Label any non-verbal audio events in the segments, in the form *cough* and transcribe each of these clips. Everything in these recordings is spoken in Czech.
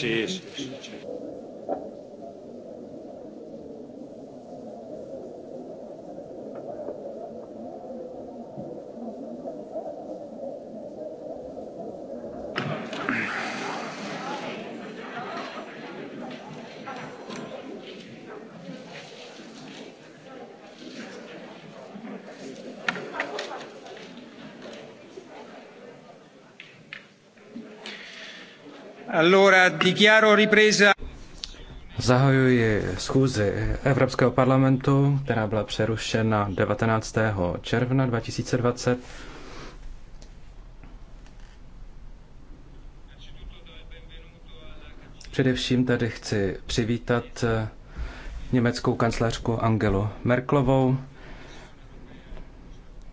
Sí, sí, sí. Zahajuji schůzi Evropského parlamentu, která byla přerušena 19. června 2020. Především tady chci přivítat německou kancléřku Angelu Merklovou,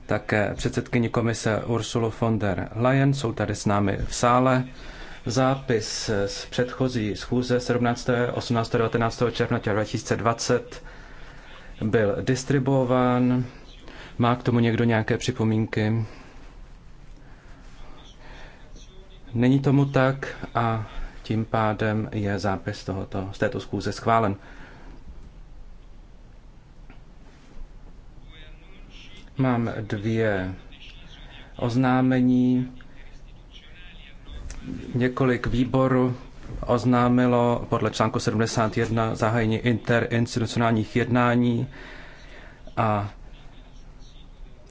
také předsedkyni komise Ursulu von der Leyen jsou tady s námi v sále. Zápis z předchozí schůze 17. 18. 19. června 2020 byl distribuován. Má k tomu někdo nějaké připomínky? Není tomu tak a tím pádem je zápis tohoto, z této schůze schválen. Mám dvě oznámení. Několik výborů oznámilo podle článku 71 zahájení interinstitucionálních jednání a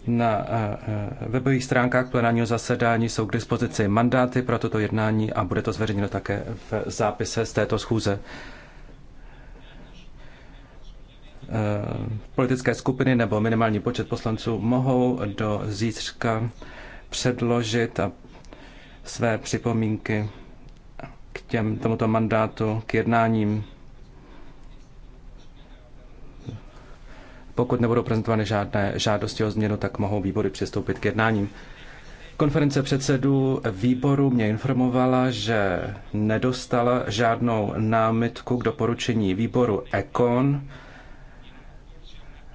na eh, eh, webových stránkách plenárního zasedání jsou k dispozici mandáty pro toto jednání a bude to zveřejněno také v zápise z této schůze. Eh, politické skupiny nebo minimální počet poslanců mohou do zítřka předložit a své připomínky k těm, tomuto mandátu, k jednáním. Pokud nebudou prezentovány žádné žádosti o změnu, tak mohou výbory přistoupit k jednáním. Konference předsedů výboru mě informovala, že nedostala žádnou námitku k doporučení výboru ECON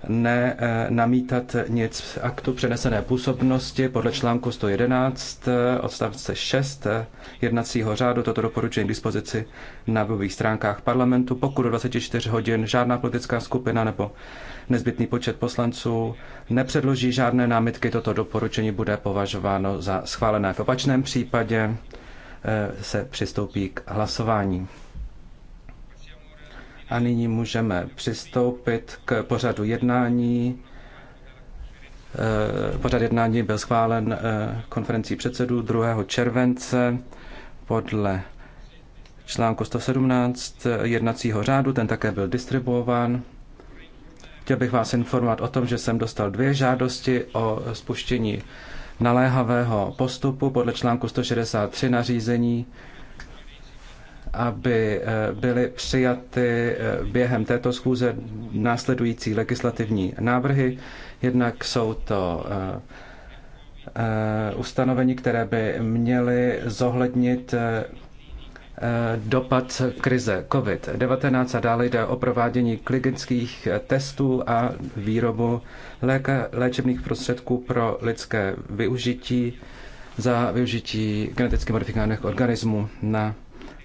ne eh, namítat nic aktu přenesené působnosti podle článku 111 eh, odstavce 6 eh, jednacího řádu. Toto doporučení k dispozici na webových stránkách parlamentu. Pokud do 24 hodin žádná politická skupina nebo nezbytný počet poslanců nepředloží žádné námitky, toto doporučení bude považováno za schválené. V opačném případě se přistoupí k hlasování. A nyní můžeme přistoupit k pořadu jednání. Eh, pořad jednání byl schválen eh, konferencí předsedů 2. července podle článku 117 jednacího řádu, ten také byl distribuován. Chtěl bych vás informovat o tom, že jsem dostal dvě žádosti o spuštění naléhavého postupu podle článku 163 nařízení aby eh, byly přijaty eh, během této schůze následující legislativní návrhy. Jednak jsou to eh, ustanovení, které by měly zohlednit dopad krize COVID-19 a dále jde o provádění klinických testů a výrobu léka, léčebných prostředků pro lidské využití za využití geneticky modifikovaných organismů na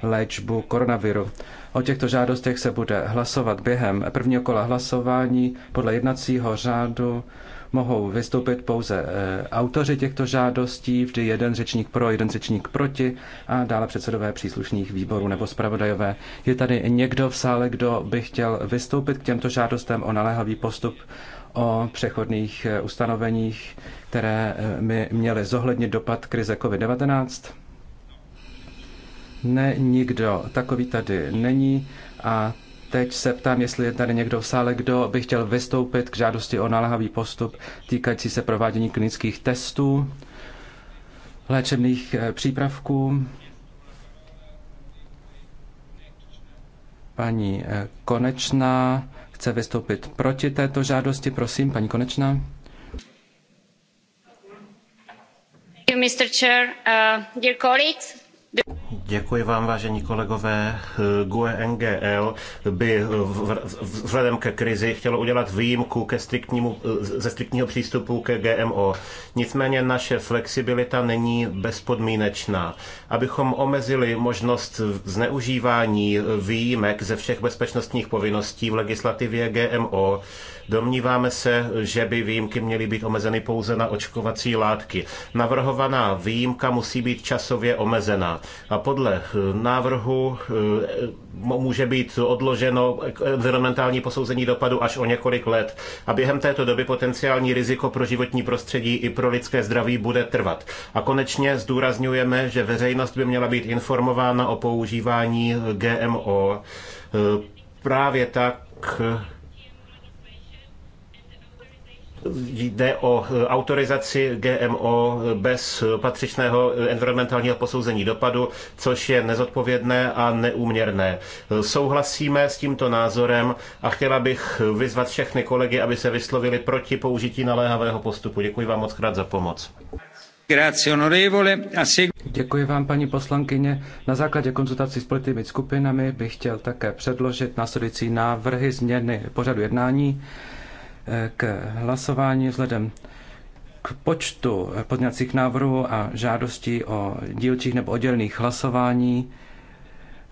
léčbu koronaviru. O těchto žádostech se bude hlasovat během prvního kola hlasování. Podle jednacího řádu mohou vystoupit pouze eh, autoři těchto žádostí, vždy jeden řečník pro, jeden řečník proti a dále předsedové příslušných výborů nebo zpravodajové. Je tady někdo v sále, kdo by chtěl vystoupit k těmto žádostem o naléhavý postup o přechodných eh, ustanoveních, které by eh, měly zohlednit dopad krize COVID-19? Ne, nikdo takový tady není a teď se ptám, jestli je tady někdo v sále, kdo by chtěl vystoupit k žádosti o naléhavý postup týkající se provádění klinických testů, léčebných eh, přípravků. Paní eh, Konečná chce vystoupit proti této žádosti. Prosím, paní Konečná. Thank you, Mr. Chair, uh, dear colleagues, Děkuji vám, vážení kolegové. GUE NGL by vzhledem ke krizi chtělo udělat výjimku ke striktnímu, ze striktního přístupu ke GMO. Nicméně naše flexibilita není bezpodmínečná. Abychom omezili možnost zneužívání výjimek ze všech bezpečnostních povinností v legislativě GMO, Domníváme se, že by výjimky měly být omezeny pouze na očkovací látky. Navrhovaná výjimka musí být časově omezená. A podle eh, návrhu eh, může být odloženo eh, environmentální posouzení dopadu až o několik let. A během této doby potenciální riziko pro životní prostředí i pro lidské zdraví bude trvat. A konečně zdůrazňujeme, že veřejnost by měla být informována o používání GMO právě tak, jde o eh, autorizaci GMO bez patřičného eh, environmentálního posouzení dopadu, což je nezodpovědné a neúměrné. Eh, souhlasíme s tímto názorem a chtěla bych vyzvat všechny kolegy, aby se vyslovili proti použití naléhavého postupu. Děkuji vám moc krát za pomoc. Děkuji vám, paní poslankyně. Na základě konzultací s politickými skupinami bych chtěl také předložit následující návrhy změny pořadu jednání k hlasování vzhledem k počtu podňacích návrhů a žádostí o dílčích nebo oddělených hlasování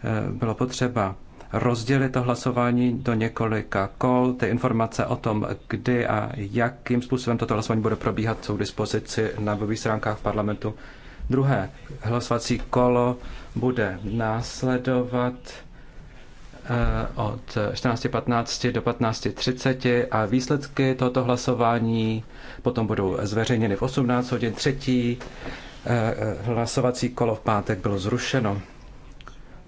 eh, bylo potřeba rozdělit to hlasování do několika kol. Ty informace o tom, kdy a jakým způsobem toto hlasování bude probíhat, jsou k dispozici na webových stránkách parlamentu. Druhé hlasovací kolo bude následovat Eh, od 14.15 do 15.30 a výsledky tohoto hlasování potom budou zveřejněny v 18 hodin. Třetí eh, hlasovací kolo v pátek bylo zrušeno.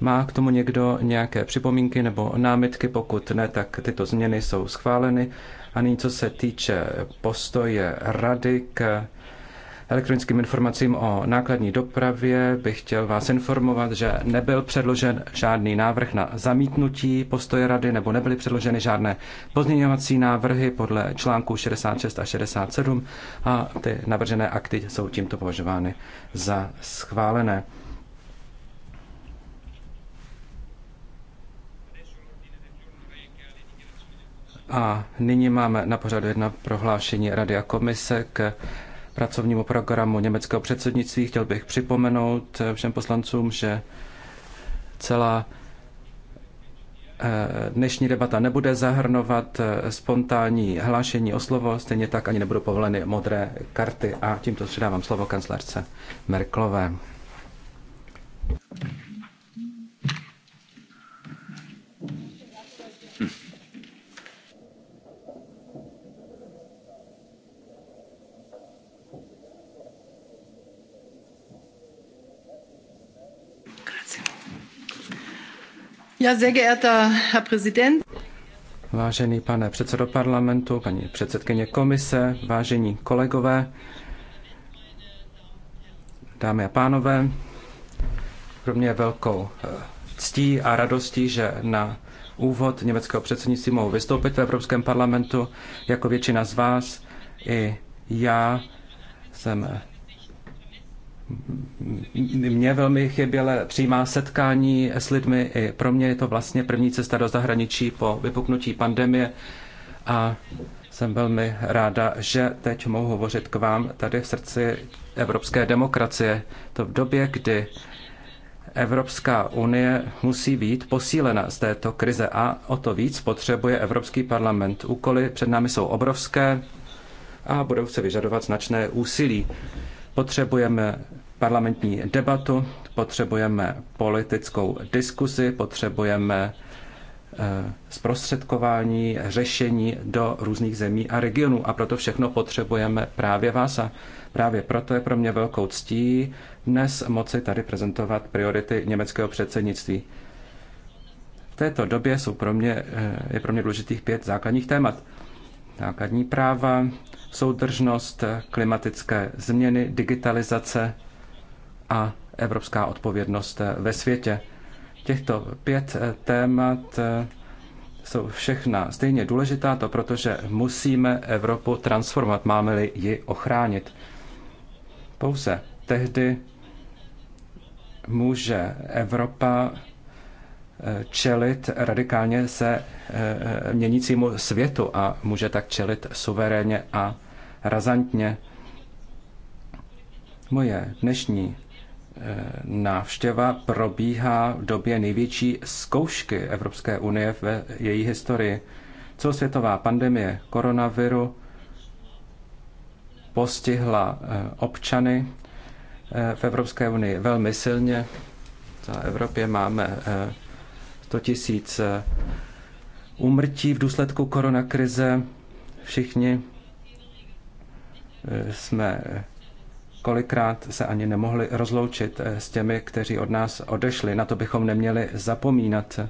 Má k tomu někdo nějaké připomínky nebo námitky? Pokud ne, tak tyto změny jsou schváleny. A nyní, co se týče postoje rady k elektronickým informacím o nákladní dopravě bych chtěl vás informovat, že nebyl předložen žádný návrh na zamítnutí postoje rady nebo nebyly předloženy žádné pozměňovací návrhy podle článku 66 a 67 a ty navržené akty jsou tímto považovány za schválené. A nyní máme na pořadu jedno prohlášení Rady a komise k pracovnímu programu německého předsednictví. Chtěl bych připomenout všem poslancům, že celá eh, dnešní debata nebude zahrnovat eh, spontánní hlášení o slovo, stejně tak ani nebudou povoleny modré karty a tímto předávám slovo kancelářce Merklové. Vážený pane předsedo parlamentu, paní předsedkyně komise, vážení kolegové, dámy a pánové, pro mě je velkou eh, ctí a radostí, že na úvod německého předsednictví mohu vystoupit v Evropském parlamentu. Jako většina z vás i já jsem mě velmi chyběla přímá setkání s lidmi. I pro mě je to vlastně první cesta do zahraničí po vypuknutí pandemie a jsem velmi ráda, že teď mohu hovořit k vám tady v srdci evropské demokracie. To v době, kdy Evropská unie musí být posílena z této krize a o to víc potřebuje Evropský parlament. Úkoly před námi jsou obrovské a budou se vyžadovat značné úsilí. Potřebujeme parlamentní debatu, potřebujeme politickou diskuzi, potřebujeme eh, zprostředkování, řešení do různých zemí a regionů. A proto všechno potřebujeme právě vás. A právě proto je pro mě velkou ctí dnes moci tady prezentovat priority německého předsednictví. V této době jsou pro mě, eh, je pro mě důležitých pět základních témat. Základní práva, soudržnost, klimatické změny, digitalizace a evropská odpovědnost ve světě. Těchto pět eh, témat eh, jsou všechna stejně důležitá, to protože musíme Evropu transformovat, máme-li ji ochránit. Pouze tehdy může Evropa eh, čelit radikálně se měnícímu světu a může tak čelit suverénně a razantně. Moje dnešní eh, návštěva probíhá v době největší zkoušky Evropské unie ve její historii. Celosvětová pandemie koronaviru postihla eh, občany eh, v Evropské unii velmi silně. V Evropě máme 100 000 úmrtí v důsledku koronakrize. Všichni jsme kolikrát se ani nemohli rozloučit eh, s těmi, kteří od nás odešli. Na to bychom neměli zapomínat.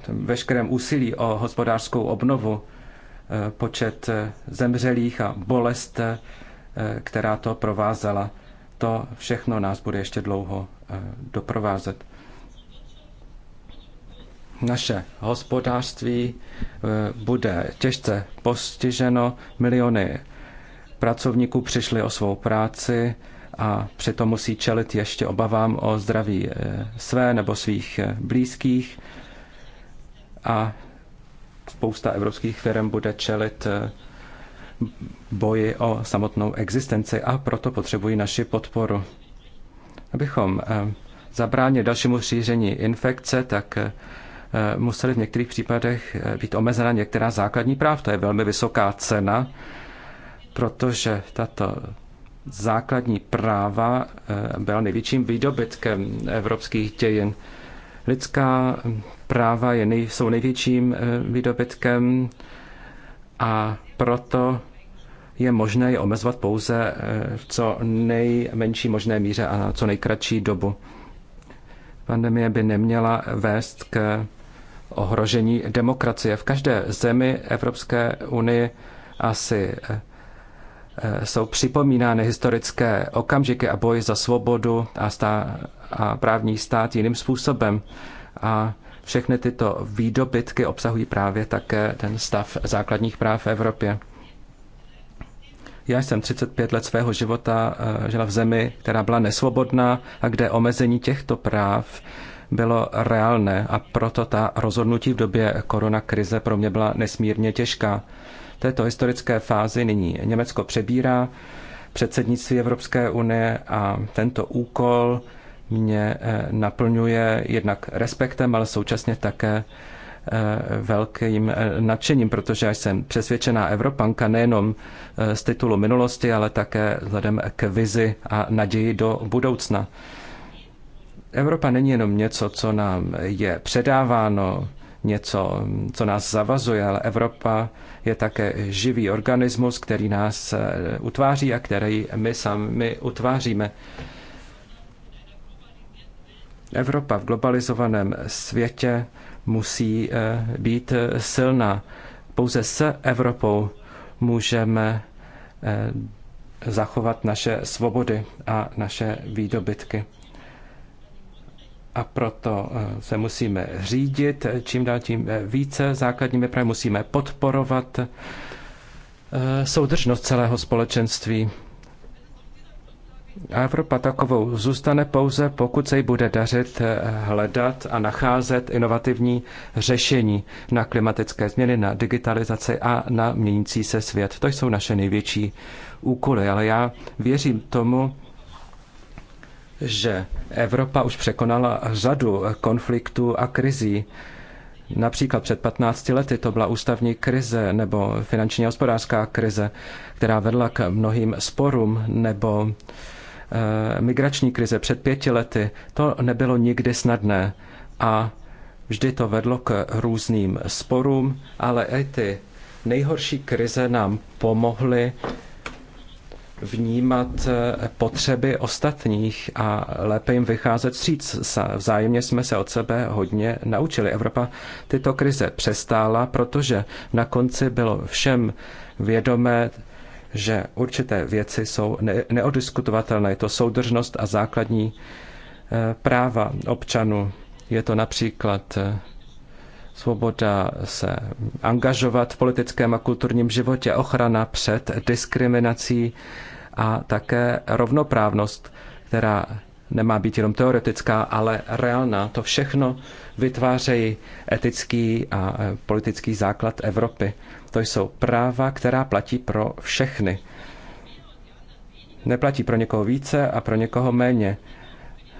tam veškerém úsilí o hospodářskou obnovu eh, počet eh, zemřelých a bolest, která to provázela, to všechno nás bude ještě dlouho doprovázet naše hospodářství eh, bude těžce postiženo. Miliony pracovníků přišli o svou práci a přitom musí čelit ještě obavám o zdraví eh, své nebo svých eh, blízkých. A spousta evropských firm bude čelit boji o samotnou existenci a proto potřebují naši podporu. Abychom zabránili dalšímu šíření infekce, tak Eh, museli v některých případech eh, být omezena některá základní práv. To je velmi vysoká cena, protože tato základní práva eh, byla největším výdobytkem evropských dějin. Lidská práva je nej, jsou největším výdobytkem a proto je možné je omezovat pouze v co nejmenší možné míře a na co nejkratší dobu. Pandemie by neměla vést k ohrožení demokracie. V každé zemi Evropské unie asi eh, jsou připomínány historické okamžiky a boj za svobodu a, stá, a právní stát jiným způsobem. A všechny tyto výdobytky obsahují právě také ten stav základních práv v Evropě. Já jsem 35 let svého života eh, žila v zemi, která byla nesvobodná a kde omezení těchto práv bylo reálné a proto ta rozhodnutí v době koronakrize pro mě byla nesmírně těžká. V této historické fázi nyní Německo přebírá předsednictví Evropské unie a tento úkol mě eh, naplňuje jednak respektem, ale současně také eh, velkým eh, nadšením, protože já jsem přesvědčená Evropanka nejenom z titulu minulosti, ale také vzhledem k vizi a naději do budoucna. Evropa není jenom něco, co nám je předáváno, něco, co nás zavazuje, ale Evropa je také živý organismus, který nás eh, utváří a který my sami utváříme. Evropa v globalizovaném světě musí eh, být eh, silná. Pouze s Evropou můžeme zachovat naše svobody a naše výdobytky a proto eh, se musíme řídit eh, čím dál tím eh, více základními právy, musíme podporovat soudržnost celého společenství. A Evropa takovou zůstane pouze, pokud se jí bude dařit hledat a nacházet inovativní řešení na klimatické změny, na digitalizaci a na měnící se svět. To jsou naše největší úkoly, ale já věřím tomu, že Evropa už překonala řadu konfliktů a krizí. Například před 15 lety to byla ústavní krize nebo finanční a hospodářská krize, která vedla k mnohým sporům nebo e, migrační krize před pěti lety. To nebylo nikdy snadné a vždy to vedlo k různým sporům, ale i ty nejhorší krize nám pomohly vnímat eh, potřeby ostatních a lépe jim vycházet vstříc. Vzájemně jsme se od sebe hodně naučili. Evropa tyto krize přestála, protože na konci bylo všem vědomé, že určité věci jsou ne- neodiskutovatelné. Je to soudržnost a základní eh, práva občanů. Je to například eh, svoboda se angažovat v politickém a kulturním životě, ochrana před diskriminací, a také rovnoprávnost, která nemá být jenom teoretická, ale reálná. To všechno vytvářejí etický a e, politický základ Evropy. To jsou práva, která platí pro všechny. Neplatí pro někoho více a pro někoho méně.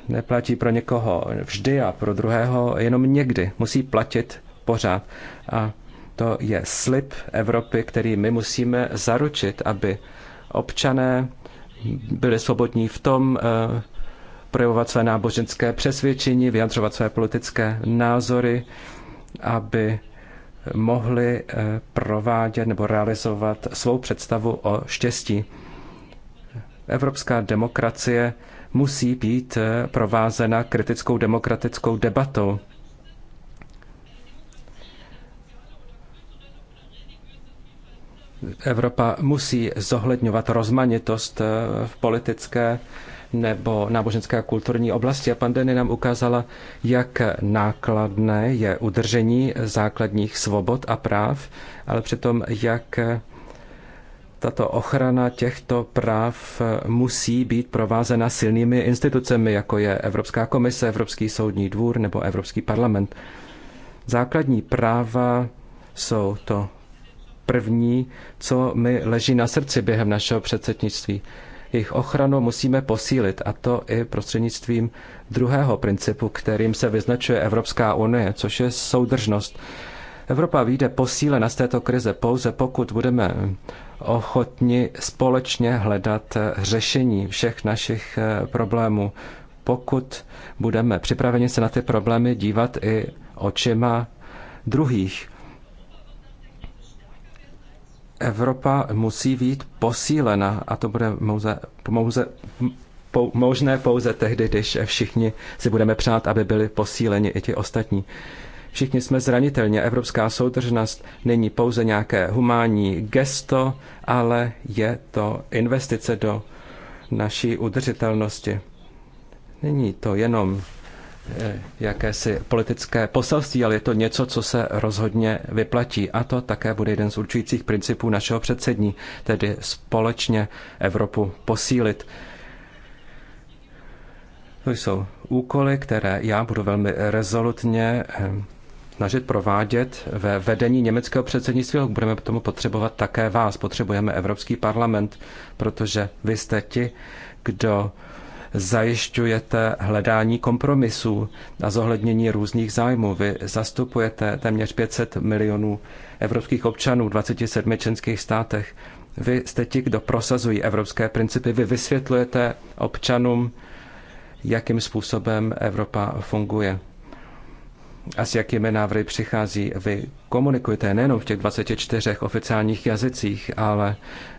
Neplatí pro někoho vždy a pro druhého jenom někdy. Musí platit pořád. A to je slib Evropy, který my musíme zaručit, aby občané byli svobodní v tom eh, projevovat své náboženské přesvědčení, vyjadřovat své politické názory, aby mohli eh, provádět nebo realizovat svou představu o štěstí. Evropská demokracie musí být eh, provázena kritickou demokratickou debatou. Evropa musí zohledňovat rozmanitost eh, v politické nebo náboženské a kulturní oblasti. A pandemie nám ukázala, jak nákladné je udržení základních svobod a práv, ale přitom jak eh, tato ochrana těchto práv eh, musí být provázena silnými institucemi, jako je Evropská komise, Evropský soudní dvůr nebo Evropský parlament. Základní práva jsou to první, co mi leží na srdci během našeho předsednictví. Jejich ochranu musíme posílit a to i prostřednictvím druhého principu, kterým se vyznačuje Evropská unie, což je soudržnost. Evropa vyjde posílena z této krize pouze pokud budeme ochotni společně hledat řešení všech našich eh, problémů, pokud budeme připraveni se na ty problémy dívat i očima druhých. Evropa musí být posílena a to bude mouze, mouze, pou, možné pouze tehdy, když všichni si budeme přát, aby byli posíleni i ti ostatní. Všichni jsme zranitelní. Evropská soudržnost není pouze nějaké humánní gesto, ale je to investice do naší udržitelnosti. Není to jenom Eh, jakési politické poselství, ale je to něco, co se rozhodně vyplatí. A to také bude jeden z určujících principů našeho předsední, tedy společně Evropu posílit. To jsou úkoly, které já budu velmi rezolutně eh, snažit provádět ve vedení německého předsednictví, ale budeme tomu potřebovat také vás. Potřebujeme Evropský parlament, protože vy jste ti, kdo zajišťujete hledání kompromisů a zohlednění různých zájmů. Vy zastupujete téměř 500 milionů evropských občanů v 27 členských státech. Vy jste ti, kdo prosazují evropské principy. Vy vysvětlujete občanům, jakým způsobem Evropa funguje a s jakými návrhy přichází. Vy komunikujete nejenom v těch 24 oficiálních jazycích, ale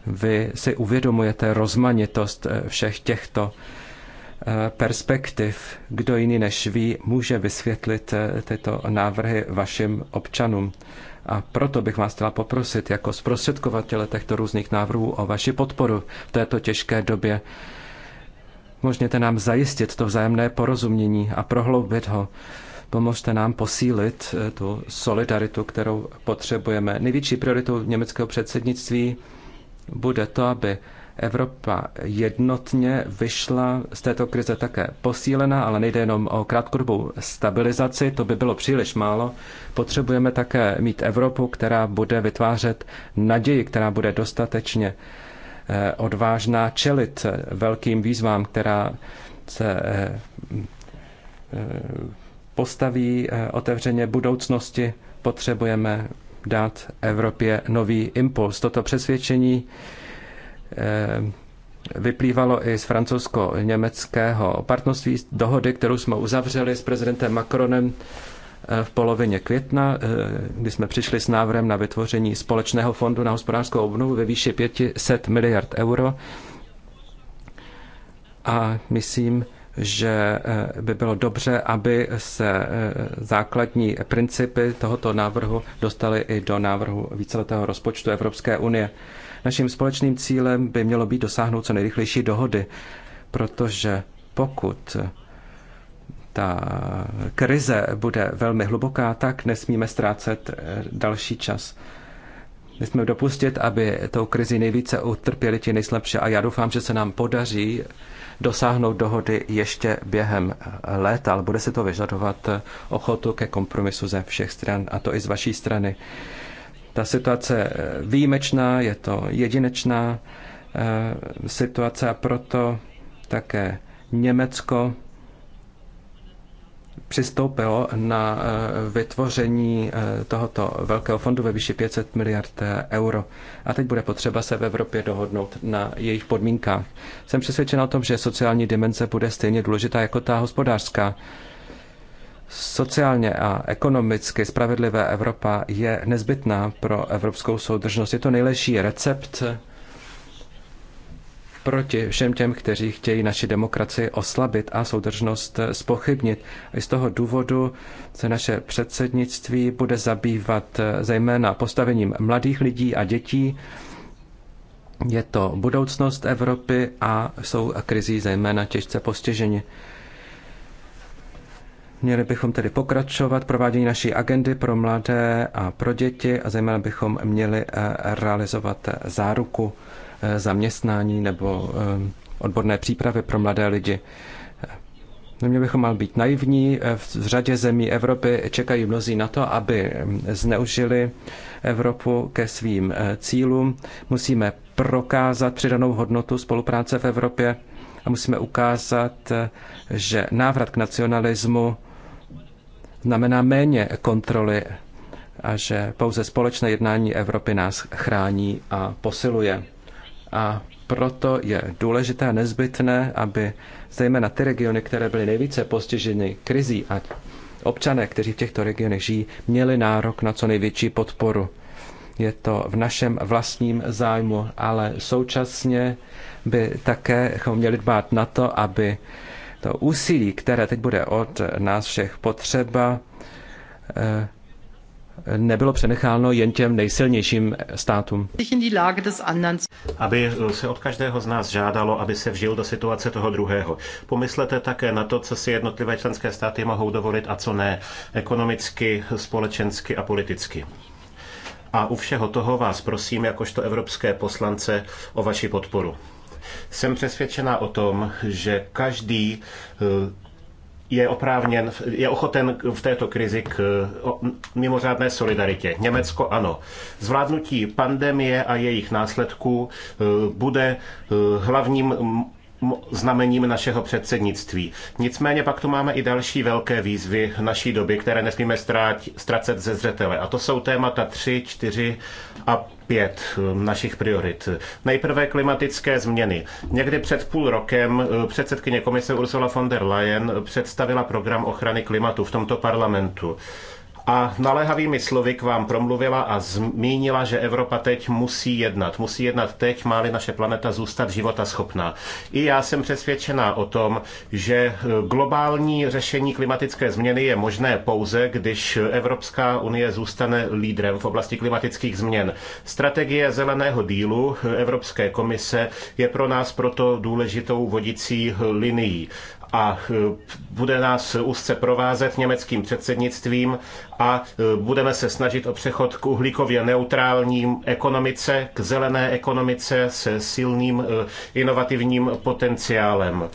vy si uvědomujete rozmanitost eh, všech těchto Eh, perspektiv. Kdo jiný než vy může vysvětlit eh, tyto návrhy vašim občanům. A proto bych vás chtěla poprosit jako zprostředkovatele těchto různých návrhů o vaši podporu v této těžké době. Možněte nám zajistit to vzájemné porozumění a prohloubit ho. Pomožte nám posílit eh, tu solidaritu, kterou potřebujeme. Největší prioritou německého předsednictví bude to, aby Evropa jednotně vyšla z této krize také posílená, ale nejde jenom o krátkodobou stabilizaci, to by bylo příliš málo. Potřebujeme také mít Evropu, která bude vytvářet naději, která bude dostatečně eh, odvážná čelit velkým výzvám, která se eh, eh, postaví otevřeně budoucnosti. Potřebujeme dát Evropě nový impuls. Toto přesvědčení Eh, vyplývalo i z francouzsko-německého partnerství dohody, kterou jsme uzavřeli s prezidentem Macronem eh, v polovině května, eh, kdy jsme přišli s návrhem na vytvoření společného fondu na hospodářskou obnovu ve výši 500 miliard euro. A myslím, že by bylo dobře, aby se základní principy tohoto návrhu dostaly i do návrhu víceletého rozpočtu Evropské unie. Naším společným cílem by mělo být dosáhnout co nejrychlejší dohody, protože pokud ta krize bude velmi hluboká, tak nesmíme ztrácet eh, další čas. Nesmíme dopustit, aby tou krizi nejvíce utrpěli ti nejslabší a já doufám, že se nám podaří dosáhnout dohody ještě během eh, léta, ale bude se to vyžadovat eh, ochotu ke kompromisu ze všech stran, a to i z vaší strany. Ta situace eh, výjimečná, je to jedinečná eh, situace a proto také Německo přistoupilo na eh, vytvoření tohoto velkého fondu ve výši 500 miliard euro. A teď bude potřeba se v Evropě dohodnout na jejich podmínkách. Jsem přesvědčen o tom, že sociální dimenze bude stejně důležitá jako ta hospodářská. Sociálně a ekonomicky spravedlivá Evropa je nezbytná pro evropskou soudržnost. Je to nejlepší recept proti všem těm, kteří chtějí naši demokracii oslabit a soudržnost spochybnit. I z toho důvodu se naše předsednictví bude zabývat eh, zejména postavením mladých lidí a dětí. Je to budoucnost Evropy a jsou krizí zejména těžce postiženi. Měli bychom tedy pokračovat provádění naší agendy pro mladé a pro děti a zejména bychom měli eh, realizovat eh, záruku eh, zaměstnání nebo odborné přípravy pro mladé lidi. Neměli bychom mal být naivní. V řadě zemí Evropy čekají mnozí na to, aby mm, zneužili Evropu ke svým cílům. Musíme prokázat přidanou hodnotu spolupráce v Evropě a musíme ukázat, že návrat k nacionalismu znamená méně kontroly a že pouze společné jednání Evropy nás chrání a posiluje. A proto je důležité a nezbytné, aby zejména ty regiony, které byly nejvíce postiženy krizí a občané, kteří v těchto regionech žijí, měli nárok na co největší podporu. Je to v našem vlastním zájmu, ale současně by také měli dbát na to, aby to úsilí, které teď bude od nás všech potřeba, eh, nebylo přenecháno jen těm nejsilnějším státům. Aby se od každého z nás žádalo, aby se vžil do situace toho druhého. Pomyslete také na to, co si jednotlivé členské státy mohou dovolit a co ne, ekonomicky, společensky a politicky. A u všeho toho vás prosím, jakožto evropské poslance, o vaši podporu. Jsem přesvědčená o tom, že každý eh, je oprávněn, je ochoten v této krizi k mimořádné solidaritě. Německo ano. Zvládnutí pandemie a jejich následků eh, bude eh, hlavním znamením našeho předsednictví. Nicméně pak tu máme i další velké výzvy naší doby, které nesmíme ztracet ze zřetele. A to jsou témata 3, 4 a pět našich priorit. Nejprve klimatické změny. Někdy před půl rokem eh, předsedkyně komise Ursula von der Leyen eh, představila program ochrany klimatu v tomto parlamentu a naléhavými slovy k vám promluvila a zmínila, že Evropa teď musí jednat. Musí jednat teď, má naše planeta zůstat života schopná. I já jsem přesvědčená o tom, že e, globální řešení klimatické změny je možné pouze, když Evropská unie zůstane lídrem v oblasti klimatických změn. Strategie zeleného dílu Evropské komise je pro nás proto důležitou vodicí linií a eh, bude nás úzce provázet německým předsednictvím a eh, budeme se snažit o přechod k uhlíkově neutrální ekonomice, k zelené ekonomice se silným eh, inovativním potenciálem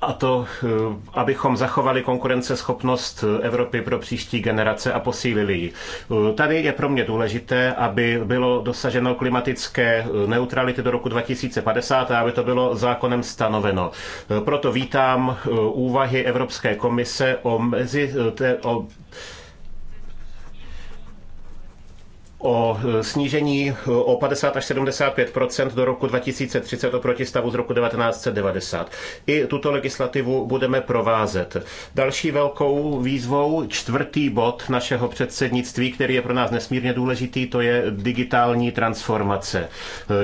a to, eh, abychom zachovali konkurenceschopnost Evropy pro příští generace a posílili ji. Eh, tady je pro mě důležité, aby bylo dosaženo klimatické eh, neutrality do roku 2050 a aby to bylo zákonem stanoveno. Proto vítám úvahy Evropské komise o, mezi, o o e, snížení e, o 50 až 75 do roku 2030 oproti stavu z roku 1990. I tuto legislativu budeme provázet. Další velkou výzvou, čtvrtý bod našeho předsednictví, který je pro nás nesmírně důležitý, to je digitální transformace.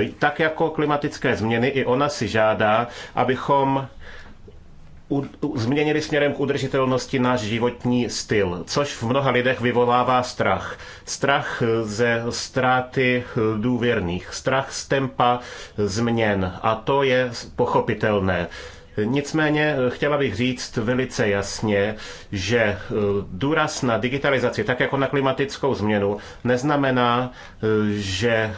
E, tak jako klimatické změny, i ona si žádá, abychom změnili směrem k udržitelnosti náš životní styl, což v mnoha lidech vyvolává strach. Strach ze ztráty důvěrných, strach z tempa změn a to je pochopitelné. Nicméně chtěla bych říct velice jasně, že e, důraz na digitalizaci, tak jako na klimatickou změnu, neznamená, e, že e,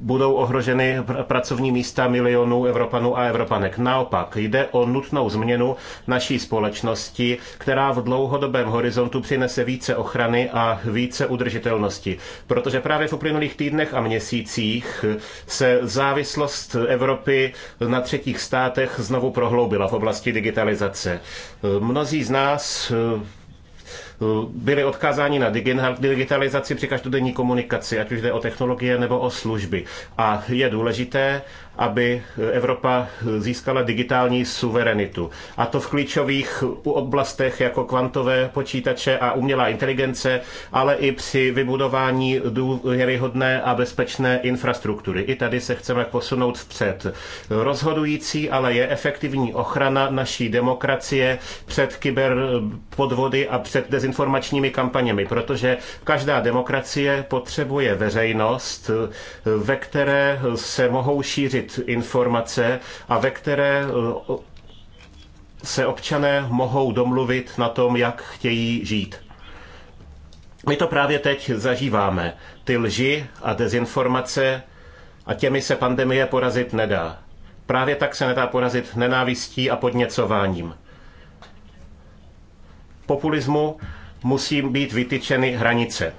budou ohroženy pracovní místa milionů Evropanů a Evropanek. Naopak, jde o nutnou změnu naší společnosti, která v dlouhodobém horizontu přinese více ochrany a více udržitelnosti. Protože právě v uplynulých týdnech a měsících se závislost Evropy na třetích státech znovu prohloubila v oblasti digitalizace. Mnozí z nás Eh, byli odkázáni na digitalizaci při každodenní komunikaci, ať už jde o technologie nebo o služby. A je důležité, aby Evropa získala digitální suverenitu. A to v klíčových oblastech jako kvantové počítače a umělá inteligence, ale i při vybudování důvěryhodné a bezpečné infrastruktury. I tady se chceme posunout vpřed. Rozhodující ale je efektivní ochrana naší demokracie před kyberpodvody a před dezinformačními kampaněmi, protože každá demokracie potřebuje veřejnost, ve které se mohou šířit sdělit informace a ve které eh, se občané mohou domluvit na tom, jak chtějí žít. My to právě teď zažíváme. Ty lži a dezinformace a těmi se pandemie porazit nedá. Právě tak se nedá porazit nenávistí a podněcováním. Populismu musí být vytyčeny hranice.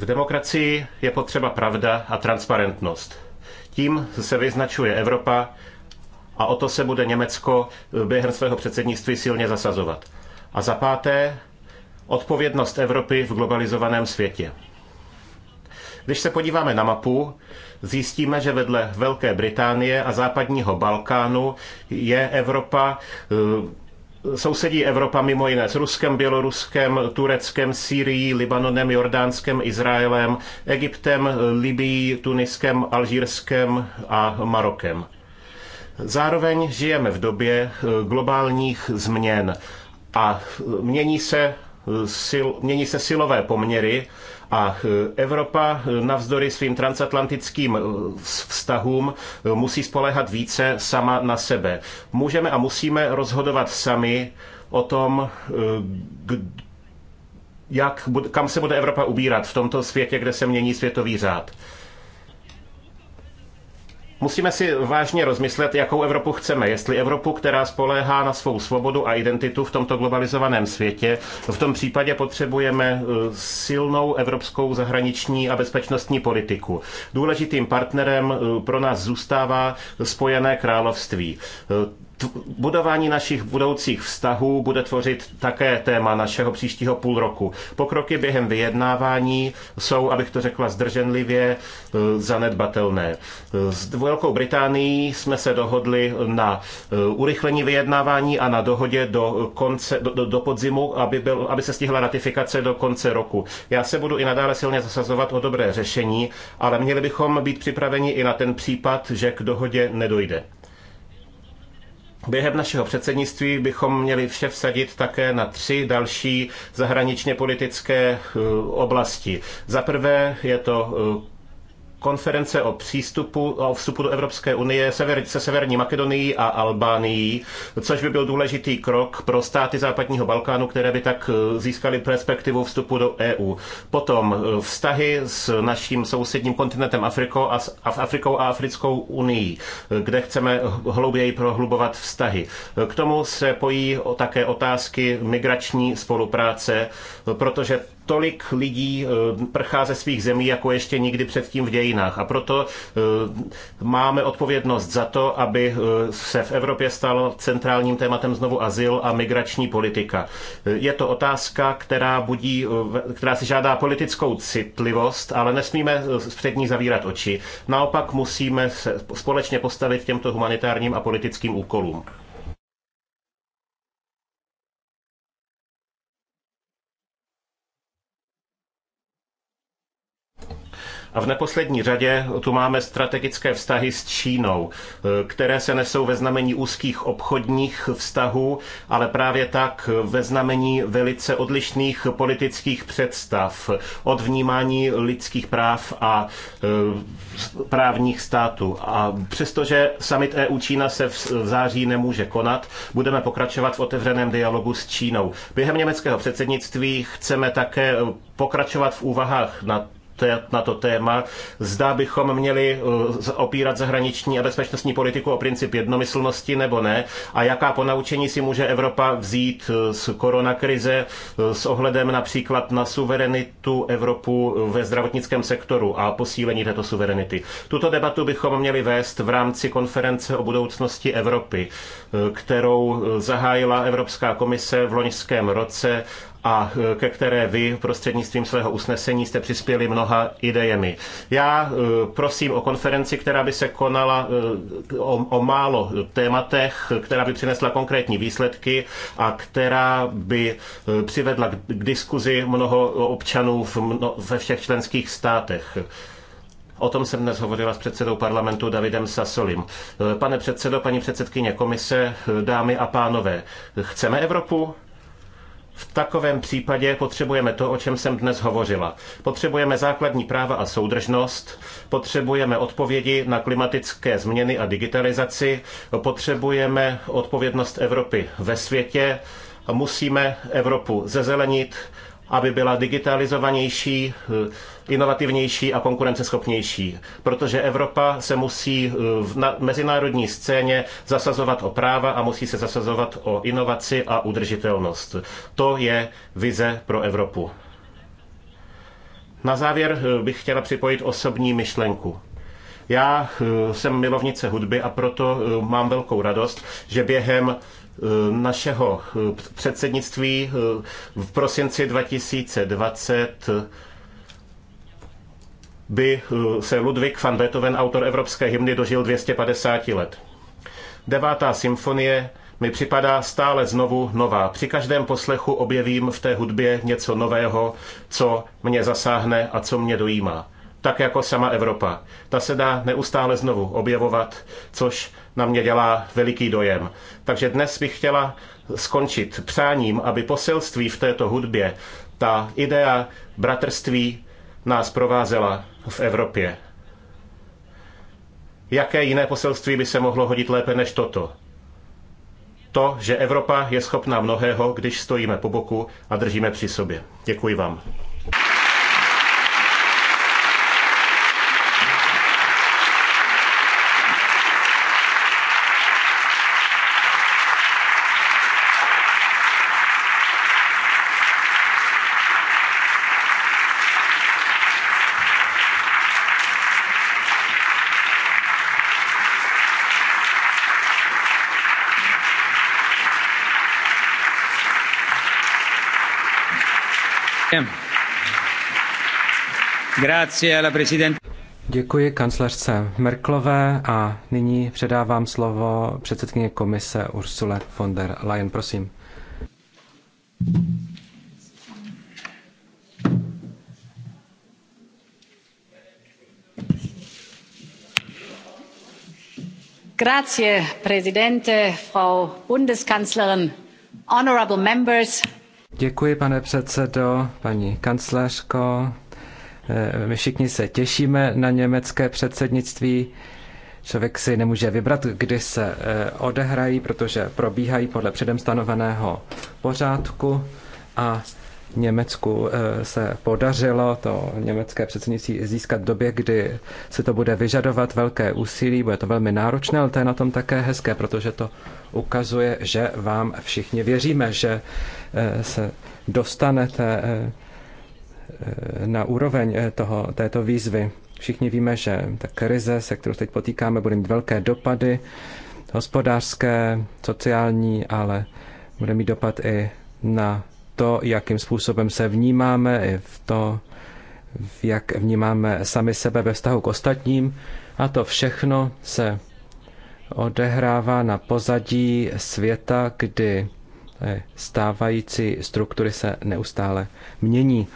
V demokracii je potřeba pravda a transparentnost. Tím se vyznačuje Evropa a o to se bude Německo během svého předsednictví silně zasazovat. A za páté, odpovědnost Evropy v globalizovaném světě. Když se podíváme na mapu, zjistíme, že vedle Velké Británie a západního Balkánu je Evropa eh, sousedí Evropa mimo jiné s Ruskem, Běloruskem, Tureckem, Sýrií, Libanonem, Jordánskem, Izraelem, Egyptem, Libií, Tuniskem, Alžírskem a Marokem. Zároveň žijeme v době eh, globálních změn a eh, mění se, eh, sil, mění se silové poměry a eh, Evropa eh, navzdory svým transatlantickým eh, vztahům musí spolehat více sama na sebe. Můžeme a musíme rozhodovat sami o tom, jak, kam se bude Evropa ubírat v tomto světě, kde se mění světový řád. Musíme si vážně rozmyslet, jakou Evropu chceme. Jestli Evropu, která spoléhá na svou svobodu a identitu v tomto globalizovaném světě, v tom případě potřebujeme e, silnou evropskou zahraniční a bezpečnostní politiku. Důležitým partnerem e, pro nás zůstává Spojené království. E, budování našich budoucích vztahů bude tvořit také téma našeho příštího půl roku. Pokroky během vyjednávání jsou, abych to řekla zdrženlivě, e, zanedbatelné. E, s Velkou Británií jsme se dohodli na e, urychlení vyjednávání a na dohodě do, konce, do, do podzimu, aby, byl, aby se stihla ratifikace do konce roku. Já se budu i nadále silně zasazovat o dobré řešení, ale měli bychom být připraveni i na ten případ, že k dohodě nedojde. Během našeho předsednictví bychom měli vše vsadit také na tři další zahraničně politické eh, oblasti. Za prvé je to eh, konference o přístupu, o vstupu do Evropské unie se Severní Makedonií a Albánií, což by byl důležitý krok pro státy západního Balkánu, které by tak eh, získaly perspektivu vstupu do EU. Potom eh, vztahy s naším sousedním kontinentem Afrikou a, s Afrikou a Africkou unii, eh, kde chceme hlouběji prohlubovat vztahy. K tomu se pojí také otázky migrační spolupráce, protože tolik lidí eh, prchá ze svých zemí, jako ještě nikdy předtím v dějinách. A proto eh, máme odpovědnost za to, aby eh, se v Evropě stalo centrálním tématem znovu azyl a migrační politika. Je to otázka, která, budí, která si žádá politickou citlivost, ale nesmíme před ní zavírat oči. Naopak musíme se společně postavit těmto humanitárním a politickým úkolům. A v neposlední řadě tu máme strategické vztahy s Čínou, eh, které se nesou ve znamení úzkých obchodních vztahů, ale právě tak ve znamení velice odlišných politických představ od vnímání lidských práv a eh, právních států. A přestože summit EU Čína se v září nemůže konat, budeme pokračovat v otevřeném dialogu s Čínou. Během německého předsednictví chceme také pokračovat v úvahách na na to téma. Zda bychom měli eh, opírat zahraniční a bezpečnostní politiku o princip jednomyslnosti nebo ne a jaká ponaučení si může Evropa vzít eh, z koronakrize eh, s ohledem například na suverenitu Evropu ve zdravotnickém sektoru a posílení této suverenity. Tuto debatu bychom měli vést v rámci konference o budoucnosti Evropy, kterou zahájila Evropská komise v loňském roce a ke které vy prostřednictvím svého usnesení jste přispěli mnoha idejemi. Já eh, prosím o konferenci, která by se konala eh, o, o málo tématech, která by přinesla konkrétní výsledky a která by eh, přivedla k, k diskuzi mnoho občanů v, mno, ve všech členských státech. O tom jsem dnes hovořila s předsedou parlamentu Davidem Sasolim. Pane předsedo, paní předsedkyně komise, dámy a pánové, chceme Evropu? V takovém případě potřebujeme to, o čem jsem dnes hovořila. Potřebujeme základní práva a soudržnost, potřebujeme odpovědi na klimatické změny a digitalizaci, potřebujeme odpovědnost Evropy ve světě, musíme Evropu zezelenit, aby byla digitalizovanější, eh, inovativnější a konkurenceschopnější. Protože Evropa se musí eh, v mezinárodní scéně zasazovat o práva a musí se zasazovat o inovaci a udržitelnost. To je vize pro Evropu. Na závěr eh, bych chtěla připojit osobní myšlenku. Já jsem milovnice hudby a proto mám velkou radost, že během Eh, našeho eh, předsednictví eh, v prosinci 2020 by se Ludwig van Beethoven, autor evropské hymny, dožil 250 let. Devátá symfonie mi připadá stále znovu nová. Při každém poslechu objevím v té hudbě něco nového, co mě zasáhne a co mě dojímá. Tak jako sama Evropa. Ta se dá neustále znovu objevovat, což na mě dělá veliký dojem. Takže dnes bych chtěla skončit přáním, aby poselství v této hudbě, ta idea bratrství nás provázela v Evropě. Jaké jiné poselství by se mohlo hodit lépe než toto? To, že Evropa je schopná mnohého, když stojíme po boku a držíme při sobě. Děkuji vám. Děkuji kancléřce Merklové a nyní předávám slovo předsedkyně komise Ursule von der Leyen. Prosím. Grazie, Presidente, Frau Bundeskanzlerin, honorable members. Děkuji, pane předsedo, paní kancléřko, Eh, my všichni se těšíme na německé předsednictví. Člověk si nemůže vybrat, kdy se eh, odehrají, protože probíhají podle předem stanoveného pořádku a Německu eh, se podařilo to německé předsednictví získat v době, kdy se to bude vyžadovat velké úsilí, bude to velmi náročné, ale to je na tom také hezké, protože to ukazuje, že vám všichni věříme, že se dostanete na úroveň eh, toho, této výzvy. Všichni víme, že ta krize, se kterou teď potýkáme, bude mít velké dopady hospodářské, sociální, ale bude mít dopad i na to, jakým způsobem se vnímáme, i v to, jak vnímáme sami sebe ve vztahu k ostatním. A to všechno se odehrává na pozadí světa, kdy eh, stávající struktury se neustále mění.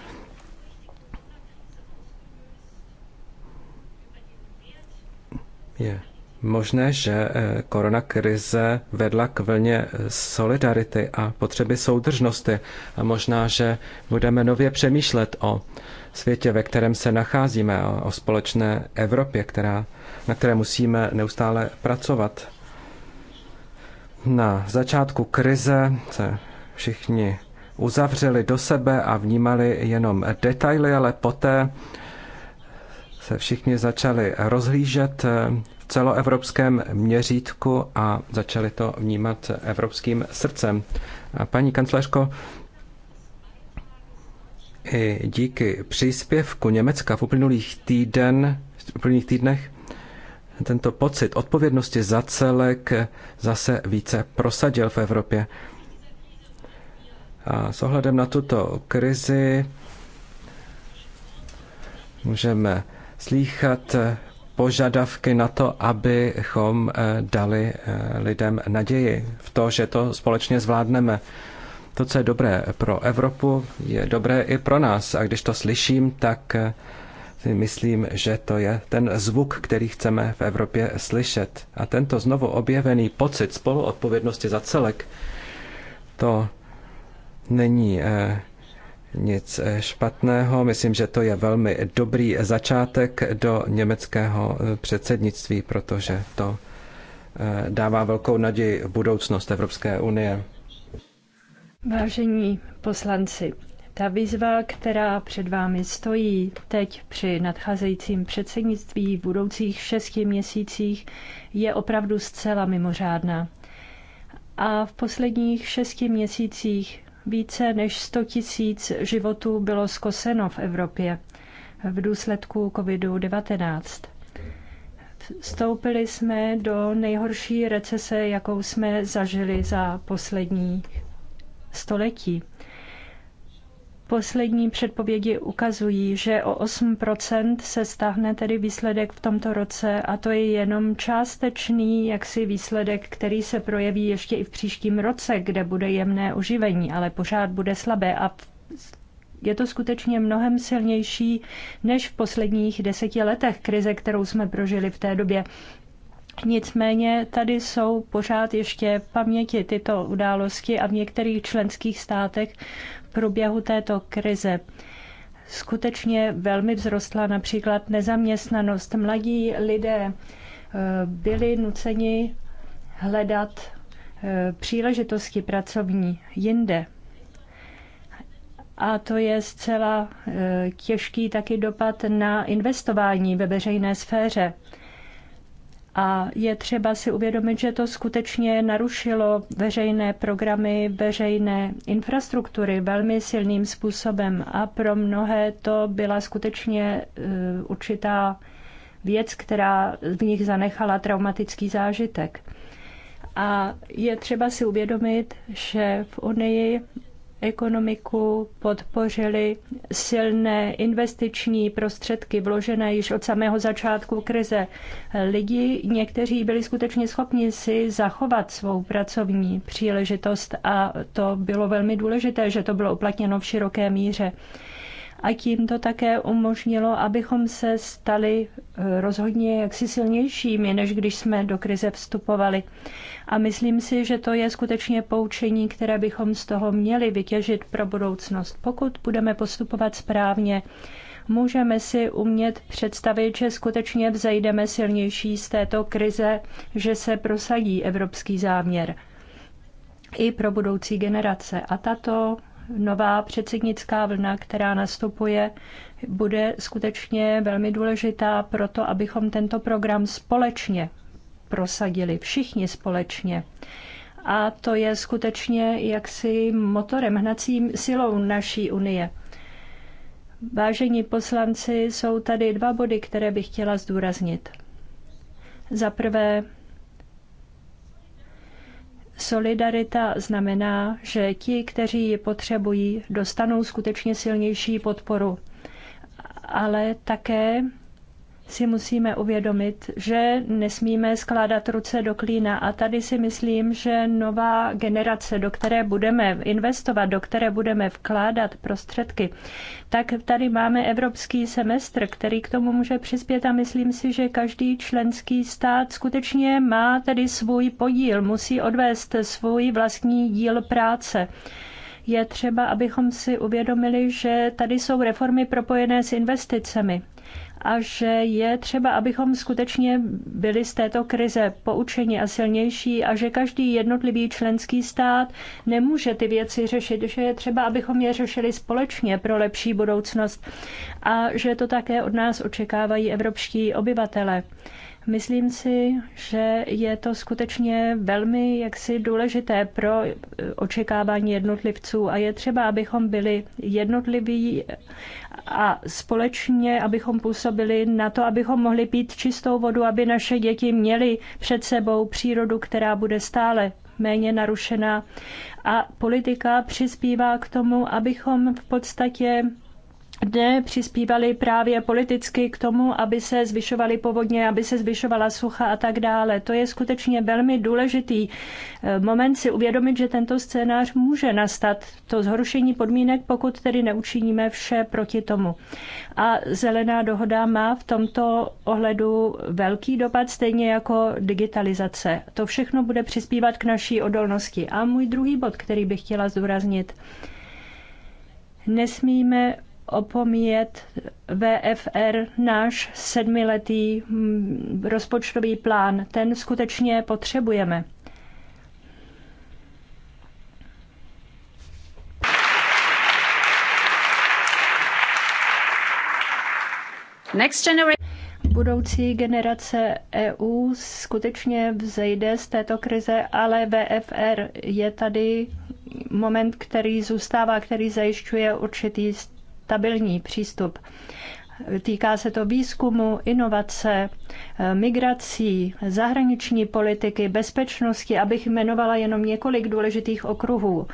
Je možné, že eh, krize vedla k vlně eh, solidarity a potřeby soudržnosti a možná, že budeme nově přemýšlet o světě, ve kterém se nacházíme, o společné Evropě, která, na které musíme neustále pracovat. Na začátku krize se všichni uzavřeli do sebe a vnímali jenom detaily, ale poté se všichni začali rozhlížet eh, v celoevropském měřítku a začali to vnímat evropským srdcem. A paní kancléřko, i díky příspěvku Německa v uplynulých, týden, v uplynulých týdnech tento pocit odpovědnosti za celek zase více prosadil v Evropě. A s ohledem na tuto krizi můžeme slýchat eh, požadavky na to, abychom eh, dali eh, lidem naději v to, že to společně zvládneme. To, co je dobré pro Evropu, je dobré i pro nás. A když to slyším, tak si myslím, že to je ten zvuk, který chceme v Evropě slyšet. A tento znovu objevený pocit spoluodpovědnosti za celek, to není nic eh, špatného. Myslím, že to je velmi dobrý začátek do německého eh, předsednictví, protože to eh, dává velkou naději v budoucnost Evropské unie. Vážení poslanci, ta výzva, která před vámi stojí teď při nadcházejícím předsednictví v budoucích šesti měsících, je opravdu zcela mimořádná. A v posledních šesti měsících více než 100 tisíc životů bylo skoseno v Evropě v důsledku COVID-19. Vstoupili jsme do nejhorší recese, jakou jsme zažili za poslední století. Poslední předpovědi ukazují, že o 8% se stáhne tedy výsledek v tomto roce a to je jenom částečný jaksi výsledek, který se projeví ještě i v příštím roce, kde bude jemné oživení, ale pořád bude slabé a je to skutečně mnohem silnější než v posledních deseti letech krize, kterou jsme prožili v té době. Nicméně tady jsou pořád ještě v paměti tyto události a v některých členských státech průběhu této krize skutečně velmi vzrostla například nezaměstnanost. Mladí lidé eh, byli nuceni hledat eh, příležitosti pracovní jinde. A to je zcela eh, těžký taky dopad na investování ve veřejné sféře. A je třeba si uvědomit, že to skutečně narušilo veřejné programy, veřejné infrastruktury velmi silným způsobem. A pro mnohé to byla skutečně e, určitá věc, která v nich zanechala traumatický zážitek. A je třeba si uvědomit, že v Unii ekonomiku podpořily silné investiční prostředky vložené již od samého začátku krize. Lidi, někteří byli skutečně schopni si zachovat svou pracovní příležitost a to bylo velmi důležité, že to bylo uplatněno v široké míře a tím to také umožnilo, abychom se stali eh, rozhodně jaksi silnějšími, než když jsme do krize vstupovali. A myslím si, že to je skutečně poučení, které bychom z toho měli vytěžit pro budoucnost. Pokud budeme postupovat správně, můžeme si umět představit, že skutečně vzejdeme silnější z této krize, že se prosadí evropský záměr i pro budoucí generace. A tato nová předsednická vlna, která nastupuje, bude skutečně velmi důležitá pro to, abychom tento program společně prosadili, všichni společně. A to je skutečně jaksi motorem, hnacím silou naší unie. Vážení poslanci, jsou tady dva body, které bych chtěla zdůraznit. Za prvé, Solidarita znamená, že ti, kteří ji potřebují, dostanou skutečně silnější podporu. Ale také si musíme uvědomit, že nesmíme skládat ruce do klína. A tady si myslím, že nová generace, do které budeme investovat, do které budeme vkládat prostředky, tak tady máme evropský semestr, který k tomu může přispět a myslím si, že každý členský stát skutečně má tedy svůj podíl, musí odvést svůj vlastní díl práce je třeba, abychom si uvědomili, že tady jsou reformy propojené s investicemi a že je třeba, abychom skutečně byli z této krize poučeni a silnější a že každý jednotlivý členský stát nemůže ty věci řešit, že je třeba, abychom je řešili společně pro lepší budoucnost a že to také od nás očekávají evropští obyvatele. Myslím si, že je to skutečně velmi jaksi důležité pro eh, očekávání jednotlivců a je třeba, abychom byli jednotliví a společně, abychom působili na to, abychom mohli pít čistou vodu, aby naše děti měly před sebou přírodu, která bude stále méně narušená. A politika přispívá k tomu, abychom v podstatě dne přispívaly právě politicky k tomu, aby se zvyšovaly povodně, aby se zvyšovala sucha a tak dále. To je skutečně velmi důležitý eh, moment si uvědomit, že tento scénář může nastat, to zhoršení podmínek, pokud tedy neučiníme vše proti tomu. A zelená dohoda má v tomto ohledu velký dopad, stejně jako digitalizace. To všechno bude přispívat k naší odolnosti. A můj druhý bod, který bych chtěla zdůraznit, nesmíme opomíjet VFR, náš sedmiletý mm, rozpočtový plán. Ten skutečně potřebujeme. Next generation budoucí generace EU skutečně vzejde z této krize, ale VFR je tady moment, který zůstává, který zajišťuje určitý stabilní přístup. Týká se to výzkumu, inovace, migrací, zahraniční politiky, bezpečnosti, abych jmenovala jenom několik důležitých okruhů.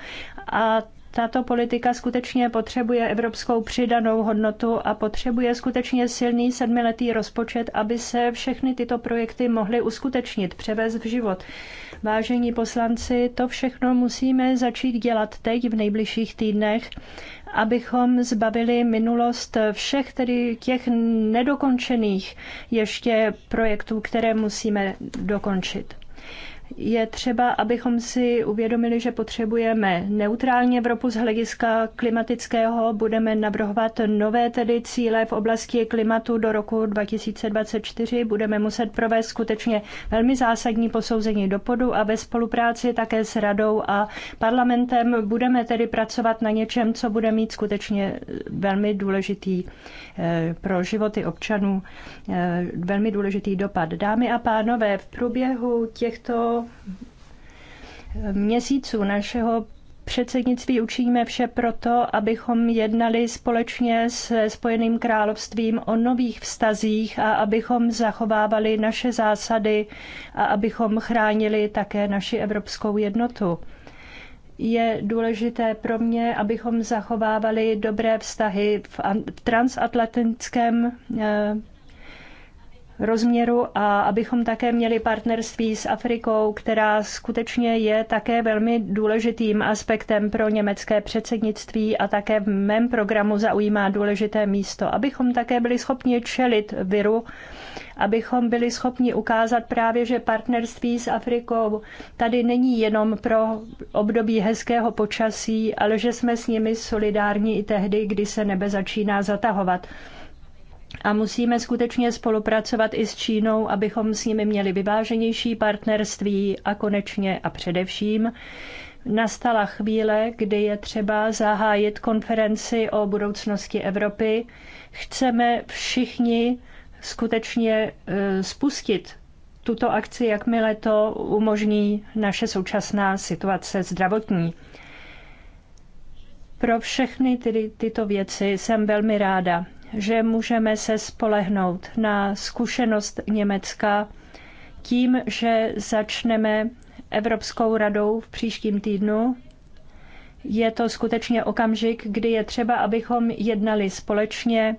A tato politika skutečně potřebuje evropskou přidanou hodnotu a potřebuje skutečně silný sedmiletý rozpočet, aby se všechny tyto projekty mohly uskutečnit, převést v život. Vážení poslanci, to všechno musíme začít dělat teď v nejbližších týdnech abychom zbavili minulost všech tedy těch nedokončených ještě projektů, které musíme dokončit je třeba, abychom si uvědomili, že potřebujeme neutrální Evropu z hlediska klimatického. Budeme navrhovat nové tedy cíle v oblasti klimatu do roku 2024. Budeme muset provést skutečně velmi zásadní posouzení dopadu a ve spolupráci také s radou a parlamentem budeme tedy pracovat na něčem, co bude mít skutečně velmi důležitý eh, pro životy občanů eh, velmi důležitý dopad. Dámy a pánové, v průběhu těchto měsíců našeho předsednictví učiníme vše proto, abychom jednali společně se Spojeným královstvím o nových vztazích a abychom zachovávali naše zásady a abychom chránili také naši evropskou jednotu. Je důležité pro mě, abychom zachovávali dobré vztahy v transatlantickém eh, rozměru a abychom také měli partnerství s Afrikou, která skutečně je také velmi důležitým aspektem pro německé předsednictví a také v mém programu zaujímá důležité místo. Abychom také byli schopni čelit viru, abychom byli schopni ukázat právě, že partnerství s Afrikou tady není jenom pro období hezkého počasí, ale že jsme s nimi solidární i tehdy, kdy se nebe začíná zatahovat a musíme skutečně spolupracovat i s Čínou, abychom s nimi měli vyváženější partnerství a konečně a především nastala chvíle, kdy je třeba zahájit konferenci o budoucnosti Evropy. Chceme všichni skutečně e, spustit tuto akci, jakmile to umožní naše současná situace zdravotní. Pro všechny tedy tyto věci jsem velmi ráda že můžeme se spolehnout na zkušenost Německa tím, že začneme Evropskou radou v příštím týdnu. Je to skutečně okamžik, kdy je třeba, abychom jednali společně,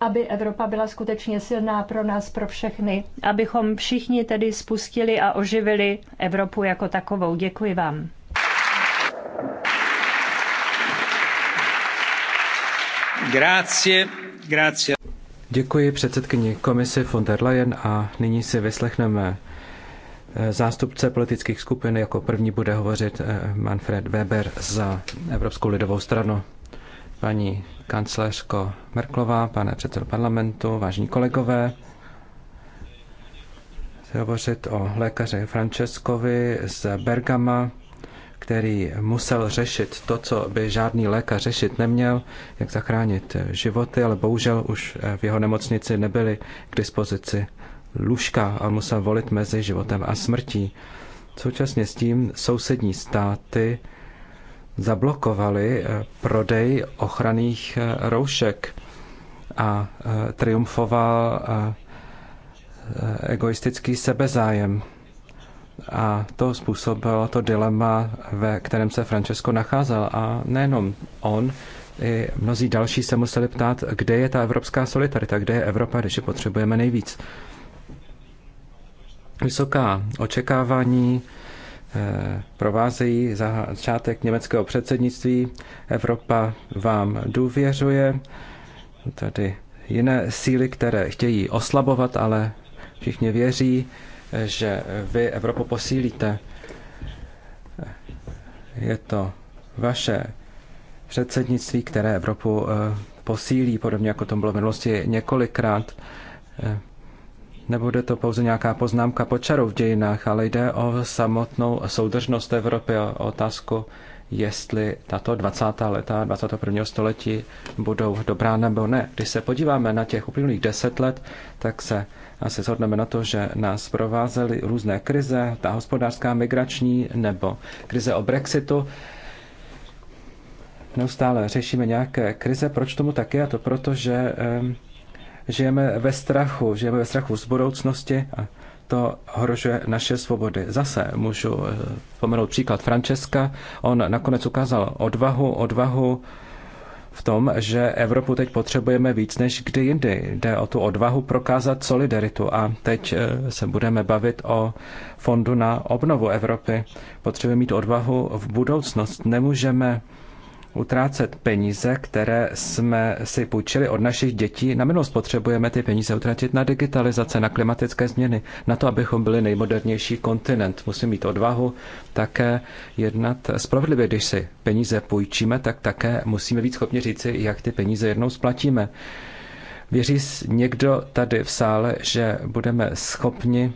aby Evropa byla skutečně silná pro nás, pro všechny, abychom všichni tedy spustili a oživili Evropu jako takovou. Děkuji vám. Děkuji předsedkyni komise von der Leyen a nyní si vyslechneme eh, zástupce politických skupin. Jako první bude hovořit eh, Manfred Weber za Evropskou lidovou stranu. Paní kancléřko Merklová, pane předsedo parlamentu, vážní kolegové, chci hovořit o lékaři Franceskovi z Bergama, který musel řešit to, co by žádný lékař řešit neměl, jak zachránit životy, ale bohužel už v jeho nemocnici nebyly k dispozici lůžka a musel volit mezi životem a smrtí. Současně s tím sousední státy zablokovali eh, prodej ochranných eh, roušek a eh, triumfoval egoistický sebezájem. A to způsobilo to dilema, ve kterém se Francesco nacházel. A nejenom on, i mnozí další se museli ptát, kde je ta evropská solidarita, kde je Evropa, když ji potřebujeme nejvíc. Vysoká očekávání eh, provázejí začátek německého předsednictví. Evropa vám důvěřuje. Tady jiné síly, které chtějí oslabovat, ale všichni věří, že vy Evropu posílíte. Je to vaše předsednictví, které Evropu eh, posílí, podobně jako to bylo v minulosti několikrát. Eh, Nebude to pouze nějaká poznámka počarů v dějinách, ale jde o samotnou soudržnost Evropy, o otázku, jestli tato 20. leta 21. století budou dobrá nebo ne. Když se podíváme na těch uplynulých deset let, tak se se shodneme na to, že nás provázely různé krize, ta hospodářská, migrační nebo krize o Brexitu. Neustále řešíme nějaké krize. Proč tomu tak je? A to proto, že žijeme ve strachu, žijeme ve strachu z budoucnosti a to ohrožuje naše svobody. Zase můžu eh, pomenout příklad Francesca. On nakonec ukázal odvahu, odvahu v tom, že Evropu teď potřebujeme víc než kdy jindy. Jde o tu odvahu prokázat solidaritu a teď eh, se budeme bavit o fondu na obnovu Evropy. Potřebujeme mít odvahu v budoucnost. Nemůžeme utrácet peníze, které jsme si půjčili od našich dětí. Na minulost potřebujeme ty peníze utratit na digitalizace, na klimatické změny, na to, abychom byli nejmodernější kontinent. Musí mít odvahu také jednat spravedlivě. Když si peníze půjčíme, tak také musíme být schopni říci, jak ty peníze jednou splatíme. Věří někdo tady v sále, že budeme schopni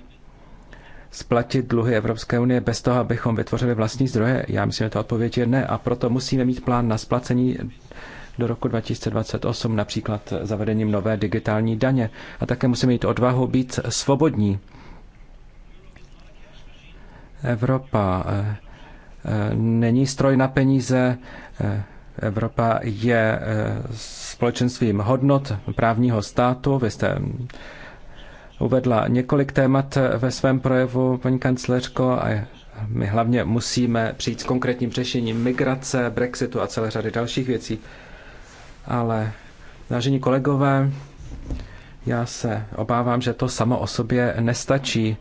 splatit dluhy Evropské unie bez toho, abychom vytvořili vlastní zdroje? Já myslím, že ta odpověď je ne a proto musíme mít plán na splacení do roku 2028, například zavedením nové digitální daně. A také musíme mít odvahu být svobodní. Evropa eh, eh, není stroj na peníze, eh, Evropa je společenstvím hodnot právního státu. Vy jste uvedla několik témat ve svém projevu, paní kancléřko, a my hlavně musíme přijít s konkrétním řešením migrace, Brexitu a celé řady dalších věcí. Ale, vážení kolegové, já se obávám, že to samo o sobě nestačí.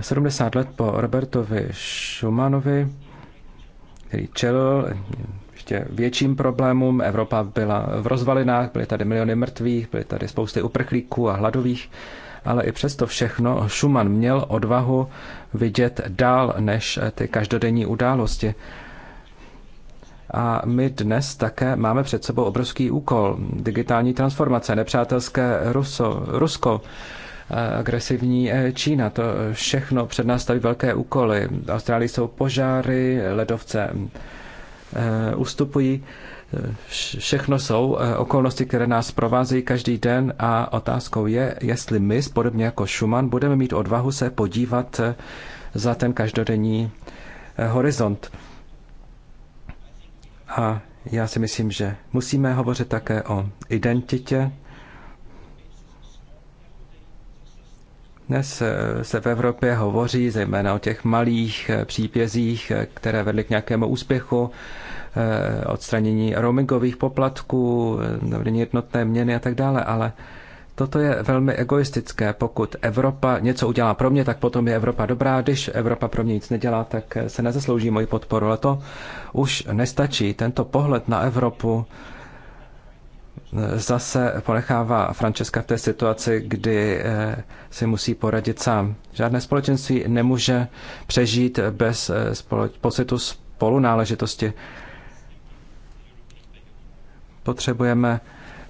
70 let po Robertovi Schumanovi, který čelil ještě větším problémům. Evropa byla v rozvalinách, byly tady miliony mrtvých, byly tady spousty uprchlíků a hladových, ale i přesto všechno Schumann měl odvahu vidět dál než ty každodenní události. A my dnes také máme před sebou obrovský úkol. Digitální transformace, nepřátelské Ruso, Rusko, agresivní eh, Čína. To všechno před nás staví velké úkoly. V Austrálii jsou požáry, ledovce Eh, ustupují. Eh, všechno jsou eh, okolnosti, které nás provázejí každý den a otázkou je, jestli my, podobně jako Schumann, budeme mít odvahu se podívat za ten každodenní horizont. A já si myslím, že musíme hovořit také o identitě, Dnes eh, se v Evropě hovoří zejména o těch malých eh, přípězích, eh, které vedly k nějakému úspěchu, odstranění roamingových poplatků, zavedení jednotné měny a tak dále, ale toto je velmi egoistické. Pokud Evropa něco udělá pro mě, tak potom je Evropa dobrá. Když Evropa pro mě nic nedělá, tak se nezaslouží moji podporu. Ale to už nestačí. Tento pohled na Evropu zase ponechává Francesca v té situaci, kdy eh, si musí poradit sám. Žádné společenství nemůže přežít bez eh, společ- pocitu spolunáležitosti. Potřebujeme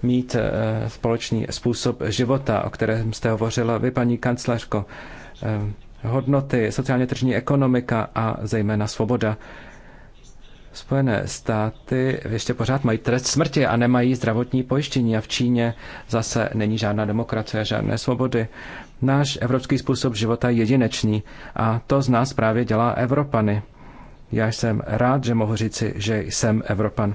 mít eh, společný způsob života, o kterém jste hovořila vy, paní kancléřko. Hodnoty, sociálně tržní ekonomika a zejména svoboda. Spojené státy ještě pořád mají trest smrti a nemají zdravotní pojištění a v Číně zase není žádná demokracie, žádné svobody. Náš evropský způsob života je jedinečný a to z nás právě dělá Evropany. Já jsem rád, že mohu říci, že jsem Evropan.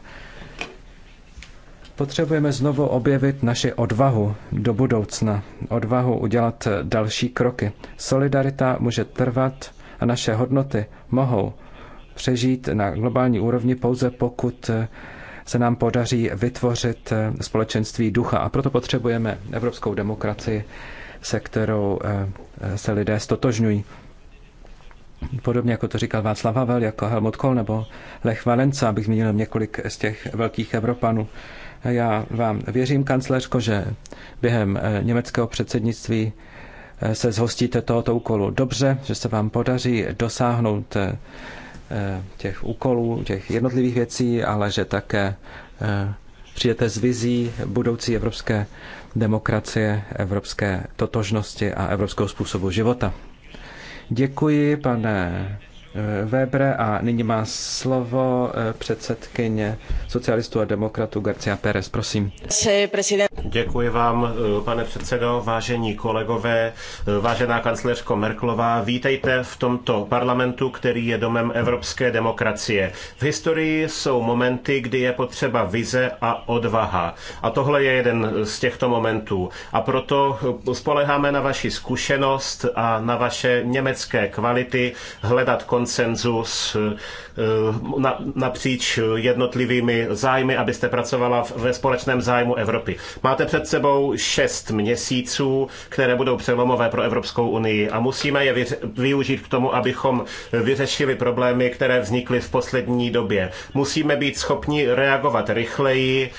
Potřebujeme znovu objevit naši odvahu do budoucna, odvahu udělat další kroky. Solidarita může trvat a naše hodnoty mohou přežít na globální úrovni pouze pokud eh, se nám podaří vytvořit eh, společenství ducha. A proto potřebujeme evropskou demokracii, se kterou eh, se lidé stotožňují. Podobně jako to říkal Václav Havel, jako Helmut Kohl nebo Lech Valenca, abych zmínil několik z těch velkých Evropanů. Já vám věřím, kancléřko, že během německého předsednictví se zhostíte tohoto úkolu dobře, že se vám podaří dosáhnout Eh, těch úkolů, těch jednotlivých věcí, ale že také eh, přijete s vizí budoucí evropské demokracie, evropské totožnosti a evropského způsobu života. Děkuji, pane Weber a nyní má slovo eh, předsedkyně socialistů a demokratů Garcia Pérez. Prosím. Děkuji vám, eh, pane předsedo, vážení kolegové, eh, vážená kancléřko Merklová. Vítejte v tomto parlamentu, který je domem evropské demokracie. V historii jsou momenty, kdy je potřeba vize a odvaha. A tohle je jeden z těchto momentů. A proto spoleháme na vaši zkušenost a na vaše německé kvality hledat kon konsenzus eh, eh, napříč jednotlivými zájmy, abyste pracovala ve společném zájmu Evropy. Máte před sebou šest měsíců, které budou přelomové pro Evropskou unii a musíme je využít k tomu, abychom vyřešili problémy, které vznikly v poslední době. Musíme být schopni reagovat rychleji,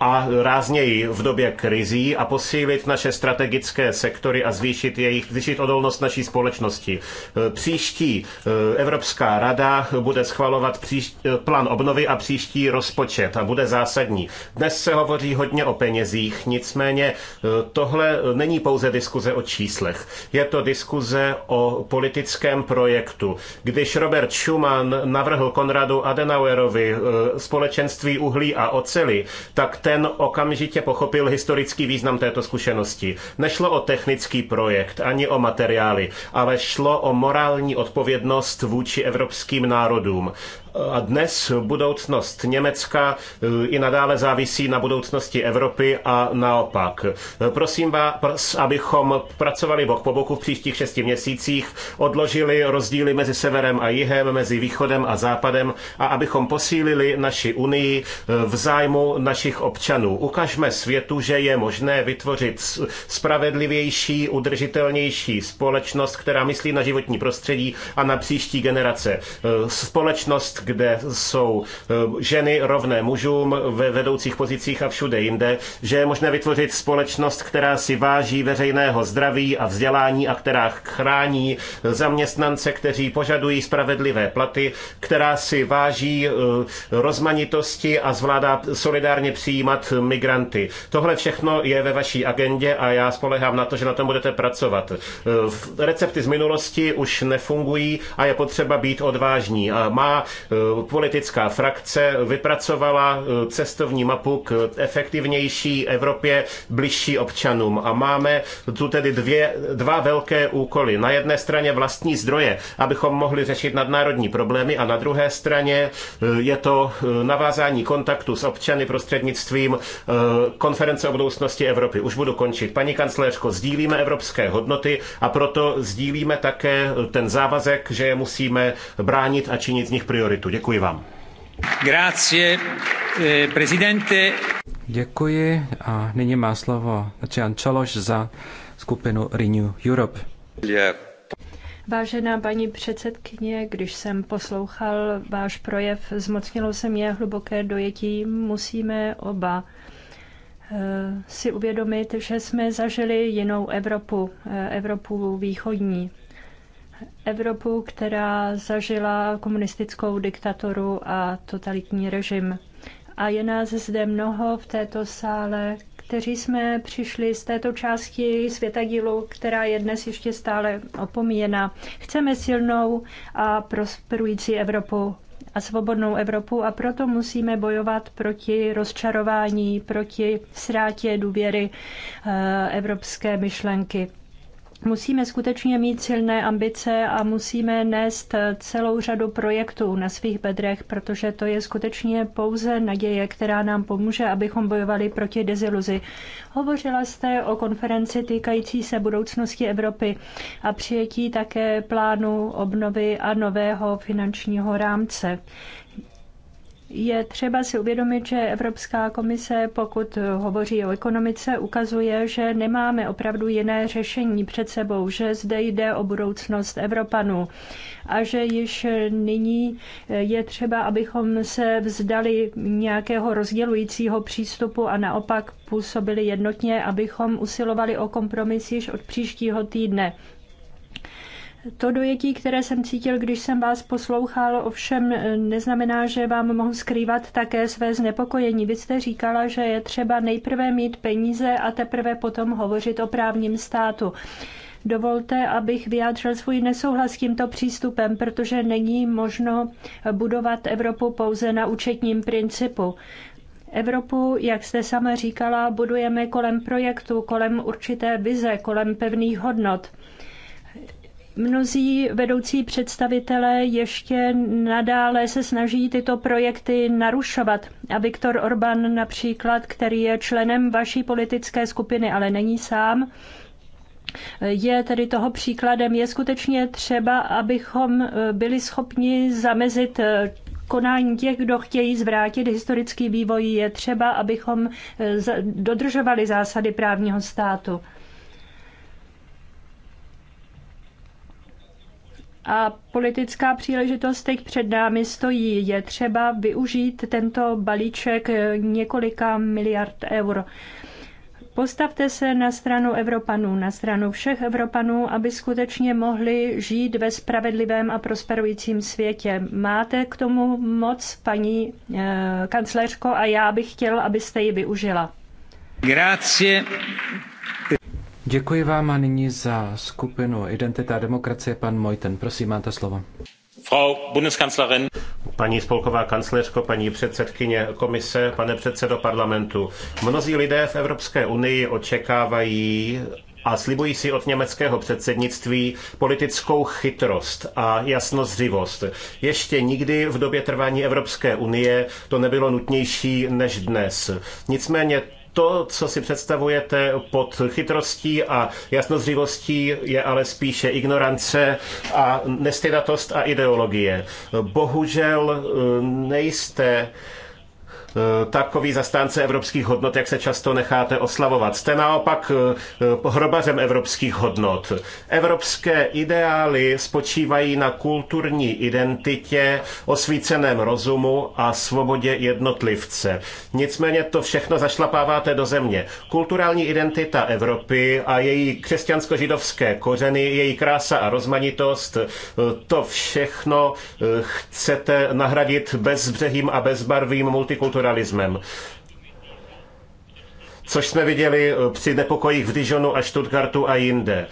a rázněji v době krizí a posílit naše strategické sektory a zvýšit jejich zvýšit odolnost naší společnosti. Eh, příští eh, Evropská rada bude schvalovat příští, eh, plán obnovy a příští rozpočet a bude zásadní. Dnes se hovoří hodně o penězích, nicméně tohle není pouze diskuze o číslech. Je to diskuze o politickém projektu. Když Robert Schuman navrhl Konradu Adenauerovi společenství uhlí a oceli, tak ten okamžitě pochopil historický význam této zkušenosti. Nešlo o technický projekt, ani o materiály, ale šlo o morální odpovědnost vůči evropským národům. A dnes budoucnost Německa eh, i nadále závisí na budoucnosti Evropy a naopak. Eh, prosím vás, abychom pracovali bok po boku v příštích šesti měsících, odložili rozdíly mezi severem a jihem, mezi východem a západem a abychom posílili naši unii eh, v zájmu našich občanů. Ukažme světu, že je možné vytvořit spravedlivější, udržitelnější společnost, která myslí na životní prostředí a na příští generace. Společnost, kde jsou eh, ženy rovné mužům ve vedoucích pozicích a všude jinde, že je možné vytvořit společnost, která si váží veřejného zdraví a vzdělání a která chrání zaměstnance, kteří požadují spravedlivé platy, která si váží eh, rozmanitosti a zvládá solidárně přijímat migranty. Tohle všechno je ve vaší agendě a já spolehám na to, že na tom budete pracovat. Eh, recepty z minulosti už nefungují a je potřeba být odvážní. A má Eh, politická frakce vypracovala eh, cestovní mapu k efektivnější Evropě bližší občanům. A máme tu tedy dvě, dva velké úkoly. Na jedné straně vlastní zdroje, abychom mohli řešit nadnárodní problémy a na druhé straně eh, je to navázání kontaktu s občany prostřednictvím konference o budoucnosti Evropy. Už budu končit. Paní kancléřko, sdílíme evropské hodnoty a proto sdílíme také ten závazek, že je musíme bránit a činit z nich priority prioritu. Děkuji vám. Grazie, eh, Presidente. Děkuji a nyní má slovo Jan Čološ za skupinu Renew Europe. Yeah. Vážená paní předsedkyně, když jsem poslouchal váš projev, zmocnilo se mě hluboké dojetí. Musíme oba eh, si uvědomit, že jsme zažili jinou Evropu, eh, Evropu východní. Evropu, která zažila komunistickou diktaturu a totalitní režim. A je nás zde mnoho v této sále, kteří jsme přišli z této části světa dílu, která je dnes ještě stále opomíjena. Chceme silnou a prosperující Evropu a svobodnou Evropu a proto musíme bojovat proti rozčarování, proti srátě důvěry eh, evropské myšlenky. Musíme skutečně mít silné ambice a musíme nést celou řadu projektů na svých bedrech, protože to je skutečně pouze naděje, která nám pomůže, abychom bojovali proti deziluzi. Hovořila jste o konferenci týkající se budoucnosti Evropy a přijetí také plánu obnovy a nového finančního rámce je třeba si uvědomit, že Evropská komise, pokud hovoří o ekonomice, ukazuje, že nemáme opravdu jiné řešení před sebou, že zde jde o budoucnost Evropanů a že již nyní je třeba, abychom se vzdali nějakého rozdělujícího přístupu a naopak působili jednotně, abychom usilovali o kompromis již od příštího týdne. To dojetí, které jsem cítil, když jsem vás poslouchal, ovšem eh, neznamená, že vám mohu skrývat také své znepokojení. Vy jste říkala, že je třeba nejprve mít peníze a teprve potom hovořit o právním státu. Dovolte, abych vyjádřil svůj nesouhlas s tímto přístupem, protože není možno budovat Evropu pouze na účetním principu. Evropu, jak jste sama říkala, budujeme kolem projektu, kolem určité vize, kolem pevných hodnot Mnozí vedoucí představitelé ještě nadále se snaží tyto projekty narušovat. A Viktor Orbán například, který je členem vaší politické skupiny, ale není sám, je tedy toho příkladem. Je skutečně třeba, abychom eh, byli schopni zamezit eh, konání těch, kdo chtějí zvrátit historický vývoj. Je třeba, abychom eh, dodržovali zásady právního státu. a politická příležitost teď před námi stojí. Je třeba využít tento balíček několika miliard euro. Postavte se na stranu Evropanů, na stranu všech Evropanů, aby skutečně mohli žít ve spravedlivém a prosperujícím světě. Máte k tomu moc, paní eh, kancléřko, a já bych chtěl, abyste ji využila. Grazie. Děkuji vám a nyní za skupinu Identita a demokracie pan Mojten. Prosím, máte slovo. Frau Bundeskanzlerin. Paní spolková kancléřko, paní předsedkyně komise, pane předsedo parlamentu. Mnozí lidé v Evropské unii očekávají a slibují si od německého předsednictví politickou chytrost a jasnozřivost. Ještě nikdy v době trvání Evropské unie to nebylo nutnější než dnes. Nicméně to, co si představujete pod chytrostí a jasnozřivostí, je ale spíše ignorance a nestydatost a ideologie. Bohužel eh, nejste Eh, takový zastánce evropských hodnot, jak se často necháte oslavovat. Jste naopak eh, hrobařem evropských hodnot. Evropské ideály spočívají na kulturní identitě, osvíceném rozumu a svobodě jednotlivce. Nicméně to všechno zašlapáváte do země. Kulturální identita Evropy a její křesťansko-židovské kořeny, její krása a rozmanitost, eh, to všechno chcete nahradit bezbřehým a bezbarvým multikulturálním pluralismem což jsme viděli eh, při nepokojích v Dijonu a Stuttgartu a jinde.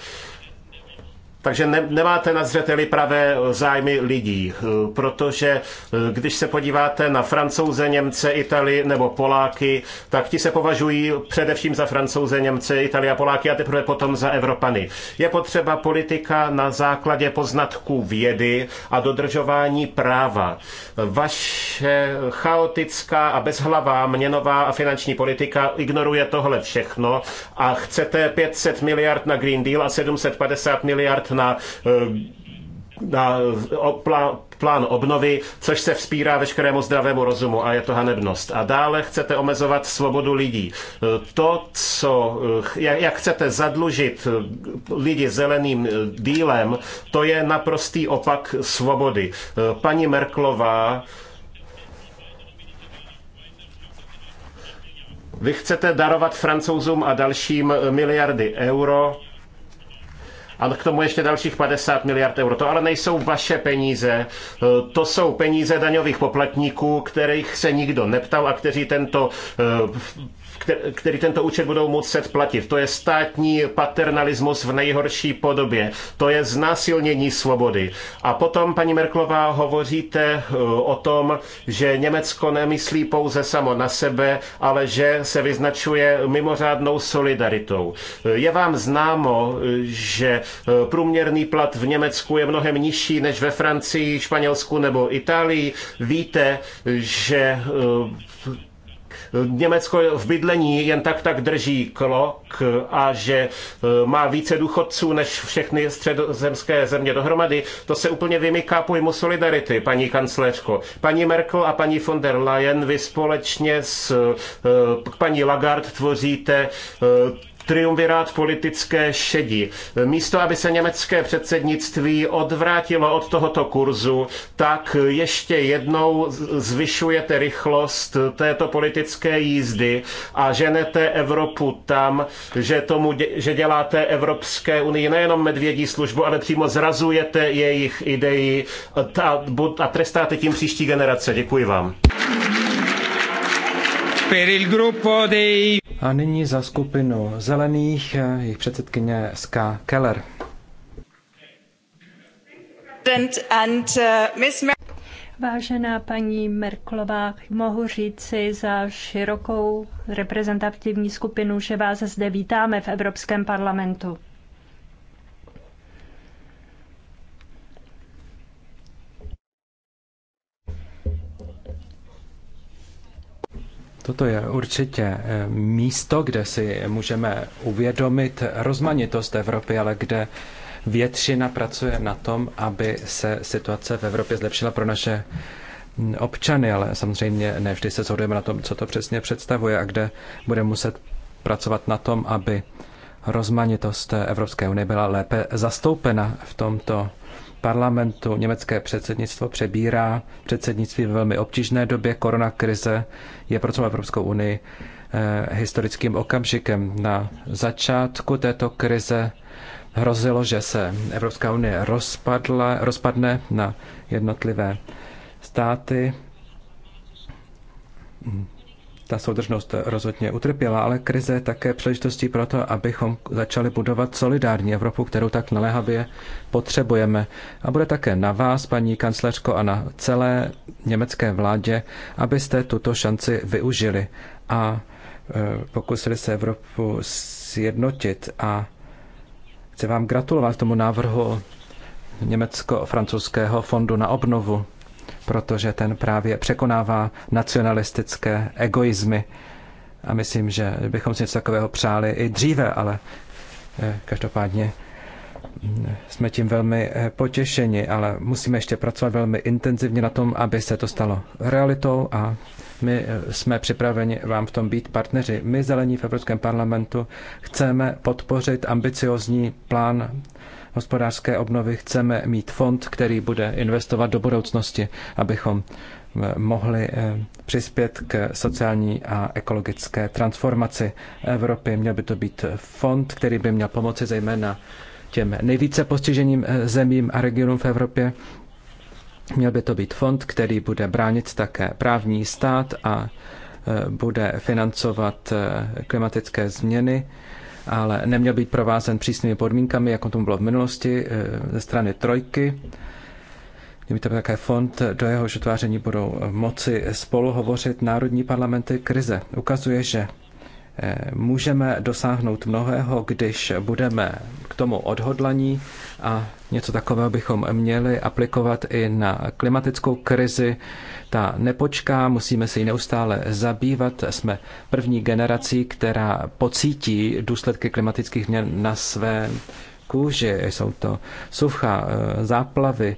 Takže ne, nemáte na zřeteli pravé eh, zájmy lidí, eh, protože eh, když se podíváte na francouze, Němce, Itali nebo Poláky, tak ti se považují především za francouze, Němce, Itali a Poláky a teprve potom za Evropany. Je potřeba politika na základě poznatků vědy a dodržování práva. Vaše chaotická a bezhlavá měnová a finanční politika ignoruje tohle všechno a chcete 500 miliard na Green Deal a 750 miliard na eh, na plán, plán obnovy, což se vzpírá veškerému zdravému rozumu a je to hanebnost. A dále chcete omezovat svobodu lidí. Eh, to, co, eh, jak, jak chcete zadlužit lidi zeleným dílem, to je naprostý opak svobody. Paní Merklová Vy chcete darovat francouzům a dalším miliardy euro, a k tomu ještě dalších 50 miliard euro. To ale nejsou vaše peníze, e, to jsou peníze daňových poplatníků, kterých se nikdo neptal a kteří tento e, který tento účet budou muset platit. To je státní paternalismus v nejhorší podobě. To je znásilnění svobody. A potom, paní Merklová, hovoříte eh, o tom, že Německo nemyslí pouze samo na sebe, ale že se vyznačuje mimořádnou solidaritou. Eh, je vám známo, eh, že průměrný plat v Německu je mnohem nižší než ve Francii, Španělsku nebo Itálii. Víte, že Německo v bydlení jen tak tak drží krok a že e, má více důchodců než všechny středozemské země dohromady, to se úplně vymyká pojmu solidarity, paní kancléřko. Paní Merkel a paní von der Leyen, vy společně s e, paní Lagarde tvoříte e, triumvirát politické šedi. Místo, aby se německé předsednictví odvrátilo od tohoto kurzu, tak ještě jednou zvyšujete rychlost této politické jízdy a ženete Evropu tam, že, tomu, že děláte Evropské unii nejenom medvědí službu, ale přímo zrazujete jejich idei a, a trestáte tím příští generace. Děkuji vám. A nyní za skupinu zelených eh, jejich předsedkyně Ska Keller. Eh, Vážená paní Merklová, mohu říci za širokou reprezentativní skupinu, že vás zde vítáme v Evropském parlamentu. Toto je určitě eh, místo, kde si můžeme uvědomit rozmanitost Evropy, ale kde většina pracuje na tom, aby se situace v Evropě zlepšila pro naše mm, občany, ale samozřejmě ne vždy se shodujeme na tom, co to přesně představuje a kde bude muset pracovat na tom, aby rozmanitost Evropské unie byla lépe zastoupena v tomto parlamentu. Německé předsednictvo přebírá předsednictví ve velmi obtížné době. Korona krize je pro celou Evropskou unii eh, historickým okamžikem. Na začátku této krize hrozilo, že se Evropská unie rozpadla, rozpadne na jednotlivé státy ta soudržnost rozhodně utrpěla, ale krize také příležitostí pro to, abychom začali budovat solidární Evropu, kterou tak naléhavě potřebujeme. A bude také na vás, paní kancléřko, a na celé německé vládě, abyste tuto šanci využili a e, pokusili se Evropu sjednotit. A chci vám gratulovat tomu návrhu Německo-francouzského fondu na obnovu protože ten právě překonává nacionalistické egoizmy. A myslím, že bychom si něco takového přáli i dříve, ale eh, každopádně hm, jsme tím velmi eh, potěšeni, ale musíme ještě pracovat velmi intenzivně na tom, aby se to stalo realitou a my eh, jsme připraveni vám v tom být partneři. My zelení v Evropském parlamentu chceme podpořit ambiciozní plán hospodářské obnovy chceme mít fond, který bude investovat do budoucnosti, abychom eh, mohli eh, přispět k sociální a ekologické transformaci Evropy. Měl by to být fond, který by měl pomoci zejména těm nejvíce postiženým eh, zemím a regionům v Evropě. Měl by to být fond, který bude bránit také právní stát a bude financovat klimatické změny ale neměl být provázen přísnými podmínkami, jako tomu bylo v minulosti eh, ze strany trojky. Kdyby to byl také fond, do jeho utváření budou moci spolu hovořit národní parlamenty krize. Ukazuje, že eh, můžeme dosáhnout mnohého, když budeme k tomu odhodlaní a něco takového bychom měli aplikovat i na klimatickou krizi, ta nepočká, musíme se jí neustále zabývat. Jsme první generací, která pocítí důsledky klimatických změn na své kůži. Jsou to sucha, eh, záplavy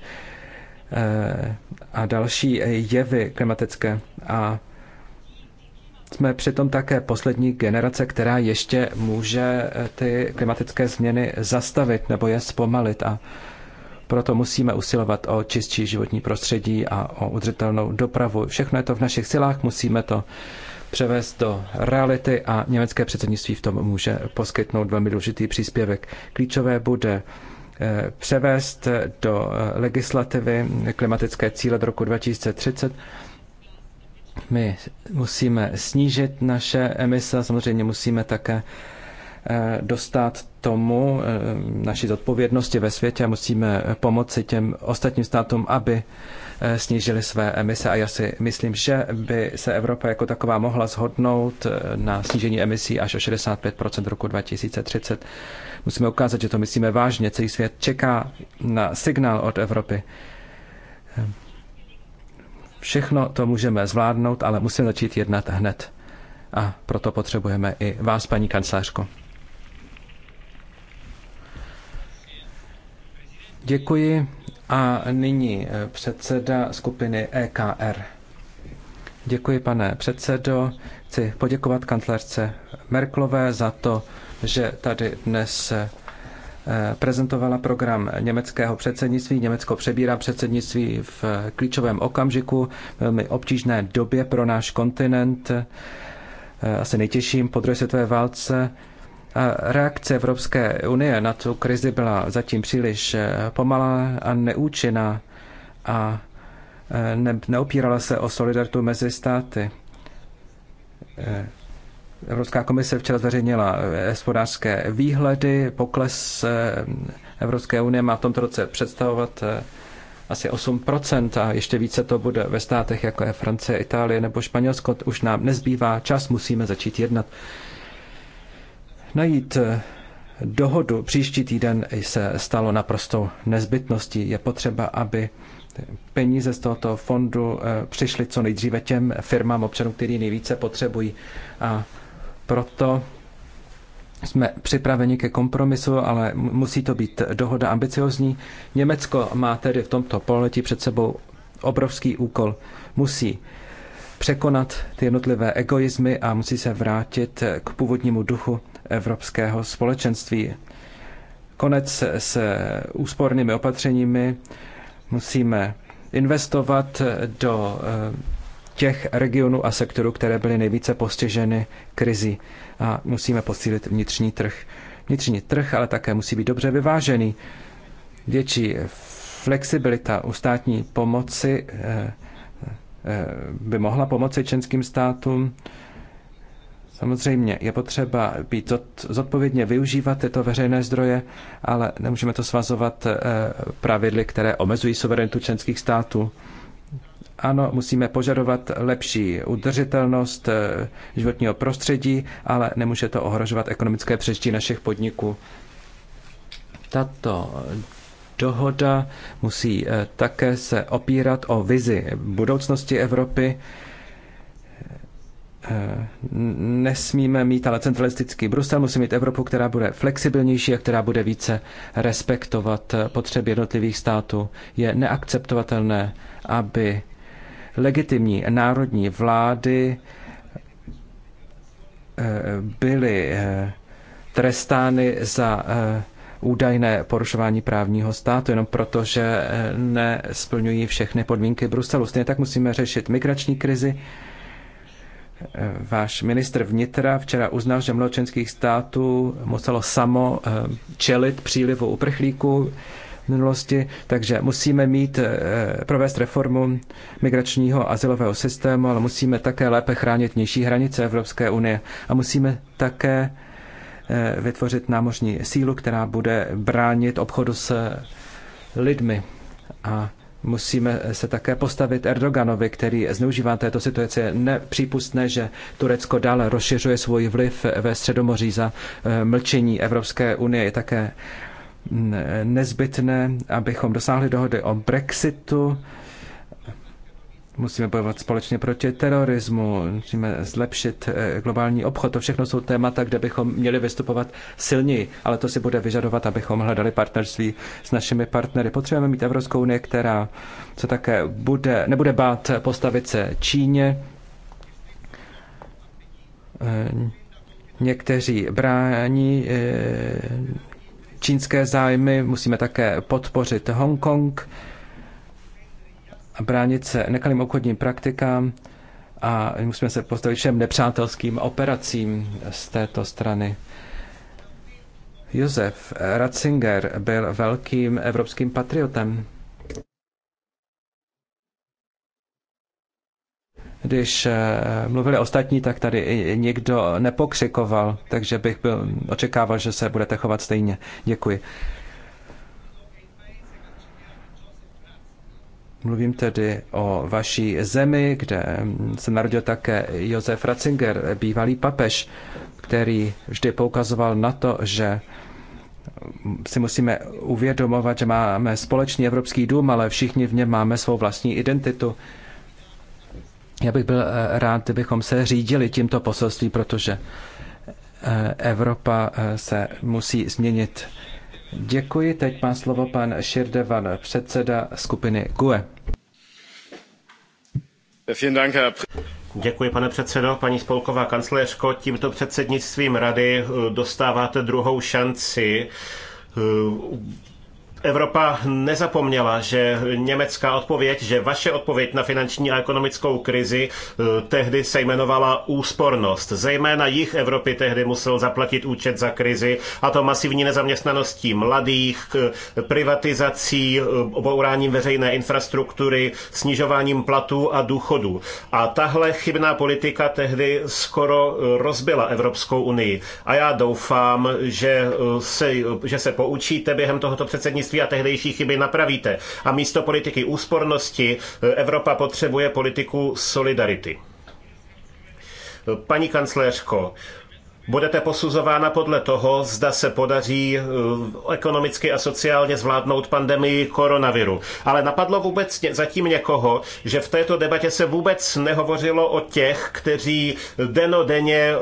eh, a další jevy klimatické. A jsme přitom také poslední generace, která ještě může eh, ty klimatické změny zastavit nebo je zpomalit. A proto musíme usilovat o čistší životní prostředí a o udržitelnou dopravu. Všechno je to v našich silách, musíme to převést do reality a německé předsednictví v tom může poskytnout velmi důležitý příspěvek. Klíčové bude eh, převést do eh, legislativy klimatické cíle do roku 2030. My musíme snížit naše emise, samozřejmě musíme také eh, dostat tomu eh, naší zodpovědnosti ve světě a musíme pomoci těm ostatním státům, aby eh, snížili své emise. A já si myslím, že by se Evropa jako taková mohla shodnout eh, na snížení emisí až o 65 roku 2030. Musíme ukázat, že to myslíme vážně. Celý svět čeká na signál od Evropy. Všechno to můžeme zvládnout, ale musíme začít jednat hned. A proto potřebujeme i vás, paní kancelářko. Děkuji. A nyní eh, předseda skupiny EKR. Děkuji, pane předsedo. Chci poděkovat kancelářce Merklové za to, že tady dnes eh, prezentovala program německého předsednictví. Německo přebírá předsednictví v eh, klíčovém okamžiku, velmi obtížné době pro náš kontinent, asi nejtěžším po druhé světové válce. Reakce Evropské unie na tu krizi byla zatím příliš eh, pomalá a neúčinná a eh, ne, neopírala se o solidaritu mezi státy. Eh, Evropská komise včera zveřejnila hospodářské výhledy. Pokles Evropské unie má v tomto roce představovat asi 8% a ještě více to bude ve státech, jako je Francie, Itálie nebo Španělsko. Už nám nezbývá čas, musíme začít jednat. Najít eh, dohodu příští týden se stalo naprostou nezbytností. Je potřeba, aby peníze z tohoto fondu eh, přišly co nejdříve těm firmám, občanům, který nejvíce potřebují. A proto jsme připraveni ke kompromisu, ale musí to být dohoda ambiciozní. Německo má tedy v tomto poletí před sebou obrovský úkol. Musí překonat ty jednotlivé egoizmy a musí se vrátit eh, k původnímu duchu Evropského společenství. Konec s úspornými opatřeními musíme investovat do eh, těch regionů a sektorů, které byly nejvíce postiženy krizi. A musíme posílit vnitřní trh. Vnitřní trh ale také musí být dobře vyvážený. Větší flexibilita u státní pomoci eh, eh, by mohla pomoci členským státům Samozřejmě je potřeba být zodpovědně využívat tyto veřejné zdroje, ale nemůžeme to svazovat eh, pravidly, které omezují suverenitu členských států. Ano, musíme požadovat lepší udržitelnost eh, životního prostředí, ale nemůže to ohrožovat ekonomické přežití našich podniků. Tato dohoda musí eh, také se opírat o vizi budoucnosti Evropy Eh, nesmíme mít ale centralistický Brusel, musíme mít Evropu, která bude flexibilnější a která bude více respektovat eh, potřeby jednotlivých států. Je neakceptovatelné, aby legitimní národní vlády eh, byly trestány za údajné porušování právního státu, jenom proto, že nesplňují všechny podmínky Bruselu. Stejně tak musíme řešit migrační krizi, Eh, váš ministr vnitra včera uznal, že mnoho členských států muselo samo eh, čelit přílivu uprchlíků v minulosti, takže musíme mít, eh, provést reformu migračního asilového systému, ale musíme také lépe chránit nižší hranice Evropské unie a musíme také vytvořit námořní sílu, která bude bránit obchodu s lidmi. A Musíme se také postavit Erdoganovi, který zneužívá této situace. Je nepřípustné, že Turecko dále rozšiřuje svůj vliv ve Středomoří za eh, mlčení Evropské unie. Je také nezbytné, abychom dosáhli dohody o Brexitu Musíme bojovat společně proti terorismu, musíme zlepšit eh, globální obchod. To všechno jsou témata, kde bychom měli vystupovat silněji, ale to si bude vyžadovat, abychom hledali partnerství s našimi partnery. Potřebujeme mít Evropskou unii, která se také bude, nebude bát postavit se Číně. Eh, někteří brání eh, čínské zájmy, musíme také podpořit Hongkong bránit se nekalým obchodním praktikám a musíme se postavit všem nepřátelským operacím z této strany. Josef Ratzinger byl velkým evropským patriotem. Když eh, mluvili ostatní, tak tady nikdo nepokřikoval, takže bych byl, očekával, že se budete chovat stejně. Děkuji. Mluvím tedy o vaší zemi, kde se narodil také Josef Ratzinger, bývalý papež, který vždy poukazoval na to, že si musíme uvědomovat, že máme společný Evropský dům, ale všichni v něm máme svou vlastní identitu. Já bych byl eh, rád, kdybychom se řídili tímto poselství, protože eh, Evropa eh, se musí změnit Děkuji, teď má slovo pan Širdevan, předseda skupiny GUE. Děkuji, pane předsedo. Paní spolková kancléřko, tímto předsednictvím rady eh, dostáváte druhou šanci eh, Evropa nezapomněla, že německá odpověď, že vaše odpověď na finanční a ekonomickou krizi eh, tehdy se jmenovala úspornost. Zejména jich Evropy tehdy musel zaplatit účet za krizi a to masivní nezaměstnaností mladých, privatizací, eh, obouráním veřejné infrastruktury, snižováním platů a důchodů. A tahle chybná politika tehdy skoro eh, rozbila Evropskou unii. A já doufám, že se, že se poučíte během tohoto předsednictví a tehdejší chyby napravíte. A místo politiky úspornosti e, Evropa potřebuje politiku solidarity. E, Paní kancléřko, budete posuzována podle toho, zda se podaří eh, ekonomicky a sociálně zvládnout pandemii koronaviru. Ale napadlo vůbec zatím někoho, že v této debatě se vůbec nehovořilo o těch, kteří denodenně eh,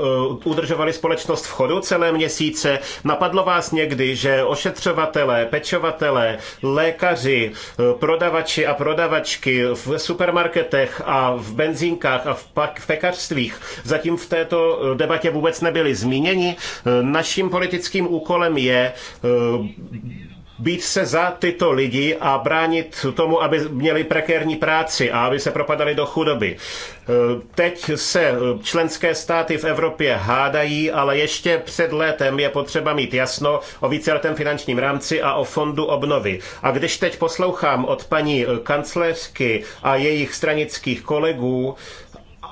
udržovali společnost v chodu celé měsíce. Napadlo vás někdy, že ošetřovatelé, pečovatelé, lékaři, eh, prodavači a prodavačky v supermarketech a v benzínkách a v pekařstvích zatím v této debatě vůbec nebyli zmíněni. E, naším politickým úkolem je e, být se za tyto lidi a bránit tomu, aby měli prekérní práci a aby se propadali do chudoby. E, teď se členské státy v Evropě hádají, ale ještě před létem je potřeba mít jasno o víceletém finančním rámci a o fondu obnovy. A když teď poslouchám od paní kancléřky a jejich stranických kolegů,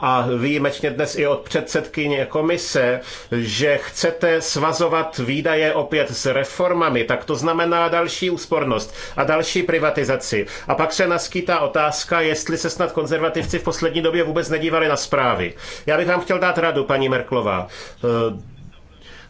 a výjimečně dnes i od předsedkyně komise, že chcete svazovat výdaje opět s reformami, tak to znamená další úspornost a další privatizaci. A pak se naskýtá otázka, jestli se snad konzervativci v poslední době vůbec nedívali na zprávy. Já bych vám chtěl dát radu, paní Merklová.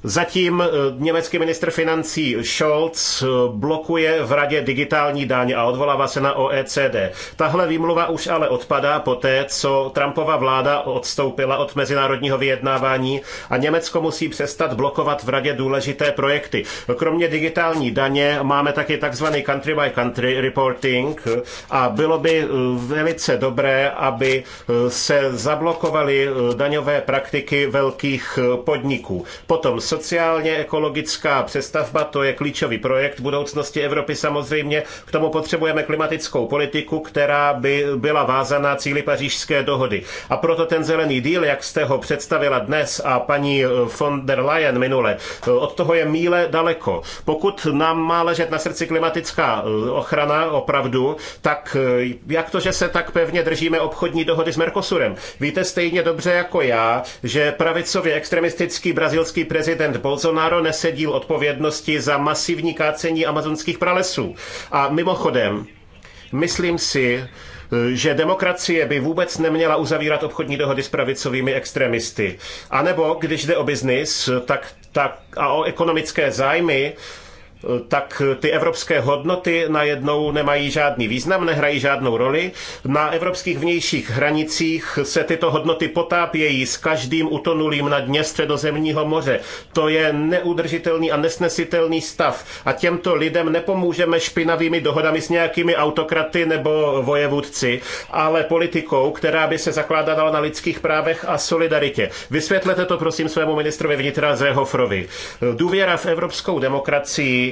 Zatím eh, německý ministr financí Scholz eh, blokuje v radě digitální daň a odvolává se na OECD. Tahle výmluva už ale odpadá poté, co Trumpova vláda odstoupila od mezinárodního vyjednávání a Německo musí přestat blokovat v radě důležité projekty. Kromě digitální daně máme taky takzvaný country by country reporting a bylo by eh, velice dobré, aby se zablokovaly daňové praktiky velkých podniků. Potom Sociálně ekologická přestavba, to je klíčový projekt budoucnosti Evropy samozřejmě. K tomu potřebujeme klimatickou politiku, která by byla vázaná cíli pařížské dohody. A proto ten zelený díl, jak jste ho představila dnes a paní von der Leyen minule, od toho je míle daleko. Pokud nám má ležet na srdci klimatická ochrana opravdu, tak jak to, že se tak pevně držíme obchodní dohody s Mercosurem? Víte stejně dobře jako já, že pravicově extremistický brazilský prezident prezident Bolsonaro nese díl odpovědnosti za masivní kácení amazonských pralesů. A mimochodem, myslím si, že demokracie by vůbec neměla uzavírat obchodní dohody s pravicovými extremisty. A nebo když jde o biznis tak, tak, a o ekonomické zájmy, tak ty evropské hodnoty najednou nemají žádný význam, nehrají žádnou roli. Na evropských vnějších hranicích se tyto hodnoty potápějí s každým utonulým na dně středozemního moře. To je neudržitelný a nesnesitelný stav a těmto lidem nepomůžeme špinavými dohodami s nějakými autokraty nebo vojevůdci, ale politikou, která by se zakládala na lidských právech a solidaritě. Vysvětlete to prosím svému ministrovi vnitra Zehofrovi. Důvěra v evropskou demokracii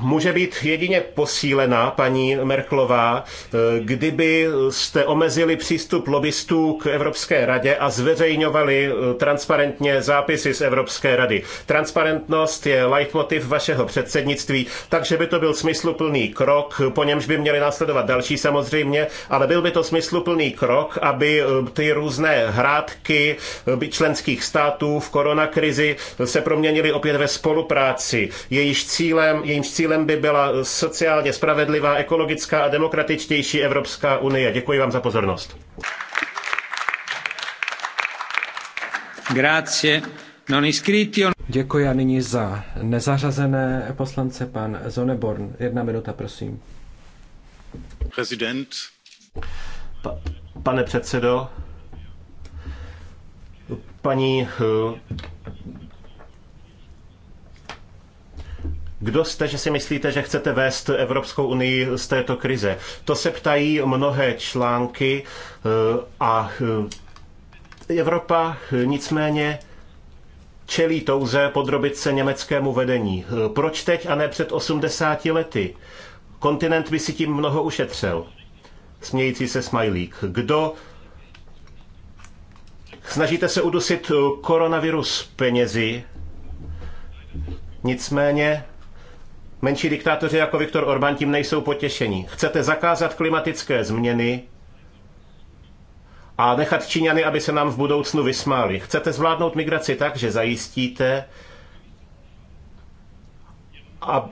může být jedině posílena, paní Merklová, eh, kdybyste omezili přístup lobbystů k Evropské radě a zveřejňovali eh, transparentně zápisy z Evropské rady. Transparentnost je leitmotiv vašeho předsednictví, takže by to byl smysluplný krok, po němž by měly následovat další samozřejmě, ale byl by to smysluplný krok, aby eh, ty různé hrátky členských států v koronakrizi se proměnily opět ve spolupráci. Jejíž cílem, jejímž cílem cílem by byla sociálně spravedlivá, ekologická a demokratičtější Evropská unie. Děkuji vám za pozornost. Grazie. Non iscritti. No? Děkuji a nyní za nezařazené poslance pan Zoneborn. Jedna minuta, prosím. Prezident. Pa, pane předsedo, paní eh, Kdo jste, že si myslíte, že chcete vést Evropskou unii z této krize? To se ptají mnohé články eh, a eh, Evropa nicméně čelí touze podrobit se německému vedení. Eh, proč teď a ne před 80 lety? Kontinent by si tím mnoho ušetřil. Smějící se smajlík. Kdo Snažíte se udusit koronavirus penězi, nicméně Menší diktátoři jako Viktor Orbán tím nejsou potěšení. Chcete zakázat klimatické změny a nechat Číňany, aby se nám v budoucnu vysmáli. Chcete zvládnout migraci tak, že zajistíte, a,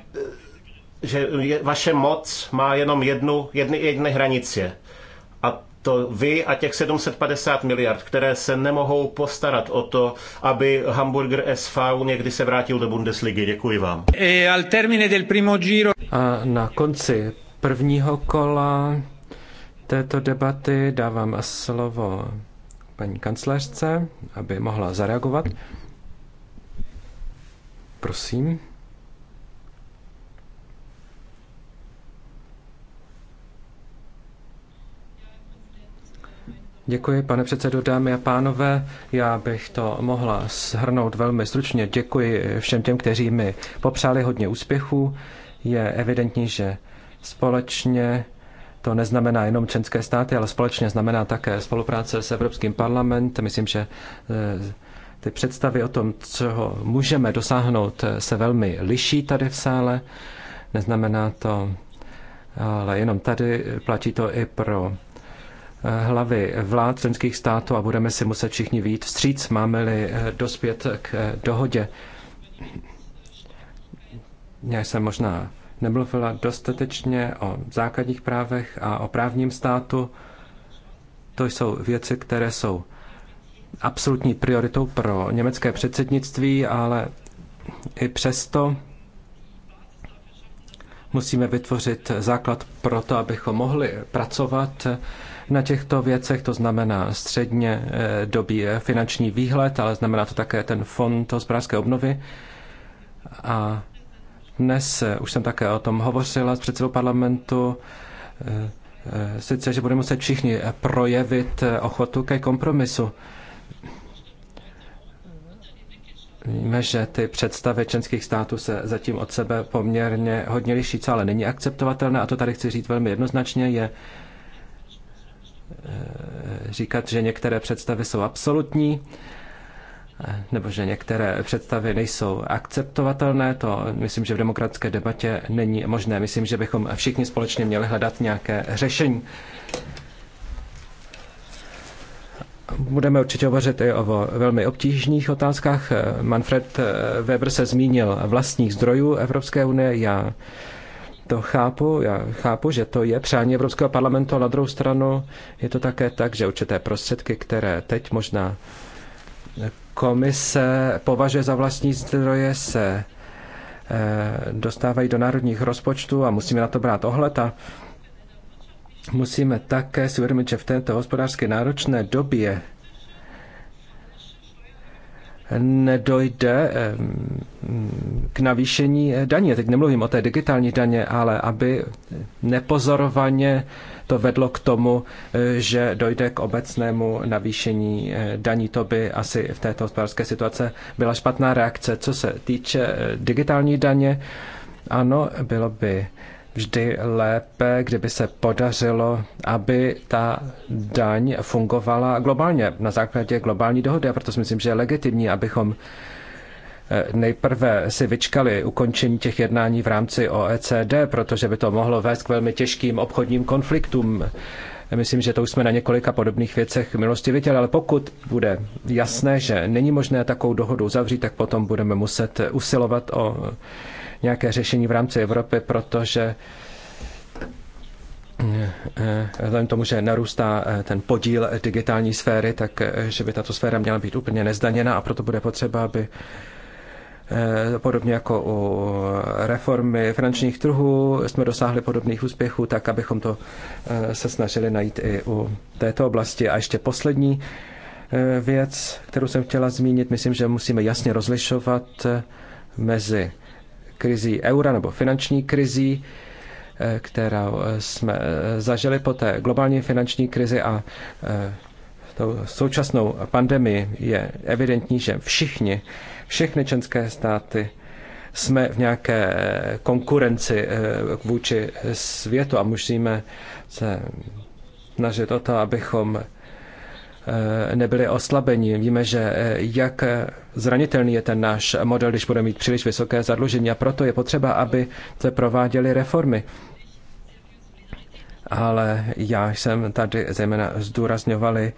že vaše moc má jenom jednu, jedny, jedny hranice to vy a těch 750 miliard, které se nemohou postarat o to, aby Hamburger SV někdy se vrátil do Bundesligy. Děkuji vám. E, a na konci prvního kola této debaty dávám slovo paní kancléřce, aby mohla zareagovat. Prosím. Děkuji, pane předsedo, dámy a pánové. Já bych to mohla shrnout velmi stručně. Děkuji všem těm, kteří mi popřáli hodně úspěchů. Je evidentní, že společně to neznamená jenom členské státy, ale společně znamená také spolupráce s Evropským parlamentem. Myslím, že eh, ty představy o tom, co můžeme dosáhnout, eh, se velmi liší tady v sále. Neznamená to, ale jenom tady eh, platí to i pro hlavy vlád členských států a budeme si muset všichni výjít vstříc, máme-li eh, dospět k eh, dohodě. Já jsem možná nemluvila dostatečně o základních právech a o právním státu. To jsou věci, které jsou absolutní prioritou pro německé předsednictví, ale i přesto musíme vytvořit základ pro to, abychom mohli pracovat na těchto věcech, to znamená středně eh, dobí eh, finanční výhled, ale znamená to také ten fond hospodářské obnovy. A dnes eh, už jsem také o tom hovořila s předsedou parlamentu, sice, že budeme muset všichni projevit ochotu ke kompromisu. Víme, že ty představy členských států se zatím od sebe poměrně hodně liší, co ale není akceptovatelné, a to tady chci říct velmi jednoznačně, je Eh, říkat, že některé představy jsou absolutní, eh, nebo že některé představy nejsou akceptovatelné, to myslím, že v demokratické debatě není možné. Myslím, že bychom všichni společně měli hledat nějaké řešení. Budeme určitě hovořit i o velmi obtížných otázkách. Eh, Manfred Weber se zmínil vlastních zdrojů Evropské unie. Já to chápu, já chápu, že to je přání Evropského parlamentu, ale na druhou stranu je to také tak, že určité prostředky, které teď možná komise považuje za vlastní zdroje, se eh, dostávají do národních rozpočtů a musíme na to brát ohled a musíme také si uvědomit, že v této hospodářské náročné době nedojde k navýšení daně. Teď nemluvím o té digitální daně, ale aby nepozorovaně to vedlo k tomu, eh, že dojde k obecnému navýšení eh, daní. To by asi v této hospodářské situace byla špatná reakce. Co se týče eh, digitální daně, ano, bylo by vždy lépe, kdyby se podařilo, aby ta daň fungovala globálně, na základě globální dohody. A proto si myslím, že je legitimní, abychom eh, nejprve si vyčkali ukončení těch jednání v rámci OECD, protože by to mohlo vést k velmi těžkým obchodním konfliktům. Myslím, že to už jsme na několika podobných věcech v minulosti viděli, ale pokud bude jasné, že není možné takovou dohodu uzavřít, tak potom budeme muset usilovat o nějaké řešení v rámci Evropy, protože eh, vzhledem tomu, že narůstá eh, ten podíl digitální sféry, tak eh, že by tato sféra měla být úplně nezdaněna a proto bude potřeba, aby podobně jako u reformy finančních trhů jsme dosáhli podobných úspěchů, tak abychom to se snažili najít i u této oblasti. A ještě poslední věc, kterou jsem chtěla zmínit, myslím, že musíme jasně rozlišovat mezi krizí eura nebo finanční krizí, eh, která eh, jsme eh, zažili po té globální finanční krizi a tou současnou pandemii je evidentní, že všichni, všechny členské státy jsme v nějaké konkurenci vůči světu a musíme se snažit o to, abychom Eh, nebyli oslabeni. Víme, že eh, jak zranitelný je ten náš model, když bude mít příliš vysoké zadlužení a proto je potřeba, aby se prováděly reformy. Ale já jsem tady zejména zdůrazňovali,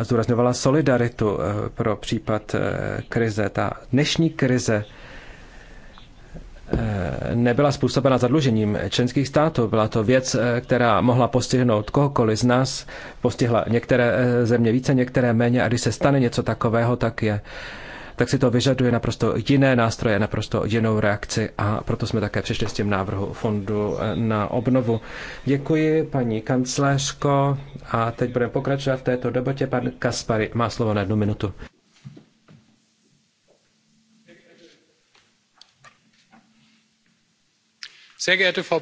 zdůrazňovala solidaritu eh, pro případ krize. Ta dnešní krize Eh, nebyla způsobena zadlužením členských států. Byla to věc, eh, která mohla postihnout kohokoliv z nás. Postihla některé eh, země více, některé méně. A když se stane něco takového, tak je tak si to vyžaduje naprosto jiné nástroje, naprosto jinou reakci a proto jsme také přišli s tím návrhu fondu na obnovu. Děkuji, paní kancléřko, a teď budeme pokračovat v této debatě. Pan Kaspary má slovo na jednu minutu. Sehr geehrte Frau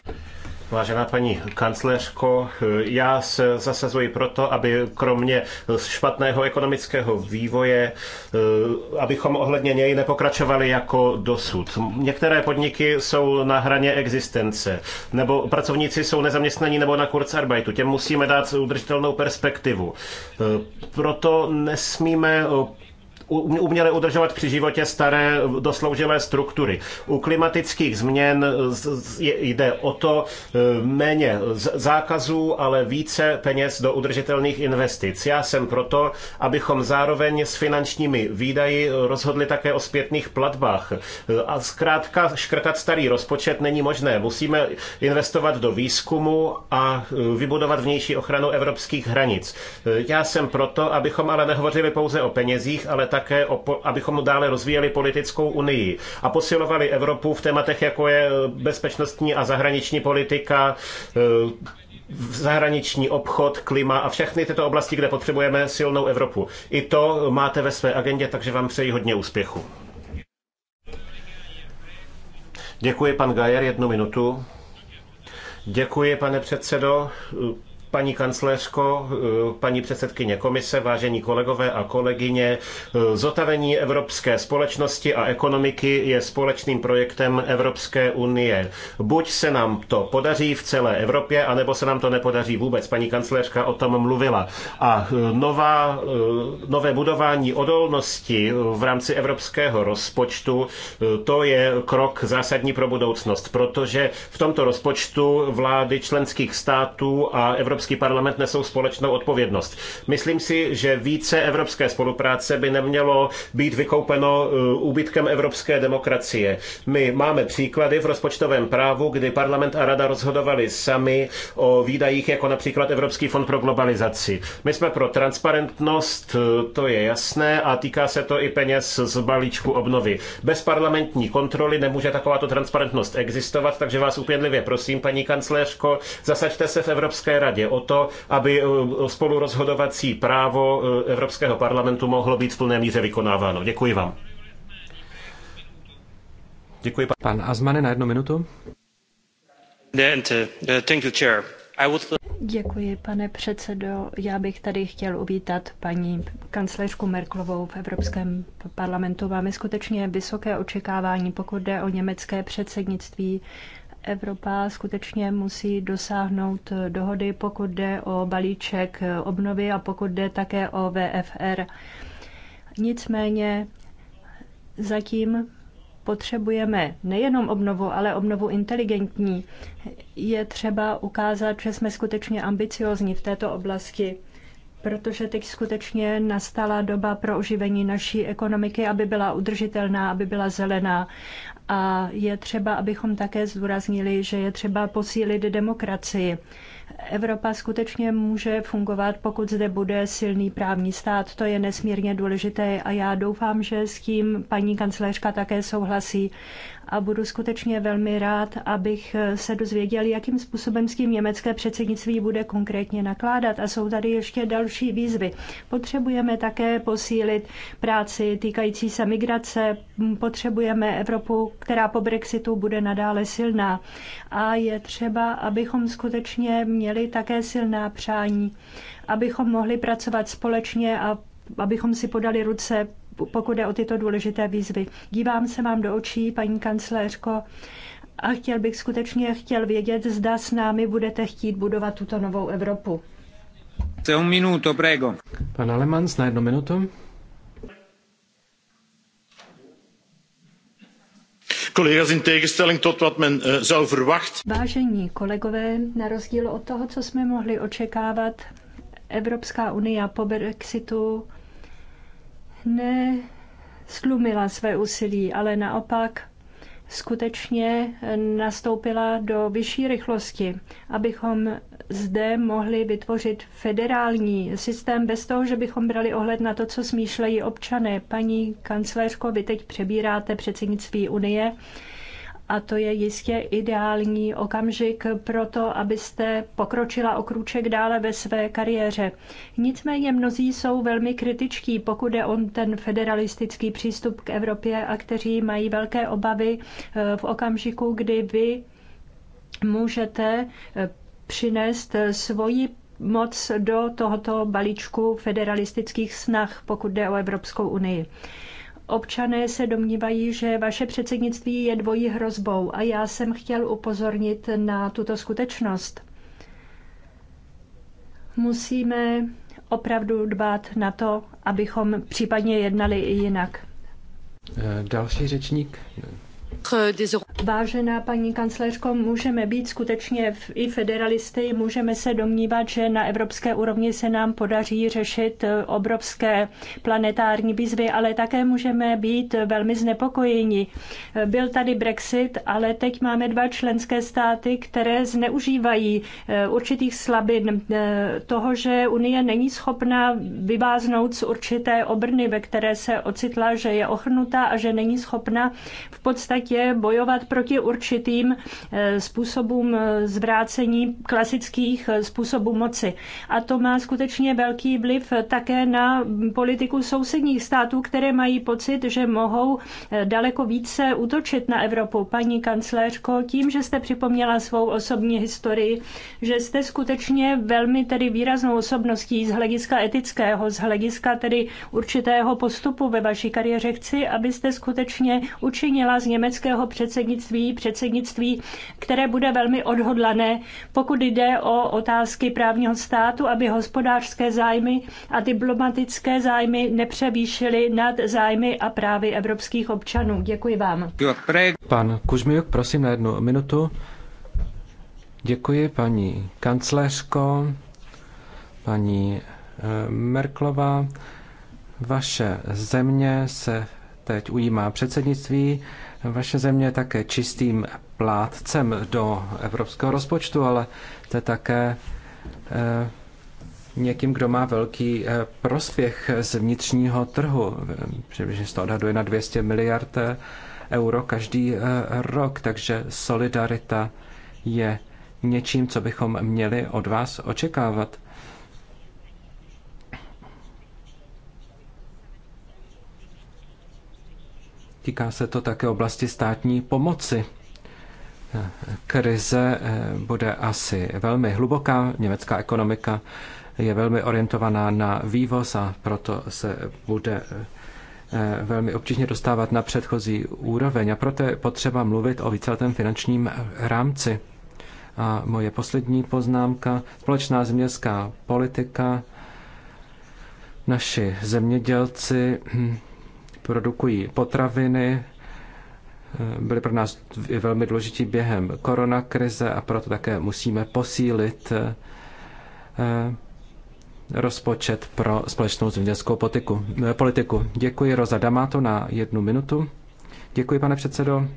Vážená paní kancléřko, já se zasazuji proto, aby kromě špatného ekonomického vývoje, eh, abychom ohledně něj nepokračovali jako dosud. Některé podniky jsou na hraně existence, nebo pracovníci jsou nezaměstnaní nebo na kurzarbeitu. Těm musíme dát udržitelnou perspektivu. Eh, proto nesmíme uměli udržovat při životě staré dosloužilé struktury. U klimatických změn e, jde o to e, méně zákazů, ale více peněz do udržitelných investic. Já jsem proto, abychom zároveň s finančními výdaji rozhodli také o zpětných platbách. E, a zkrátka škrtat starý rozpočet není možné. Musíme investovat do výzkumu a vybudovat vnější ochranu evropských hranic. Já jsem proto, abychom ale nehovořili pouze o penězích, ale tak také, o, abychom dále rozvíjeli politickou unii a posilovali Evropu v tématech, jako je eh, bezpečnostní a zahraniční politika, eh, zahraniční obchod, klima a všechny tyto oblasti, kde potřebujeme silnou Evropu. I to máte ve své agendě, takže vám přeji hodně úspěchu. Děkuji, pan Gajer, jednu minutu. Děkuji, pane předsedo. Paní kancléřko, eh, paní předsedkyně komise, vážení kolegové a kolegyně, eh, zotavení evropské společnosti a ekonomiky je společným projektem Evropské unie. Buď se nám to podaří v celé Evropě, anebo se nám to nepodaří vůbec. Paní kancléřka o tom mluvila. A eh, nová, nové budování odolnosti v rámci evropského rozpočtu, to je krok zásadní pro budoucnost, protože v tomto rozpočtu vlády členských států a Evropské Evropský parlament nesou společnou odpovědnost. Myslím si, že více evropské spolupráce by nemělo být vykoupeno eh, úbytkem evropské demokracie. My máme příklady v rozpočtovém právu, kdy parlament a rada rozhodovali sami o výdajích, jako například Evropský fond pro globalizaci. My jsme pro transparentnost, eh, to je jasné, a týká se to i peněz z balíčku obnovy. Bez parlamentní kontroly nemůže takováto transparentnost existovat, takže vás upěnlivě prosím, paní kancléřko, zasaďte se v Evropské radě o to, aby eh, spolurozhodovací právo eh, Evropského parlamentu mohlo být v plné míře vykonáváno. Děkuji vám. Děkuji, pan. Pan Azmane na jednu minutu. Eh, Děkuji, pane předsedo. Já bych tady chtěl uvítat paní kancléřku Merklovou v Evropském parlamentu. Máme skutečně vysoké očekávání, pokud jde o německé předsednictví. Evropa skutečně musí dosáhnout dohody, pokud jde o balíček obnovy a pokud jde také o VFR. Nicméně zatím potřebujeme nejenom obnovu, ale obnovu inteligentní. Je třeba ukázat, že jsme skutečně ambiciozní v této oblasti, protože teď skutečně nastala doba pro oživení naší ekonomiky, aby byla udržitelná, aby byla zelená, a je třeba, abychom také zdůraznili, že je třeba posílit demokracii. Evropa skutečně může fungovat, pokud zde bude silný právní stát. To je nesmírně důležité a já doufám, že s tím paní kancléřka také souhlasí a budu skutečně velmi rád, abych se dozvěděl, jakým způsobem s tím německé předsednictví bude konkrétně nakládat. A jsou tady ještě další výzvy. Potřebujeme také posílit práci týkající se migrace, potřebujeme Evropu, která po Brexitu bude nadále silná. A je třeba, abychom skutečně měli také silná přání, abychom mohli pracovat společně a abychom si podali ruce pokud jde o tyto důležité výzvy. Dívám se vám do očí, paní kancléřko, a chtěl bych skutečně chtěl vědět, zda s námi budete chtít budovat tuto novou Evropu. Un minuto, prego. Pan Alemans na jednu minutu. Eh, Vážení kolegové, na rozdíl od toho, co jsme mohli očekávat, Evropská unie po Brexitu nestlumila své úsilí, ale naopak skutečně nastoupila do vyšší rychlosti, abychom zde mohli vytvořit federální systém bez toho, že bychom brali ohled na to, co smýšlejí občané. Paní kancléřko, vy teď přebíráte předsednictví Unie a to je jistě ideální okamžik pro to, abyste pokročila o krůček dále ve své kariéře. Nicméně mnozí jsou velmi kritičtí, pokud je on ten federalistický přístup k Evropě a kteří mají velké obavy eh, v okamžiku, kdy vy můžete eh, přinést eh, svoji moc do tohoto balíčku federalistických snah, pokud jde o Evropskou unii. Občané se domnívají, že vaše předsednictví je dvojí hrozbou a já jsem chtěl upozornit na tuto skutečnost. Musíme opravdu dbát na to, abychom případně jednali i jinak. Další řečník Euh, Vážená paní kancléřko, můžeme být skutečně i federalisty, můžeme se domnívat, že na evropské úrovni se nám podaří řešit eh, obrovské planetární výzvy, ale také můžeme být velmi znepokojeni. Eh, byl tady Brexit, ale teď máme dva členské státy, které zneužívají eh, určitých slabin toho, že Unie není schopna vyváznout z určité obrny, ve které se ocitla, že je ochrnutá a že není schopna v podstatě světě bojovat proti určitým eh, způsobům eh, zvrácení klasických eh, způsobů moci. A to má skutečně velký vliv také na politiku sousedních států, které mají pocit, že mohou daleko více útočit na Evropu. Paní kancléřko, tím, že jste připomněla svou osobní historii, že jste skutečně velmi tedy výraznou osobností z hlediska etického, z hlediska tedy určitého postupu ve vaší kariéře, chci, abyste skutečně učinila z Německa belgického předsednictví, předsednictví, které bude velmi odhodlané, pokud jde o otázky právního státu, aby hospodářské zájmy a diplomatické zájmy nepřevýšily nad zájmy a právy evropských občanů. Děkuji vám. Pan Kužmiuk, prosím na jednu minutu. Děkuji, paní kancléřko, paní eh, Merklova. Vaše země se teď ujímá předsednictví vaše země je také čistým plátcem do evropského rozpočtu, ale to je také eh, někým, kdo má velký eh, prospěch z vnitřního trhu. Přibližně se to odhaduje na 200 miliard eh, euro každý rok, takže solidarita je něčím, co bychom měli od vás očekávat. Týká se to také oblasti státní pomoci. Krize eh, bude asi velmi hluboká. Německá ekonomika je velmi orientovaná na vývoz a proto se bude eh, eh, velmi obtížně dostávat na předchozí úroveň a proto je potřeba mluvit o víceletém finančním rámci. A moje poslední poznámka, společná zemědělská politika, naši zemědělci hm, produkují potraviny, eh, byly pro nás velmi důležitý během koronakrize a proto také musíme posílit eh, eh, rozpočet pro společnou zemědělskou politiku. Děkuji Roza Damato na jednu minutu. Děkuji, pane předsedo.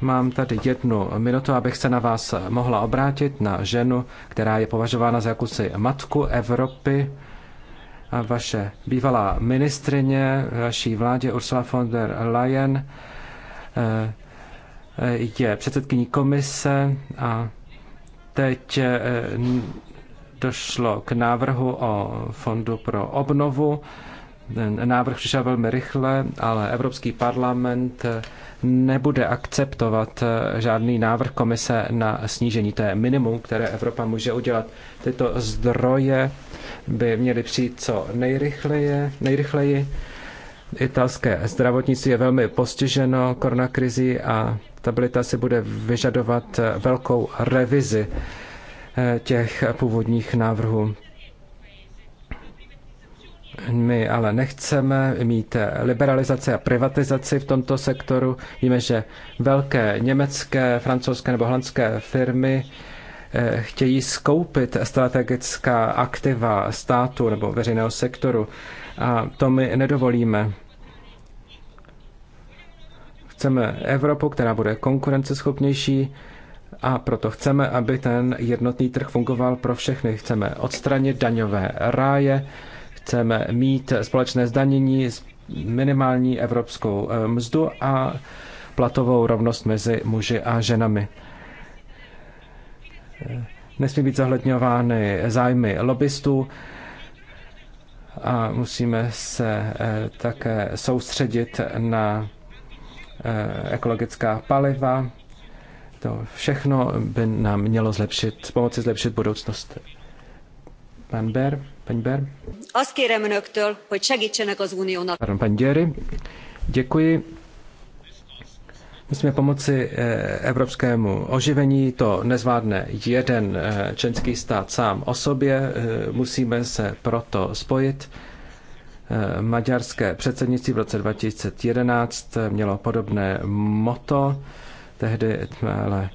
Mám tady jednu minutu, abych se na vás mohla obrátit, na ženu, která je považována za jakousi matku Evropy vaše bývalá ministrině vaší vládě Ursula von der Leyen eh, je předsedkyní komise a teď eh, došlo k návrhu o fondu pro obnovu. Ten návrh přišel velmi rychle, ale Evropský parlament nebude akceptovat eh, žádný návrh komise na snížení. To je minimum, které Evropa může udělat. Tyto zdroje by měly přijít co nejrychleji. nejrychleji. Italské zdravotnictví je velmi postiženo koronakrizí a stabilita si bude vyžadovat velkou revizi eh, těch původních návrhů. My ale nechceme mít liberalizaci a privatizaci v tomto sektoru. Víme, že velké německé, francouzské nebo holandské firmy Eh, chtějí skoupit strategická aktiva státu nebo veřejného sektoru. A to my nedovolíme. Chceme Evropu, která bude konkurenceschopnější a proto chceme, aby ten jednotný trh fungoval pro všechny. Chceme odstranit daňové ráje, chceme mít společné zdanění, minimální evropskou eh, mzdu a platovou rovnost mezi muži a ženami nesmí být zahledňovány zájmy lobbystů a musíme se eh, také soustředit na eh, ekologická paliva. To všechno by nám mělo zlepšit, pomoci zlepšit budoucnost. Pan Ber, paní Ber. Azt kérem önöktől, hogy segítsenek az uniónak. Pardon, paní Děry. Děkuji. Musíme pomoci eh, evropskému oživení, to nezvládne jeden eh, členský stát sám o sobě, eh, musíme se proto spojit. Maďarské předsednictví v roce 2011 mělo podobné moto, tehdy ale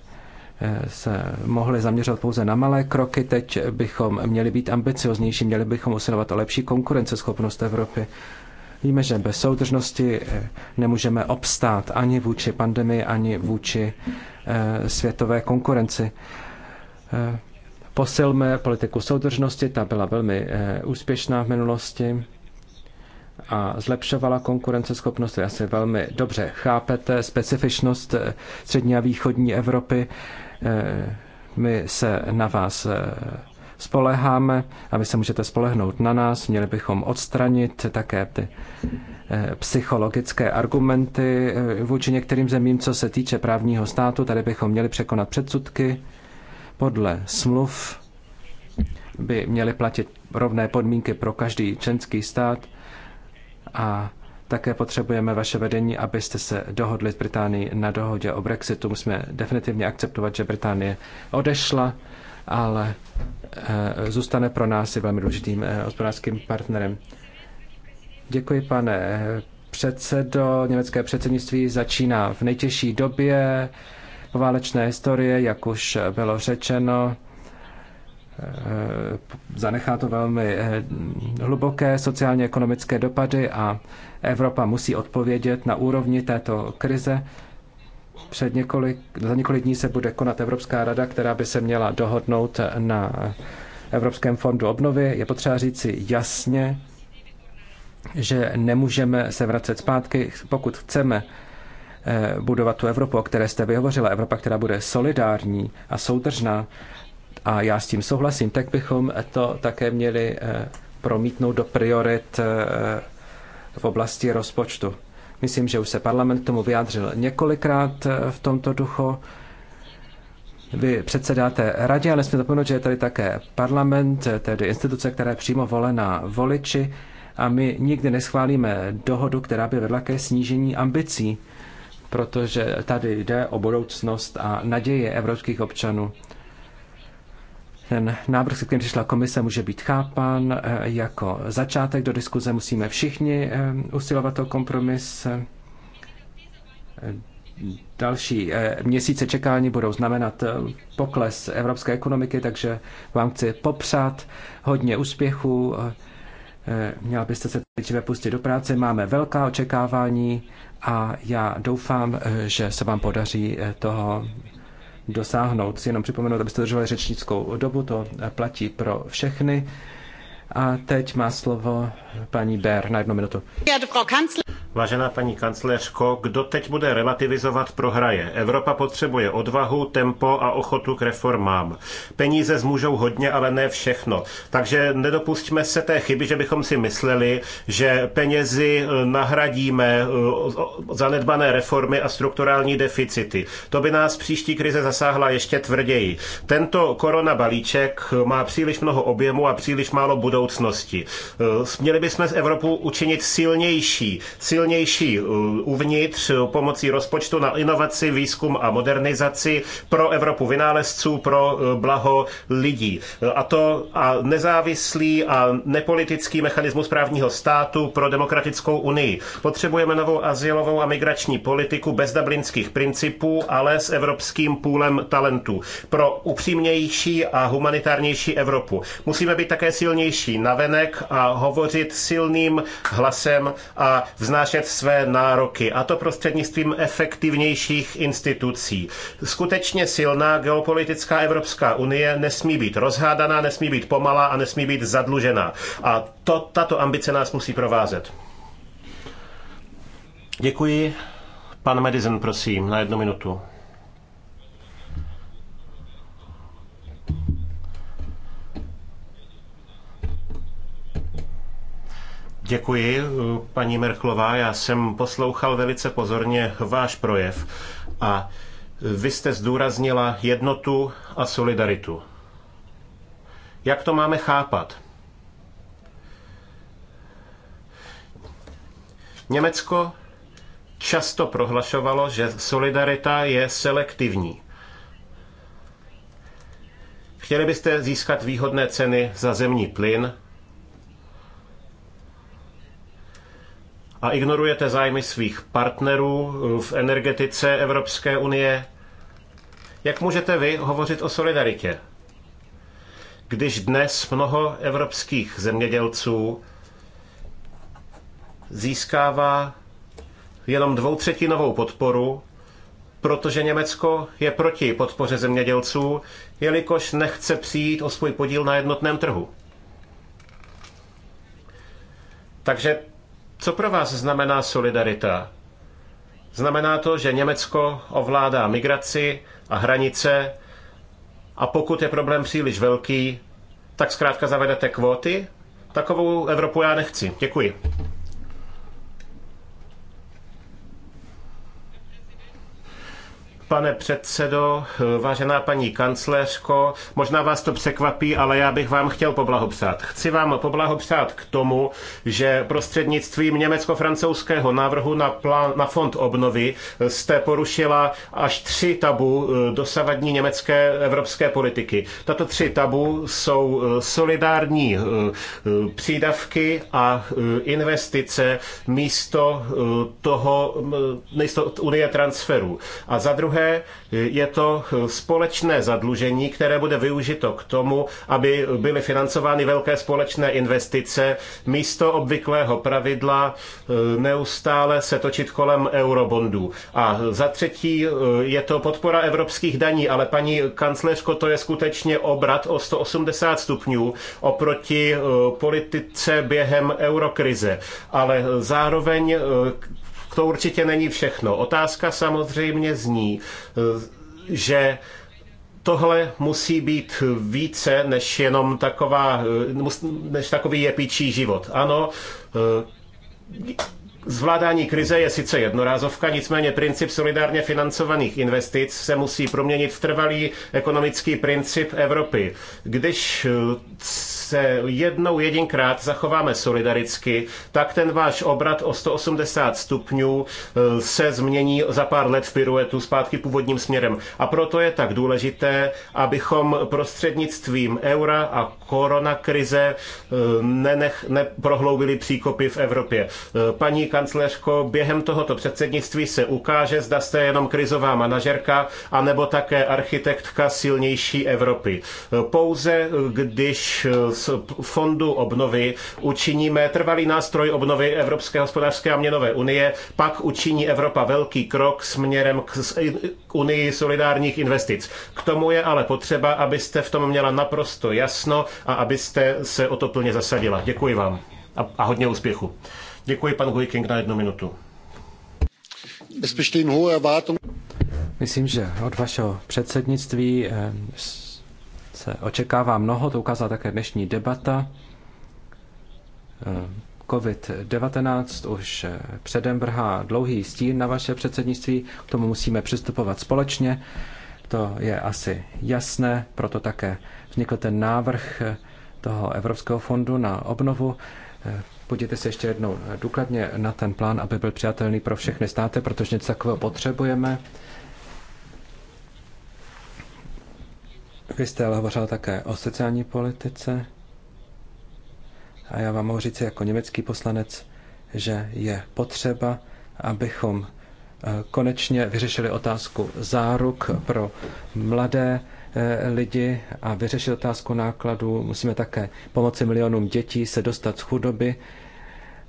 se mohli zaměřovat pouze na malé kroky, teď bychom měli být ambicioznější, měli bychom usilovat o lepší konkurenceschopnost Evropy Víme, že bez soudržnosti eh, nemůžeme obstát ani vůči pandemii, ani vůči eh, světové konkurenci. Eh, posilme politiku soudržnosti, ta byla velmi úspěšná v minulosti a zlepšovala konkurenceschopnost. Vy asi velmi dobře chápete specifičnost střední a východní Evropy. My se na vás spoleháme a vy se můžete spolehnout na nás. Měli bychom odstranit také ty eh, psychologické argumenty eh, vůči některým zemím, co se týče právního státu. Tady bychom měli překonat předsudky. Podle smluv by měly platit rovné podmínky pro každý členský stát a také potřebujeme vaše vedení, abyste se dohodli s Británií na dohodě o Brexitu. Musíme definitivně akceptovat, že Británie odešla, ale Eh, zůstane pro nás i velmi důležitým eh, hospodářským partnerem. Děkuji, pane eh, předsedo. Německé předsednictví začíná v nejtěžší době poválečné historie, jak už bylo řečeno. Zanechá to velmi hluboké sociálně-ekonomické dopady a Evropa musí odpovědět na úrovni této krize před několik, za několik dní se bude konat Evropská rada, která by se měla dohodnout na Evropském fondu obnovy. Je potřeba si jasně, že nemůžeme se vracet zpátky, pokud chceme eh, budovat tu Evropu, o které jste vyhovořila, Evropa, která bude solidární a soudržná, a já s tím souhlasím, tak bychom to také měli eh, promítnout do priorit eh, v oblasti rozpočtu. Myslím, že už se parlament tomu vyjádřil několikrát eh, v tomto duchu. Vy předsedáte radě, ale jsme zapomenout, že je tady také parlament, eh, tedy instituce, která je přímo volená voliči a my nikdy neschválíme dohodu, která by vedla ke snížení ambicí, protože tady jde o budoucnost a naděje evropských občanů. Ten návrh, se kterým přišla komise, může být chápán eh, jako začátek do diskuze. Musíme všichni eh, usilovat o kompromis. Eh, další měsíce čekání budou znamenat pokles evropské ekonomiky, takže vám chci popřát hodně úspěchů. Měla byste se teď pustit do práce. Máme velká očekávání a já doufám, že se vám podaří toho dosáhnout. Si jenom připomenout, abyste drželi řečnickou dobu, to platí pro všechny. A teď má slovo paní Bér na jednu minutu. Vážená paní kancléřko, kdo teď bude relativizovat prohraje? Evropa potřebuje odvahu, tempo a ochotu k reformám. Peníze zmůžou hodně, ale ne všechno. Takže nedopustíme se té chyby, že bychom si mysleli, že penězi eh, nahradíme eh, zanedbané reformy a strukturální deficity. To by nás příští krize zasáhla ještě tvrději. Tento koronabalíček balíček eh, má příliš mnoho objemu a příliš málo budoucnosti budoucnosti. Eh, měli bychom z Evropu učinit silnější, silnější eh, uvnitř eh, pomocí rozpočtu na inovaci, výzkum a modernizaci pro Evropu vynálezců, pro blaho lidí. A to a nezávislý a nepolitický mechanismus právního státu pro demokratickou unii. Potřebujeme novou asilovou a migrační politiku bez dublinských principů, ale s evropským půlem talentů. Pro upřímnější a humanitárnější Evropu. Musíme být také silnější křičí navenek a hovořit silným hlasem a vznášet své nároky. A to prostřednictvím efektivnějších institucí. Skutečně silná geopolitická Evropská unie nesmí být rozhádaná, nesmí být pomalá a nesmí být zadlužená. A to, tato ambice nás musí provázet. Děkuji. Pan Madison, prosím, na jednu minutu. Děkuji, paní Merklová. Já jsem poslouchal velice pozorně váš projev a vy jste zdůraznila jednotu a solidaritu. Jak to máme chápat? Německo často prohlašovalo, že solidarita je selektivní. Chtěli byste získat výhodné ceny za zemní plyn, a ignorujete zájmy svých partnerů eh, v energetice Evropské unie? Jak můžete vy hovořit o solidaritě? Když dnes mnoho evropských zemědělců získává jenom dvoutřetinovou podporu, protože Německo je proti podpoře zemědělců, jelikož nechce přijít o svůj podíl na jednotném trhu. Takže co pro vás znamená solidarita? Znamená to, že Německo ovládá migraci a hranice a pokud je problém příliš velký, tak zkrátka zavedete kvóty? Takovou Evropu já nechci. Děkuji. Pane předsedo, vážená paní kancléřko, možná vás to překvapí, ale já bych vám chtěl poblahopřát. Chci vám poblahopřát k tomu, že prostřednictvím německo-francouzského návrhu na, plán, na fond obnovy jste porušila až tři tabu eh, dosavadní německé evropské politiky. Tato tři tabu jsou eh, solidární eh, přídavky a investice místo toho, místo Unie transferu A za druhé druhé je to společné zadlužení, které bude využito k tomu, aby byly financovány velké společné investice místo obvyklého pravidla e, neustále se točit kolem eurobondů. A za třetí e, je to podpora evropských daní, ale paní kancléřko, to je skutečně obrat o 180 stupňů oproti e, politice během eurokrize. Ale zároveň to určitě není všechno. Otázka samozřejmě zní, eh, že tohle musí být více než jenom taková, eh, než takový jepičí život. Ano, eh, Zvládání krize je sice jednorázovka, nicméně princip solidárně financovaných investic se musí proměnit v trvalý ekonomický princip Evropy. Když se jednou jedinkrát zachováme solidaricky, tak ten váš obrat o 180 stupňů e, se změní za pár let v piruetu zpátky původním směrem. A proto je tak důležité, abychom prostřednictvím eura a koronakrize e, nenech, neprohloubili příkopy v Evropě. E, paní kancléřko, během tohoto předsednictví se ukáže, zda jste jenom krizová manažerka, anebo také architektka silnější Evropy. Pouze když z fondu obnovy učiníme trvalý nástroj obnovy Evropské hospodářské a měnové unie, pak učiní Evropa velký krok směrem k unii solidárních investic. K tomu je ale potřeba, abyste v tom měla naprosto jasno a abyste se o to plně zasadila. Děkuji vám a, a hodně úspěchu. Děkuji, pan Gujking, na jednu minutu. Myslím, že od vašeho předsednictví eh, se očekává mnoho, to ukázala také dnešní debata. Eh, COVID-19 už eh, předem vrhá dlouhý stín na vaše předsednictví, k tomu musíme přistupovat společně, to je asi jasné, proto také vznikl ten návrh eh, toho Evropského fondu na obnovu. Podívejte se ještě jednou důkladně na ten plán, aby byl přijatelný pro všechny státy, protože něco takového potřebujeme. Vy jste ale hovořil také o sociální politice a já vám mohu říct jako německý poslanec, že je potřeba, abychom eh, konečně vyřešili otázku záruk pro mladé eh, lidi a vyřešili otázku nákladů. Musíme také pomoci milionům dětí se dostat z chudoby.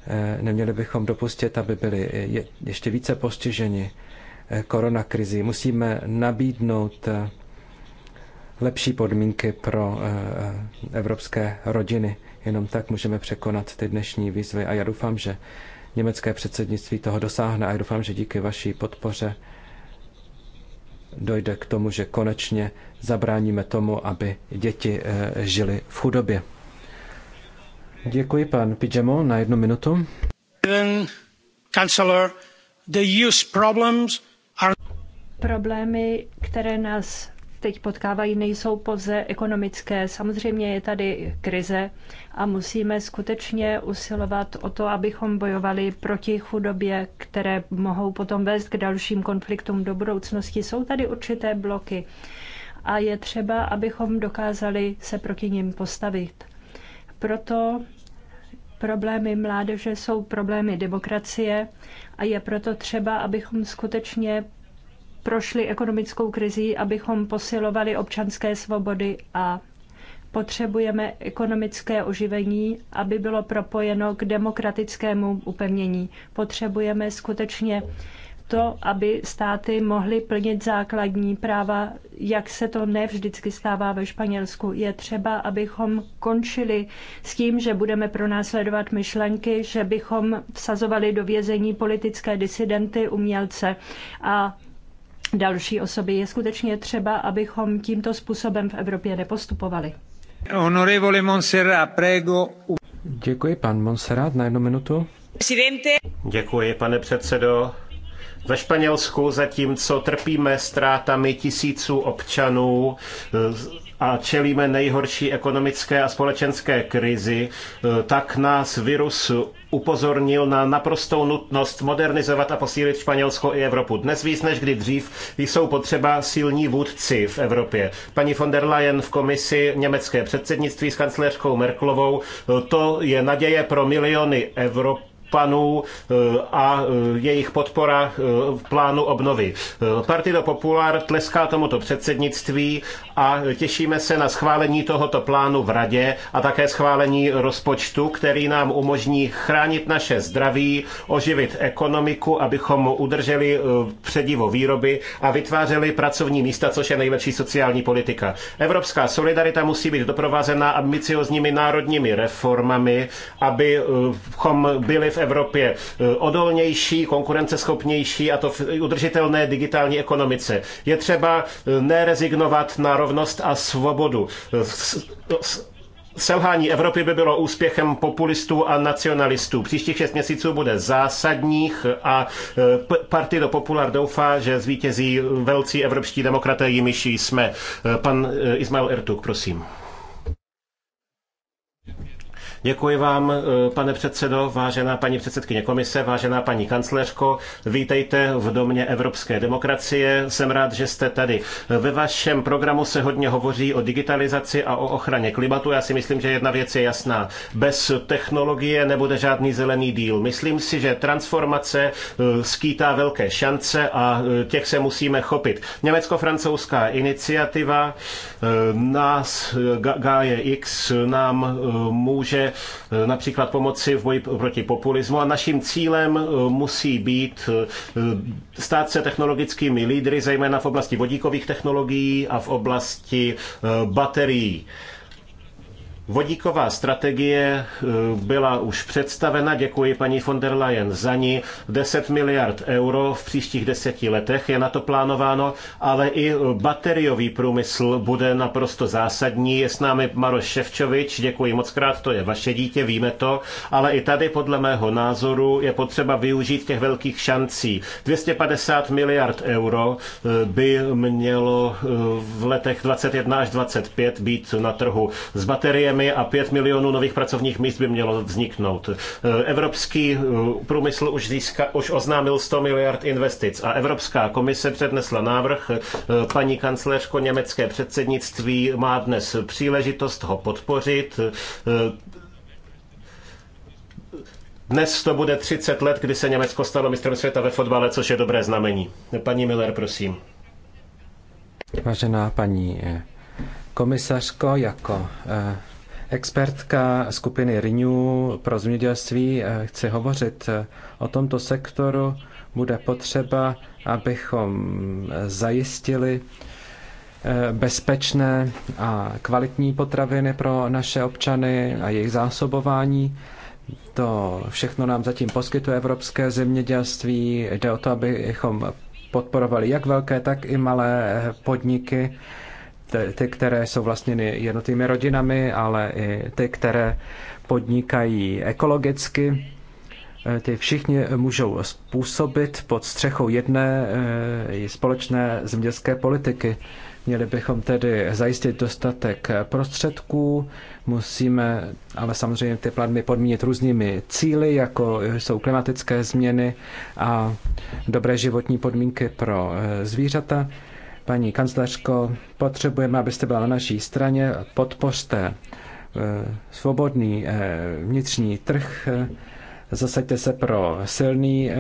Eh, neměli bychom dopustit, aby byli ještě více postiženi koronakrizi. Musíme nabídnout lepší podmínky pro eh, eh, evropské rodiny. Jenom tak můžeme překonat ty dnešní výzvy a já doufám, že německé předsednictví toho dosáhne a já doufám, že díky vaší podpoře dojde k tomu, že konečně zabráníme tomu, aby děti eh, žili v chudobě. Děkuji, pan Pidžemo, na jednu minutu. Problémy, které nás teď potkávají, nejsou pouze ekonomické. Samozřejmě je tady krize a musíme skutečně usilovat o to, abychom bojovali proti chudobě, které mohou potom vést k dalším konfliktům do budoucnosti. Jsou tady určité bloky a je třeba, abychom dokázali se proti nim postavit. Proto problémy mládeže jsou problémy demokracie a je proto třeba, abychom skutečně prošli ekonomickou krizí, abychom posilovali občanské svobody a potřebujeme ekonomické oživení, aby bylo propojeno k demokratickému upevnění. Potřebujeme skutečně to, aby státy mohly plnit základní práva, jak se to nevždycky stává ve Španělsku. Je třeba, abychom končili s tím, že budeme pronásledovat myšlenky, že bychom vsazovali do vězení politické disidenty, umělce a další osoby. Je skutečně třeba, abychom tímto způsobem v Evropě nepostupovali. Honorevole Monserrat, prego. Děkuji, pan Monserrat, na jednu minutu. Presidente. Děkuji, pane předsedo. Ve Španělsku, zatímco trpíme ztrátami tisíců občanů, eh, a čelíme nejhorší ekonomické a společenské krizi, eh, tak nás virus upozornil na naprostou nutnost modernizovat a posílit Španělsko i Evropu. Dnes víc než kdy dřív jsou potřeba silní vůdci v Evropě. Paní von der Leyen v komisi německé předsednictví s kancléřkou Merklovou, to je naděje pro miliony Evropy panů eh, a eh, jejich podpora eh, plánu obnovy. Partido Popular tleská tomuto předsednictví a těšíme se na schválení tohoto plánu v radě a také schválení rozpočtu, který nám umožní chránit naše zdraví, oživit ekonomiku, abychom udrželi předivo výroby a vytvářeli pracovní místa, což je nejlepší sociální politika. Evropská solidarita musí být doprovázena ambiciozními národními reformami, abychom byli v Evropě e, odolnější, konkurenceschopnější a to v udržitelné digitální ekonomice. Je třeba e, nerezignovat na rovnost a svobodu. E, selhání Evropy by bylo úspěchem populistů a nacionalistů. Příštích šest měsíců bude zásadních a Partido Popular doufá, že zvítězí velcí evropští demokraté, jimiž jsme. Pan Ismail Ertuk, prosím. Děkuji vám, eh, pane předsedo, vážená paní předsedkyně komise, vážená paní kancléřko. Vítejte v domě evropské demokracie. Jsem rád, že jste tady. Ve vašem programu se hodně hovoří o digitalizaci a o ochraně klimatu. Já si myslím, že jedna věc je jasná. Bez technologie nebude žádný zelený díl. Myslím si, že transformace eh, skýtá velké šance a eh, těch se musíme chopit. Německo-francouzská iniciativa nás Gaje X nám může Eh, například pomoci v boji proti populismu a naším cílem eh, musí být eh, stát se technologickými lídry, zejména v oblasti vodíkových technologií a v oblasti baterií. Vodíková strategie eh, byla už představena, děkuji paní von der Leyen za ní. 10 miliard euro v příštích deseti letech je na to plánováno, ale i bateriový průmysl bude naprosto zásadní. Je s námi Maroš Ševčovič, děkuji moc krát, to je vaše dítě, víme to, ale i tady podle mého názoru je potřeba využít těch velkých šancí. 250 miliard euro eh, by mělo eh, v letech 21 až 25 být na trhu s bateriemi zemi a 5 milionů nových pracovních míst by mělo vzniknout. Eh, evropský eh, průmysl už, získa, už oznámil 100 miliard investic a Evropská komise přednesla návrh. Eh, paní kancléřko německé předsednictví má dnes příležitost ho podpořit. Dnes to bude 30 let, kdy se Německo stalo mistrem světa ve fotbale, což je dobré znamení. Paní Miller, prosím. Vážená paní komisařko, jako Expertka skupiny Renew pro zemědělství eh, chce hovořit eh, o tomto sektoru. Bude potřeba, abychom eh, zajistili bezpečné a kvalitní potraviny pro naše občany a jejich zásobování. To všechno nám zatím poskytuje evropské zemědělství. Jde o to, abychom podporovali jak velké, tak i malé podniky ty, které jsou vlastněny jednotými rodinami, ale i ty, které podnikají ekologicky. E, ty všichni můžou způsobit pod střechou jedné e, společné zemědělské politiky. Měli bychom tedy zajistit dostatek prostředků, musíme ale samozřejmě ty platby podmínit různými cíly, jako jsou klimatické změny a dobré životní podmínky pro e, zvířata. Paní kancléřko, potřebujeme, abyste byla na naší straně. Podpořte eh, svobodný eh, vnitřní trh, zasaďte se pro silný eh,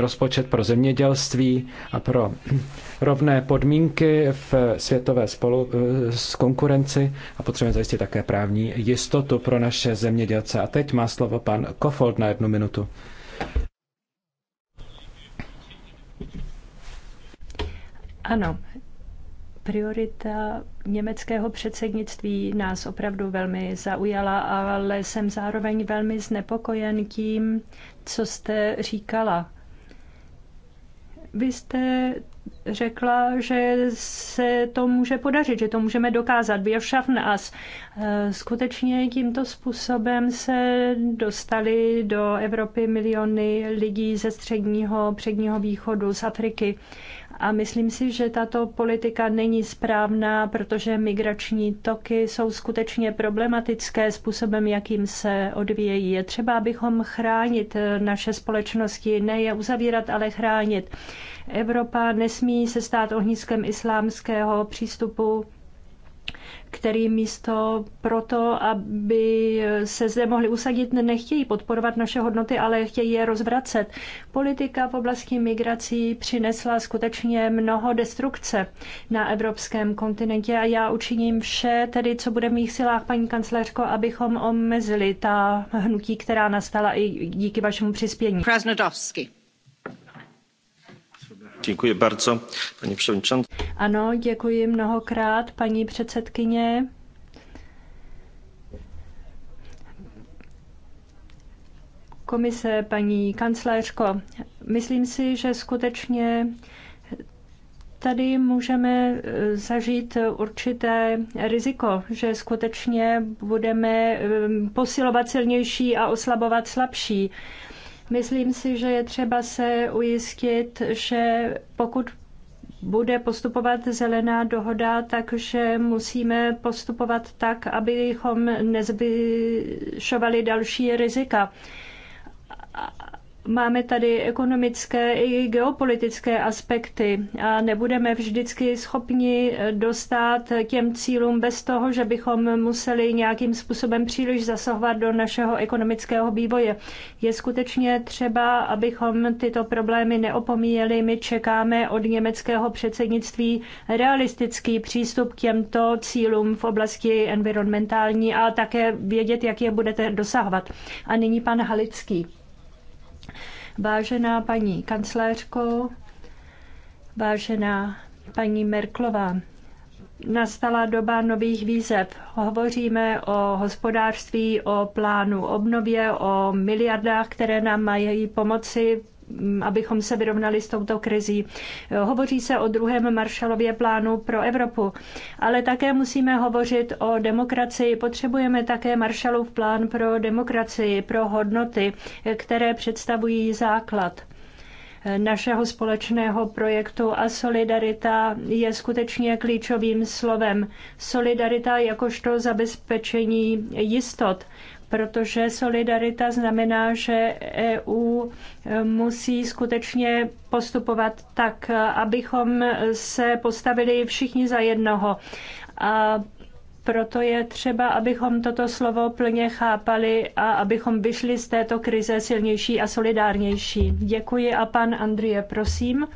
rozpočet pro zemědělství a pro *clears throat* rovné podmínky v světové spolu s konkurenci a potřebujeme zajistit také právní jistotu pro naše zemědělce. A teď má slovo pan Kofold na jednu minutu. Ano, Priorita německého předsednictví nás opravdu velmi zaujala, ale jsem zároveň velmi znepokojen tím, co jste říkala. Vy jste řekla, že se to může podařit, že to můžeme dokázat. Wir schaffen as. Skutečně tímto způsobem se dostali do Evropy miliony lidí ze středního, předního východu, z Afriky. A myslím si, že tato politika není správná, protože migrační toky jsou skutečně problematické způsobem, jakým se odvíjejí. Je třeba, abychom chránit naše společnosti, ne je uzavírat, ale chránit. Evropa nesmí se stát ohniskem islámského přístupu který místo proto, aby se zde mohli usadit, nechtějí podporovat naše hodnoty, ale chtějí je rozvracet. Politika v oblasti migrací přinesla skutečně mnoho destrukce na evropském kontinentě a já učiním vše, tedy co bude v mých silách, paní kancelářko, abychom omezili ta hnutí, která nastala i díky vašemu přispění. Krasnodovsky. Děkuji bardzo, paní předsedkyně. Ano, děkuji mnohokrát, paní předsedkyně. Komise, paní kancléřko, myslím si, že skutečně tady můžeme eh, zažít určité riziko, že skutečně budeme eh, posilovat silnější a oslabovat slabší. Myslím si, že je třeba se ujistit, že pokud bude postupovat zelená dohoda, takže musíme postupovat tak, abychom nezvyšovali další rizika Máme tady ekonomické i geopolitické aspekty a nebudeme vždycky schopni eh, dostat těm cílům bez toho, že bychom museli nějakým způsobem příliš zasahovat do našeho ekonomického vývoje. Je skutečně třeba, abychom tyto problémy neopomíjeli. My čekáme od německého předsednictví realistický přístup k těmto cílům v oblasti environmentální a také vědět, jak je budete dosahovat. A nyní pan Halický. Vážená paní kancléřko, vážená paní Merklová, nastala doba nových výzev. Hovoříme o hospodářství, o plánu obnově, o miliardách, které nám mají pomoci abychom se vyrovnali s touto krizí. Hovoří se o druhém Marshallově plánu pro Evropu, ale také musíme hovořit o demokracii. Potřebujeme také Marshallův plán pro demokracii, pro hodnoty, které představují základ našeho společného projektu a solidarita je skutečně klíčovým slovem. Solidarita jakožto zabezpečení jistot protože solidarita znamená, že EU e, musí skutečně postupovat tak, abychom se postavili všichni za jednoho. A proto je třeba, abychom toto slovo plně chápali a abychom vyšli z této krize silnější a solidárnější. Děkuji a pan Andrie, prosím.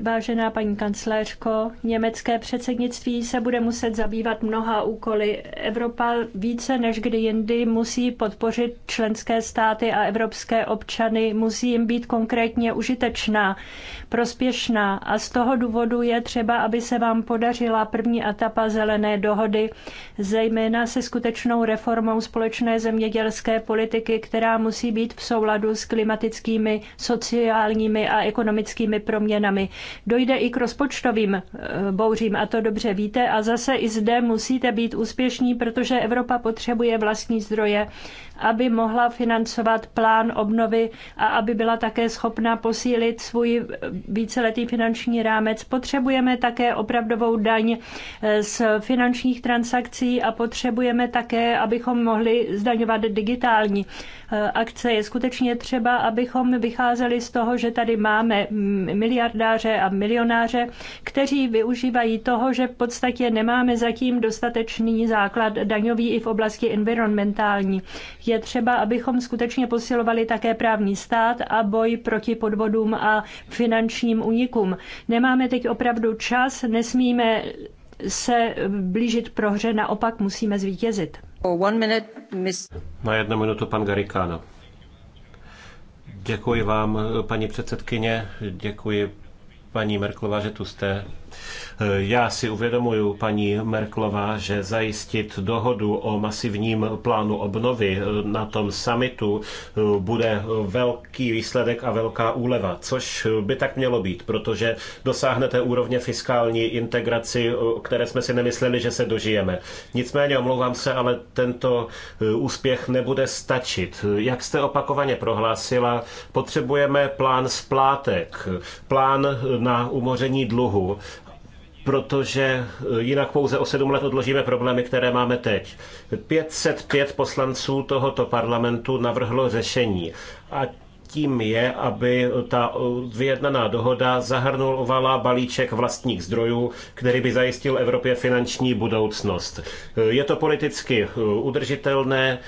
Vážená paní kancléřko, německé předsednictví se bude muset zabývat mnoha úkoly. Evropa více než kdy jindy musí podpořit členské státy a evropské občany, musí jim být konkrétně užitečná, prospěšná a z toho důvodu je třeba, aby se vám podařila první etapa zelené dohody, zejména se skutečnou reformou společné zemědělské politiky, která musí být v souladu s klimatickými, sociálními a ekonomickými proměnami Dojde i k rozpočtovým eh, bouřím a to dobře víte a zase i zde musíte být úspěšní, protože Evropa potřebuje vlastní zdroje aby mohla financovat plán obnovy a aby byla také schopna posílit svůj víceletý finanční rámec. Potřebujeme také opravdovou daň eh, z finančních transakcí a potřebujeme také, abychom mohli zdaňovat digitální eh, akce. Je skutečně třeba, abychom vycházeli z toho, že tady máme miliardáře a milionáře, kteří využívají toho, že v podstatě nemáme zatím dostatečný základ daňový i v oblasti environmentální. Je třeba, abychom skutečně posilovali také právní stát a boj proti podvodům a finančním únikům. Nemáme teď opravdu čas, nesmíme se blížit prohře, naopak musíme zvítězit. Na jednu minutu pan Garikána. Děkuji vám, paní předsedkyně, děkuji paní Merklová, že tu jste. Já si uvědomuji, paní Merklová, že zajistit dohodu o masivním plánu obnovy eh, na tom summitu eh, bude velký výsledek a velká úleva, což eh, by tak mělo být, protože dosáhnete úrovně fiskální integraci, které jsme si nemysleli, že se dožijeme. Nicméně, omlouvám se, ale tento úspěch nebude stačit. Jak jste opakovaně prohlásila, potřebujeme plán splátek, plán na umoření dluhu protože eh, jinak pouze o sedm let odložíme problémy, které máme teď. 505 poslanců tohoto parlamentu navrhlo řešení. A tím je, aby ta eh, vyjednaná dohoda zahrnovala balíček vlastních zdrojů, který by zajistil Evropě finanční budoucnost. Eh, je to politicky udržitelné,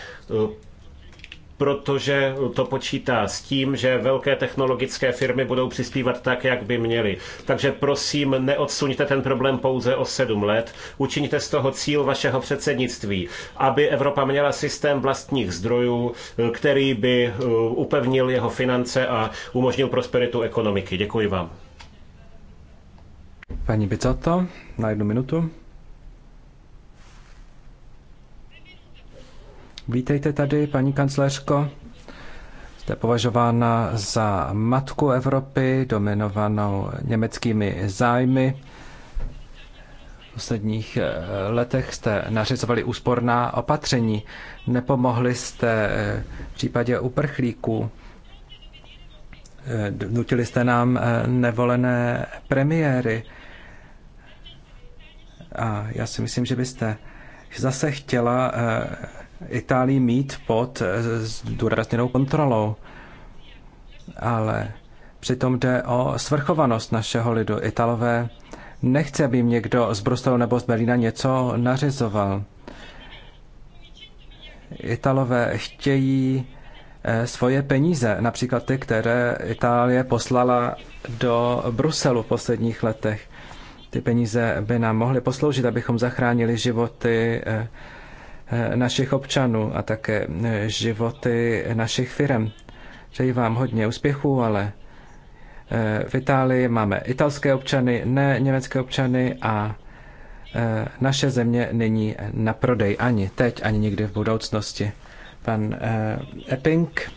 protože to počítá s tím, že velké technologické firmy budou přispívat tak, jak by měly. Takže prosím, neodsuňte ten problém pouze o sedm let. Učiňte z toho cíl vašeho předsednictví, aby Evropa měla systém vlastních zdrojů, který by eh, upevnil jeho finance a umožnil prosperitu ekonomiky. Děkuji vám. Paní Bicato, na jednu minutu. Vítejte tady, paní kancléřko. Jste považována za matku Evropy, dominovanou německými zájmy. V posledních eh, letech jste nařizovali úsporná opatření. Nepomohli jste eh, v případě uprchlíků. Eh, nutili jste nám nevolené premiéry. A já si myslím, že byste zase chtěla Itálii mít pod zdůrazněnou eh, kontrolou. Ale přitom jde o svrchovanost našeho lidu. Italové nechce, aby jim někdo z Bruselu nebo z Berlína něco nařizoval. Italové chtějí eh, svoje peníze, například ty, které Itálie poslala do Bruselu v posledních letech. Ty peníze by nám mohly posloužit, abychom zachránili životy eh, Eh, našich občanů a také eh, životy našich firm. Přeji vám hodně úspěchů, ale eh, v Itálii máme italské občany, ne německé občany a naše země není na prodej ani teď, ani nikdy v budoucnosti. Pan Epping,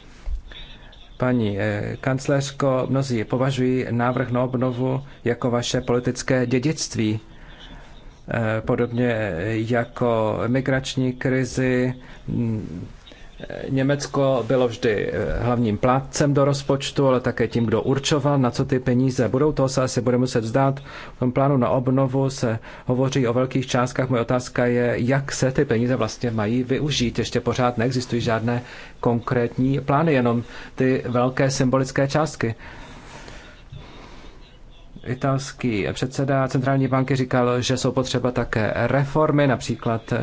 paní kancléřko, mnozí považují návrh na obnovu jako vaše politické dědictví. Eh, podobně jako migrační krizi. Mm, Německo bylo vždy eh, hlavním plátcem do rozpočtu, ale také tím, kdo určoval, na co ty peníze budou. To se asi bude muset vzdát. V tom plánu na obnovu se hovoří o velkých částkách. Moje otázka je, jak se ty peníze vlastně mají využít. Ještě pořád neexistují žádné konkrétní plány, jenom ty velké symbolické částky italský předseda centrální banky říkal, že jsou potřeba také reformy, například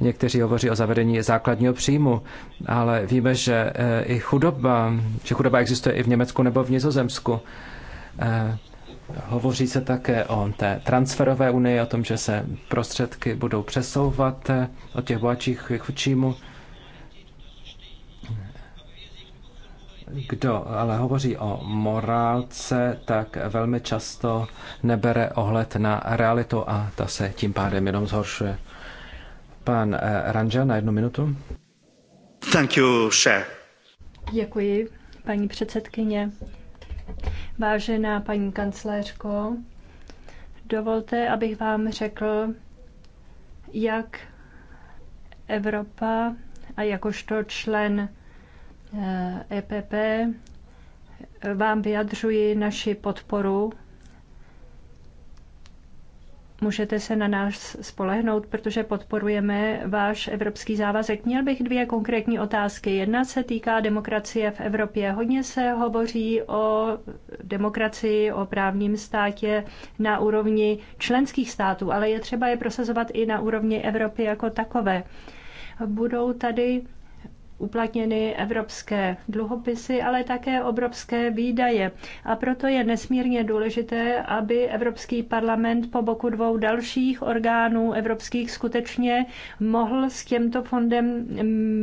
někteří hovoří o zavedení základního příjmu, ale víme, že eh, i chudoba, že chudoba existuje i v Německu nebo v Nizozemsku. Eh, hovoří se také o té transferové unii, o tom, že se prostředky budou přesouvat eh, od těch bohatších k chudšímu. kdo ale hovoří o morálce, tak velmi často nebere ohled na realitu a ta se tím pádem jenom zhoršuje. Pan eh, Ranžel na jednu minutu. Thank you, sir. Děkuji, paní předsedkyně. Vážená paní kancléřko, dovolte, abych vám řekl, jak Evropa a jakožto člen EPP vám vyjadřuji naši podporu. Můžete se na nás spolehnout, protože podporujeme váš evropský závazek. Měl bych dvě konkrétní otázky. Jedna se týká demokracie v Evropě. Hodně se hovoří o demokracii, o právním státě na úrovni členských států, ale je třeba je prosazovat i na úrovni Evropy jako takové. Budou tady uplatněny evropské dluhopisy, ale také obrovské výdaje. A proto je nesmírně důležité, aby Evropský parlament po boku dvou dalších orgánů evropských skutečně mohl s těmto fondem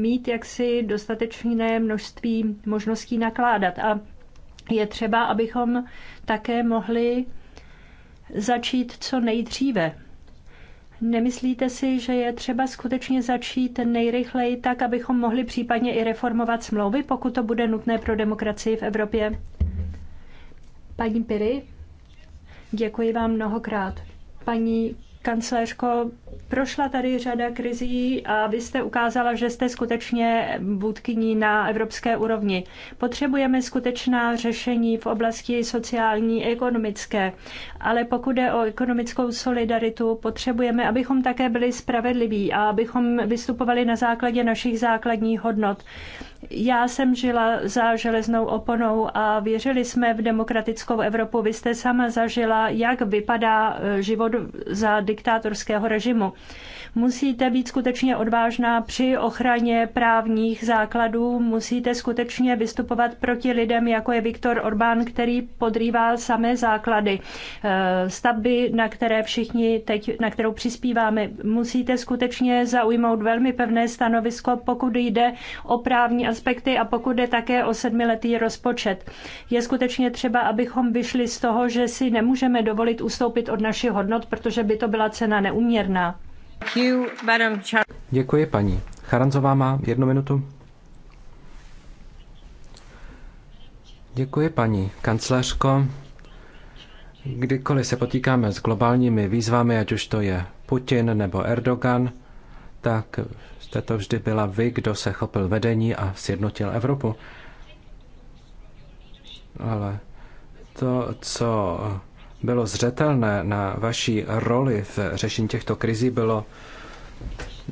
mít jaksi dostatečné množství možností nakládat. A je třeba, abychom také mohli začít co nejdříve Nemyslíte si, že je třeba skutečně začít nejrychleji tak, abychom mohli případně i reformovat smlouvy, pokud to bude nutné pro demokracii v Evropě? Paní Piry, děkuji vám mnohokrát. Paní kancelářko, prošla tady řada krizí a vy jste ukázala, že jste skutečně vůdkyní na evropské úrovni. Potřebujeme skutečná řešení v oblasti sociální, ekonomické, ale pokud jde o ekonomickou solidaritu, potřebujeme, abychom také byli spravedliví a abychom vystupovali na základě našich základních hodnot. Já jsem žila za železnou oponou a věřili jsme v demokratickou Evropu. Vy jste sama zažila, jak vypadá eh, život za diktátorského režimu. Musíte být skutečně odvážná při ochraně právních základů, musíte skutečně vystupovat proti lidem, jako je Viktor Orbán, který podrývá samé základy. Eh, stavby, na které všichni teď, na kterou přispíváme, musíte skutečně zaujmout velmi pevné stanovisko, pokud jde o právní aspekty a pokud jde také o sedmiletý rozpočet. Je skutečně třeba, abychom vyšli z toho, že si nemůžeme dovolit ustoupit od našich hodnot, protože by to byla cena neuměrná. Děkuji, paní. Charanzová má jednu minutu. Děkuji, paní kancléřko. Kdykoliv se potýkáme s globálními výzvami, ať už to je Putin nebo Erdogan, tak jste to vždy byla vy, kdo se chopil vedení a sjednotil Evropu. Ale to, co bylo zřetelné na vaší roli v řešení těchto krizí, bylo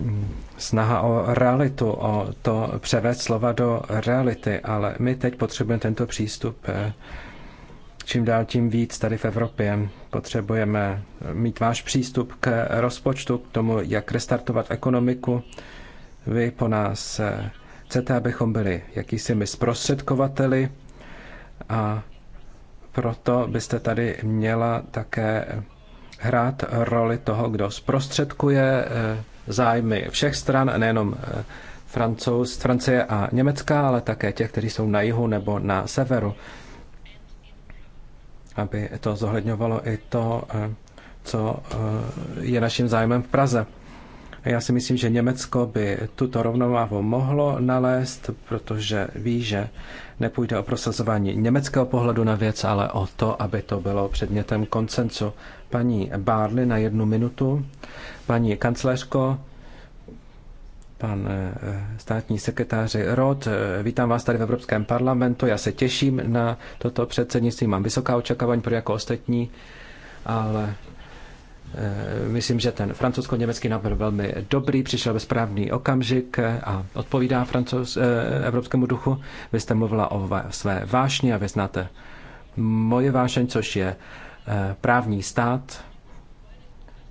mm, snaha o realitu, o to převést slova do reality, ale my teď potřebujeme tento přístup eh, čím dál tím víc tady v Evropě. Potřebujeme mít váš přístup k rozpočtu, k tomu, jak restartovat ekonomiku. Vy po nás eh, chcete, abychom byli jakýsi my zprostředkovateli a proto byste tady měla také hrát roli toho, kdo zprostředkuje eh, zájmy všech stran, nejenom eh, Francouz, Francie a Německa, ale také těch, kteří jsou na jihu nebo na severu. Aby to zohledňovalo i to, eh, co je naším zájmem v Praze. Já si myslím, že Německo by tuto rovnováhu mohlo nalézt, protože ví, že nepůjde o prosazování německého pohledu na věc, ale o to, aby to bylo předmětem koncensu. Paní Bárly na jednu minutu, paní kancléřko, pan eh, státní sekretáři Rod. Eh, vítám vás tady v Evropském parlamentu. Já se těším na toto předsednictví. Mám vysoká očekávání pro jako ostatní, ale Eh, myslím, že ten francouzsko-německý byl velmi dobrý, přišel ve správný okamžik a odpovídá francouz, eh, evropskému duchu. Vy jste mluvila o své vášni a vy znáte moje vášeň, což je eh, právní stát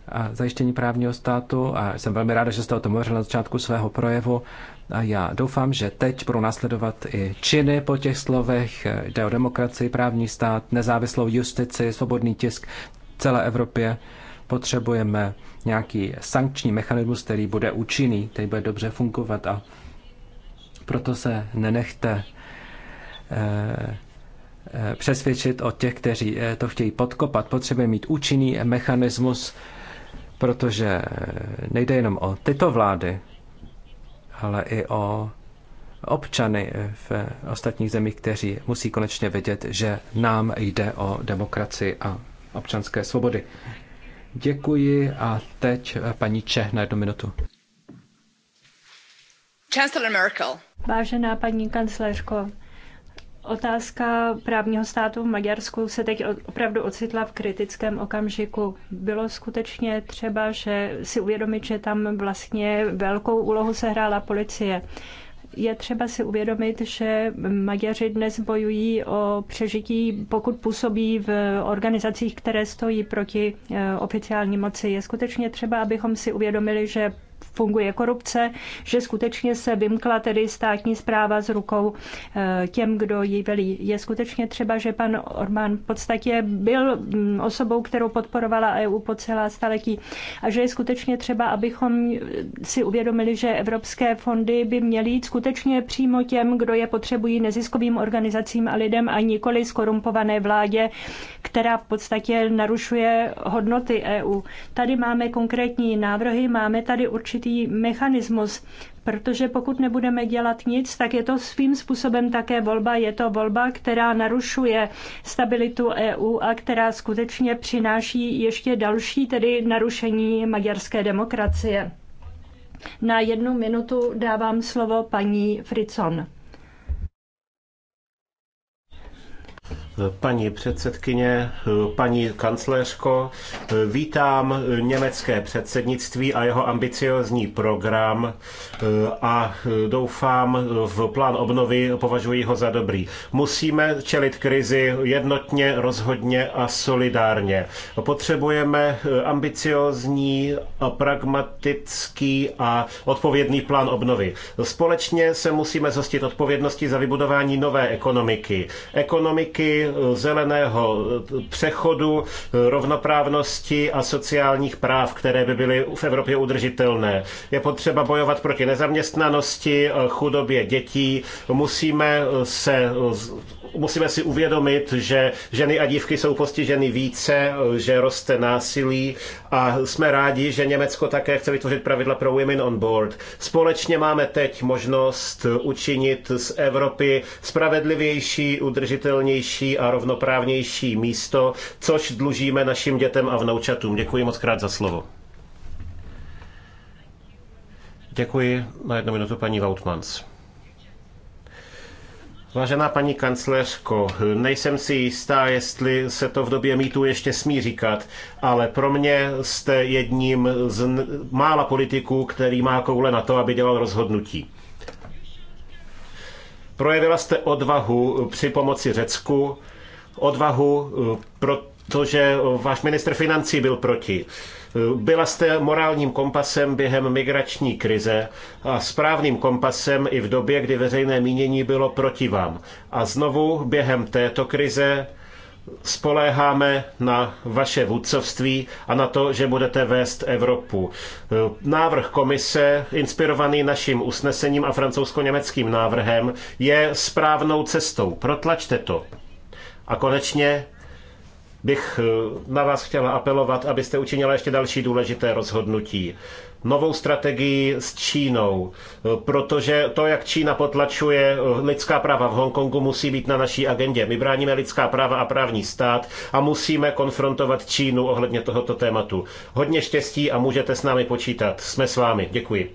a zajištění právního státu a jsem velmi ráda, že jste o tom hovořil na začátku svého projevu a já doufám, že teď budou následovat i činy po těch slovech. Jde o demokracii, právní stát, nezávislou justici, svobodný tisk celé Evropě. Potřebujeme nějaký sankční mechanismus, který bude účinný, který bude dobře fungovat a proto se nenechte eh, eh, přesvědčit o těch, kteří eh, to chtějí podkopat. Potřebujeme mít účinný mechanismus, protože nejde jenom o tyto vlády, ale i o občany v ostatních zemích, kteří musí konečně vědět, že nám jde o demokracii a občanské svobody. Děkuji a teď eh, paní Čeh na jednu minutu. Chancellor Merkel. Vážená paní kancléřko, Otázka právního státu v Maďarsku se teď opravdu ocitla v kritickém okamžiku. Bylo skutečně třeba, že si uvědomit, že tam vlastně velkou úlohu sehrála policie je třeba si uvědomit, že Maďaři dnes bojují o přežití, pokud působí v organizacích, které stojí proti eh, oficiální moci. Je skutečně třeba, abychom si uvědomili, že funguje korupce, že skutečně se vymkla tedy státní zpráva z rukou eh, těm, kdo ji velí. Je skutečně třeba, že pan Orbán v podstatě byl mm, osobou, kterou podporovala EU po celá staletí a že je skutečně třeba, abychom si uvědomili, že evropské fondy by měly jít skutečně přímo těm, kdo je potřebují neziskovým organizacím a lidem a nikoli skorumpované vládě, která v podstatě narušuje hodnoty EU. Tady máme konkrétní návrhy, máme tady určitě určitý mechanismus, protože pokud nebudeme dělat nic, tak je to svým způsobem také volba. Je to volba, která narušuje stabilitu EU a která skutečně přináší ještě další, tedy narušení maďarské demokracie. Na jednu minutu dávám slovo paní Fricon. Paní předsedkyně, paní kancléřko, vítám německé předsednictví a jeho ambiciozní program eh, a doufám v plán obnovy, považuji ho za dobrý. Musíme čelit krizi jednotně, rozhodně a solidárně. Potřebujeme eh, ambiciozní, pragmatický a odpovědný plán obnovy. Společně se musíme zhostit odpovědnosti za vybudování nové ekonomiky. Ekonomiky, Eh, zeleného eh, přechodu, eh, rovnoprávnosti a sociálních práv, které by byly v Evropě udržitelné. Je potřeba bojovat proti nezaměstnanosti, chudobě dětí. Musíme se musíme si uvědomit, že ženy a dívky jsou postiženy více, že roste násilí a jsme rádi, že Německo také chce vytvořit pravidla pro Women on Board. Společně máme teď možnost učinit z Evropy spravedlivější, udržitelnější a rovnoprávnější místo, což dlužíme našim dětem a vnoučatům. Děkuji moc krát za slovo. Děkuji. Na jednu minutu paní Vautmans. Vážená paní kancléřko, nejsem si jistá, jestli se to v době mítu ještě smí říkat, ale pro mě jste jedním z mála politiků, který má koule na to, aby dělal rozhodnutí. Projevila jste odvahu při pomoci Řecku, odvahu, eh, protože váš ministr financí byl proti. Byla jste morálním kompasem během migrační krize a správným kompasem i v době, kdy veřejné mínění bylo proti vám. A znovu během této krize spoléháme na vaše vůdcovství a na to, že budete vést Evropu. Návrh komise, inspirovaný naším usnesením a francouzsko-německým návrhem, je správnou cestou. Protlačte to. A konečně bych eh, na vás chtěla apelovat, abyste učinila ještě další důležité rozhodnutí. Novou strategii s Čínou, eh, protože to, jak Čína potlačuje eh, lidská práva v Hongkongu, musí být na naší agendě. My bráníme lidská práva a právní stát a musíme konfrontovat Čínu ohledně tohoto tématu. Hodně štěstí a můžete s námi počítat. Jsme s vámi. Děkuji.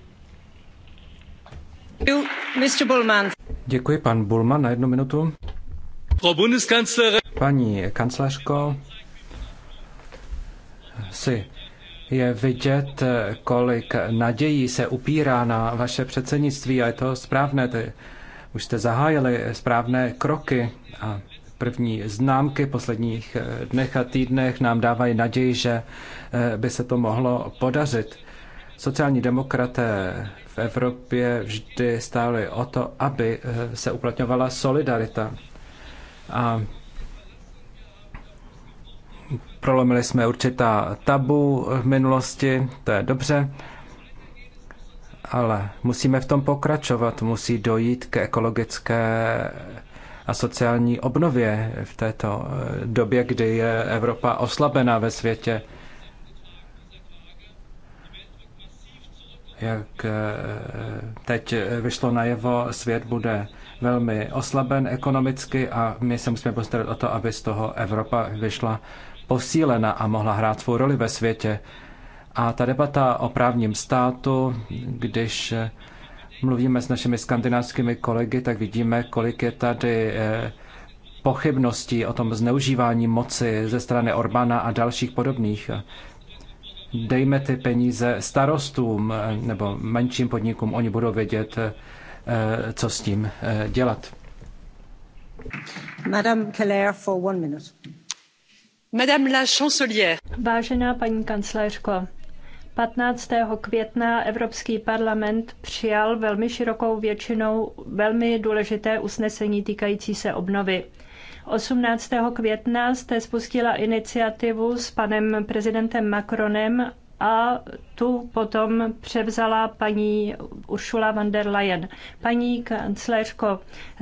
Děkuji, pan Bulman, na jednu minutu. Paní kancléřko, si je vidět, kolik nadějí se upírá na vaše předsednictví a je to správné. Ty už jste zahájili správné kroky a první známky posledních eh, dnech a týdnech nám dávají naději, že eh, by se to mohlo podařit. Sociální demokraté v Evropě vždy stáli o to, aby eh, se uplatňovala solidarita a prolomili jsme určitá tabu v minulosti, to je dobře, ale musíme v tom pokračovat, musí dojít k ekologické a sociální obnově v této eh, době, kdy je Evropa oslabená ve světě. Jak eh, teď eh, vyšlo najevo, svět bude velmi oslaben ekonomicky a my se musíme postarat o to, aby z toho Evropa vyšla posílena a mohla hrát svou roli ve světě. A ta debata o právním státu, když eh, mluvíme s našimi skandinávskými kolegy, tak vidíme, kolik je tady eh, pochybností o tom zneužívání moci ze strany Orbána a dalších podobných. Dejme ty peníze starostům eh, nebo menším podnikům, oni budou vědět, Eh, co s tím eh, dělat. Madame Keller for one minute. Madame la chancelière. Vážená paní kancléřko, 15. května Evropský parlament přijal velmi širokou většinou velmi důležité usnesení týkající se obnovy. 18. května jste spustila iniciativu s panem prezidentem Macronem a tu potom převzala paní Ursula von der Leyen. Paní kancléřko,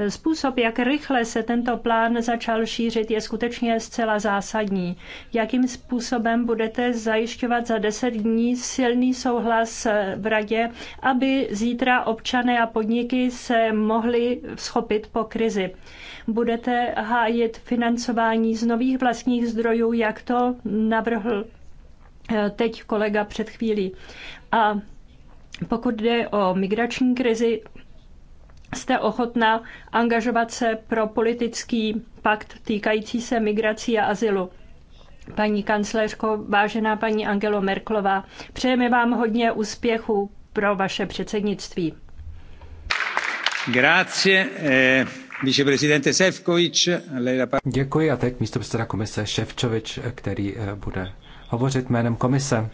způsob, jak rychle se tento plán začal šířit, je skutečně zcela zásadní. Jakým způsobem budete zajišťovat za deset dní silný souhlas v radě, aby zítra občané a podniky se mohli schopit po krizi? Budete hájit financování z nových vlastních zdrojů, jak to navrhl Eh, teď kolega před chvílí. A pokud jde o migrační krizi, jste ochotná angažovat se pro politický pakt týkající se migrací a azylu. Paní kancléřko, vážená paní Angelo Merklová, přejeme vám hodně úspěchu pro vaše předsednictví. Grazie. Eh, viceprezidente lei la... Děkuji a teď místo předseda komise Ševčovič, který eh, bude hovořit jménem komise.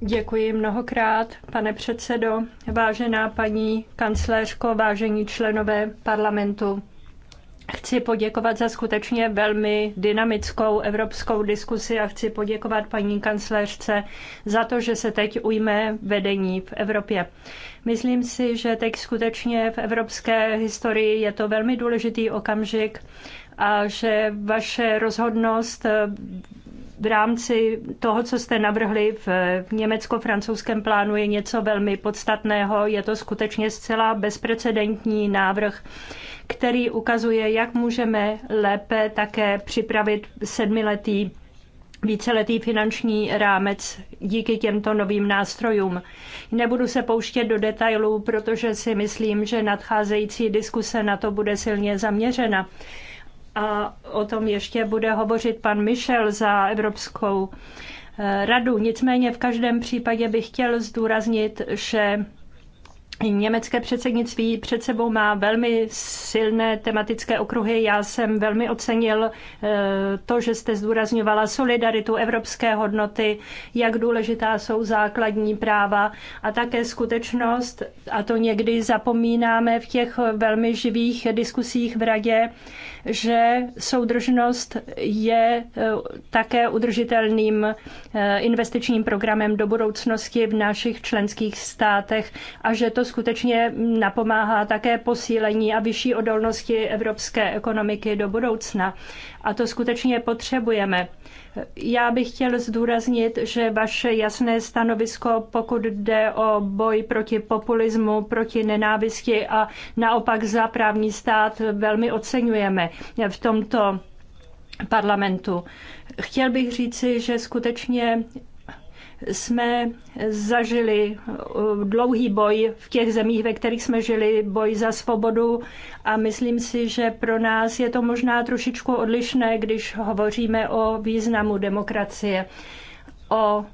Děkuji mnohokrát, pane předsedo, vážená paní kancléřko, vážení členové parlamentu. Chci poděkovat za skutečně velmi dynamickou evropskou diskusi a chci poděkovat paní kancléřce za to, že se teď ujme vedení v Evropě. Myslím si, že teď skutečně v evropské historii je to velmi důležitý okamžik a že vaše rozhodnost v rámci toho, co jste navrhli v německo-francouzském plánu, je něco velmi podstatného. Je to skutečně zcela bezprecedentní návrh, který ukazuje, jak můžeme lépe také připravit sedmiletý víceletý finanční rámec díky těmto novým nástrojům. Nebudu se pouštět do detailů, protože si myslím, že nadcházející diskuse na to bude silně zaměřena a o tom ještě bude hovořit pan Michel za Evropskou eh, radu. Nicméně v každém případě bych chtěl zdůraznit, že Německé předsednictví před sebou má velmi silné tematické okruhy. Já jsem velmi ocenil eh, to, že jste zdůrazňovala solidaritu evropské hodnoty, jak důležitá jsou základní práva a také skutečnost, a to někdy zapomínáme v těch velmi živých diskusích v radě, že soudržnost je eh, také udržitelným eh, investičním programem do budoucnosti v našich členských státech a že to skutečně napomáhá také posílení a vyšší odolnosti evropské ekonomiky do budoucna. A to skutečně potřebujeme. Já bych chtěl zdůraznit, že vaše jasné stanovisko, pokud jde o boj proti populismu, proti nenávisti a naopak za právní stát, velmi oceňujeme v tomto parlamentu. Chtěl bych říci, že skutečně jsme zažili eh, dlouhý boj v těch zemích, ve kterých jsme žili, boj za svobodu a myslím si, že pro nás je to možná trošičku odlišné, když hovoříme o významu demokracie, o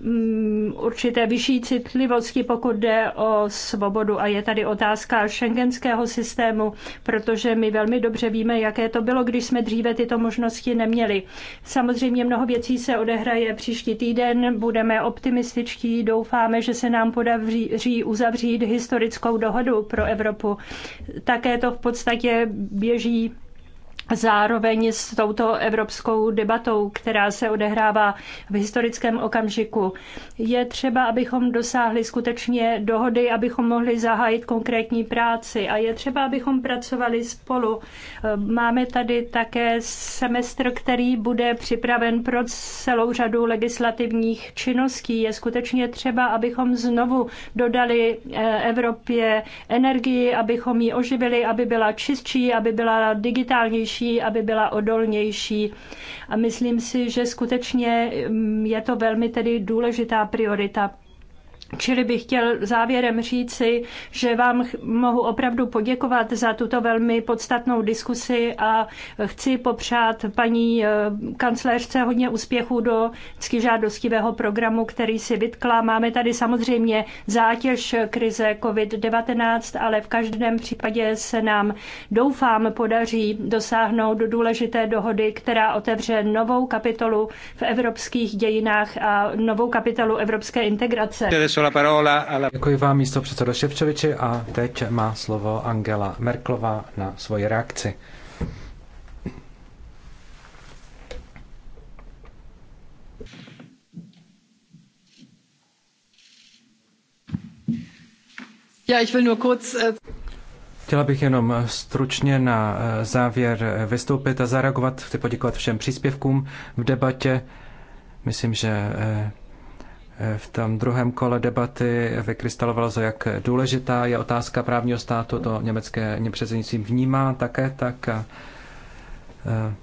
Mm, určité vyšší citlivosti, pokud jde o svobodu. A je tady otázka šengenského systému, protože my velmi dobře víme, jaké to bylo, když jsme dříve tyto možnosti neměli. Samozřejmě mnoho věcí se odehraje příští týden, budeme optimističtí, doufáme, že se nám podaří uzavřít historickou dohodu pro Evropu. Také to v podstatě běží zároveň s touto evropskou debatou, která se odehrává v historickém okamžiku. Je třeba, abychom dosáhli skutečně dohody, abychom mohli zahájit konkrétní práci a je třeba, abychom pracovali spolu. Máme tady také semestr, který bude připraven pro celou řadu legislativních činností. Je skutečně třeba, abychom znovu dodali eh, Evropě energii, abychom ji oživili, aby byla čistší, aby byla digitálnější větší, aby byla odolnější. A myslím si, že skutečně mm, je to velmi tedy důležitá priorita Čili bych chtěl závěrem říci, že vám mohu opravdu poděkovat za tuto velmi podstatnou diskusi a chci popřát paní eh, kancléřce hodně úspěchů do ctižádostivého programu, který si vytkla. Máme tady samozřejmě zátěž krize COVID-19, ale v každém případě se nám doufám podaří dosáhnout důležité dohody, která otevře novou kapitolu v evropských dějinách a novou kapitolu evropské integrace. Děkuji vám místo předsedo Ševčoviči a teď má slovo Angela Merklová na svoji reakci. Já ich will nur kurz äh, Chtěla bych jenom stručně na äh, závěr äh, vystoupit a zareagovat. Chci poděkovat všem příspěvkům v debatě. Myslím, že v tom druhém kole debaty vykrystalovala, jak důležitá je otázka právního státu, to německé předsednictví vnímá také tak. A, e,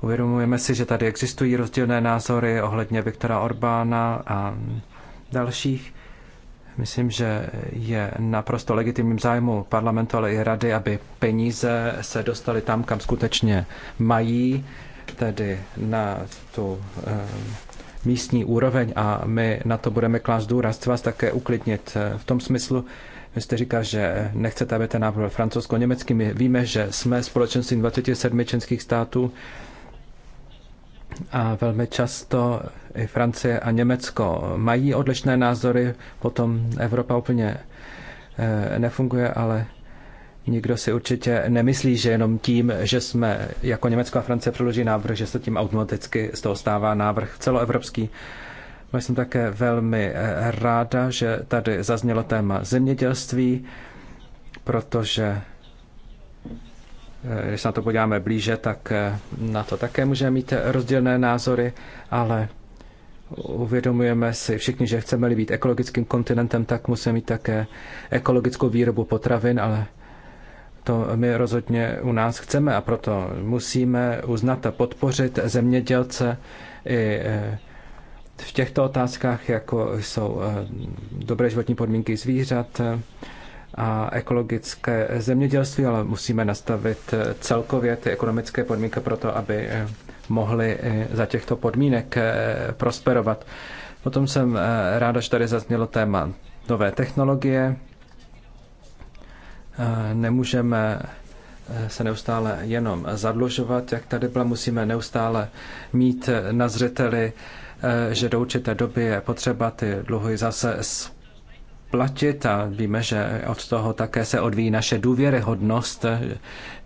uvědomujeme si, že tady existují rozdílné názory ohledně Viktora Orbána a dalších. Myslím, že je naprosto legitimním zájmu parlamentu, ale i rady, aby peníze se dostaly tam, kam skutečně mají, tedy na tu e, místní úroveň a my na to budeme klást důraz. vás také uklidnit eh, v tom smyslu, vy jste říkal, že nechcete, aby ten návrh francouzsko-německý. My víme, že jsme společenství 27 členských států a velmi často i Francie a Německo mají odlišné názory, potom Evropa úplně eh, nefunguje, ale Nikdo si určitě nemyslí, že jenom tím, že jsme jako Německo a Francie předloží návrh, že se tím automaticky z toho stává návrh celoevropský. Já no, jsem také velmi eh, ráda, že tady zaznělo téma zemědělství, protože eh, když se na to podíváme blíže, tak eh, na to také můžeme mít rozdílné názory, ale uvědomujeme si všichni, že chceme-li být ekologickým kontinentem, tak musíme mít také ekologickou výrobu potravin, ale to my rozhodně u nás chceme a proto musíme uznat a podpořit zemědělce i e, v těchto otázkách, jako jsou e, dobré životní podmínky zvířat e, a ekologické zemědělství, ale musíme nastavit celkově ty ekonomické podmínky pro to, aby mohli za těchto podmínek prosperovat. Potom jsem ráda, že tady zaznělo téma nové technologie, Eh, nemůžeme eh, se neustále jenom zadlužovat, jak tady byla, musíme neustále mít na zřeteli, eh, že do určité doby je potřeba ty dluhy zase platit a víme, že od toho také se odvíjí naše důvěryhodnost.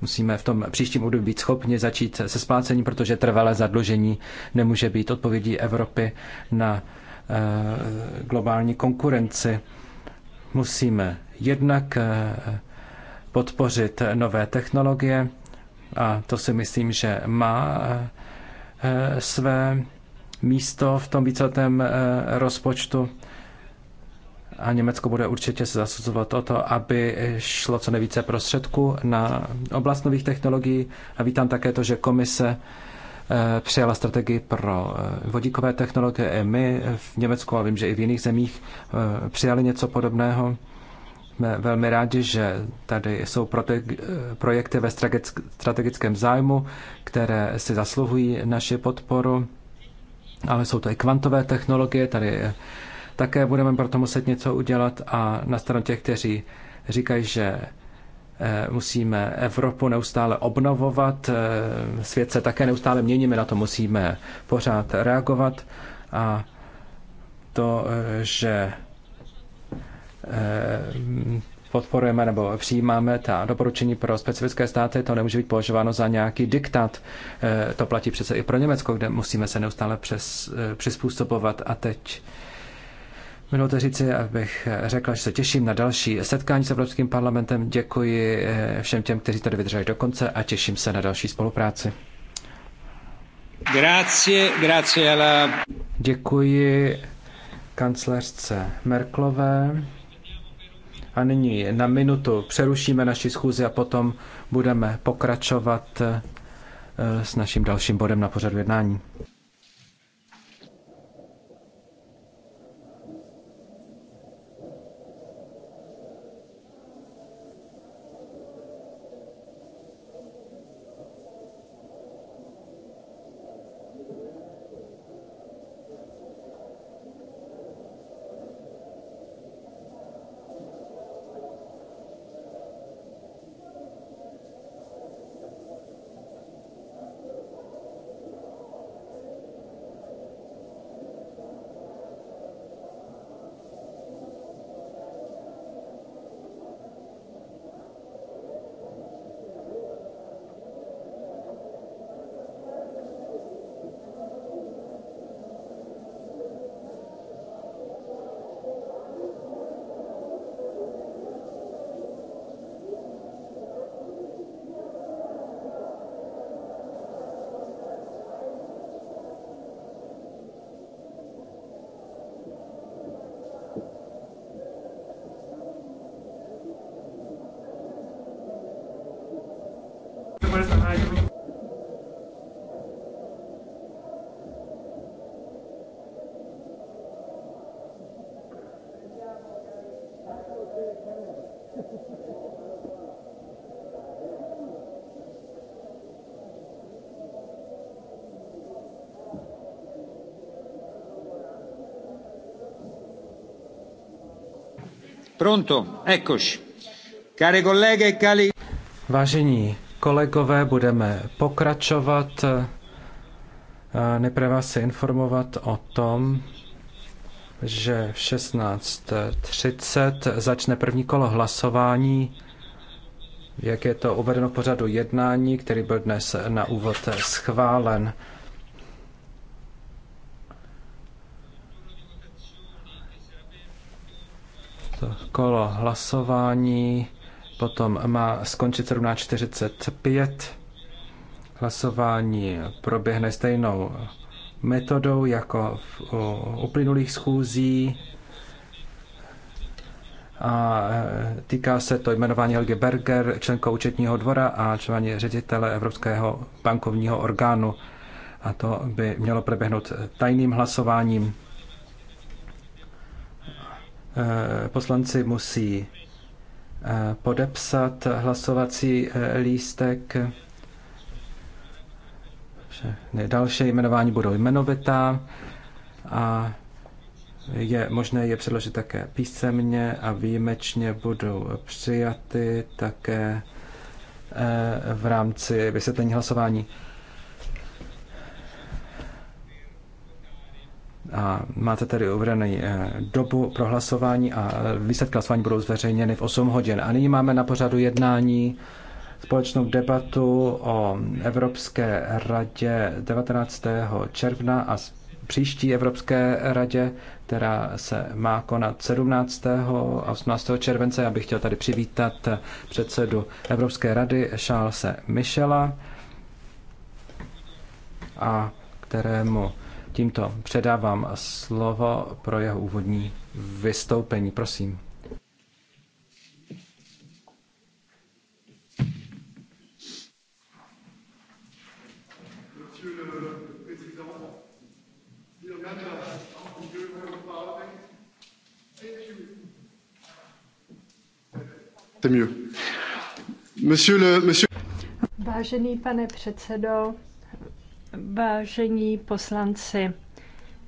Musíme v tom příštím období být schopni začít se splácením, protože trvalé zadlužení nemůže být odpovědí Evropy na globální konkurenci. Musíme jednak podpořit nové technologie a to si myslím, že má eh, eh, své místo v tom víceletém eh, rozpočtu a Německo bude určitě se zasazovat o to, aby šlo co nejvíce prostředků na oblast nových technologií a vítám také to, že komise přijala strategii pro vodíkové technologie. I my v Německu a vím, že i v jiných zemích přijali něco podobného. Jsme velmi rádi, že tady jsou projekty ve strategickém zájmu, které si zasluhují naši podporu, ale jsou to i kvantové technologie, tady také budeme proto muset něco udělat a na stranu těch, kteří říkají, že eh, musíme Evropu neustále obnovovat, eh, svět se také neustále měníme, na to musíme pořád reagovat a to, eh, že Eh, podporujeme nebo přijímáme ta doporučení pro specifické státy, to nemůže být považováno za nějaký diktat. Eh, to platí přece i pro Německo, kde musíme se neustále přes, eh, přizpůsobovat. A teď minulte říci, abych řekla, že se těším na další setkání s Evropským parlamentem. Děkuji všem těm, kteří tady vydrželi do konce a těším se na další spolupráci. Grazie, grazie alla... Děkuji kancelářce Merklové. A nyní na minutu přerušíme naši schůzi a potom budeme pokračovat eh, s naším dalším bodem na pořadu jednání. Pronto, e Vážení kolegové, budeme pokračovat. Eh, nejprve vás se informovat o tom, že v 16.30 začne první kolo hlasování, jak je to uvedeno v pořadu jednání, který byl dnes na úvod schválen. kolo hlasování, potom má skončit 17.45. Hlasování proběhne stejnou metodou jako v uplynulých schůzí a e, týká se to jmenování Helge Berger, členkou účetního dvora a členy ředitele Evropského bankovního orgánu. A to by mělo proběhnout tajným hlasováním. Eh, poslanci musí eh, podepsat hlasovací eh, lístek. další jmenování budou jmenovitá a je možné je předložit také písemně a výjimečně budou přijaty také v rámci vysvětlení hlasování. A máte tady uvedený eh, dobu pro hlasování a eh, výsledky hlasování budou zveřejněny v 8 hodin. A nyní máme na pořadu jednání společnou debatu o Evropské radě 19. června a příští Evropské radě, která se má konat 17. a 18. července. Já bych chtěl tady přivítat eh, předsedu Evropské rady Charlesa Michela, a kterému Tímto předávám slovo pro jeho úvodní vystoupení. Prosím. Vážený pane předsedo, Vážení poslanci,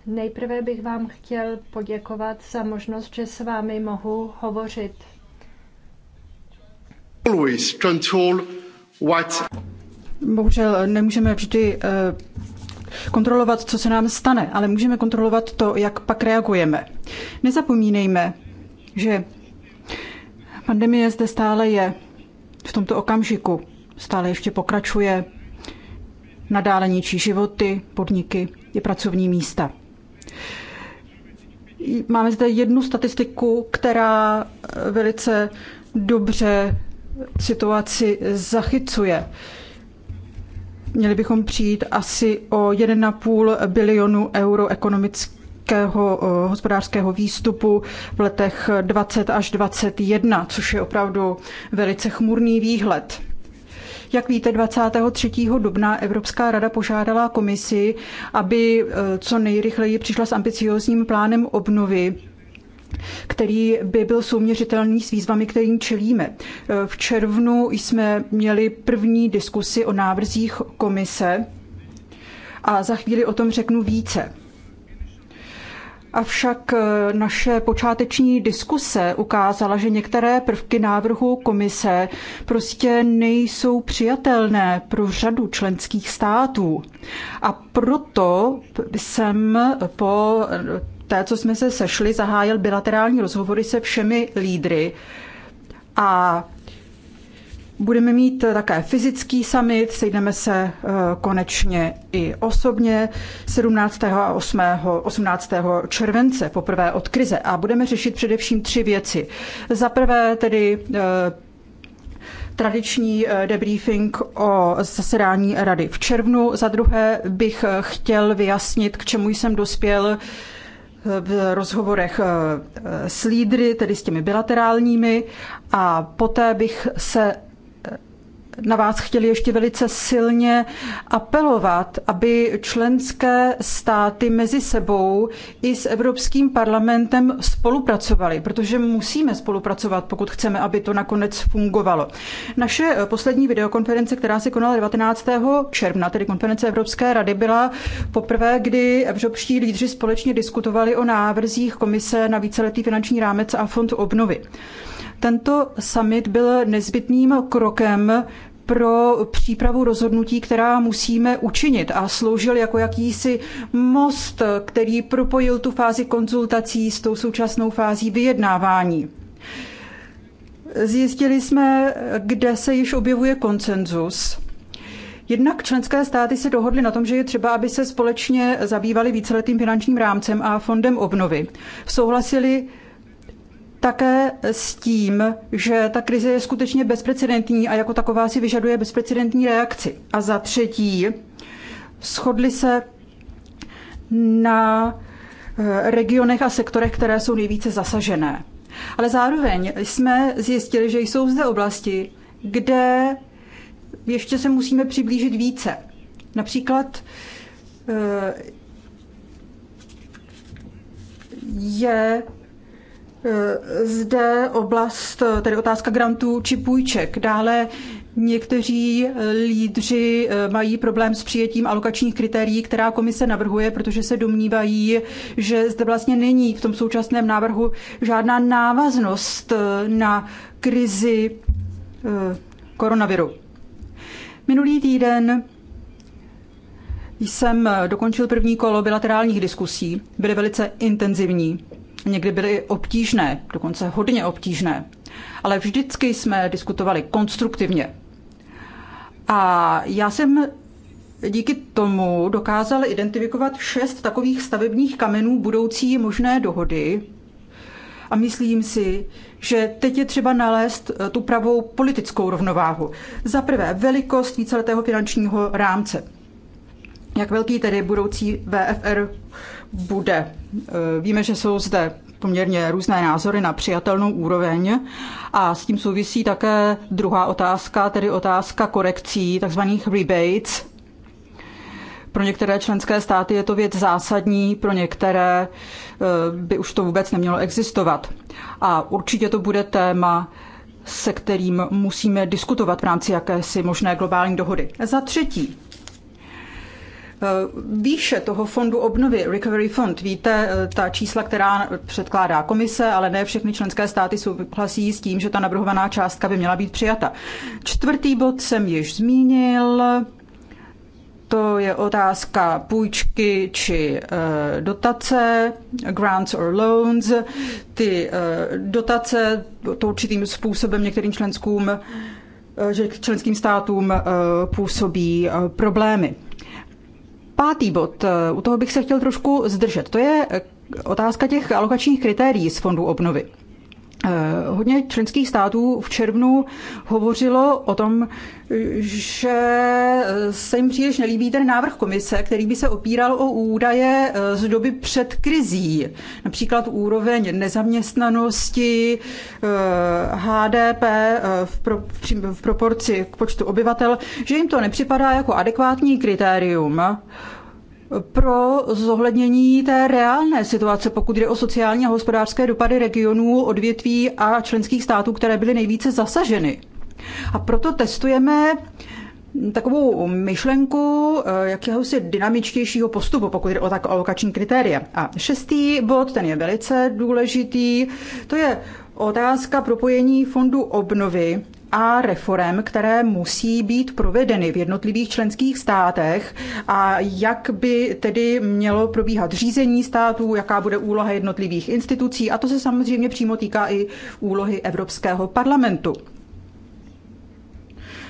nejprve bych vám chtěl poděkovat za možnost, že s vámi mohu hovořit. Bohužel nemůžeme vždy eh, kontrolovat, co se nám stane, ale můžeme kontrolovat to, jak pak reagujeme. Nezapomínejme, že pandemie zde stále je v tomto okamžiku, stále ještě pokračuje nadále ničí životy, podniky i pracovní místa. Máme zde jednu statistiku, která velice dobře situaci zachycuje. Měli bychom přijít asi o 1,5 bilionu euro ekonomického hospodářského výstupu v letech 20 až 21, což je opravdu velice chmurný výhled. Jak víte, 23. dubna Evropská rada požádala komisi, aby eh, co nejrychleji přišla s ambiciózním plánem obnovy který by byl souměřitelný s výzvami, kterým čelíme. Eh, v červnu jsme měli první diskusi o návrzích komise a za chvíli o tom řeknu více. Avšak e, naše počáteční diskuse ukázala, že některé prvky návrhu komise prostě nejsou přijatelné pro řadu členských států. A proto jsem po té, co jsme se sešli, zahájil bilaterální rozhovory se všemi lídry a Budeme mít také fyzický summit, sejdeme se eh, konečně i osobně 17. a 8. 18. července, poprvé od krize. A budeme řešit především tři věci. Za prvé tedy eh, tradiční eh, debriefing o zasedání rady v červnu. Za druhé bych chtěl vyjasnit, k čemu jsem dospěl v rozhovorech s lídry, tedy s těmi bilaterálními. A poté bych se na vás chtěli ještě velice silně apelovat, aby členské státy mezi sebou i s Evropským parlamentem spolupracovali, protože musíme spolupracovat, pokud chceme, aby to nakonec fungovalo. Naše poslední videokonference, která se konala 19. června, tedy konference Evropské rady, byla poprvé, kdy evropští lídři společně diskutovali o návrzích komise na víceletý finanční rámec a fond obnovy. Tento summit byl nezbytným krokem pro přípravu rozhodnutí, která musíme učinit a sloužil jako jakýsi most, který propojil tu fázi konzultací s tou současnou fází vyjednávání. Zjistili jsme, kde se již objevuje konsenzus. Jednak členské státy se dohodly na tom, že je třeba, aby se společně zabývali víceletým finančním rámcem a fondem obnovy. Souhlasili také s tím, že ta krize je skutečně bezprecedentní a jako taková si vyžaduje bezprecedentní reakci. A za třetí, shodli se na eh, regionech a sektorech, které jsou nejvíce zasažené. Ale zároveň jsme zjistili, že jsou zde oblasti, kde ještě se musíme přiblížit více. Například eh, je Eh, zde oblast, eh, tedy otázka grantů či půjček. Dále Někteří lídři eh, mají problém s přijetím alokačních kritérií, která komise navrhuje, protože se domnívají, že zde vlastně není v tom současném návrhu žádná návaznost na krizi koronaviru. Minulý týden jsem dokončil první kolo bilaterálních diskusí. Byly velice intenzivní někdy byly obtížné, dokonce hodně obtížné, ale vždycky jsme diskutovali konstruktivně. A já jsem díky tomu dokázal identifikovat šest takových stavebních kamenů budoucí možné dohody. A myslím si, že teď je třeba nalézt eh, tu pravou politickou rovnováhu. Za prvé, velikost víceletého finančního rámce. Jak velký tedy budoucí VFR bude? Eh, víme, že jsou zde poměrně různé názory na přijatelnou úroveň a s tím souvisí také druhá otázka, tedy otázka korekcí, takzvaných rebates. Pro některé členské státy je to věc zásadní, pro některé eh, by už to vůbec nemělo existovat. A určitě to bude téma, se kterým musíme diskutovat v rámci jakési možné globální dohody. Za třetí, Eh, výše toho fondu obnovy, Recovery Fund, víte, eh, ta čísla, která předkládá komise, ale ne všechny členské státy souhlasí s tím, že ta navrhovaná částka by měla být přijata. Čtvrtý bod jsem již zmínil, to je otázka půjčky či eh, dotace, grants or loans. Ty dotace to určitým způsobem některým členským, členským státům působí problémy. Pátý bod, eh, u toho bych se chtěl trošku zdržet. To je eh, otázka těch alokačních kritérií z fondu obnovy. Eh, hodně členských států v červnu hovořilo o tom, že se jim příliš nelíbí ten návrh komise, který by se opíral o údaje eh, z doby před krizí, například úroveň nezaměstnanosti, HDP eh, v, pro, v proporci k počtu obyvatel, že jim to nepřipadá jako adekvátní kritérium pro zohlednění té reálné situace, pokud jde o sociální a hospodářské dopady regionů, odvětví a členských států, které byly nejvíce zasaženy. A proto testujeme takovou myšlenku eh, jakéhosi dynamičtějšího postupu, pokud jde o tak alokační kritéria. A šestý bod, ten je velice důležitý, to je otázka propojení fondu obnovy a reform, které musí být provedeny v jednotlivých členských státech a jak by tedy mělo probíhat řízení států, jaká bude úloha jednotlivých institucí a to se samozřejmě přímo týká i úlohy Evropského parlamentu.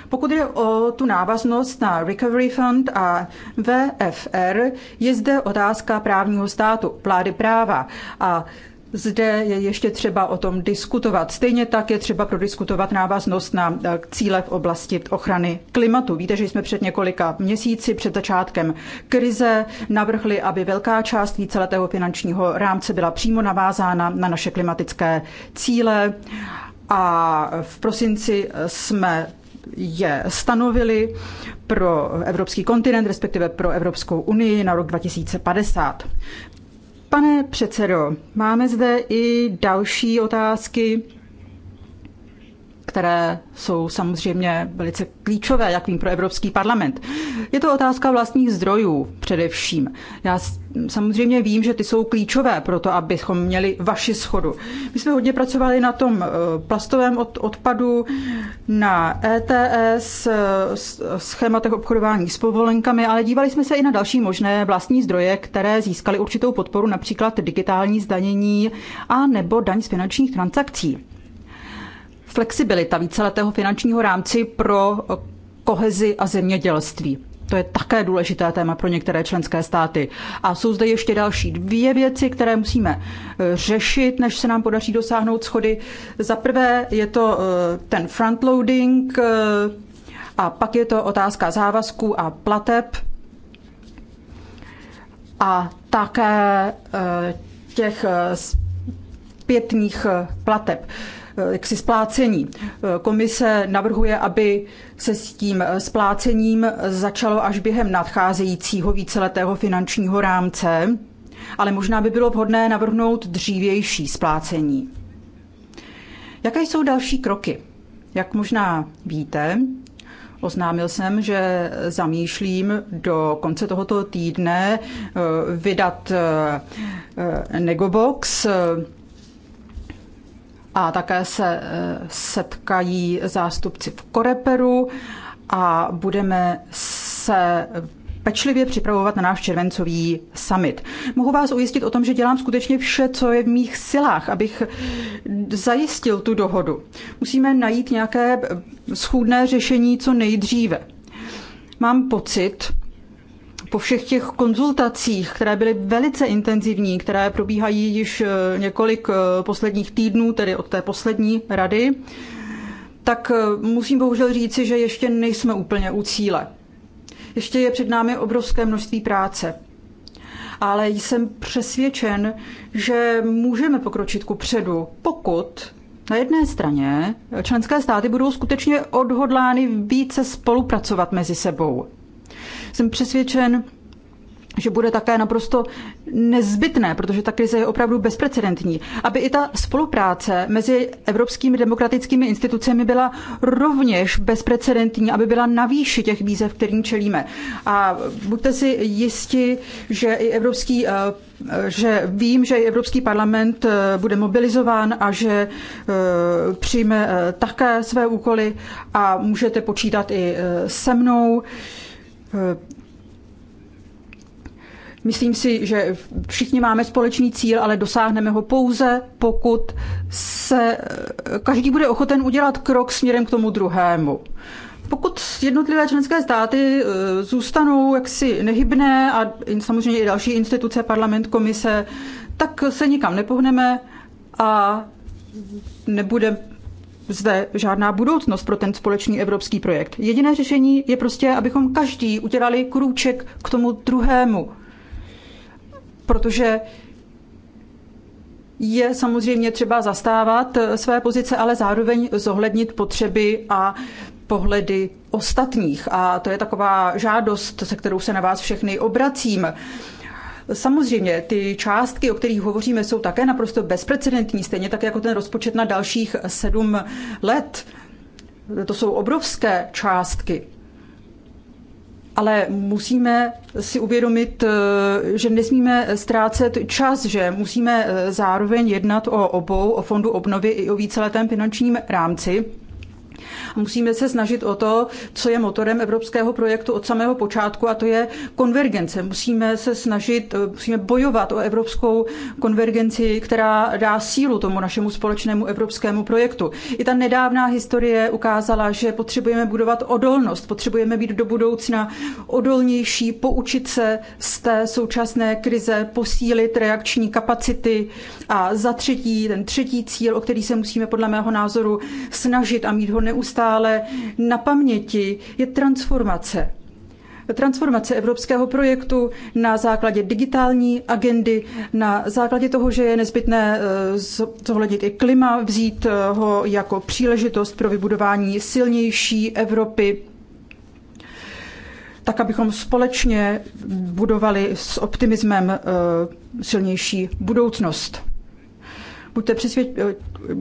Pokud je o tu návaznost na Recovery Fund a VFR, je zde otázka právního státu, vlády práva a zde je ještě třeba o tom diskutovat. Stejně tak je třeba prodiskutovat návaznost na eh, cíle v oblasti ochrany klimatu. Víte, že jsme před několika měsíci před začátkem krize navrhli, aby velká část víceletého finančního rámce byla přímo navázána na naše klimatické cíle. A v prosinci jsme je stanovili pro evropský kontinent, respektive pro Evropskou unii na rok 2050. Pane předsedo, máme zde i další otázky které jsou samozřejmě velice klíčové, jak vím, pro Evropský parlament. Je to otázka vlastních zdrojů především. Já samozřejmě vím, že ty jsou klíčové pro to, abychom měli vaši schodu. My jsme hodně pracovali na tom eh, plastovém odpadu, na ETS, eh, schématech obchodování s povolenkami, ale dívali jsme se i na další možné vlastní zdroje, které získaly určitou podporu, například digitální zdanění a nebo daň z finančních transakcí flexibilita víceletého finančního rámci pro kohezi a zemědělství. To je také důležité téma pro některé členské státy. A jsou zde ještě další dvě věci, které musíme eh, řešit, než se nám podaří dosáhnout schody. Za prvé je to eh, ten frontloading eh, a pak je to otázka závazků a plateb a také těch zpětných plateb. Eh, jaksi splácení. Eh, komise navrhuje, aby se s tím eh, splácením začalo až během nadcházejícího víceletého finančního rámce, ale možná by bylo vhodné navrhnout dřívější splácení. Jaké jsou další kroky? Jak možná víte, Oznámil jsem, že zamýšlím do konce tohoto týdne vydat Negobox, a také se eh, setkají zástupci v Koreperu a budeme se pečlivě připravovat na náš červencový summit. Mohu vás ujistit o tom, že dělám skutečně vše, co je v mých silách, abych zajistil tu dohodu. Musíme najít nějaké schůdné řešení co nejdříve. Mám pocit, po všech těch konzultacích, které byly velice intenzivní, které probíhají již eh, několik eh, posledních týdnů, tedy od té poslední rady, tak eh, musím bohužel říci, že ještě nejsme úplně u cíle. Ještě je před námi obrovské množství práce. Ale jsem přesvědčen, že můžeme pokročit ku předu, pokud na jedné straně členské státy budou skutečně odhodlány více spolupracovat mezi sebou. Jsem přesvědčen, že bude také naprosto nezbytné, protože ta krize je opravdu bezprecedentní, aby i ta spolupráce mezi evropskými demokratickými institucemi byla rovněž bezprecedentní, aby byla na výši těch výzev, kterým čelíme. A buďte si jisti, že i Evropský eh, že vím, že i Evropský parlament eh, bude mobilizován a že eh, přijme také své úkoly a můžete počítat i se mnou. Eh, myslím si, že všichni máme společný cíl, ale dosáhneme ho pouze, pokud se eh, každý bude ochoten udělat krok směrem k tomu druhému. Pokud jednotlivé členské státy eh, zůstanou jaksi nehybné a samozřejmě i další instituce, parlament, komise, tak se nikam nepohneme a nebude zde žádná budoucnost pro ten společný evropský projekt. Jediné řešení je prostě, abychom každý udělali krůček k tomu druhému. Protože je samozřejmě třeba zastávat eh, své pozice, ale zároveň zohlednit potřeby a pohledy ostatních. A to je taková žádost, se kterou se na vás všechny obracím. Samozřejmě, ty částky, o kterých hovoříme, jsou také naprosto bezprecedentní, stejně tak jako ten rozpočet na dalších sedm let. To jsou obrovské částky. Ale musíme si uvědomit, eh, že nesmíme ztrácet čas, že musíme eh, zároveň jednat o obou, o fondu obnovy i o víceletém finančním rámci. Musíme se snažit o to, co je motorem evropského projektu od samého počátku, a to je konvergence. Musíme se snažit, eh, musíme bojovat o evropskou konvergenci, která dá sílu tomu našemu společnému evropskému projektu. I ta nedávná historie ukázala, že potřebujeme budovat odolnost, potřebujeme být do budoucna odolnější, poučit se z té současné krize, posílit reakční kapacity a za třetí, ten třetí cíl, o který se musíme podle mého názoru snažit a mít ho neustále na paměti, je transformace. Transformace evropského projektu na základě digitální agendy, na základě toho, že je nezbytné eh, zohlednit i klima, vzít eh, ho jako příležitost pro vybudování silnější Evropy, tak abychom společně budovali s optimismem eh, silnější budoucnost. Buďte přesvěd... Eh,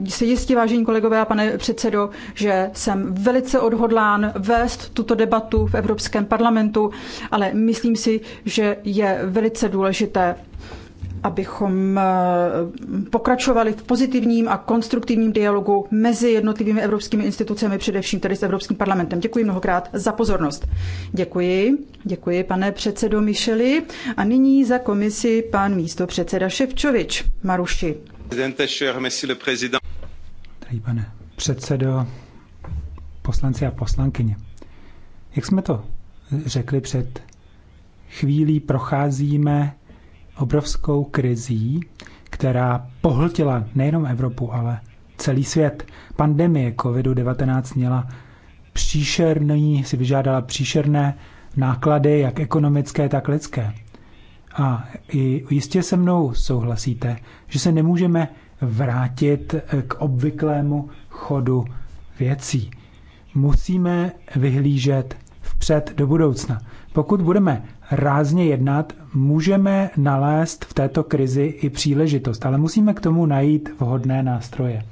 si jistí, vážení kolegové a pane předsedo, že jsem velice odhodlán vést tuto debatu v Evropském parlamentu, ale myslím si, že je velice důležité abychom eh, pokračovali v pozitivním a konstruktivním dialogu mezi jednotlivými evropskými institucemi, především tedy s Evropským parlamentem. Děkuji mnohokrát za pozornost. Děkuji, děkuji pane předsedo Mišeli. A nyní za komisi pan místo předseda Ševčovič Maruši. Drahý pane předsedo, poslanci a poslankyně, jak jsme to řekli před chvílí, procházíme obrovskou krizí, která pohltila nejenom Evropu, ale celý svět. Pandemie COVID-19 měla příšerný, si vyžádala příšerné náklady, jak ekonomické, tak lidské. A jistě se mnou souhlasíte, že se nemůžeme vrátit eh, k obvyklému chodu věcí. Musíme vyhlížet vpřed do budoucna. Pokud budeme rázně jednat, můžeme nalézt v této krizi i příležitost, ale musíme k tomu najít vhodné nástroje.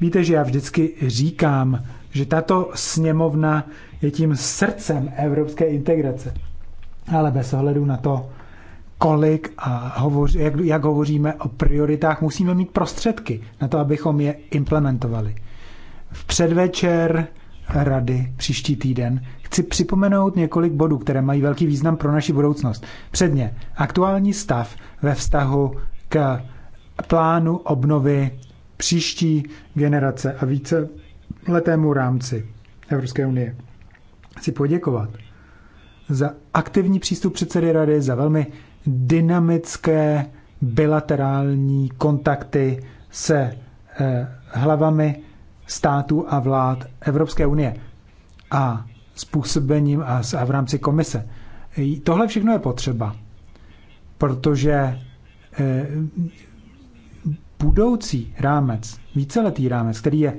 Víte, že já vždycky říkám, že tato sněmovna je tím srdcem evropské integrace ale bez ohledu na to, kolik a hovoř, jak, jak hovoříme o prioritách, musíme mít prostředky na to, abychom je implementovali. V předvečer rady příští týden chci připomenout několik bodů, které mají velký význam pro naši budoucnost. Předně aktuální stav ve vztahu k plánu obnovy příští generace a více letému rámci Evropské unie. Chci poděkovat za aktivní přístup předsedy rady, za velmi dynamické bilaterální kontakty se eh, hlavami států a vlád Evropské unie a způsobením a, a v rámci komise. Tohle všechno je potřeba, protože eh, budoucí rámec, víceletý rámec, který je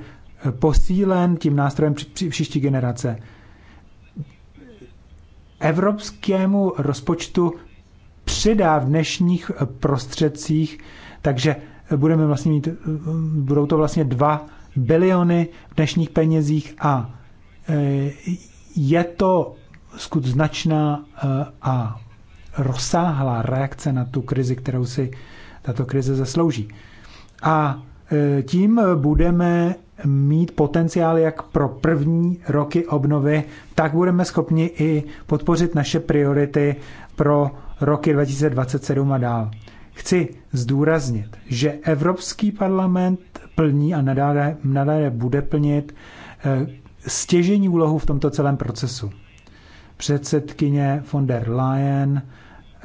eh, posílen tím nástrojem příští generace, evropskému rozpočtu přidá v dnešních prostředcích, takže budeme vlastně mít, budou to vlastně 2 biliony v dnešních penězích a eh, je to skut značná eh, a rozsáhlá reakce na tu krizi, kterou si tato krize zaslouží. A eh, tím budeme mít potenciál jak pro první roky obnovy, tak budeme schopni i podpořit naše priority pro roky 2027 a dál. Chci zdůraznit, že Evropský parlament plní a nadále, nadále bude plnit eh, stěžení úlohu v tomto celém procesu. Předsedkyně von der Leyen,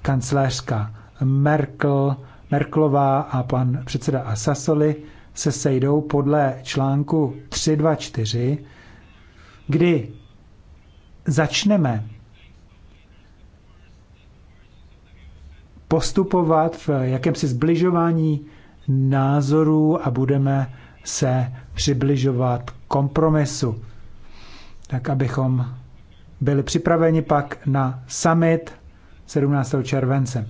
kancelářka Merkel, Merklová a pan předseda Sassoli se sejdou podle článku 324, kdy začneme postupovat v jakémsi zbližování názorů a budeme se přibližovat kompromisu, tak abychom byli připraveni pak na summit 17. července.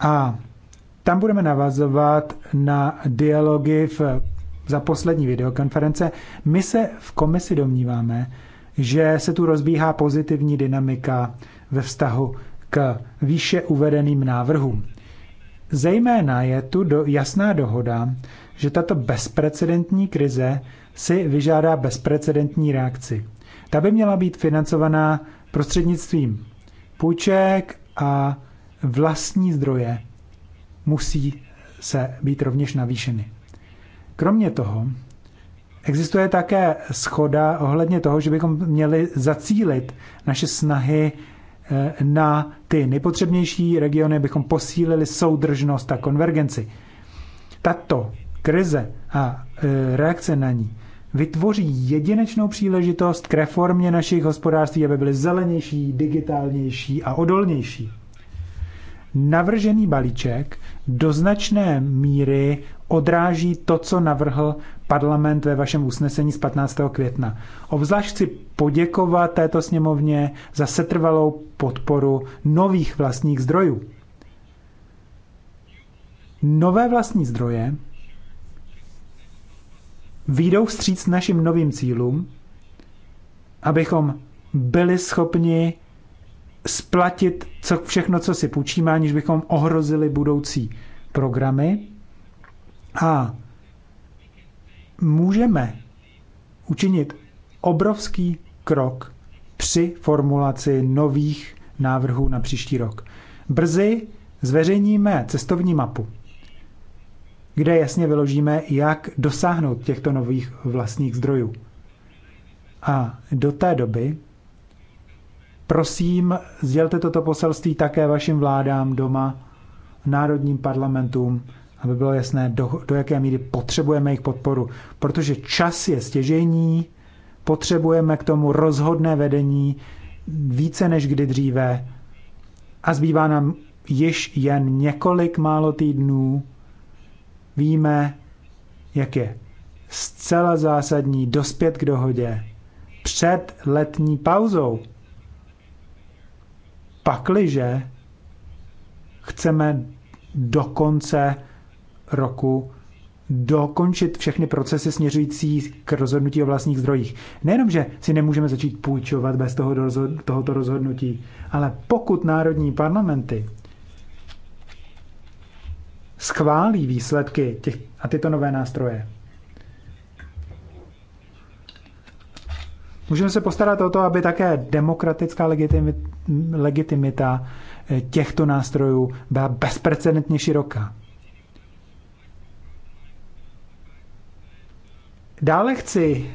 A tam budeme navazovat na dialogy v, za poslední videokonference. My se v komisi domníváme, že se tu rozbíhá pozitivní dynamika ve vztahu k výše uvedeným návrhům. Zejména je tu do, jasná dohoda, že tato bezprecedentní krize si vyžádá bezprecedentní reakci. Ta by měla být financovaná prostřednictvím půjček a vlastní zdroje musí se být rovněž navýšeny. Kromě toho existuje také schoda ohledně toho, že bychom měli zacílit naše snahy eh, na ty nejpotřebnější regiony, bychom posílili soudržnost a konvergenci. Tato krize a eh, reakce na ní vytvoří jedinečnou příležitost k reformě našich hospodářství, aby byly zelenější, digitálnější a odolnější navržený balíček do značné míry odráží to, co navrhl parlament ve vašem usnesení z 15. května. Obzvlášť chci poděkovat této sněmovně za setrvalou podporu nových vlastních zdrojů. Nové vlastní zdroje výjdou vstříc našim novým cílům, abychom byli schopni splatit co, všechno, co si půjčíme, aniž bychom ohrozili budoucí programy. A můžeme učinit obrovský krok při formulaci nových návrhů na příští rok. Brzy zveřejníme cestovní mapu, kde jasně vyložíme, jak dosáhnout těchto nových vlastních zdrojů. A do té doby Prosím, sdělte toto poselství také vašim vládám doma, národním parlamentům, aby bylo jasné, do, do jaké míry potřebujeme jejich podporu. Protože čas je stěžení, potřebujeme k tomu rozhodné vedení více než kdy dříve a zbývá nám již jen několik málo týdnů. Víme, jak je zcela zásadní dospět k dohodě před letní pauzou pakliže chceme do konce roku dokončit všechny procesy směřující k rozhodnutí o vlastních zdrojích. Nejenom, že si nemůžeme začít půjčovat bez toho rozhod- tohoto rozhodnutí, ale pokud národní parlamenty schválí výsledky těch, a tyto nové nástroje, Můžeme se postarat o to, aby také demokratická legitimita eh, těchto nástrojů byla bezprecedentně široká. Dále chci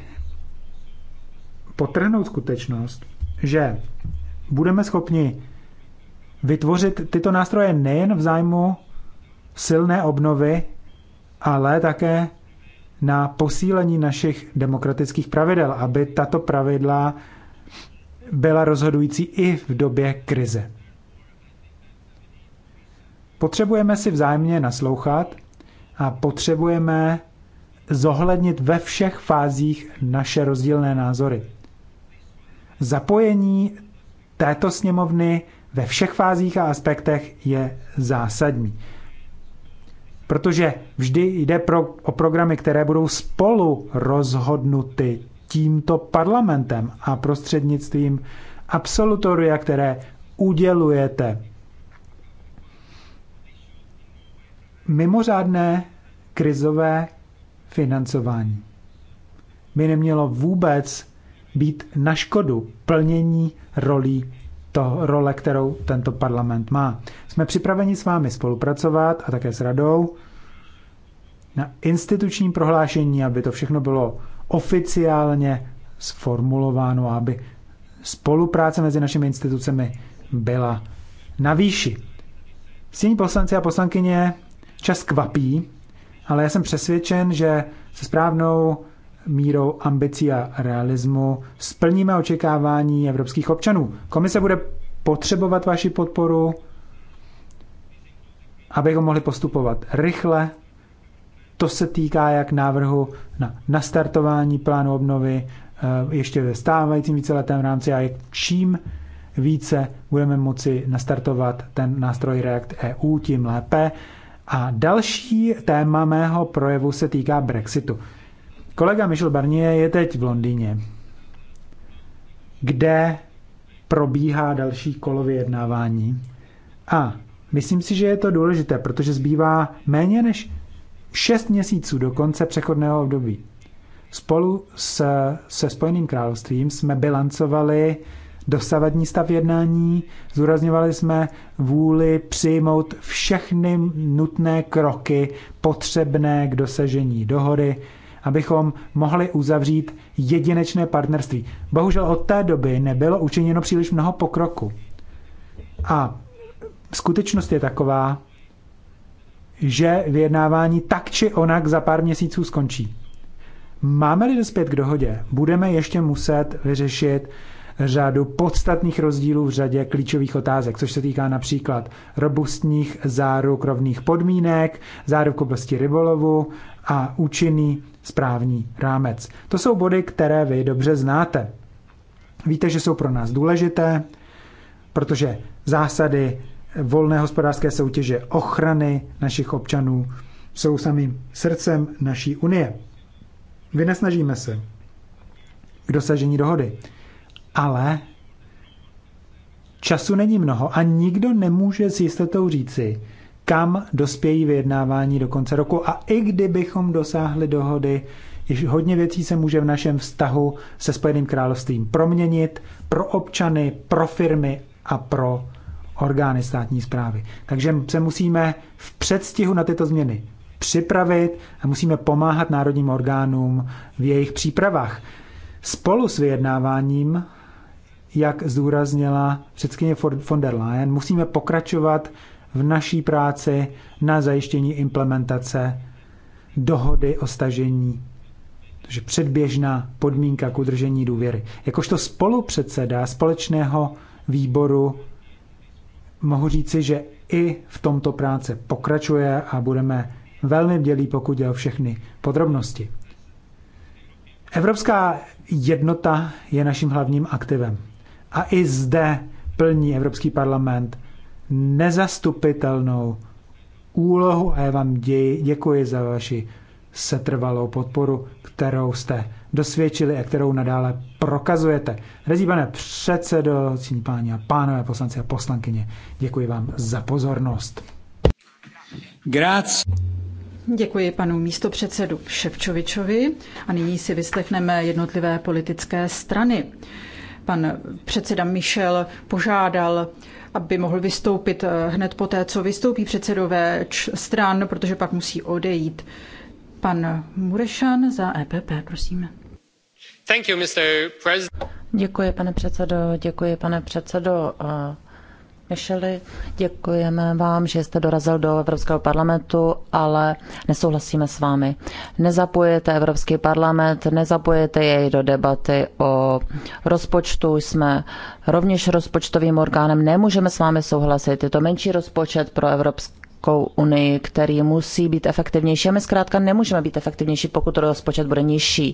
potrhnout skutečnost, že budeme schopni vytvořit tyto nástroje nejen v zájmu silné obnovy, ale také na posílení našich demokratických pravidel, aby tato pravidla byla rozhodující i v době krize. Potřebujeme si vzájemně naslouchat a potřebujeme zohlednit ve všech fázích naše rozdílné názory. Zapojení této sněmovny ve všech fázích a aspektech je zásadní protože vždy jde pro, o programy, které budou spolu rozhodnuty tímto parlamentem a prostřednictvím absolutoria, které udělujete. Mimořádné krizové financování by nemělo vůbec být na škodu plnění rolí to role, kterou tento parlament má. Jsme připraveni s vámi spolupracovat a také s radou na institučním prohlášení, aby to všechno bylo oficiálně sformulováno, aby spolupráce mezi našimi institucemi byla na výši. Stění poslanci a poslankyně čas kvapí, ale já jsem přesvědčen, že se správnou mírou ambicí a realismu splníme očekávání evropských občanů. Komise bude potřebovat vaši podporu, abychom mohli postupovat rychle. To se týká jak návrhu na nastartování plánu obnovy eh, ještě ve stávajícím víceletém rámci a jak čím více budeme moci nastartovat ten nástroj React EU, tím lépe. A další téma mého projevu se týká Brexitu. Kolega Michel Barnier je teď v Londýně, kde probíhá další kolo vyjednávání. A myslím si, že je to důležité, protože zbývá méně než 6 měsíců do konce přechodného období. Spolu s, se Spojeným královstvím jsme bilancovali dosavadní stav jednání, zúrazňovali jsme vůli přijmout všechny nutné kroky potřebné k dosažení dohody abychom mohli uzavřít jedinečné partnerství. Bohužel od té doby nebylo učiněno příliš mnoho pokroku. A skutečnost je taková, že vyjednávání tak či onak za pár měsíců skončí. Máme-li dospět k dohodě, budeme ještě muset vyřešit řadu podstatných rozdílů v řadě klíčových otázek, což se týká například robustních záruk rovných podmínek, záruk oblasti rybolovu a účinný správní rámec. To jsou body, které vy dobře znáte. Víte, že jsou pro nás důležité, protože zásady volné hospodářské soutěže, ochrany našich občanů jsou samým srdcem naší unie. Vynasnažíme se k dosažení dohody, ale času není mnoho a nikdo nemůže s jistotou říci, kam dospějí vyjednávání do konce roku. A i kdybychom dosáhli dohody, již hodně věcí se může v našem vztahu se Spojeným královstvím proměnit pro občany, pro firmy a pro orgány státní zprávy. Takže se musíme v předstihu na tyto změny připravit a musíme pomáhat národním orgánům v jejich přípravách. Spolu s vyjednáváním, jak zdůraznila předskyně von der Leyen, musíme pokračovat v naší práci na zajištění implementace dohody o stažení. Takže předběžná podmínka k udržení důvěry. Jakožto spolupředseda společného výboru mohu říci, že i v tomto práce pokračuje a budeme velmi bdělí, pokud jde o všechny podrobnosti. Evropská jednota je naším hlavním aktivem. A i zde plní Evropský parlament nezastupitelnou úlohu a já vám děkuji za vaši setrvalou podporu, kterou jste dosvědčili a kterou nadále prokazujete. Hrazí pane předsedo, páni a pánové, poslanci a poslankyně, děkuji vám za pozornost. Grazie. Děkuji panu místopředsedu Ševčovičovi a nyní si vyslechneme jednotlivé politické strany. Pan předseda Michel požádal aby mohl vystoupit eh, hned po té, co vystoupí předsedové stran, protože pak musí odejít. Pan Murešan za EPP, prosím. Děkuji, pane předsedo. Děkuji, pane předsedo eh, Michely, děkujeme vám, že jste dorazil do Evropského parlamentu, ale nesouhlasíme s vámi. Nezapojete Evropský parlament, nezapojete jej do debaty o rozpočtu. Jsme rovněž rozpočtovým orgánem, nemůžeme s vámi souhlasit. Je to menší rozpočet pro Evropský Evropskou unii, který musí být efektivnější. A my zkrátka nemůžeme být efektivnější, pokud rozpočet bude nižší.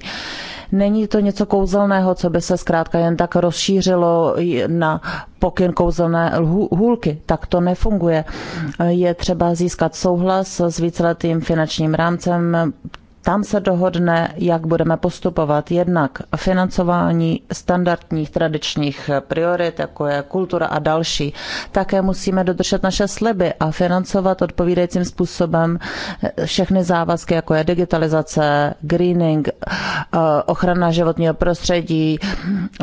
Není to něco kouzelného, co by se zkrátka jen tak rozšířilo na pokyn kouzelné hůlky. Tak to nefunguje. Je třeba získat souhlas s víceletým finančním rámcem, tam se dohodne, jak budeme postupovat jednak financování standardních tradičních priorit, jako je kultura a další. Také musíme dodržet naše sliby a financovat odpovídajícím způsobem všechny závazky, jako je digitalizace, greening, eh, ochrana životního prostředí,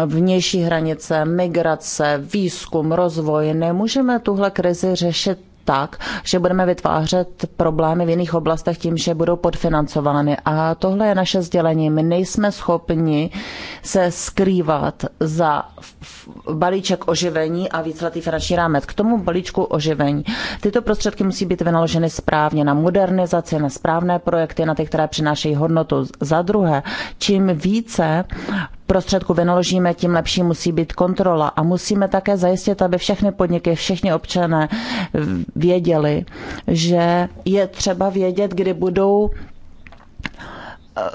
vnější hranice, migrace, výzkum, rozvoj. Nemůžeme tuhle krizi řešit tak, že budeme vytvářet problémy v jiných oblastech tím, že budou podfinancovány. A tohle je naše sdělení. My nejsme schopni se skrývat za balíček oživení a víceletý finanční rámec. K tomu balíčku oživení. Tyto prostředky musí být vynaloženy správně na modernizaci, na správné projekty, na ty, které přinášejí hodnotu. Za druhé, čím více prostředků vynaložíme, tím lepší musí být kontrola. A musíme také zajistit, aby všechny podniky, všichni občané věděli, že je třeba vědět, kdy budou Eh,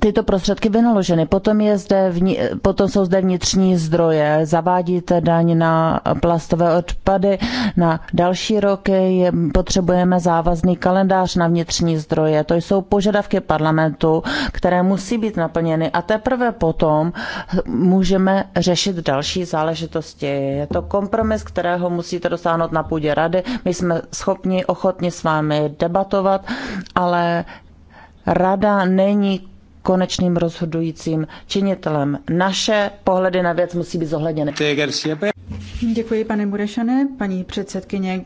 tyto prostředky vynaloženy. Potom, je zde vní, eh, potom jsou zde vnitřní zdroje. Zavádíte daň na plastové odpady na další roky. Je, potřebujeme závazný kalendář na vnitřní zdroje. To jsou požadavky parlamentu, které musí být naplněny a teprve potom můžeme řešit další záležitosti. Je to kompromis, kterého musíte dosáhnout na půdě rady. My jsme schopni, ochotni s vámi debatovat, ale Rada není konečným rozhodujícím činitelem. Naše pohledy na věc musí být zohledněny. Děkuji, pane Murešane, paní předsedkyně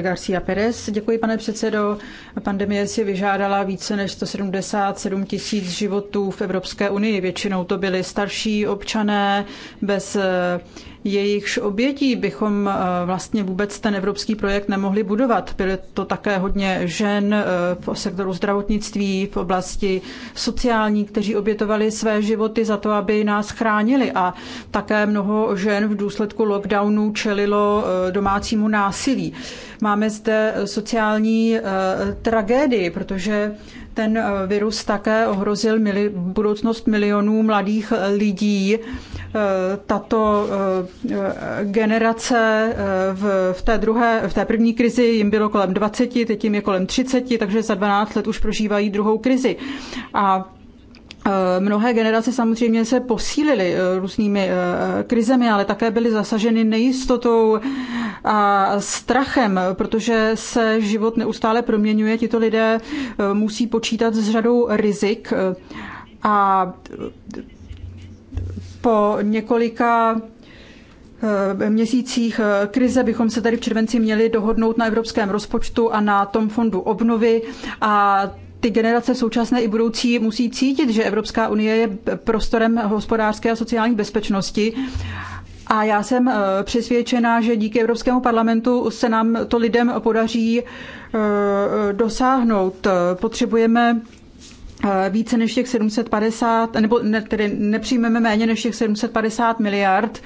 Garcia Perez. Děkuji, pane předsedo. Pandemie si vyžádala více než 177 tisíc životů v Evropské unii. Většinou to byli starší občané bez jejichž obětí bychom eh, vlastně vůbec ten evropský projekt nemohli budovat. Byly to také hodně žen eh, v sektoru zdravotnictví, v oblasti sociální, kteří obětovali své životy za to, aby nás chránili. A také mnoho žen v důsledku lockdownu čelilo eh, domácímu násilí. Máme zde sociální tragédii, protože ten eh, virus také ohrozil mili, budoucnost milionů mladých eh, lidí. Eh, tato generace v, v, té druhé, v té první krizi jim bylo kolem 20, teď jim je kolem 30, takže za 12 let už prožívají druhou krizi. A Eh, mnohé generace samozřejmě se posílily eh, různými eh, krizemi, ale také byly zasaženy nejistotou a strachem, protože se život neustále proměňuje. Tito lidé musí počítat s řadou rizik a po několika měsících krize bychom se tady v červenci měli dohodnout na evropském rozpočtu a na tom fondu obnovy a ty generace současné i budoucí musí cítit, že Evropská unie je prostorem hospodářské a sociální bezpečnosti. A já jsem eh, přesvědčená, že díky Evropskému parlamentu se nám to lidem podaří eh, eh, dosáhnout. Potřebujeme Eh, více než těch 750, nebo ne, tedy nepřijmeme méně než těch 750 miliard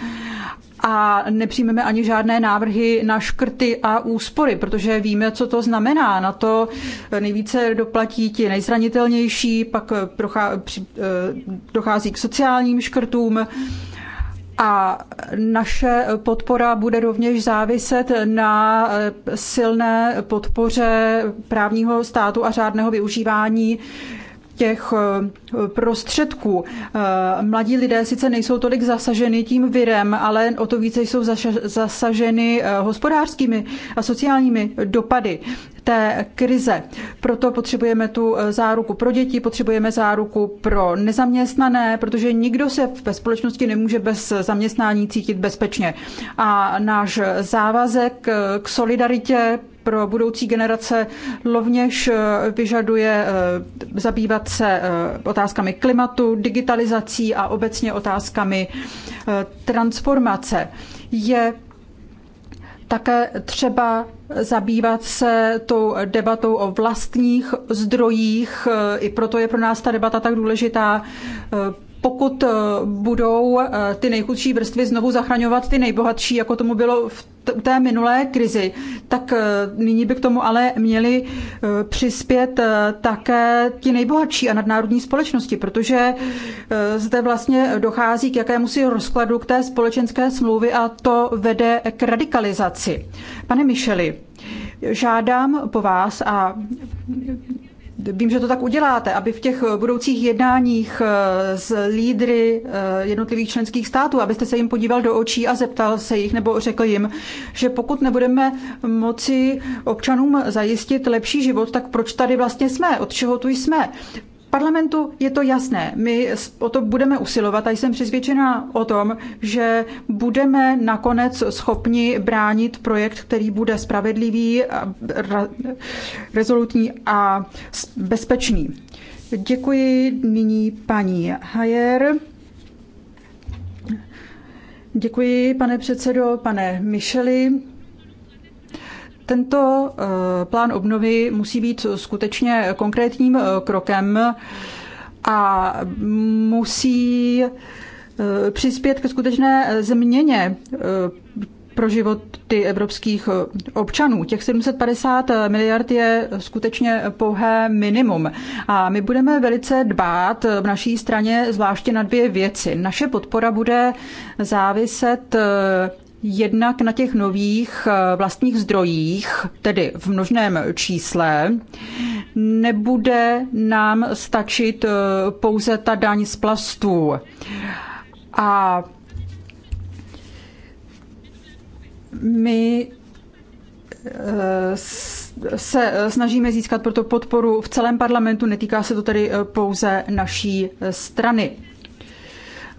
a nepřijmeme ani žádné návrhy na škrty a úspory, protože víme, co to znamená. Na to eh, nejvíce doplatí ti nejzranitelnější, pak eh, dochází k sociálním škrtům. A naše podpora bude rovněž záviset na silné podpoře právního státu a řádného využívání těch eh, prostředků. Eh, mladí lidé sice nejsou tolik zasaženi tím virem, ale o to více jsou zasaženi eh, hospodářskými a sociálními dopady té krize. Proto potřebujeme tu záruku pro děti, potřebujeme záruku pro nezaměstnané, protože nikdo se ve společnosti nemůže bez zaměstnání cítit bezpečně. A náš závazek k solidaritě pro budoucí generace rovněž eh, vyžaduje eh, zabývat se eh, otázkami klimatu, digitalizací a obecně otázkami transformace. Je také třeba zabývat se tou debatou o vlastních zdrojích. I proto je pro nás ta debata tak důležitá, pokud eh, budou eh, ty nejchudší vrstvy znovu zachraňovat ty nejbohatší, jako tomu bylo v té minulé krizi, tak eh, nyní by k tomu ale měli přispět také ti nejbohatší a nadnárodní společnosti, protože zde vlastně dochází k jakémusi rozkladu k té společenské smlouvy a to vede k radikalizaci. Pane Micheli, žádám po vás a Vím, že to tak uděláte, aby v těch budoucích jednáních eh, s lídry eh, jednotlivých členských států, abyste se jim podíval do očí a zeptal se jich nebo řekl jim, že pokud nebudeme moci občanům zajistit lepší život, tak proč tady vlastně jsme, od čeho tu jsme parlamentu je to jasné. My o to budeme usilovat a jsem přesvědčena o tom, že budeme nakonec schopni bránit projekt, který bude spravedlivý, rezolutní a bezpečný. Děkuji nyní paní Hajer. Děkuji, pane předsedo, pane Micheli. Tento eh, plán obnovy musí být skutečně konkrétním eh, krokem a musí eh, přispět ke skutečné změně pro životy evropských občanů. Těch 750 miliard je skutečně pouhé minimum. A my budeme velice dbát v naší straně zvláště na dvě věci. Naše podpora bude záviset jednak na těch nových eh, vlastních zdrojích, tedy v množném čísle, nebude nám stačit eh, pouze ta daň z plastů. A my eh, se snažíme získat proto podporu v celém parlamentu, netýká se to tedy pouze naší strany.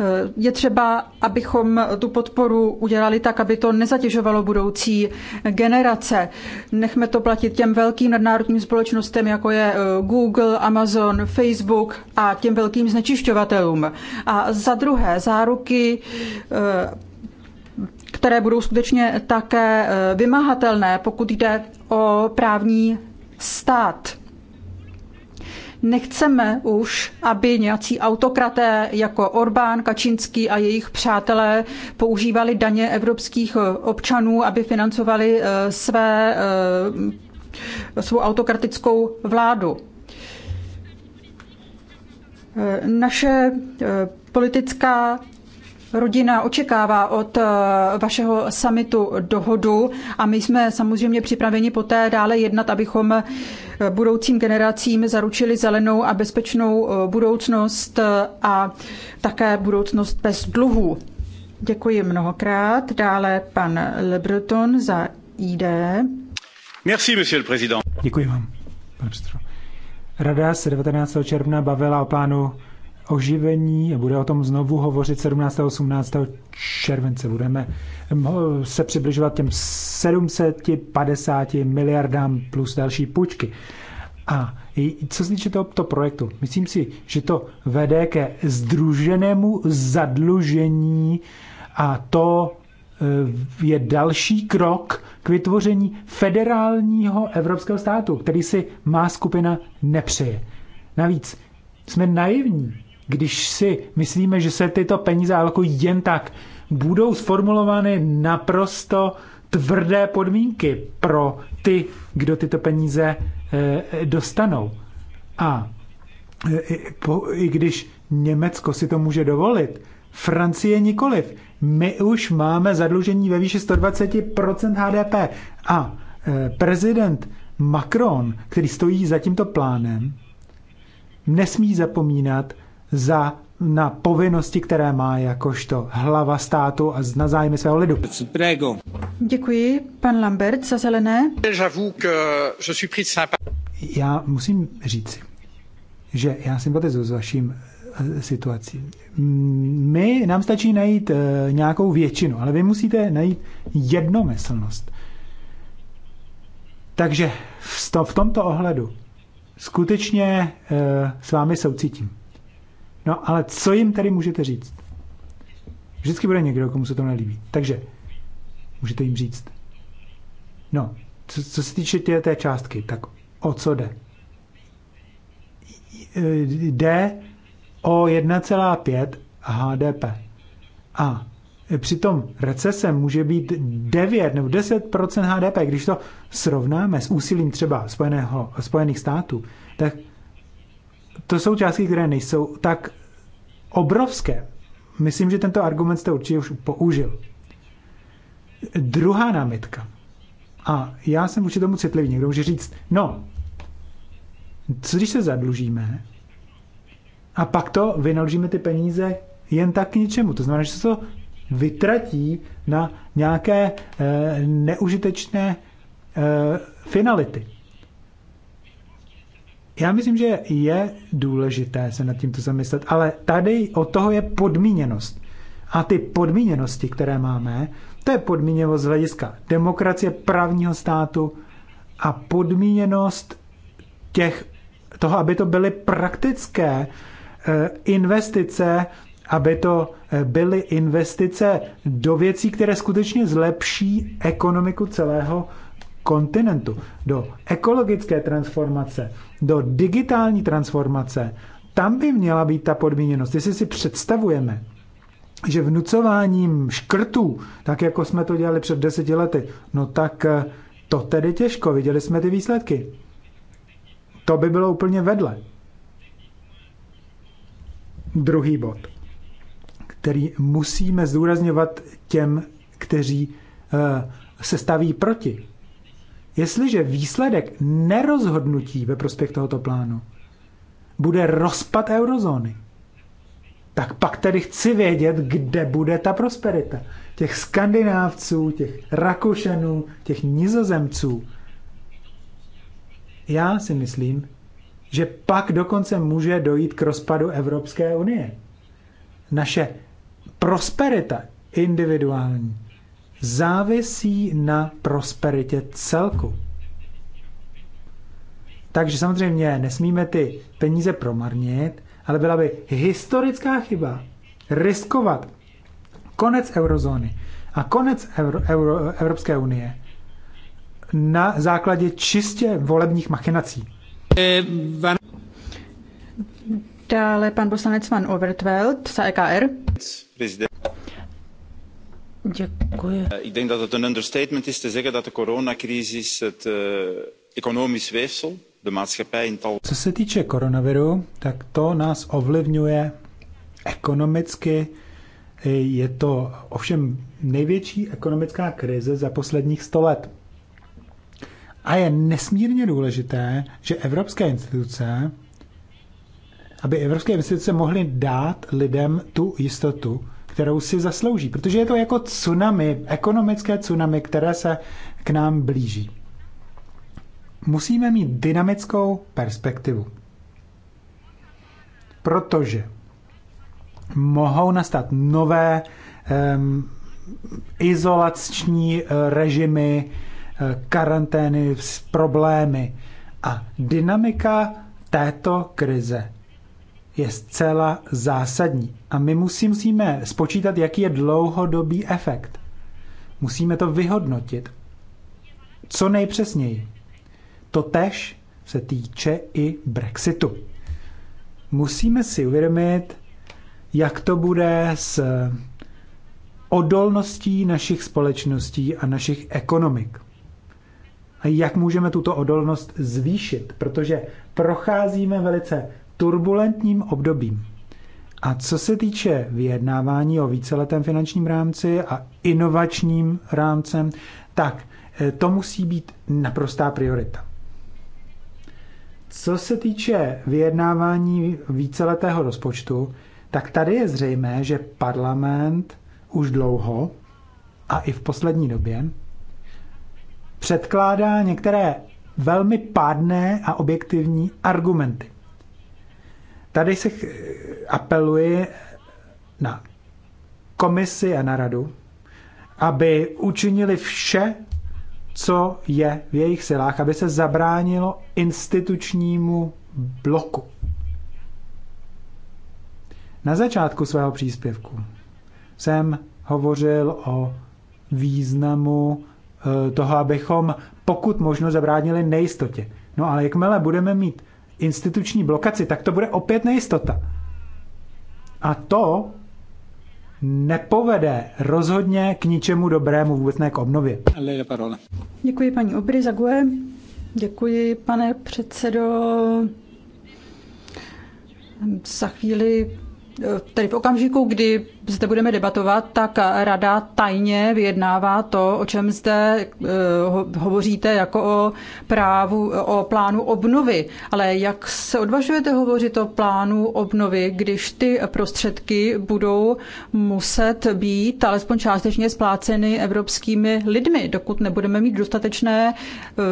Eh, je třeba, abychom tu podporu udělali tak, aby to nezatěžovalo budoucí generace. Nechme to platit těm velkým nadnárodním společnostem, jako je eh, Google, Amazon, Facebook a těm velkým znečišťovatelům. A za druhé, záruky eh, které budou skutečně také vymahatelné, pokud jde o právní stát. Nechceme už, aby nějací autokraté jako Orbán, Kačinský a jejich přátelé používali daně evropských občanů, aby financovali eh, své, eh, svou autokratickou vládu. Eh, naše politická Rodina očekává od eh, vašeho samitu dohodu a my jsme samozřejmě připraveni poté dále jednat, abychom eh, budoucím generacím zaručili zelenou a bezpečnou eh, budoucnost a také budoucnost bez dluhů. Děkuji mnohokrát. Dále pan Le Breton za ID. Merci, monsieur le président. Děkuji vám, pane předsedo. Rada se 19. června bavila o plánu oživení a bude o tom znovu hovořit 17. a 18. července. Budeme hm, se přibližovat těm 750 miliardám plus další půjčky. A co se týče tohoto projektu, myslím si, že to vede ke združenému zadlužení a to eh, je další krok k vytvoření federálního evropského státu, který si má skupina nepřeje. Navíc jsme naivní, když si myslíme, že se tyto peníze alokují jen tak, budou sformulovány naprosto tvrdé podmínky pro ty, kdo tyto peníze eh, dostanou. A eh, i když Německo si to může dovolit, Francie nikoliv. My už máme zadlužení ve výši 120% HDP. A eh, prezident Macron, který stojí za tímto plánem, nesmí zapomínat, za na povinnosti, které má jakožto hlava státu a na zájmy svého lidu. Děkuji, pan Lambert, za zelené. Já musím říct, že já sympatizuji s vaším eh, situací. My, nám stačí najít eh, nějakou většinu, ale vy musíte najít jednomyslnost. Takže v, tomto ohledu skutečně eh, s vámi soucítím. No ale co jim tedy můžete říct? Vždycky bude někdo, komu se to nelíbí. Takže můžete jim říct. No, co, co se týče tě, té částky, tak o co jde? Jde o 1,5 HDP. A přitom recese může být 9 nebo 10 HDP. Když to srovnáme s úsilím třeba Spojeného, Spojených států, tak to jsou částky, které nejsou tak obrovské. Myslím, že tento argument jste určitě už použil. Druhá námitka. A já jsem určitě tomu citlivý. Někdo může říct, no, co když se zadlužíme a pak to vynaložíme ty peníze jen tak k ničemu. To znamená, že se to vytratí na nějaké e, neužitečné e, finality. Já myslím, že je důležité se nad tímto zamyslet, ale tady od toho je podmíněnost. A ty podmíněnosti, které máme, to je podmíněnost z hlediska demokracie, právního státu a podmíněnost těch, toho, aby to byly praktické eh, investice, aby to eh, byly investice do věcí, které skutečně zlepší ekonomiku celého kontinentu, do ekologické transformace, do digitální transformace, tam by měla být ta podmíněnost. Jestli si představujeme, že vnucováním škrtů, tak jako jsme to dělali před deseti lety, no tak eh, to tedy těžko, viděli jsme ty výsledky. To by bylo úplně vedle. Druhý bod, který musíme zdůrazňovat těm, kteří eh, se staví proti. Jestliže výsledek nerozhodnutí ve prospěch tohoto plánu bude rozpad eurozóny, tak pak tedy chci vědět, kde bude ta prosperita. Těch skandinávců, těch rakušanů, těch nizozemců. Já si myslím, že pak dokonce může dojít k rozpadu Evropské unie. Naše prosperita individuální závisí na prosperitě celku. Takže samozřejmě nesmíme ty peníze promarnit, ale byla by historická chyba riskovat konec eurozóny a konec Euro, Euro, Evropské unie na základě čistě volebních machinací. Dále pan poslanec Van Overtveld za EKR. Děkuji. Eh, ik denk dat het een understatement is te zeggen dat de coronacrisis het eh, economisch weefsel, de maatschappij in tal... Co se týče koronaviru, tak to nás ovlivňuje ekonomicky. Eh, je to ovšem největší ekonomická krize za posledních 100 let. A je nesmírně důležité, že evropské instituce, aby evropské instituce mohly dát lidem tu jistotu, kterou si zaslouží, protože je to jako tsunami, ekonomické tsunami, které se k nám blíží. Musíme mít dynamickou perspektivu, protože mohou nastat nové um, izolační eh, režimy, eh, karantény, problémy. A dynamika této krize je zcela zásadní. A my musíme spočítat, jaký je dlouhodobý efekt. Musíme to vyhodnotit. Co nejpřesněji. To tež se týče i Brexitu. Musíme si uvědomit, jak to bude s odolností našich společností a našich ekonomik. A jak můžeme tuto odolnost zvýšit, protože procházíme velice turbulentním obdobím. A co se týče vyjednávání o víceletém finančním rámci a inovačním rámcem, tak eh, to musí být naprostá priorita. Co se týče vyjednávání víceletého rozpočtu, tak tady je zřejmé, že parlament už dlouho a i v poslední době předkládá některé velmi pádné a objektivní argumenty. Tady se apeluje na komisi a na radu, aby učinili vše, co je v jejich silách, aby se zabránilo institučnímu bloku. Na začátku svého příspěvku jsem hovořil o významu eh, toho, abychom pokud možno zabránili nejistotě. No ale jakmile budeme mít instituční blokaci, tak to bude opět nejistota. A to nepovede rozhodně k ničemu dobrému, vůbec ne k obnově. Děkuji paní Obry Zague. Děkuji, pane předsedo. Za chvíli Eh, Tedy v okamžiku, kdy zde budeme debatovat, tak rada tajně vyjednává to, o čem zde eh, hovoříte jako o právu, o plánu obnovy. Ale jak se odvažujete hovořit o plánu obnovy, když ty prostředky budou muset být alespoň částečně spláceny evropskými lidmi, dokud nebudeme mít dostatečné eh,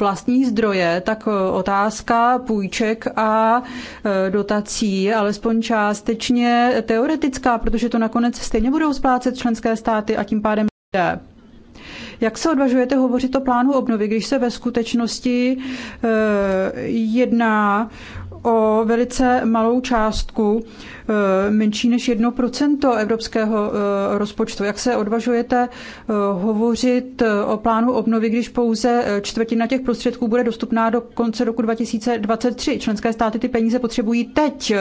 vlastní zdroje, tak e, otázka půjček a e, dotací je alespoň částečně teoretická, protože to nakonec stejně budou splácet členské státy a tím pádem lidé. Jak se odvažujete hovořit o plánu obnovy, když se ve skutečnosti e, jedná o velice malou částku, e, menší než 1% evropského e, rozpočtu. Jak se odvažujete e, hovořit o plánu obnovy, když pouze čtvrtina těch prostředků bude dostupná do konce roku 2023? Členské státy ty peníze potřebují teď,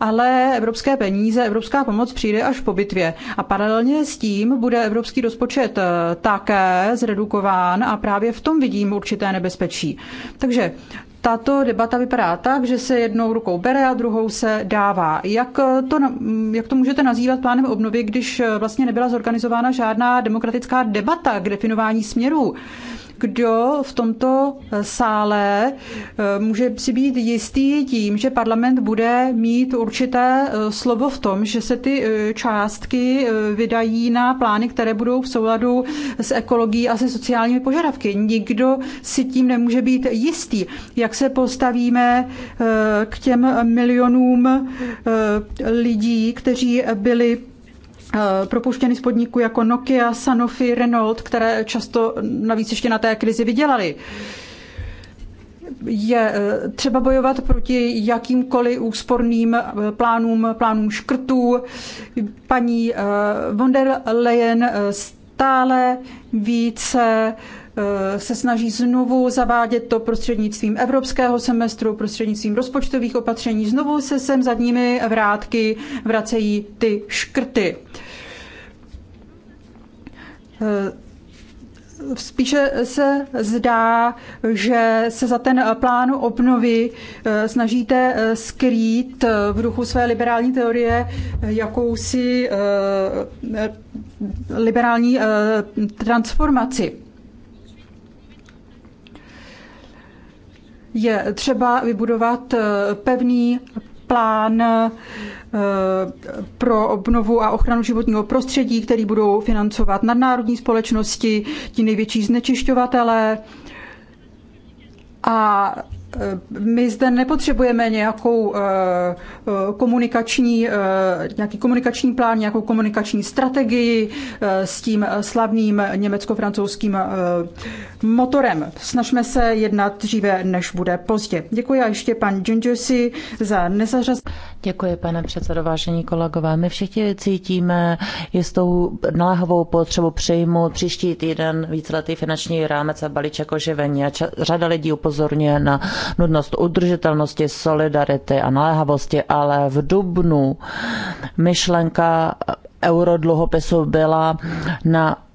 ale evropské peníze, evropská pomoc přijde až po bitvě. A paralelně s tím bude evropský rozpočet také zredukován a právě v tom vidím určité nebezpečí. Takže tato debata vypadá tak, že se jednou rukou bere a druhou se dává. Jak to, jak to můžete nazývat plánem obnovy, když vlastně nebyla zorganizována žádná demokratická debata k definování směrů? kdo v tomto eh, sále eh, může si být jistý tím, že parlament bude mít určité eh, slovo v tom, že se ty částky vydají na plány, které budou v souladu s ekologií a se sociálními požadavky. Nikdo si tím nemůže být jistý, jak se postavíme k těm milionům lidí, kteří byli Eh, propuštěny z podniku jako Nokia, Sanofi, Renault, které často navíc ještě na té krizi vydělali. Je eh, třeba bojovat proti jakýmkoliv úsporným eh, plánům, plánům škrtů. Paní von der Leyen stále více uh, Eh, se snaží znovu zavádět to prostřednictvím evropského semestru, prostřednictvím rozpočtových opatření. Znovu se sem zadními vrátky vracejí ty škrty. Eh, spíše se zdá, že se za ten plán obnovy eh, snažíte skrýt v duchu své liberální teorie jakousi liberální transformaci. je třeba vybudovat eh, pevný plán eh, pro obnovu a ochranu životního prostředí, který budou financovat nadnárodní společnosti, ti největší znečišťovatelé. A Eh, my zde nepotřebujeme nějakou eh, eh, komunikační, nějaký komunikační plán, nějakou komunikační strategii s tím slavným německo-francouzským motorem. Snažme se jednat dříve, než bude pozdě. Děkuji a ještě pan Džindžusi za nezařaz. Děkuji, pane předsedo, vážení kolegové. My všichni cítíme jistou naléhovou potřebu přijmout příští týden víceletý finanční rámec a balíček oživení. A řada lidí upozorňuje na nutnost udržitelnosti, solidarity a naléhavosti, ale v Dubnu myšlenka eurodluhopisu byla na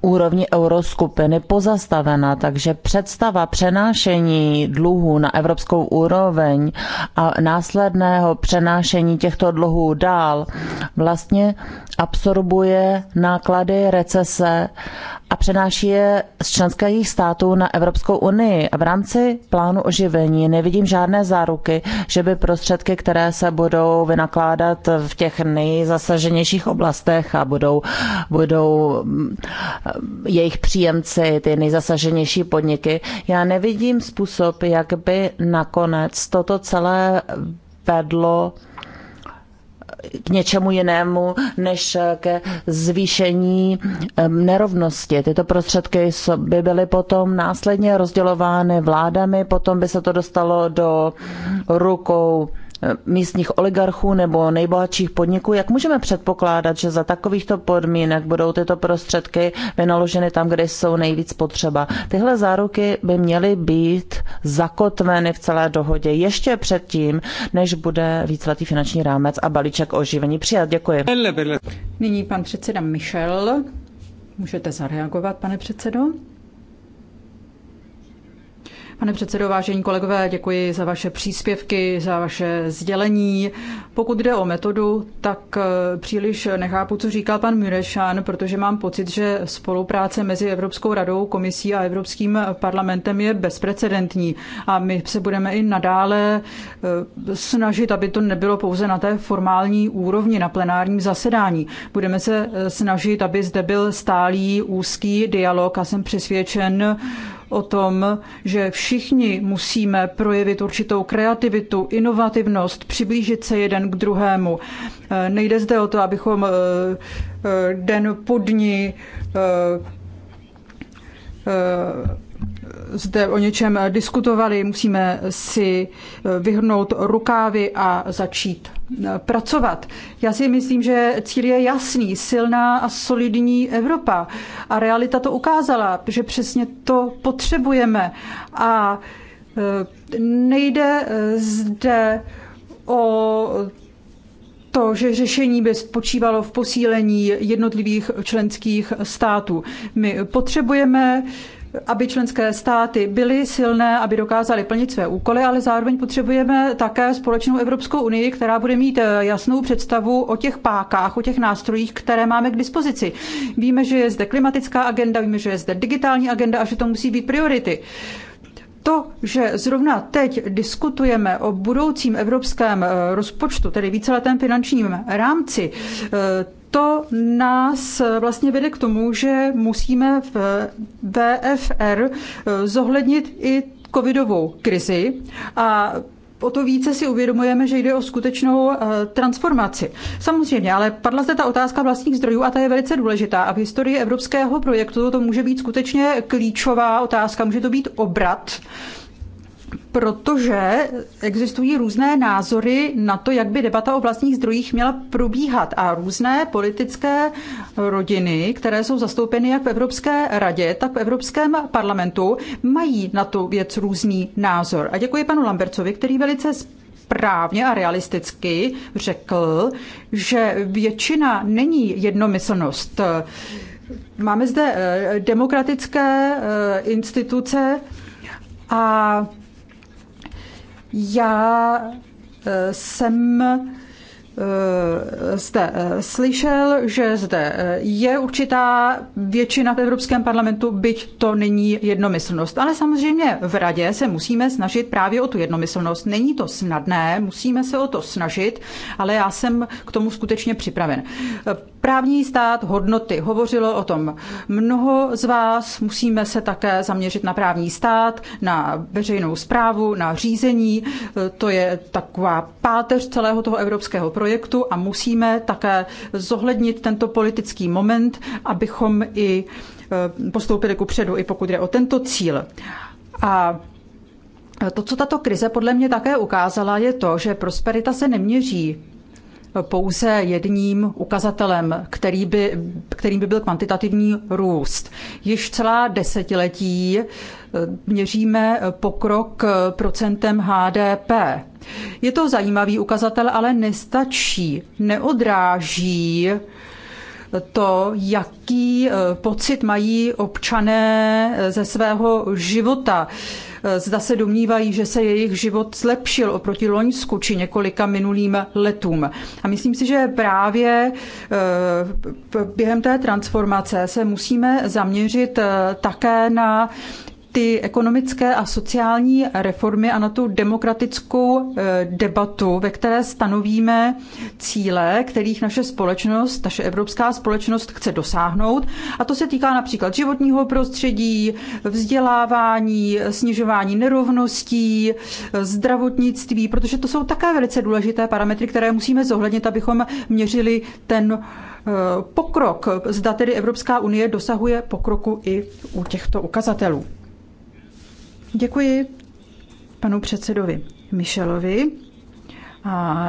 úrovni euroskupiny pozastavena, takže představa přenášení dluhů na evropskou úroveň a následného přenášení těchto dluhů dál vlastně absorbuje náklady recese a přenáší je z členských států na Evropskou unii. A v rámci plánu oživení nevidím žádné záruky, že by prostředky, které se budou vynakládat v těch nejzasaženějších oblastech a budou, budou Eh, jejich příjemci, ty nejzasaženější podniky. Já nevidím způsob, jak by nakonec toto celé vedlo k něčemu jinému než ke zvýšení eh, nerovnosti. Tyto prostředky by byly potom následně rozdělovány vládami, potom by se to dostalo do rukou Eh, místních oligarchů nebo nejbohatších podniků, jak můžeme předpokládat, že za takovýchto podmínek budou tyto prostředky vynaloženy tam, kde jsou nejvíc potřeba. Tyhle záruky by měly být zakotveny v celé dohodě ještě předtím, než bude víceletý finanční rámec a balíček oživení přijat. Děkuji. Nyní pan předseda Michel. Můžete zareagovat, pane předsedo? Pane předsedo, vážení kolegové, děkuji za vaše příspěvky, za vaše sdělení. Pokud jde o metodu, tak eh, příliš nechápu, co říkal pan Murešan, protože mám pocit, že spolupráce mezi Evropskou radou, komisí a Evropským parlamentem je bezprecedentní a my se budeme i nadále eh, snažit, aby to nebylo pouze na té formální úrovni, na plenárním zasedání. Budeme se eh, snažit, aby zde byl stálý úzký dialog a jsem přesvědčen, o tom, že všichni musíme projevit určitou kreativitu, inovativnost, přiblížit se jeden k druhému. Eh, nejde zde o to, abychom eh, eh, den po dni zde o něčem diskutovali, musíme si eh, vyhrnout rukávy a začít eh, pracovat. Já si myslím, že cíl je jasný, silná a solidní Evropa. A realita to ukázala, že přesně to potřebujeme. A eh, nejde zde o to, že řešení by spočívalo v posílení jednotlivých členských států. My potřebujeme uh, aby členské státy byly silné, aby dokázaly plnit své úkoly, ale zároveň potřebujeme také společnou Evropskou unii, která bude mít eh, jasnou představu o těch pákách, o těch nástrojích, které máme k dispozici. Víme, že je zde klimatická agenda, víme, že je zde digitální agenda a že to musí být priority to, že zrovna teď diskutujeme o budoucím evropském eh, rozpočtu, tedy víceletém finančním rámci, eh, to nás vlastně vede k tomu, že musíme v VFR eh, zohlednit i covidovou krizi a o to více si uvědomujeme, že jde o skutečnou eh, transformaci. Samozřejmě, ale padla zde ta otázka vlastních zdrojů a ta je velice důležitá. A v historii evropského projektu to může být skutečně klíčová otázka, může to být obrat protože existují různé názory na to, jak by debata o vlastních zdrojích měla probíhat a různé politické rodiny, které jsou zastoupeny jak v Evropské radě, tak v Evropském parlamentu, mají na tu věc různý názor. A děkuji panu Lambercovi, který velice správně a realisticky řekl, že většina není jednomyslnost. Máme zde eh, demokratické eh, instituce a já eh, jsem Eh, jste eh, slyšel, že zde eh, je určitá většina v Evropském parlamentu, byť to není jednomyslnost. Ale samozřejmě v radě se musíme snažit právě o tu jednomyslnost. Není to snadné, musíme se o to snažit, ale já jsem k tomu skutečně připraven. Právní stát, hodnoty, hovořilo o tom mnoho z vás. Musíme se také zaměřit na právní stát, na veřejnou zprávu, na řízení. To je taková páteř celého toho evropského projektu projektu a musíme také zohlednit tento politický moment, abychom i e, postoupili ku předu, i pokud jde o tento cíl. A to, co tato krize podle mě také ukázala, je to, že prosperita se neměří pouze jedním ukazatelem, který by, kterým by byl kvantitativní růst. Již celá desetiletí eh, měříme pokrok eh, procentem HDP. Je to zajímavý ukazatel, ale nestačí, neodráží to, jaký eh, pocit mají občané ze svého života Eh, zda se domnívají, že se jejich život zlepšil oproti Loňsku či několika minulým letům. A myslím si, že právě eh, během té transformace se musíme zaměřit eh, také na ty ekonomické a sociální reformy a na tu demokratickou eh, debatu, ve které stanovíme cíle, kterých naše společnost, naše evropská společnost chce dosáhnout. A to se týká například životního prostředí, vzdělávání, snižování nerovností, zdravotnictví, protože to jsou také velice důležité parametry, které musíme zohlednit, abychom měřili ten eh, pokrok. Zda tedy Evropská unie dosahuje pokroku i u těchto ukazatelů. Děkuji panu předsedovi Michelovi. A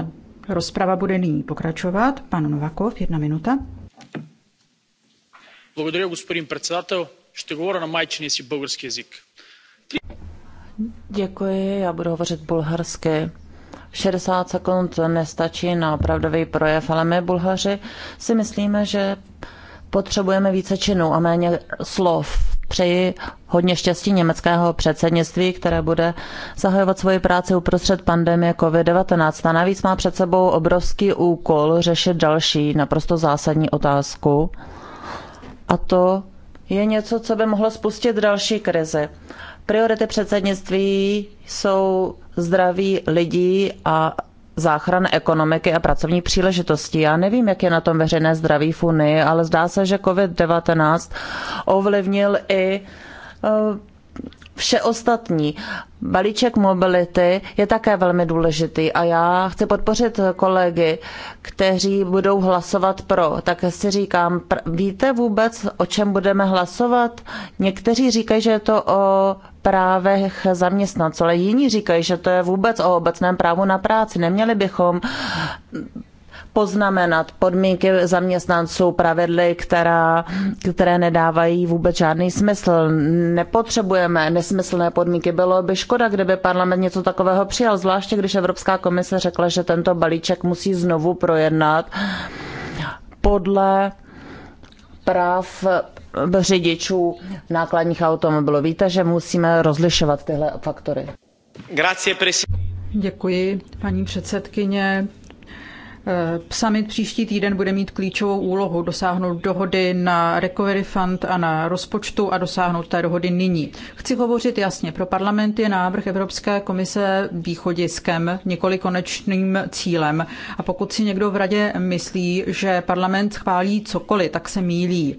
rozprava bude nyní pokračovat. Pan Novakov, jedna minuta. Благодаря, господин председател. Ще говоря на майчиния си български язик. Děkuji, já budu hovořit bulharsky. 60 sekund nestačí na opravdový projev, ale my Bulhaři si myslíme, že potřebujeme více činů a méně slov přeji hodně štěstí německého předsednictví, které bude zahajovat svoji práci uprostřed pandemie COVID-19. A navíc má před sebou obrovský úkol řešit další naprosto zásadní otázku. A to je něco, co by mohlo spustit další krizi. Priority předsednictví jsou zdraví lidí a záchran ekonomiky a pracovní příležitosti. Já nevím, jak je na tom veřejné zdraví v Unii, ale zdá se, že COVID-19 ovlivnil i eh, vše ostatní. Balíček mobility je také velmi důležitý a já chci podpořit kolegy, kteří budou hlasovat pro. Tak si říkám, víte vůbec, o čem budeme hlasovat? Někteří říkají, že je to o právech zaměstnanců, ale jiní říkají, že to je vůbec o obecném právu na práci. Neměli bychom poznamenat podmínky zaměstnanců pravidly, která, které nedávají vůbec žádný smysl. Nepotřebujeme nesmyslné podmínky. Bylo by škoda, kdyby parlament něco takového přijal, zvláště když Evropská komise řekla, že tento balíček musí znovu projednat podle práv řidičů nákladních automobilů. Víte, že musíme rozlišovat tyhle faktory. Děkuji, paní předsedkyně. Eh, summit příští týden bude mít klíčovou úlohu dosáhnout dohody na Recovery Fund a na rozpočtu a dosáhnout té dohody nyní. Chci hovořit jasně, pro parlament je návrh Evropské komise východiskem, nikoli konečným cílem. A pokud si někdo v radě myslí, že parlament schválí cokoliv, tak se mílí.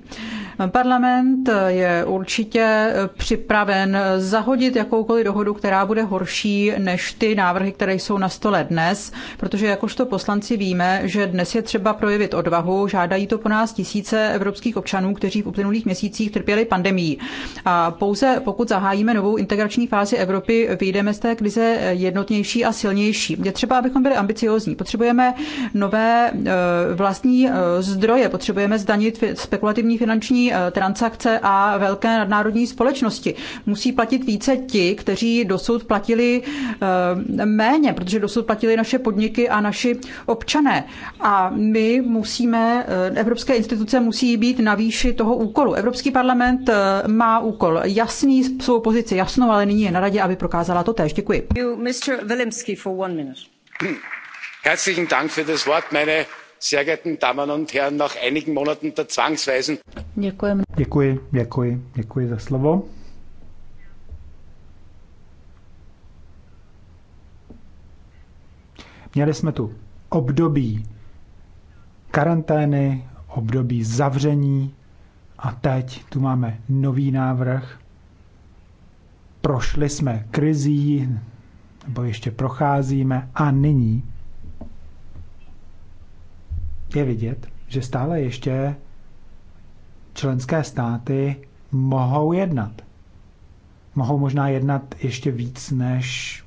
Parlament je určitě připraven zahodit jakoukoliv dohodu, která bude horší než ty návrhy, které jsou na stole dnes, protože jakožto poslanci víme, že dnes je třeba projevit odvahu, žádají to po nás tisíce evropských občanů, kteří v uplynulých měsících trpěli pandemí. A pouze pokud zahájíme novou integrační fázi Evropy, vyjdeme z té krize jednotnější a silnější. Je třeba, abychom byli ambiciozní. Potřebujeme nové eh, vlastní eh, zdroje, potřebujeme zdanit spekulativní finanční Eh, transakce a velké nadnárodní společnosti. Musí platit více ti, kteří dosud platili eh, méně, protože dosud platili naše podniky a naši občané. A my musíme, eh, evropské instituce musí být na výši toho úkolu. Evropský parlament má úkol jasný, svou pozici jasnou, ale nyní je na radě, aby prokázala to též. Děkuji. Mr. Vilimsky for one minute. Herzlichen Dank für das Wort. Meine sehr geehrten Damen und Herren, nach einigen Monaten der Zwangsweisen. Děkuji. Děkuji, děkuji, děkuji za slovo. Měli jsme tu období karantény, období zavření a teď tu máme nový návrh. Prošli jsme krizí, nebo ještě procházíme a nyní je vidět, že stále ještě členské státy mohou jednat. Mohou možná jednat ještě víc, než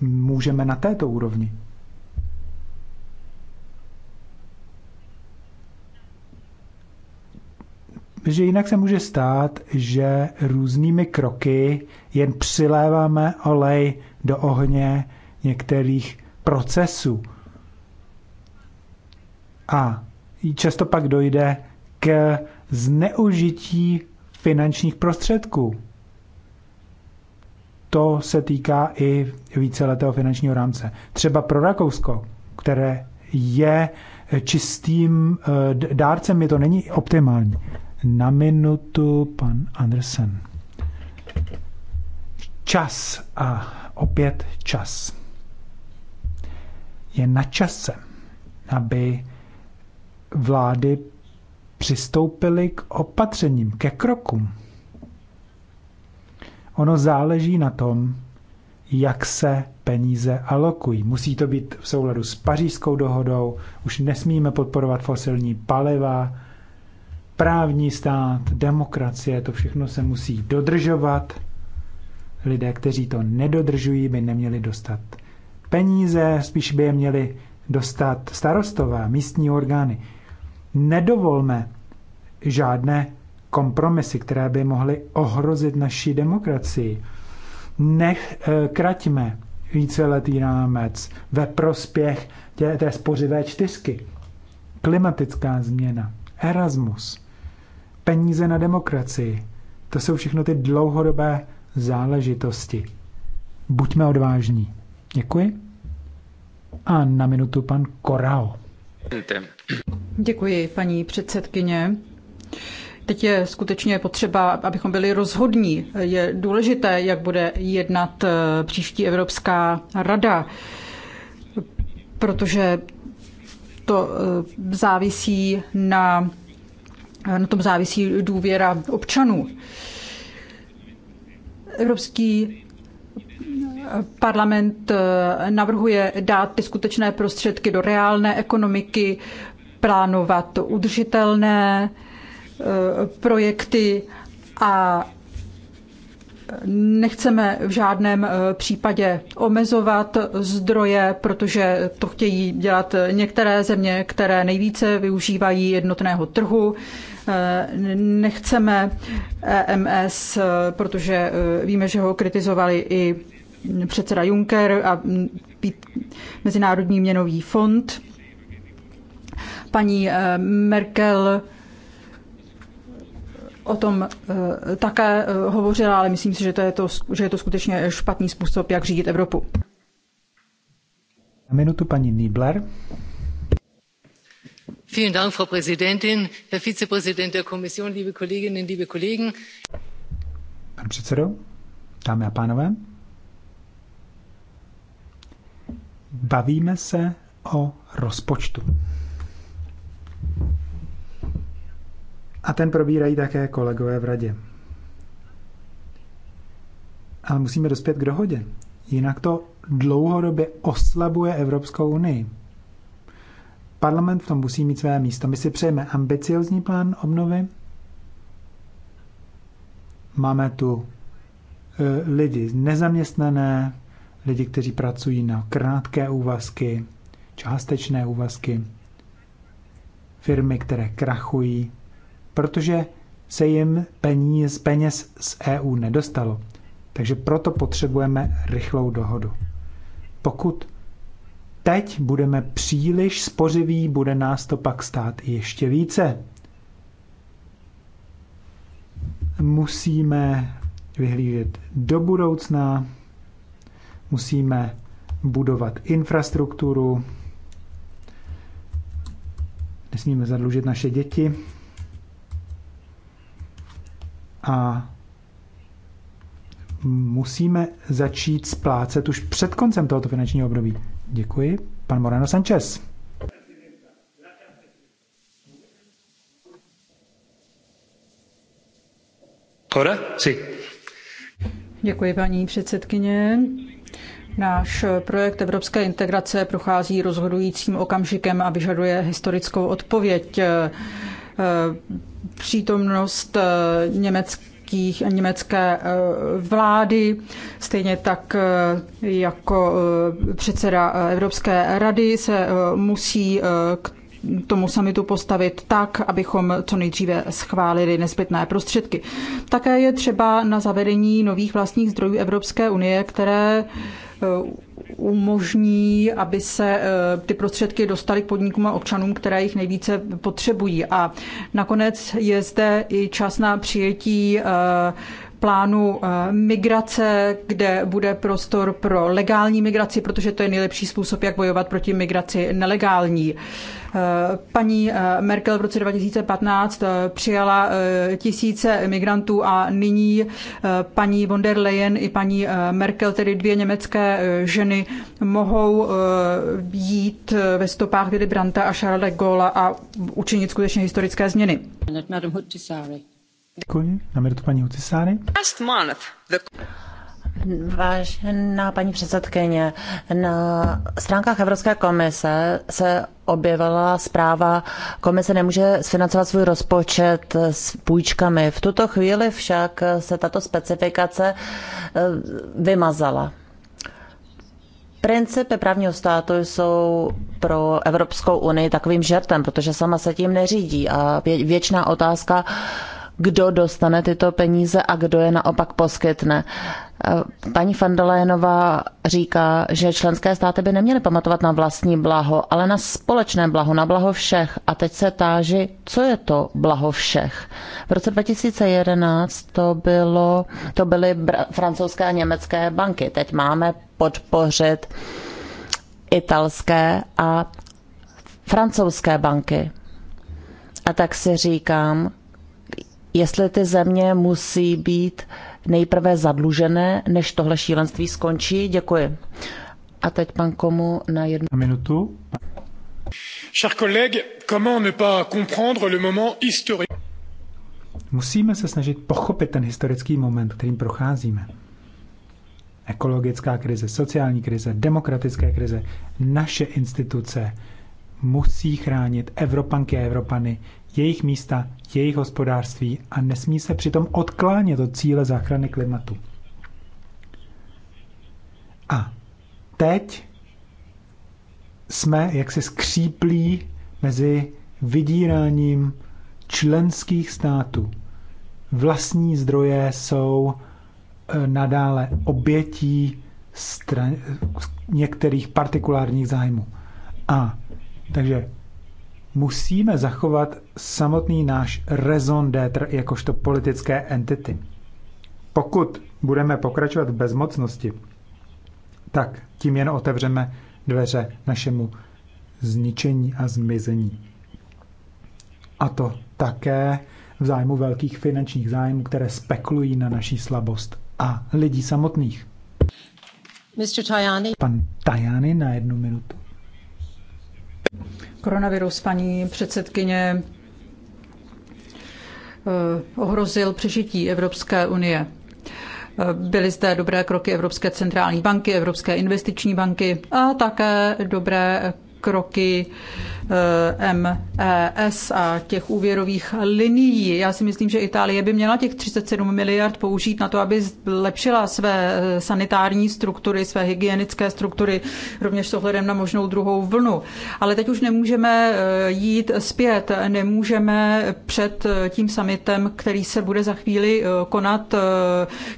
můžeme na této úrovni. že jinak se může stát, že různými kroky jen přiléváme olej do ohně některých procesů, a často pak dojde k zneužití finančních prostředků. To se týká i víceletého finančního rámce. Třeba pro Rakousko, které je čistým eh, dárcem, je to není optimální. Na minutu pan Andersen. Čas a opět čas. Je na čase, aby vlády přistoupily k opatřením, ke krokům. Ono záleží na tom, jak se peníze alokují. Musí to být v souladu s pařížskou dohodou, už nesmíme podporovat fosilní paliva, právní stát, demokracie, to všechno se musí dodržovat. Lidé, kteří to nedodržují, by neměli dostat peníze, spíš by je měli dostat starostové, místní orgány nedovolme žádné kompromisy, které by mohly ohrozit naší demokracii. Nech eh, kraťme víceletý rámec ve prospěch tě, té spořivé čtyřky. Klimatická změna, Erasmus, peníze na demokracii, to jsou všechno ty dlouhodobé záležitosti. Buďme odvážní. Děkuji. A na minutu pan Korao. Děkuji, paní předsedkyně. Teď je skutečně potřeba, abychom byli rozhodní. Je důležité, jak bude jednat eh, příští Evropská rada, protože to eh, závisí na, na tom závisí důvěra občanů. Evropský Parlament eh, navrhuje dát ty skutečné prostředky do reálné ekonomiky, plánovat udržitelné eh, projekty a nechceme v žádném eh, případě omezovat zdroje, protože to chtějí dělat některé země, které nejvíce využívají jednotného trhu. Nechceme EMS, protože víme, že ho kritizovali i předseda Juncker a Mezinárodní měnový fond. Paní eh, Merkel eh, o tom eh, také hovořila, ale myslím si, že, to je, to, že je to skutečně špatný způsob, jak řídit Evropu. Na minutu paní Niebler. Vielen Dank, Frau Präsidentin, Herr Vizepräsident der Kommission, liebe Kolleginnen, liebe Kollegen. Pane předsedo, dámy a pánové. bavíme se o rozpočtu. A ten probírají také kolegové v radě. Ale musíme dospět k dohodě. Jinak to dlouhodobě oslabuje Evropskou unii. Parlament v tom musí mít své místo. My si přejeme ambiciozní plán obnovy. Máme tu eh, lidi nezaměstnané, lidi, kteří pracují na krátké úvazky, částečné úvazky, firmy, které krachují, protože se jim peníz, peněz z EU nedostalo. Takže proto potřebujeme rychlou dohodu. Pokud teď budeme příliš spořiví, bude nás to pak stát ještě více. Musíme vyhlížet do budoucna, musíme budovat infrastrukturu, nesmíme zadlužit naše děti a musíme začít splácet už před koncem tohoto finančního období. Děkuji. Pan Moreno Sanchez. Hora? Sí. Děkuji, paní předsedkyně. Náš projekt evropské integrace prochází rozhodujícím okamžikem a vyžaduje historickou odpověď. Eh, přítomnost eh, německých, německé eh, vlády, stejně tak jako předseda Evropské rady se musí k tomu samitu postavit tak, abychom co nejdříve schválili nezbytné prostředky. Také je třeba na zavedení nových vlastních zdrojů Evropské unie, které eh, umožní, aby se eh, ty prostředky dostaly k podnikům a občanům, které jich nejvíce potřebují. A nakonec je zde i čas na přijetí eh, plánu eh, migrace, kde bude prostor pro legální migraci, protože to je nejlepší způsob, jak bojovat proti migraci nelegální. Eh, paní eh, Merkel v roce 2015 přijala tisíce migrantů a nyní paní von der Leyen i paní Merkel, tedy dvě německé ženy, mohou jít ve stopách Willy Branta a Charlesa de Gaulle a učinit skutečně historické změny. Děkuji. Na minutu paní Utisáry. Vážená paní předsedkyně, na stránkách Evropské komise se objevila zpráva, komise nemůže sfinancovat svůj rozpočet s půjčkami. V tuto chvíli však se tato specifikace eh, vymazala. Principy právního státu jsou pro Evropskou unii takovým žertem, protože sama se tím neřídí. A věčná otázka, kdo dostane tyto peníze a kdo je naopak poskytne. Eh, paní Fandalénová říká, že členské státy by neměly pamatovat na vlastní blaho, ale na společné blaho, na blaho všech. A teď se táži, co je to blaho všech. V roce 2011 to, bylo, to byly francouzské a německé banky. Teď máme podpořit italské a francouzské banky. A tak si říkám, jestli ty země musí být nejprve zadlužené, než tohle šílenství skončí. Děkuji. A teď pan komu na jednu na minutu. Chers collègues, comment ne pas comprendre le moment historique? Musíme se snažit pochopit ten historický moment, kterým procházíme. Ekologická krize, sociální krize, demokratické krize. Naše instituce musí chránit Evropanky a Evropany jejich místa, jejich hospodářství a nesmí se přitom odklánět od cíle záchrany klimatu. A teď jsme jak se skříplí mezi vydíráním členských států. Vlastní zdroje jsou eh, nadále obětí stran- některých partikulárních zájmů. A takže musíme zachovat samotný náš raison d'être jakožto politické entity. Pokud budeme pokračovat v bezmocnosti, tak tím jen otevřeme dveře našemu zničení a zmizení. A to také v zájmu velkých finančních zájmů, které spekulují na naší slabost a lidí samotných. Mr. Tajani. Pan Tajani na jednu minutu. Koronavirus, paní předsedkyně, eh, ohrozil přežití Evropské unie. Eh, byly zde dobré kroky Evropské centrální banky, Evropské investiční banky a také dobré kroky Eh, MES a těch úvěrových linií. Já si myslím, že Itálie by měla těch 37 miliard použít na to, aby zlepšila své eh, sanitární struktury, své hygienické struktury, rovněž s ohledem na možnou druhou vlnu. Ale teď už nemůžeme eh, jít zpět, nemůžeme před tím summitem, který se bude za chvíli konat,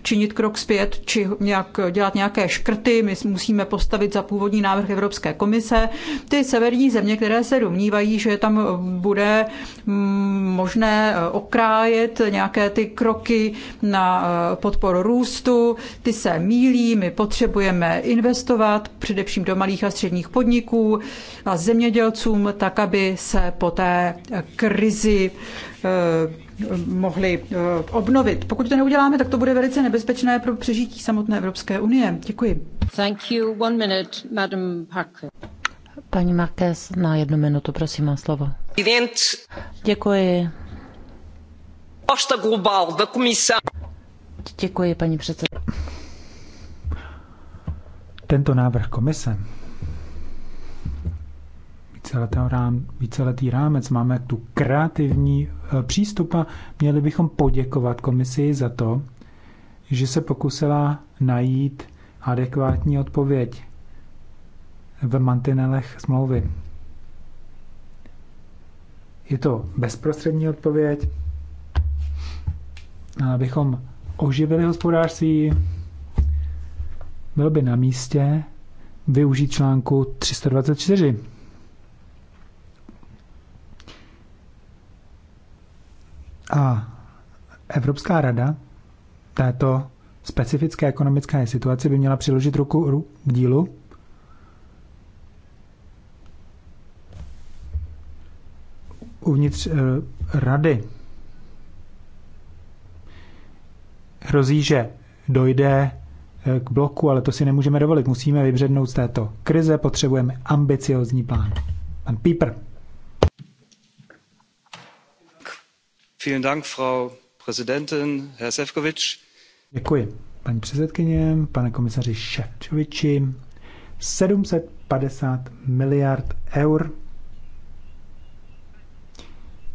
činit krok zpět či nějak dělat nějaké škrty. My musíme postavit za původní návrh Evropské komise. Ty severní země, které se domnívají, že tam bude mm, možné eh, okrájet nějaké ty kroky na eh, podporu růstu. Ty se mílí, my potřebujeme investovat především do malých a středních podniků a zemědělcům, tak aby se po té eh, krizi mohli obnovit. Pokud to neuděláme, tak to bude velice nebezpečné pro přežití samotné Evropské unie. Děkuji. Thank you. One minute, Madam Parker. Paní Marquez, na jednu minutu, prosím, má slovo. Děkuji. Posta global da komisa. Děkuji, paní předsedkyně. Tento návrh komise víceletého rám, víceletý rámec, máme tu kreativní eh, přístup a měli bychom poděkovat komisi za to, že se pokusila najít adekvátní odpověď v mantinelech smlouvy. Je to bezprostřední odpověď, abychom oživili hospodářství, bylo by na místě využít článku 324. A Evropská rada této specifické ekonomické situaci by měla přiložit ruku k dílu uvnitř eh, rady hrozí, že dojde eh, k bloku, ale to si nemůžeme dovolit. Musíme vybřednout z této krize, potřebujeme ambiciozní plán. Pan Píper. Vielen Dank, Frau Präsidentin, Herr Děkuji, paní předsedkyně, pane komisaři Ševčoviči. 750 miliard eur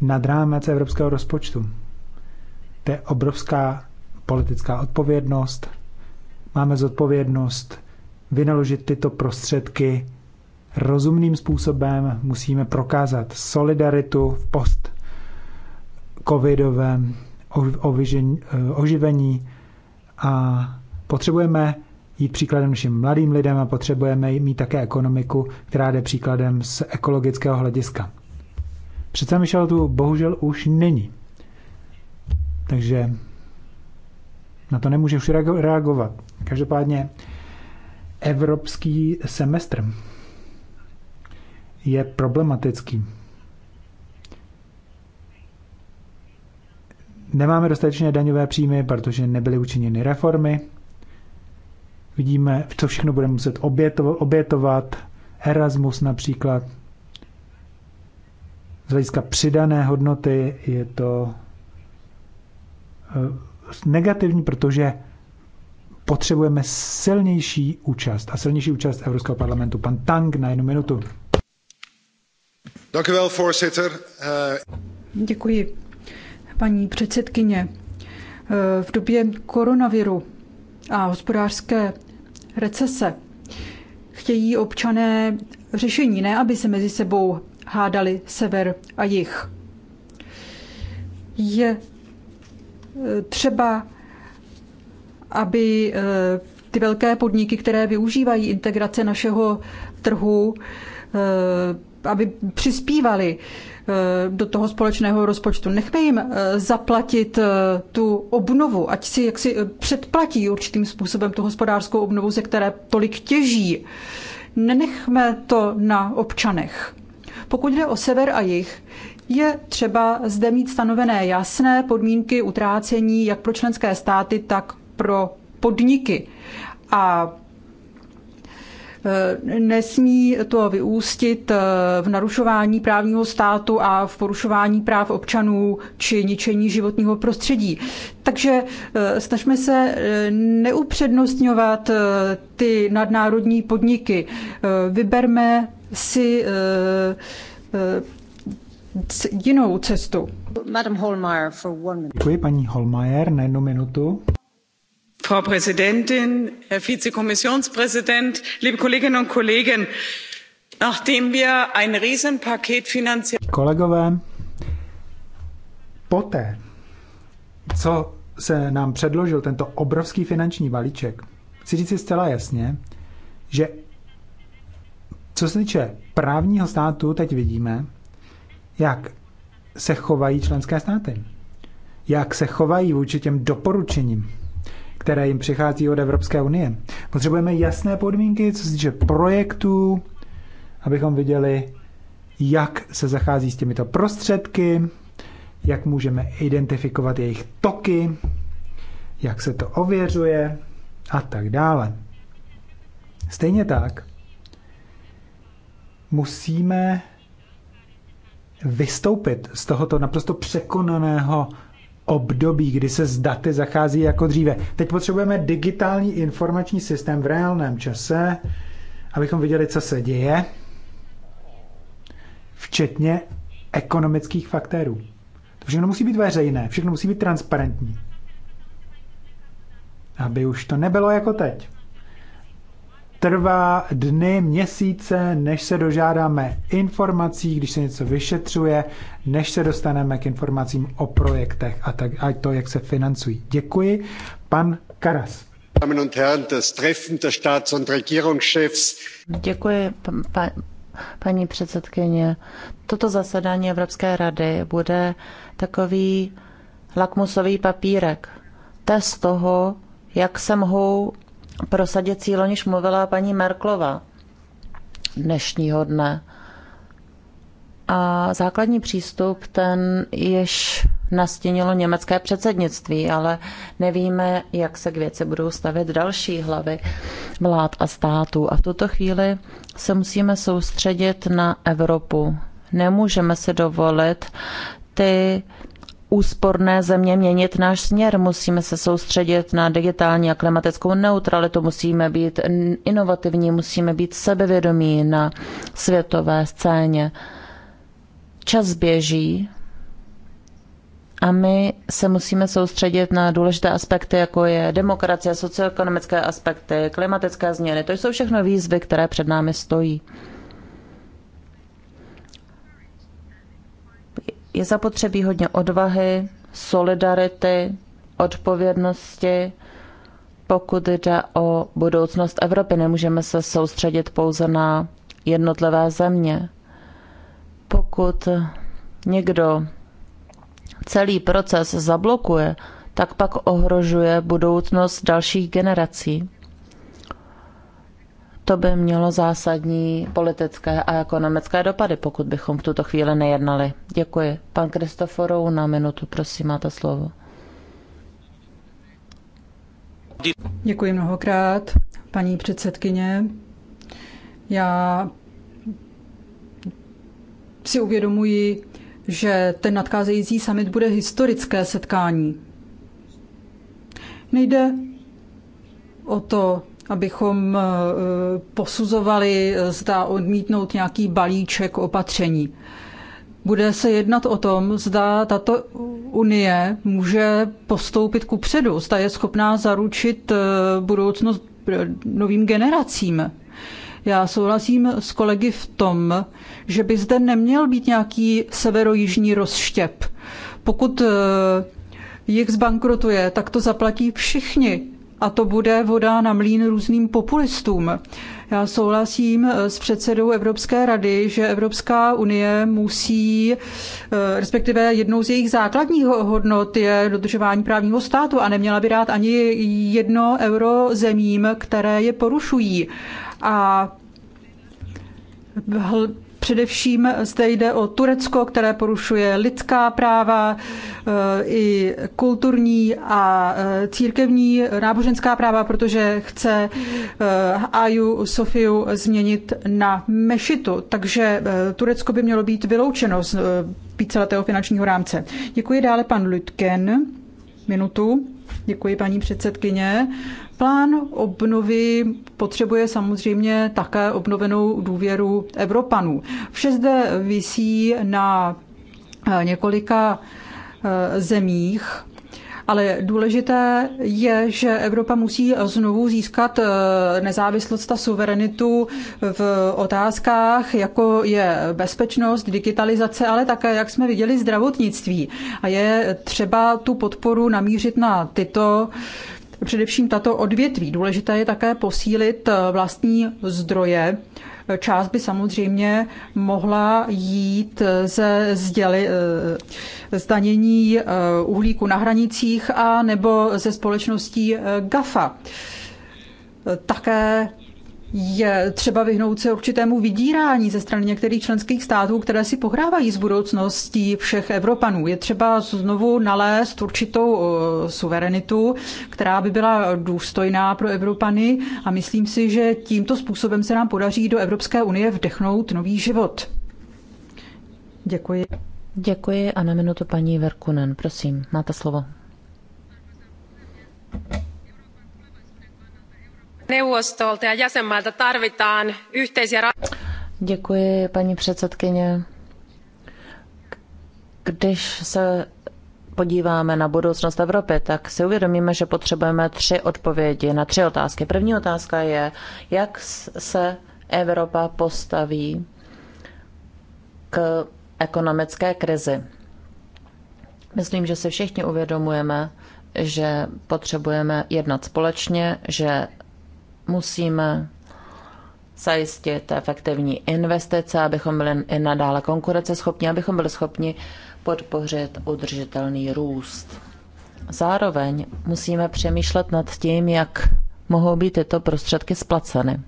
nad rámec evropského rozpočtu. To je obrovská politická odpovědnost. Máme zodpovědnost vynaložit tyto prostředky rozumným způsobem. Musíme prokázat solidaritu v post covidovém eh, oživení a potřebujeme jít příkladem našim mladým lidem a potřebujeme mít také ekonomiku, která jde příkladem z ekologického hlediska. Přece Michel tu bohužel už není. Takže na to nemůže už reagovat. Každopádně evropský semestr je problematický. Nemáme dostatečné daňové příjmy, protože nebyly učiněny reformy. Vidíme, co všechno budeme muset obětovat. Erasmus například. Z hlediska přidané hodnoty je to eh, negativní, protože potřebujeme silnější účast a silnější účast Evropského parlamentu. Pan Tang na jednu minutu. Eh, Děkuji, paní předsedkyně. Eh, v době koronaviru a hospodářské recese chtějí občané řešení, ne aby se mezi sebou hádali sever a jich Je e, třeba, aby e, ty velké podniky, které využívají integrace našeho trhu, e, aby přispívali do toho společného rozpočtu. Nechme jim zaplatit tu obnovu, ať si jaksi předplatí určitým způsobem tu hospodářskou obnovu, ze které tolik těží. Nenechme to na občanech. Pokud jde o sever a jich, je třeba zde mít stanovené jasné podmínky utrácení jak pro členské státy, tak pro podniky. A Eh, nesmí to vyústit eh, v narušování právního státu a v porušování práv občanů či ničení životního prostředí. Takže eh, snažme se neupřednostňovat ty nadnárodní podniky. Vyberme si jinou cestu. Děkuji paní Holmeyer na jednu minutu frau präsidentin herr vizekommissionspräsident liebe kolleginnen und kollegen! nachdem wir ein riesenpaket finanziell. kolegové poté co se nám předložil tento obrovský finanční balíček chci říci zcela jasně že co se týče právního státu teď vidíme jak se chovají členské státy jak se chovají vůči těm doporučením které jim přichází od Evropské unie. Potřebujeme jasné podmínky, co se týče projektů, abychom viděli, jak se zachází s těmito prostředky, jak můžeme identifikovat jejich toky, jak se to ověřuje a tak dále. Stejně tak musíme vystoupit z tohoto naprosto překonaného období, kdy se s daty zachází jako dříve. Teď potřebujeme digitální informační systém v reálném čase, abychom viděli, co se děje, včetně ekonomických faktérů. To všechno musí být veřejné, všechno musí být transparentní. Aby už to nebylo jako teď trvá dny, měsíce, než se dožádáme informací, když se něco vyšetřuje, než se dostaneme k informacím o projektech a, tak, a to, jak se financují. Děkuji. Pan Karas. Děkuji, pa, paní předsedkyně. Toto zasedání Evropské rady bude takový lakmusový papírek. Test toho, jak se mohou prosadit cíl, o níž mluvila paní Merklova dnešního dne. A základní přístup ten již nastínilo německé předsednictví, ale nevíme, jak se k věci budou stavět další hlavy vlád a států. A v tuto chvíli se musíme soustředit na Evropu. Nemůžeme si dovolit ty úsporné země měnit náš směr. Musíme se soustředit na digitální a klimatickou neutralitu, musíme být inovativní, musíme být sebevědomí na světové scéně. Čas běží a my se musíme soustředit na důležité aspekty, jako je demokracie, socioekonomické aspekty, klimatické změny. To jsou všechno výzvy, které před námi stojí. Je zapotřebí hodně odvahy, solidarity, odpovědnosti, pokud jde o budoucnost Evropy. Nemůžeme se soustředit pouze na jednotlivé země. Pokud někdo celý proces zablokuje, tak pak ohrožuje budoucnost dalších generací to by mělo zásadní politické a ekonomické dopady, pokud bychom v tuto chvíli nejednali. Děkuji. Pan Kristoforou na minutu, prosím, máte slovo. Děkuji mnohokrát, paní předsedkyně. Já si uvědomuji, že ten nadcházející summit bude historické setkání. Nejde o to, abychom eh, posuzovali, eh, zda odmítnout nějaký balíček opatření. Bude se jednat o tom, zda tato unie může postoupit ku předu, zda je schopná zaručit eh, budoucnost novým generacím. Já souhlasím s kolegy v tom, že by zde neměl být nějaký severojižní rozštěp. Pokud jich zbankrotuje, tak to zaplatí všichni a to bude voda na mlín různým populistům. Já souhlasím eh, s předsedou Evropské rady, že Evropská unie musí, eh, respektive jednou z jejich základních hodnot je dodržování právního státu a neměla by dát ani jedno euro zemím, které je porušují. A Především zde jde o Turecko, které porušuje lidská práva, eh, i kulturní a eh, církevní náboženská práva, protože chce eh, Aju Sofiu změnit na mešitu. Takže Turecko by mělo být vyloučeno z víceletého finančního rámce. Děkuji dále pan Lütken. Minutu. Děkuji paní předsedkyně. Plán obnovy potřebuje samozřejmě také obnovenou důvěru Evropanů. Vše zde visí na eh, několika eh, zemích, ale důležité je, že Evropa musí znovu získat eh, nezávislost a suverenitu v otázkách, jako je bezpečnost, digitalizace, ale také, jak jsme viděli, zdravotnictví. A je třeba tu podporu namířit na tyto především tato odvětví. Důležité je také posílit eh, vlastní zdroje. Část by samozřejmě mohla jít eh, ze zděli, eh, zdanění uhlíku na hranicích a nebo ze společností GAFA. Také je třeba vyhnout se určitému vydírání ze strany některých členských států, které si pohrávají s budoucností všech Evropanů. Je třeba znovu nalézt určitou eh, suverenitu, která by byla důstojná pro Evropany a myslím si, že tímto způsobem se nám podaří do Evropské unie vdechnout nový život. Děkuji. Děkuji a na minutu paní Verkunen, prosím, máte slovo. Děkuji, paní předsedkyně. Když se podíváme na budoucnost Evropy, tak si uvědomíme, že potřebujeme tři odpovědi na tři otázky. První otázka je, jak se Evropa postaví k ekonomické krizi. Myslím, že si všichni uvědomujeme, že potřebujeme jednat společně, že Musíme zajistit efektivní investice, abychom byli i nadále konkurenceschopní, abychom byli schopni podpořit udržitelný růst. Zároveň musíme přemýšlet nad tím, jak mohou být tyto prostředky splaceny.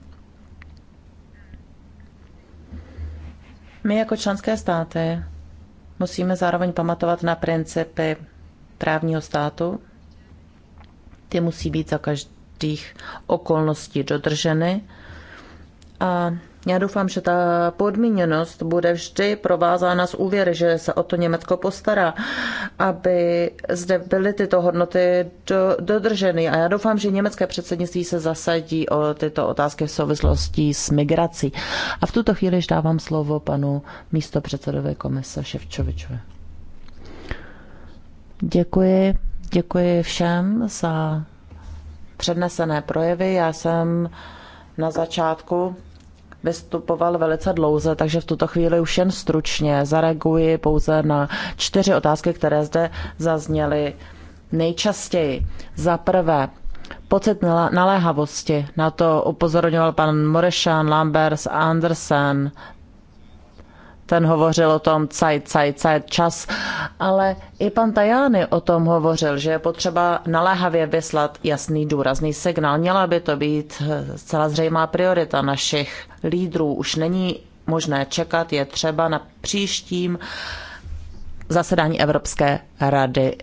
My jako členské státy musíme zároveň pamatovat na principy právního státu. Ty musí být za každý určitých okolností dodrženy. A já doufám, že ta podmíněnost bude vždy provázána s úvěry, že se o to Německo postará, aby zde byly tyto hodnoty do, dodrženy. A já doufám, že německé předsednictví se zasadí o tyto otázky v souvislosti s migrací. A v tuto chvíli dávám slovo panu místopředsedové komise Ševčovičové. Děkuji. Děkuji všem za přednesené projevy. Já jsem na začátku vystupoval velice dlouze, takže v tuto chvíli už jen stručně zareaguji pouze na čtyři otázky, které zde zazněly nejčastěji. Za prvé, pocit naléhavosti. Na to upozorňoval pan Morešan, Lambers, Andersen, ten hovořil o tom caj, caj, caj, čas, ale i pan Tajány o tom hovořil, že je potřeba naléhavě vyslat jasný důrazný signál. Měla by to být eh, celá zřejmá priorita našich lídrů. Už není možné čekat, je třeba na příštím zasedání Evropské rady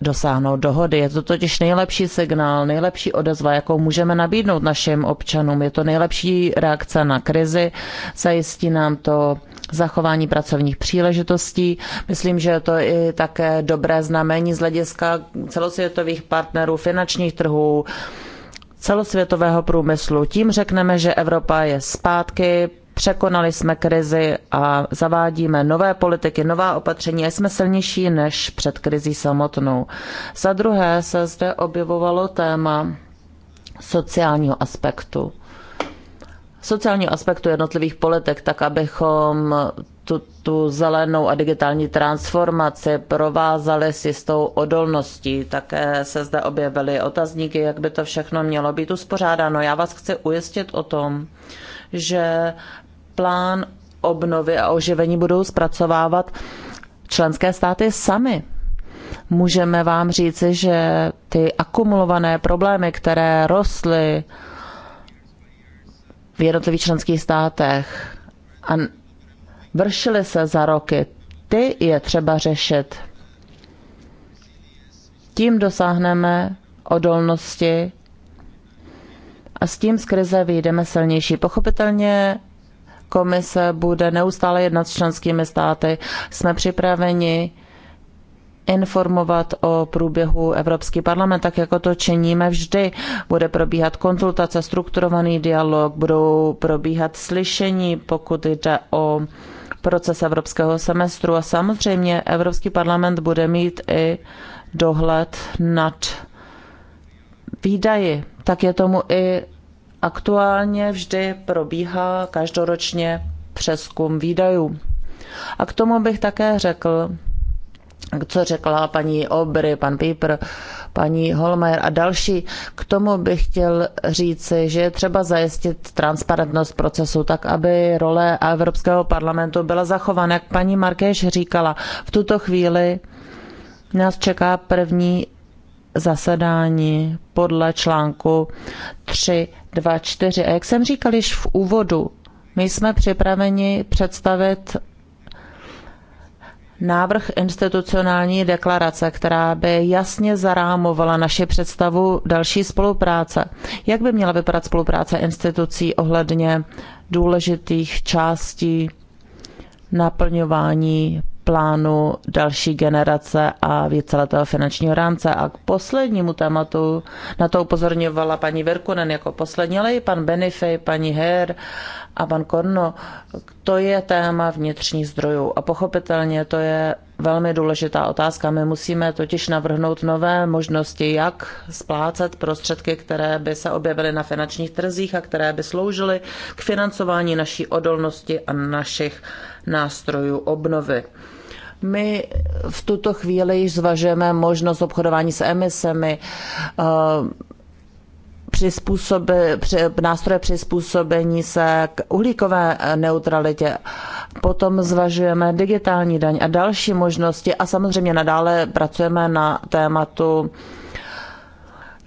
dosáhnout dohody. Je to totiž nejlepší signál, nejlepší odezva, jakou můžeme nabídnout našim občanům. Je to nejlepší reakce na krizi, zajistí nám to zachování pracovních příležitostí. Myslím, že to je to i také dobré znamení z hlediska celosvětových partnerů, finančních trhů, celosvětového průmyslu. Tím řekneme, že Evropa je zpátky, Překonali jsme krizi a zavádíme nové politiky, nová opatření a jsme silnější než před krizí samotnou. Za druhé se zde objevovalo téma sociálního aspektu. Sociálního aspektu jednotlivých politik, tak abychom tu, tu zelenou a digitální transformaci provázali s jistou odolností. Také se zde objevily otazníky, jak by to všechno mělo být uspořádáno. Já vás chci ujistit o tom, že plán obnovy a oživení budou zpracovávat členské státy sami. Můžeme vám říci, že ty akumulované problémy, které rostly v jednotlivých členských státech a vršily se za roky, ty je třeba řešit. Tím dosáhneme odolnosti a s tím z krize vyjdeme silnější. Pochopitelně Komise bude neustále jednat s členskými státy. Jsme připraveni informovat o průběhu Evropský parlament, tak jako to činíme vždy. Bude probíhat konzultace, strukturovaný dialog, budou probíhat slyšení, pokud jde o proces evropského semestru a samozřejmě Evropský parlament bude mít i dohled nad výdaji. Tak je tomu i Aktuálně vždy probíhá každoročně přeskum výdajů. A k tomu bych také řekl, co řekla paní Obry, pan Pieper, paní Holmeier a další. K tomu bych chtěl říci, že je třeba zajistit transparentnost procesu tak, aby role Evropského parlamentu byla zachována. Jak paní Markéš říkala, v tuto chvíli nás čeká první zasedání podle článku 3 2.4. A jak jsem říkal již v úvodu, my jsme připraveni představit návrh institucionální deklarace, která by jasně zarámovala naši představu další spolupráce. Jak by měla vypadat spolupráce institucí ohledně důležitých částí naplňování plánu další generace a víceletého finančního rámce. A k poslednímu tématu na to upozorňovala paní Verkunen jako poslední, ale i pan Benifej, paní Her a pan Korno. To je téma vnitřních zdrojů a pochopitelně to je velmi důležitá otázka. My musíme totiž navrhnout nové možnosti, jak splácet prostředky, které by se objevily na finančních trzích a které by sloužily k financování naší odolnosti a našich nástrojů obnovy. My v tuto chvíli již zvažujeme možnost obchodování s emisemi, eh, přizpůsobe, při, nástroje přizpůsobení se k uhlíkové neutralitě. Potom zvažujeme digitální daň a další možnosti a samozřejmě nadále pracujeme na tématu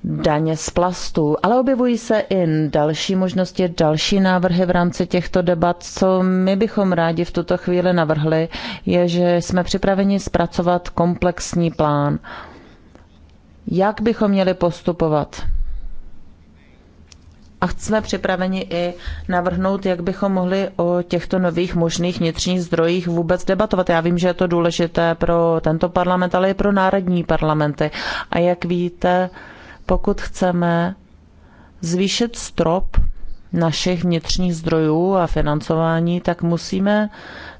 daně z plastů. Ale objevují se i další možnosti, další návrhy v rámci těchto debat. Co my bychom rádi v tuto chvíli navrhli, je, že jsme připraveni zpracovat komplexní plán. Jak bychom měli postupovat? a jsme připraveni i navrhnout, jak bychom mohli o těchto nových možných vnitřních zdrojích vůbec debatovat. Já vím, že je to důležité pro tento parlament, ale i pro národní parlamenty. A jak víte, pokud chceme zvýšit strop našich vnitřních zdrojů a financování, tak musíme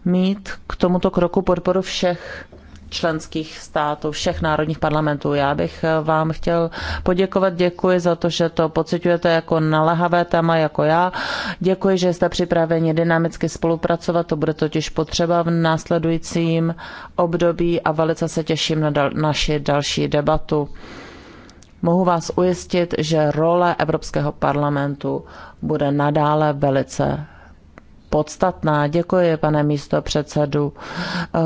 mít k tomuto kroku podporu všech členských států, všech národních parlamentů. Já bych eh, vám chtěl poděkovat, děkuji za to, že to pocitujete jako nalehavé téma jako já. Děkuji, že jste připraveni dynamicky spolupracovat, to bude totiž potřeba v následujícím období a velice se těším na dal- naši další debatu. Mohu vás ujistit, že role Evropského parlamentu bude nadále velice podstatná. Děkuji, pane místo předsedu.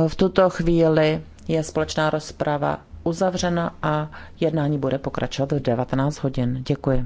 V tuto chvíli je společná rozprava uzavřena a jednání bude pokračovat v 19 hodin. Děkuji.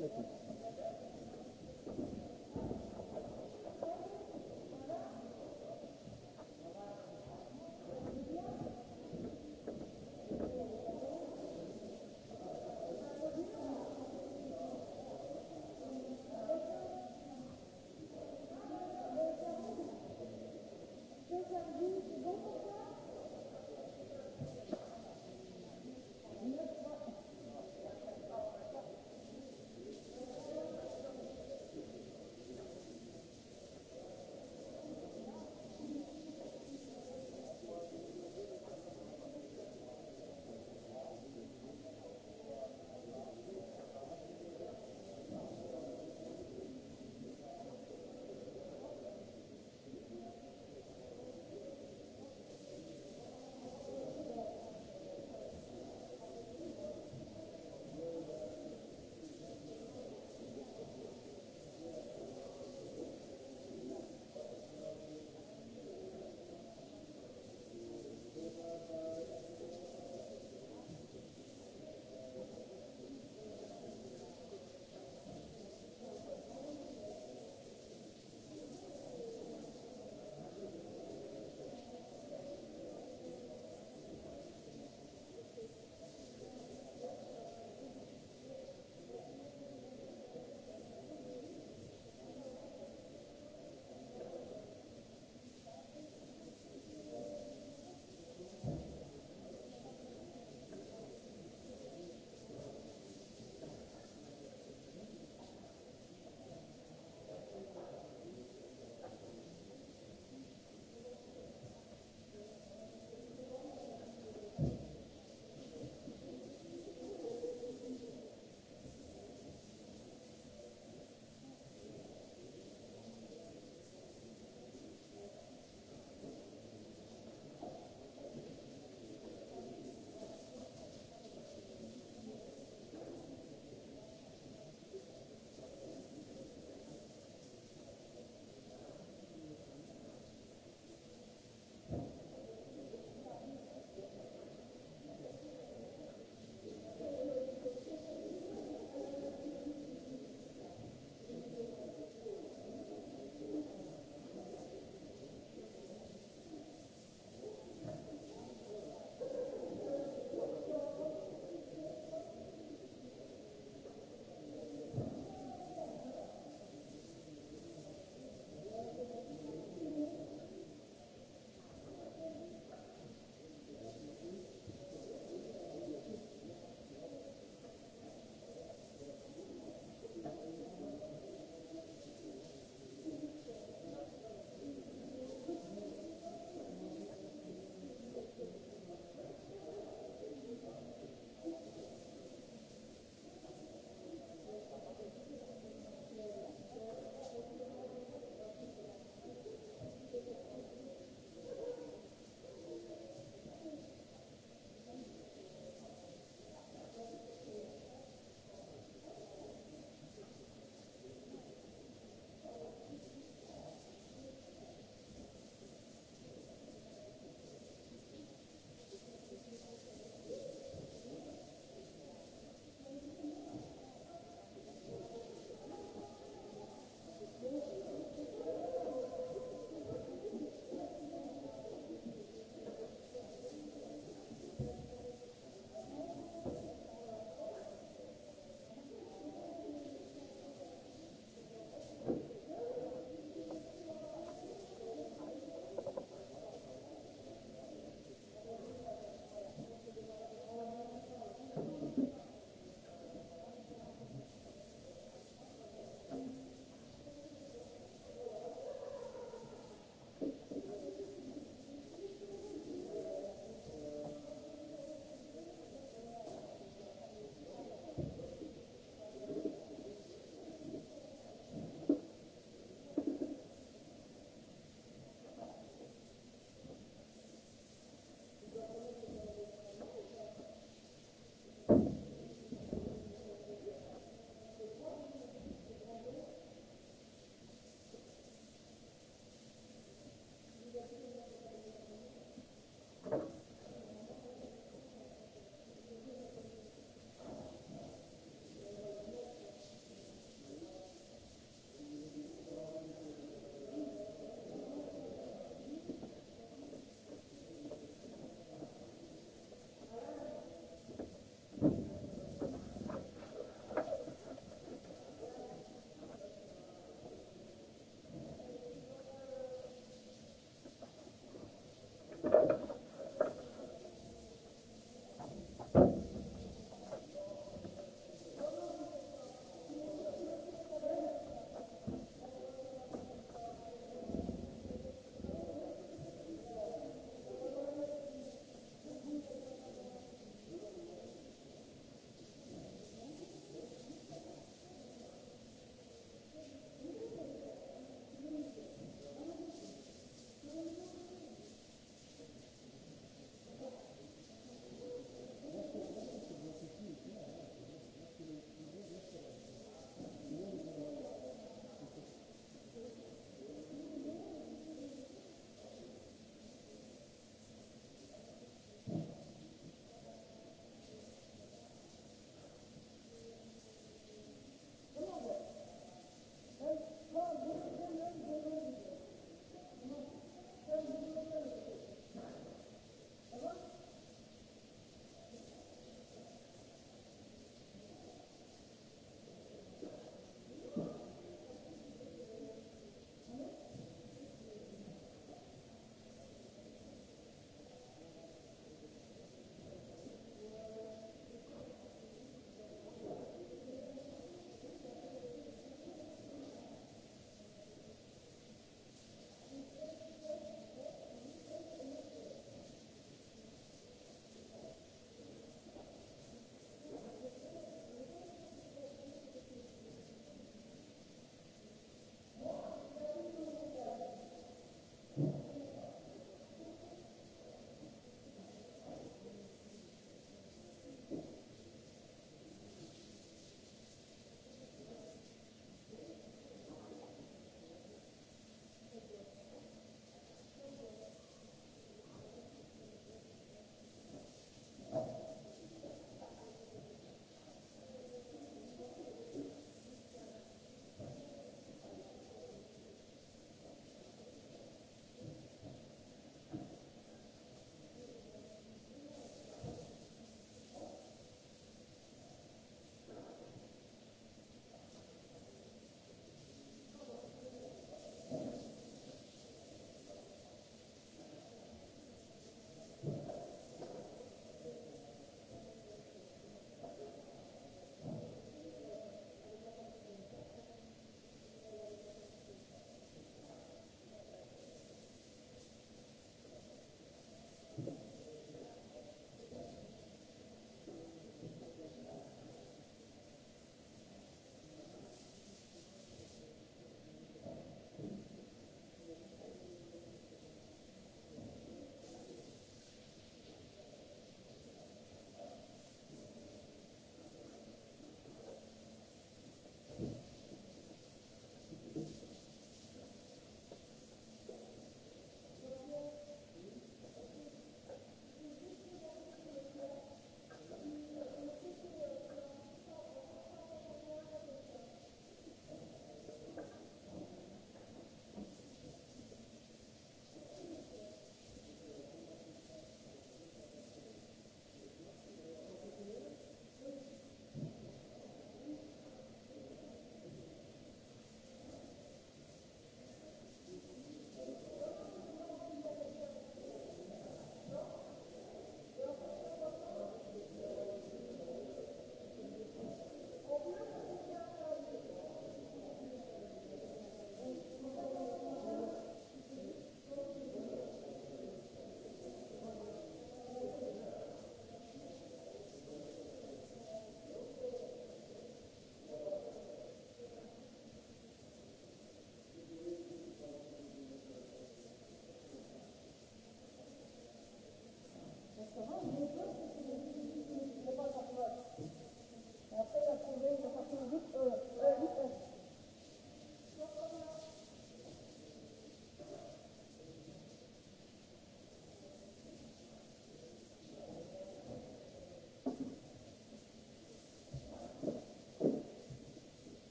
Thank you.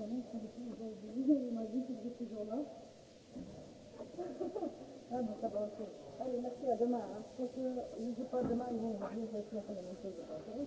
البنات بيكونوا جايبينها وماجيش يجيبوا جولات انا طبعا اي نحكي يا جماعه يجي بعد ما يهون يجي يحلم من كل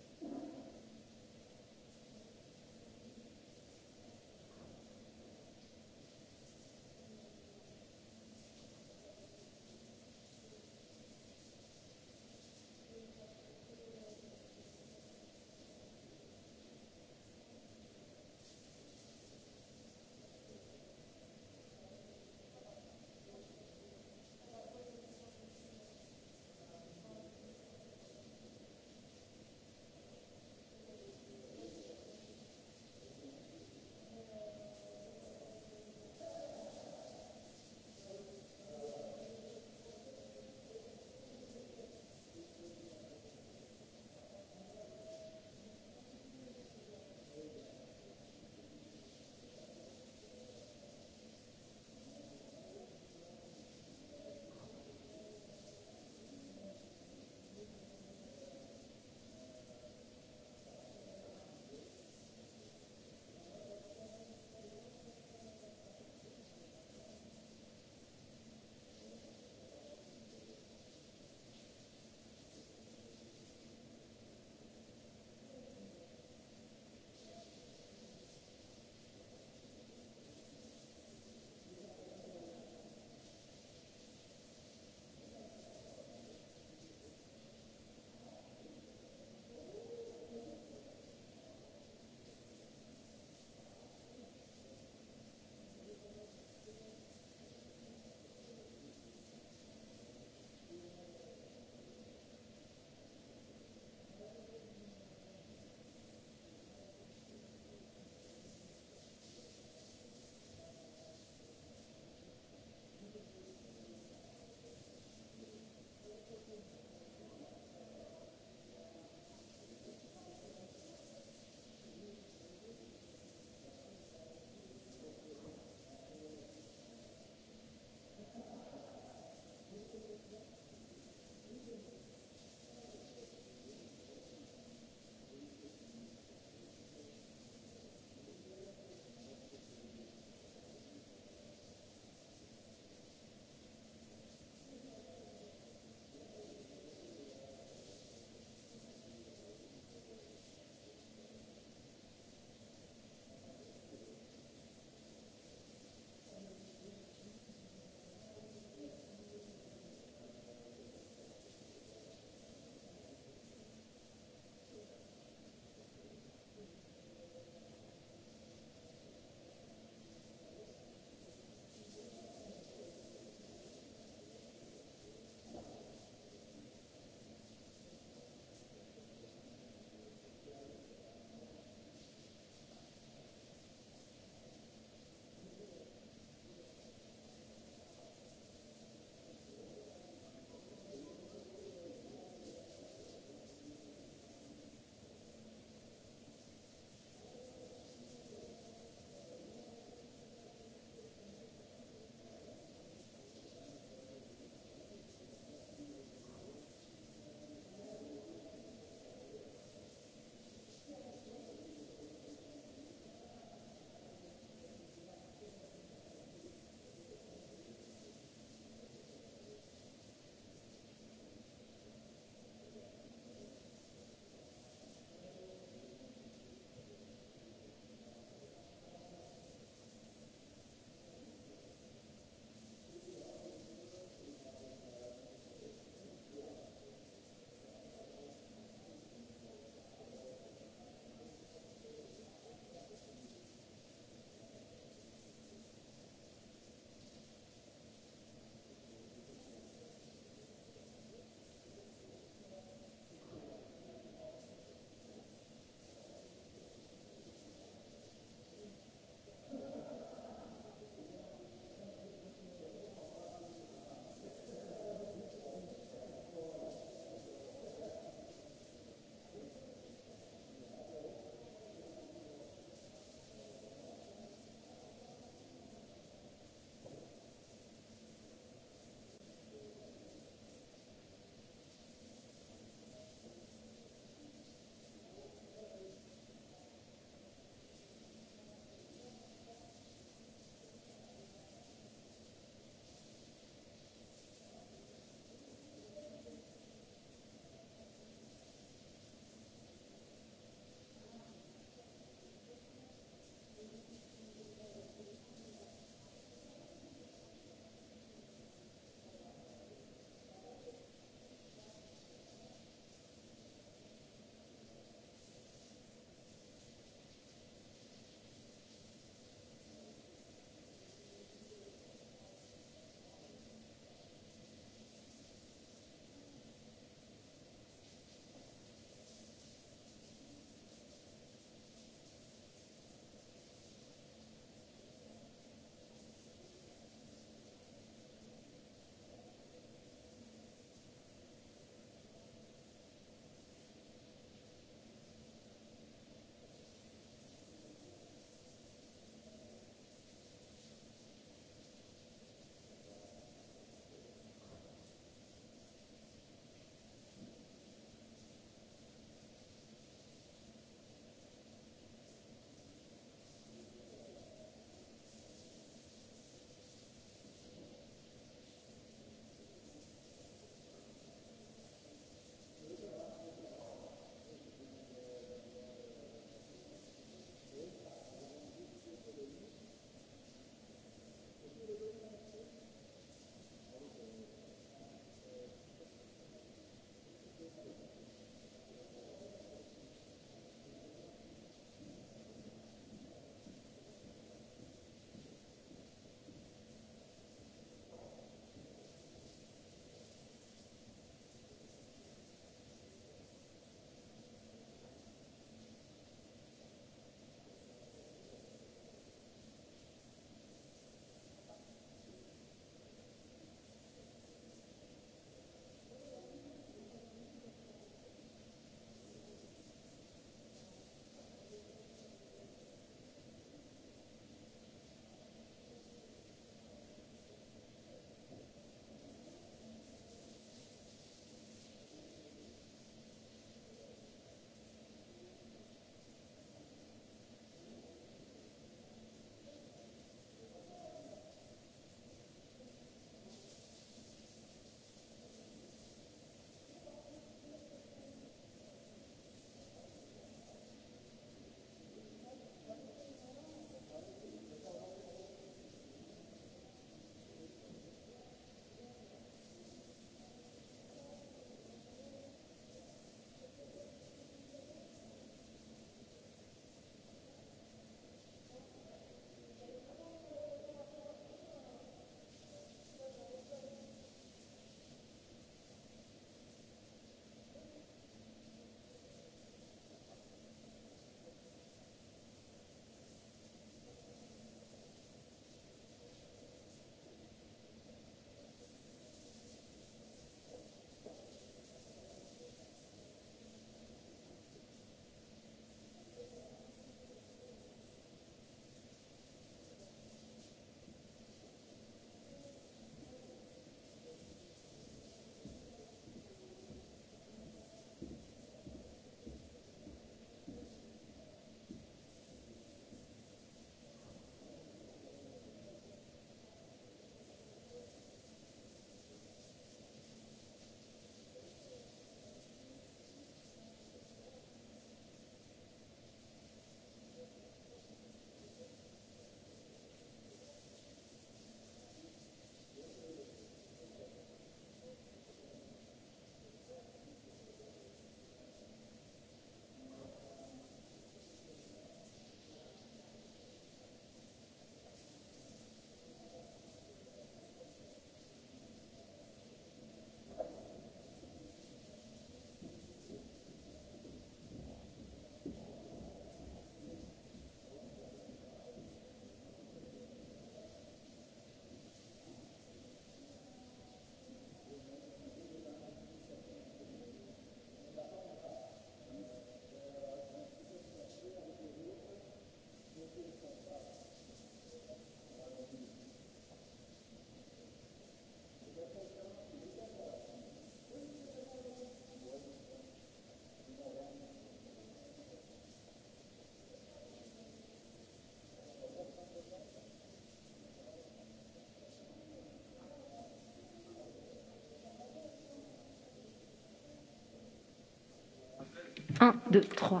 1, 2, 3.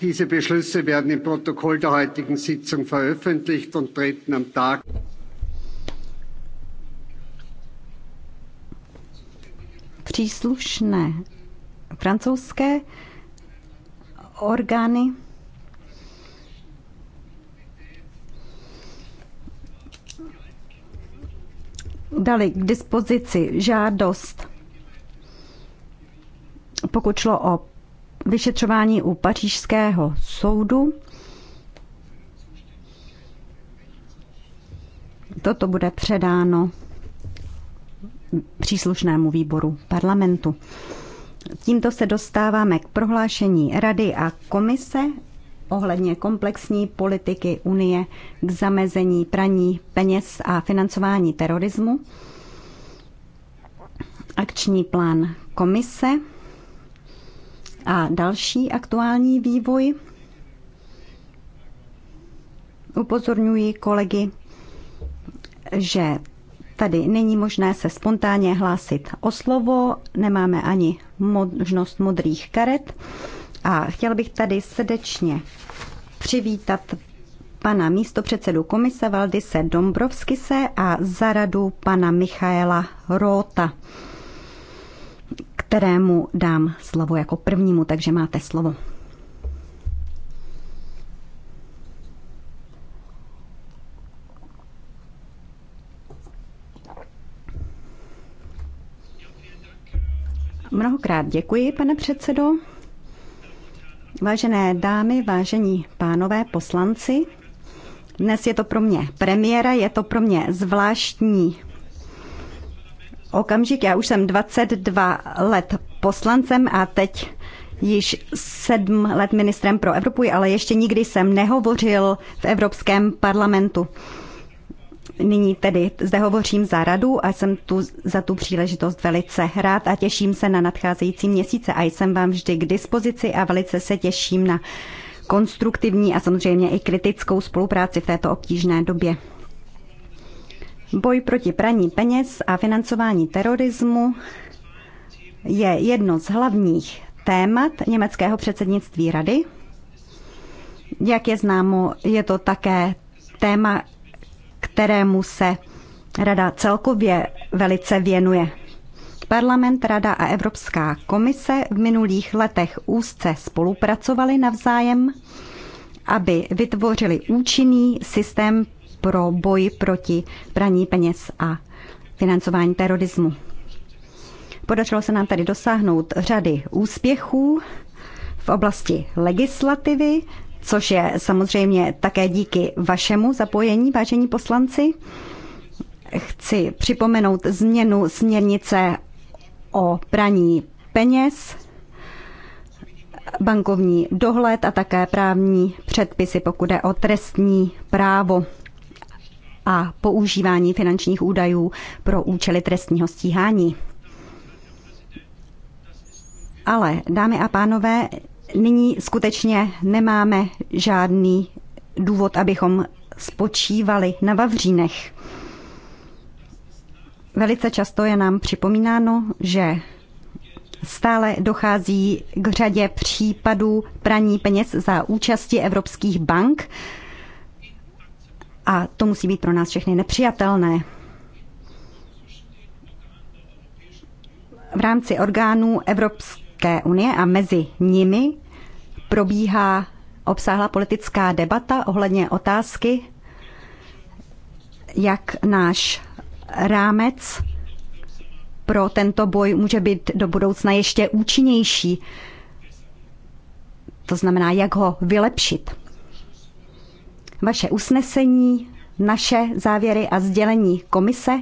diese beschlüsse werden im protokoll der heutigen sitzung veröffentlicht und treten am tag příslušné francouzské orgány dali k dispozici žádost, pokud šlo o vyšetřování u pařížského soudu. Toto bude předáno příslušnému výboru parlamentu. Tímto se dostáváme k prohlášení Rady a komise ohledně komplexní politiky Unie k zamezení praní peněz a financování terorismu. Akční plán komise a další aktuální vývoj upozorňuji kolegy, že tady není možné se spontánně hlásit o slovo, nemáme ani možnost modrých karet. A chtěl bych tady srdečně přivítat pana místopředsedu komise Valdise Dombrovskise a zaradu pana Michaela Róta kterému dám slovo jako prvnímu, takže máte slovo. Mnohokrát děkuji, pane předsedo. Vážené dámy, vážení pánové poslanci, dnes je to pro mě premiéra, je to pro mě zvláštní okamžik. Já už jsem 22 let poslancem a teď již sedm let ministrem pro Evropu, ale ještě nikdy jsem nehovořil v Evropském parlamentu. Nyní tedy zde hovořím za radu a jsem tu za tu příležitost velice rád a těším se na nadcházející měsíce a jsem vám vždy k dispozici a velice se těším na konstruktivní a samozřejmě i kritickou spolupráci v této obtížné době. Boj proti praní peněz a financování terorismu je jedno z hlavních témat německého předsednictví rady. Jak je známo, je to také téma, kterému se rada celkově velice věnuje. Parlament, Rada a Evropská komise v minulých letech úzce spolupracovali navzájem, aby vytvořili účinný systém pro boj proti praní peněz a financování terorismu. Podařilo se nám tady dosáhnout řady úspěchů v oblasti legislativy, což je samozřejmě také díky vašemu zapojení, vážení poslanci. Chci připomenout změnu směrnice o praní peněz, bankovní dohled a také právní předpisy, pokud je o trestní právo a používání finančních údajů pro účely trestního stíhání. Ale, dámy a pánové, nyní skutečně nemáme žádný důvod, abychom spočívali na Vavřínech. Velice často je nám připomínáno, že stále dochází k řadě případů praní peněz za účasti evropských bank, a to musí být pro nás všechny nepřijatelné. V rámci orgánů Evropské unie a mezi nimi probíhá obsáhla politická debata ohledně otázky, jak náš rámec pro tento boj může být do budoucna ještě účinnější. To znamená, jak ho vylepšit. Vaše usnesení, naše závěry a sdělení komise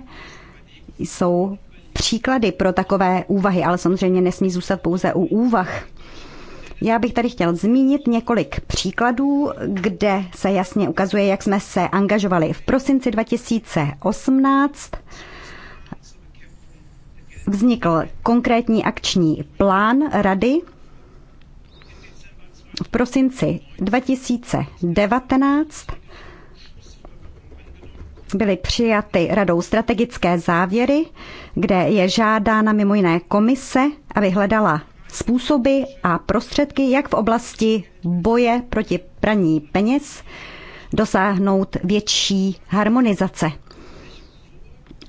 jsou příklady pro takové úvahy, ale samozřejmě nesmí zůstat pouze u úvah. Já bych tady chtěl zmínit několik příkladů, kde se jasně ukazuje, jak jsme se angažovali. V prosinci 2018 vznikl konkrétní akční plán Rady v prosinci 2019 byly přijaty radou strategické závěry, kde je žádána mimo jiné komise, aby hledala způsoby a prostředky, jak v oblasti boje proti praní peněz dosáhnout větší harmonizace.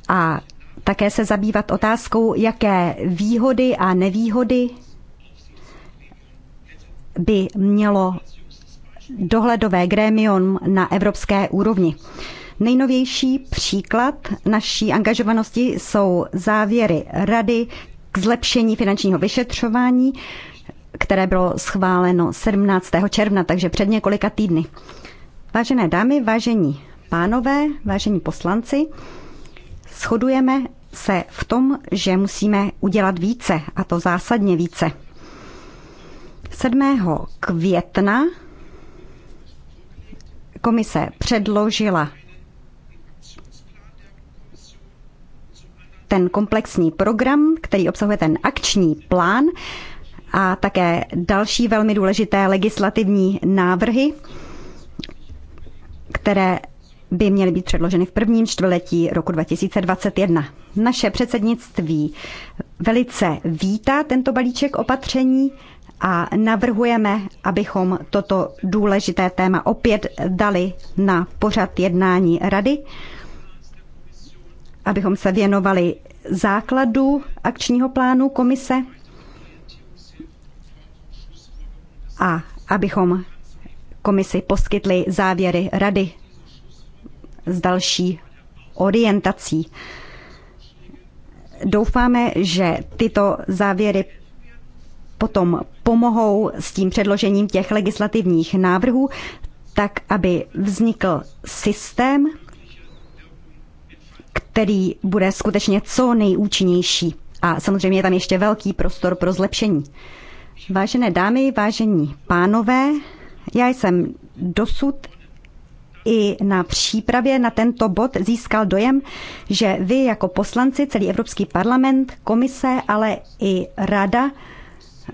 A také se zabývat otázkou, jaké výhody a nevýhody by mělo dohledové grémium na evropské úrovni. Nejnovější příklad naší angažovanosti jsou závěry Rady k zlepšení finančního vyšetřování, které bylo schváleno 17. června, takže před několika týdny. Vážené dámy, vážení pánové, vážení poslanci, shodujeme se v tom, že musíme udělat více, a to zásadně více. 7. května komise předložila ten komplexní program, který obsahuje ten akční plán a také další velmi důležité legislativní návrhy, které by měly být předloženy v prvním čtvrtletí roku 2021. Naše předsednictví velice vítá tento balíček opatření a navrhujeme, abychom toto důležité téma opět dali na pořad jednání rady, abychom se věnovali základu akčního plánu komise a abychom komisi poskytli závěry rady s další orientací. Doufáme, že tyto závěry potom pomohou s tím předložením těch legislativních návrhů, tak aby vznikl systém, který bude skutečně co nejúčinnější. A samozřejmě je tam ještě velký prostor pro zlepšení. Vážené dámy, vážení pánové, já jsem dosud i na přípravě na tento bod získal dojem, že vy jako poslanci, celý Evropský parlament, komise, ale i rada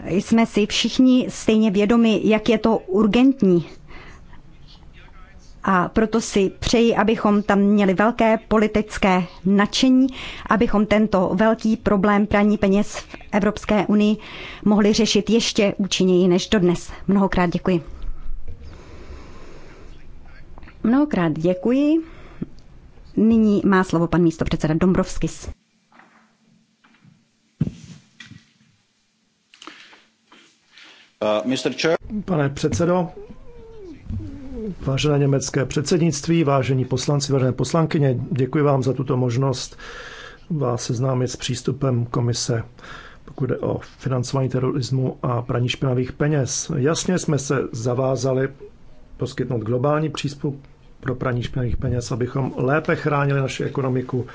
jsme si všichni stejně vědomi, jak je to urgentní. A proto si přeji, abychom tam měli velké politické nadšení, abychom tento velký problém praní peněz v Evropské unii mohli řešit ještě účinněji než dodnes. Mnohokrát děkuji. Mnohokrát děkuji. Nyní má slovo pan místopředseda Dombrovskis. Uh, Pane předsedo, vážené německé předsednictví, vážení poslanci, vážené poslankyně, děkuji vám za tuto možnost vás seznámit s přístupem komise pokud jde o financování terorismu a praní špinavých peněz. Jasně jsme se zavázali poskytnout globální přístup pro praní špinavých peněz, abychom lépe chránili naši ekonomiku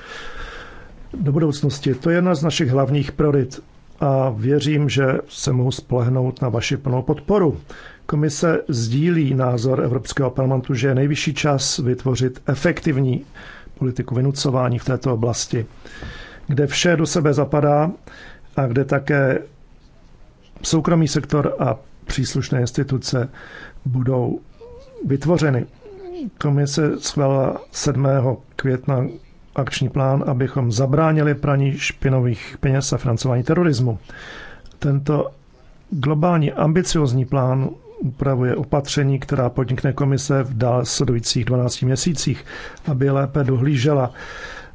do budoucnosti. To je jedna z našich hlavních priorit a věřím, že se mohu splehnout na vaši plnou podporu. Komise sdílí názor Evropského parlamentu, že je nejvyšší čas vytvořit efektivní politiku vynucování v této oblasti, kde vše do sebe zapadá a kde také soukromý sektor a příslušné instituce budou vytvořeny. Komise schválila 7. května akční plán, abychom zabránili praní špinových peněz a financování terorismu. Tento globální ambiciozní plán upravuje opatření, která podnikne komise v dál sledujících 12 měsících, aby lépe dohlížela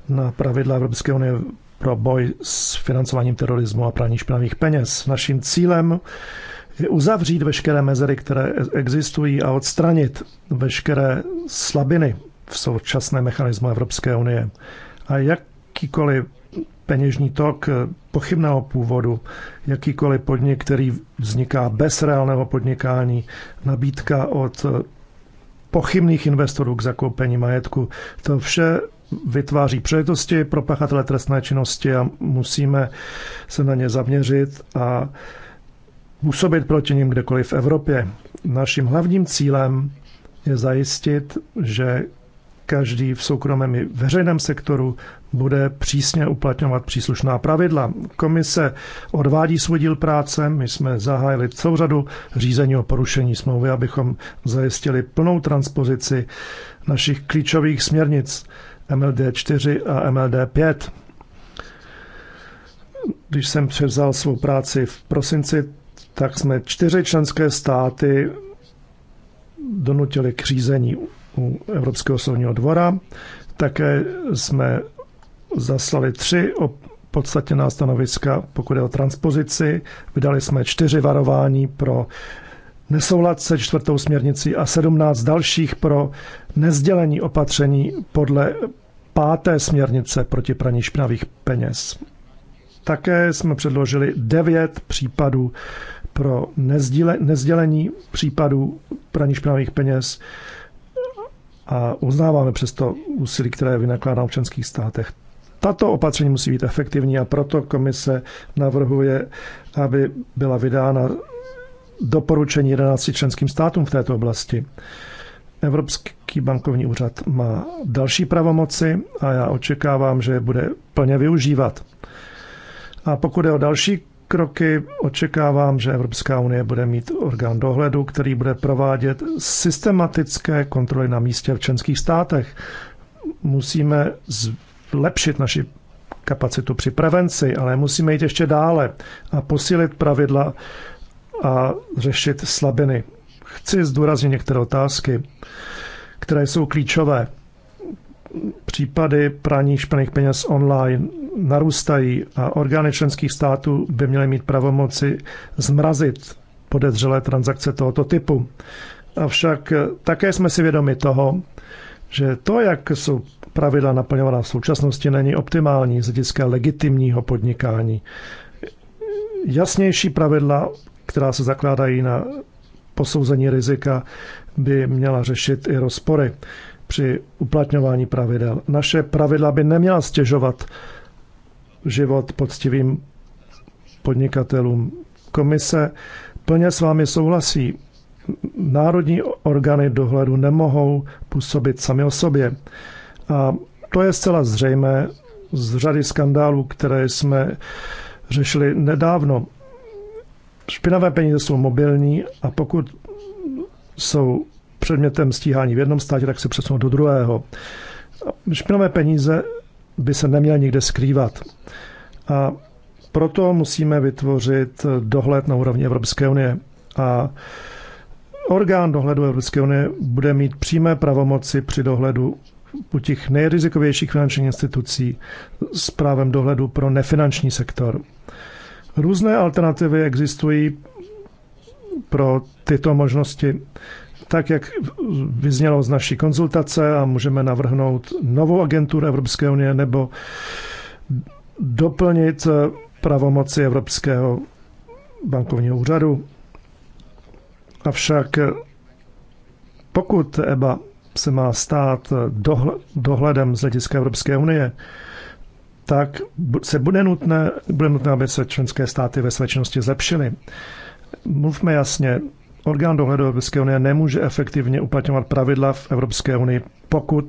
na pravidla Evropské unie pro boj s financováním terorismu a praní špinavých peněz. Naším cílem je uzavřít veškeré mezery, které existují a odstranit veškeré slabiny v současné mechanismu Evropské unie. A jakýkoliv peněžní tok pochybného původu, jakýkoliv podnik, který vzniká bez reálného podnikání, nabídka od pochybných investorů k zakoupení majetku, to vše vytváří přejetosti pro pachatele trestné činnosti a musíme se na ně zaměřit a působit proti ním kdekoliv v Evropě. Naším hlavním cílem je zajistit, že každý v soukromém i veřejném sektoru bude přísně uplatňovat příslušná pravidla. Komise odvádí svůj díl práce, my jsme zahájili celou řadu řízení o porušení smlouvy, abychom zajistili plnou transpozici našich klíčových směrnic MLD 4 a MLD 5. Když jsem převzal svou práci v prosinci, tak jsme čtyři členské státy donutili k řízení u Evropského soudního dvora. Také jsme zaslali tři podstatněná stanoviska, pokud je o transpozici. Vydali jsme čtyři varování pro nesoulad se čtvrtou směrnicí a sedmnáct dalších pro nezdělení opatření podle páté směrnice proti praní špinavých peněz. Také jsme předložili devět případů pro nezdělení případů praní špinavých peněz a uznáváme přesto úsilí, které vynakládá v občanských státech. Tato opatření musí být efektivní a proto komise navrhuje, aby byla vydána doporučení 11 členským státům v této oblasti. Evropský bankovní úřad má další pravomoci a já očekávám, že je bude plně využívat. A pokud je o další kroky očekávám, že Evropská unie bude mít orgán dohledu, který bude provádět systematické kontroly na místě v členských státech. Musíme zlepšit naši kapacitu při prevenci, ale musíme jít ještě dále a posílit pravidla a řešit slabiny. Chci zdůraznit některé otázky, které jsou klíčové. Případy praní špených peněz online, narůstají a orgány členských států by měly mít pravomoci zmrazit podezřelé transakce tohoto typu. Avšak eh, také jsme si vědomi toho, že to, jak jsou pravidla naplňovaná v současnosti, není optimální z hlediska legitimního podnikání. Jasnější pravidla, která se zakládají na posouzení rizika, by měla řešit i rozpory při uplatňování pravidel. Naše pravidla by neměla stěžovat život poctivým podnikatelům. Komise plně s vámi souhlasí. Národní orgány dohledu nemohou působit sami o sobě. A to je zcela zřejmé z řady skandálů, které jsme řešili nedávno. Špinavé peníze jsou mobilní a pokud jsou předmětem stíhání v jednom státě, tak se přesunou do druhého. Špinavé peníze by se neměl nikde skrývat. A proto musíme vytvořit dohled na úrovni Evropské unie. A orgán dohledu Evropské unie bude mít přímé pravomoci při dohledu u těch nejrizikovějších finančních institucí s právem dohledu pro nefinanční sektor. Různé alternativy existují pro tyto možnosti tak jak vyznělo z naší konzultace a můžeme navrhnout novou agenturu Evropské unie nebo doplnit pravomoci Evropského bankovního úřadu. Avšak pokud EBA se má stát dohledem z hlediska Evropské unie, tak se bude nutné, bude nutné, aby se členské státy ve své činnosti zlepšily. Mluvme jasně, Orgán dohledu Evropské unie nemůže efektivně uplatňovat pravidla v Evropské unii, pokud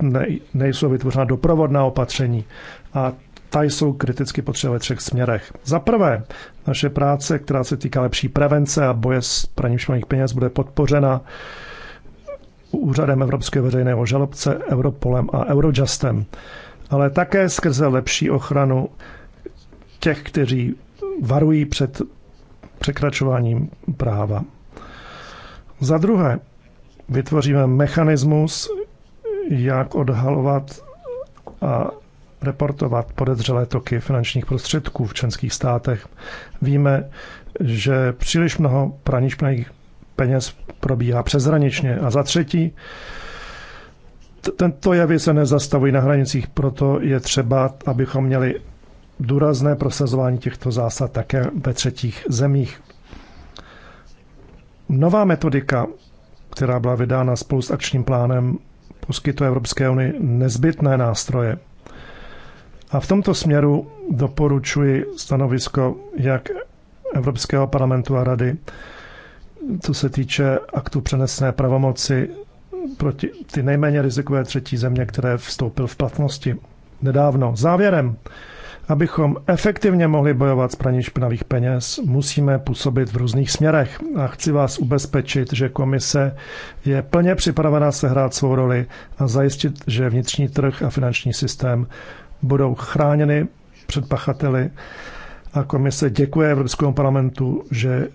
nejsou vytvořena doprovodná opatření. A ta jsou kriticky potřeba ve třech směrech. Za prvé, naše práce, která se týká lepší prevence a boje s praním špinavých peněz, bude podpořena úřadem Evropského veřejného žalobce, Europolem a Eurojustem, ale také skrze lepší ochranu těch, kteří varují před překračováním práva. Za druhé, vytvoříme mechanismus, jak odhalovat a reportovat podezřelé toky finančních prostředků v členských státech. Víme, že příliš mnoho praní špinavých peněz probíhá přezhraničně. A za třetí, tento jevy se nezastavují na hranicích, proto je třeba, abychom měli důrazné prosazování těchto zásad také ve třetích zemích. Nová metodika, která byla vydána spolu s akčním plánem, poskytuje Evropské unii nezbytné nástroje. A v tomto směru doporučuji stanovisko jak Evropského parlamentu a rady, co se týče aktu přenesné pravomoci proti ty nejméně rizikové třetí země, které vstoupil v platnosti nedávno. Závěrem Abychom efektivně mohli bojovat s praní špinavých peněz, musíme působit v různých směrech. A chci vás ubezpečit, že komise je plně připravená sehrát svou roli a zajistit, že vnitřní trh a finanční systém budou chráněny před pachateli. A komise děkuje Evropskému parlamentu, že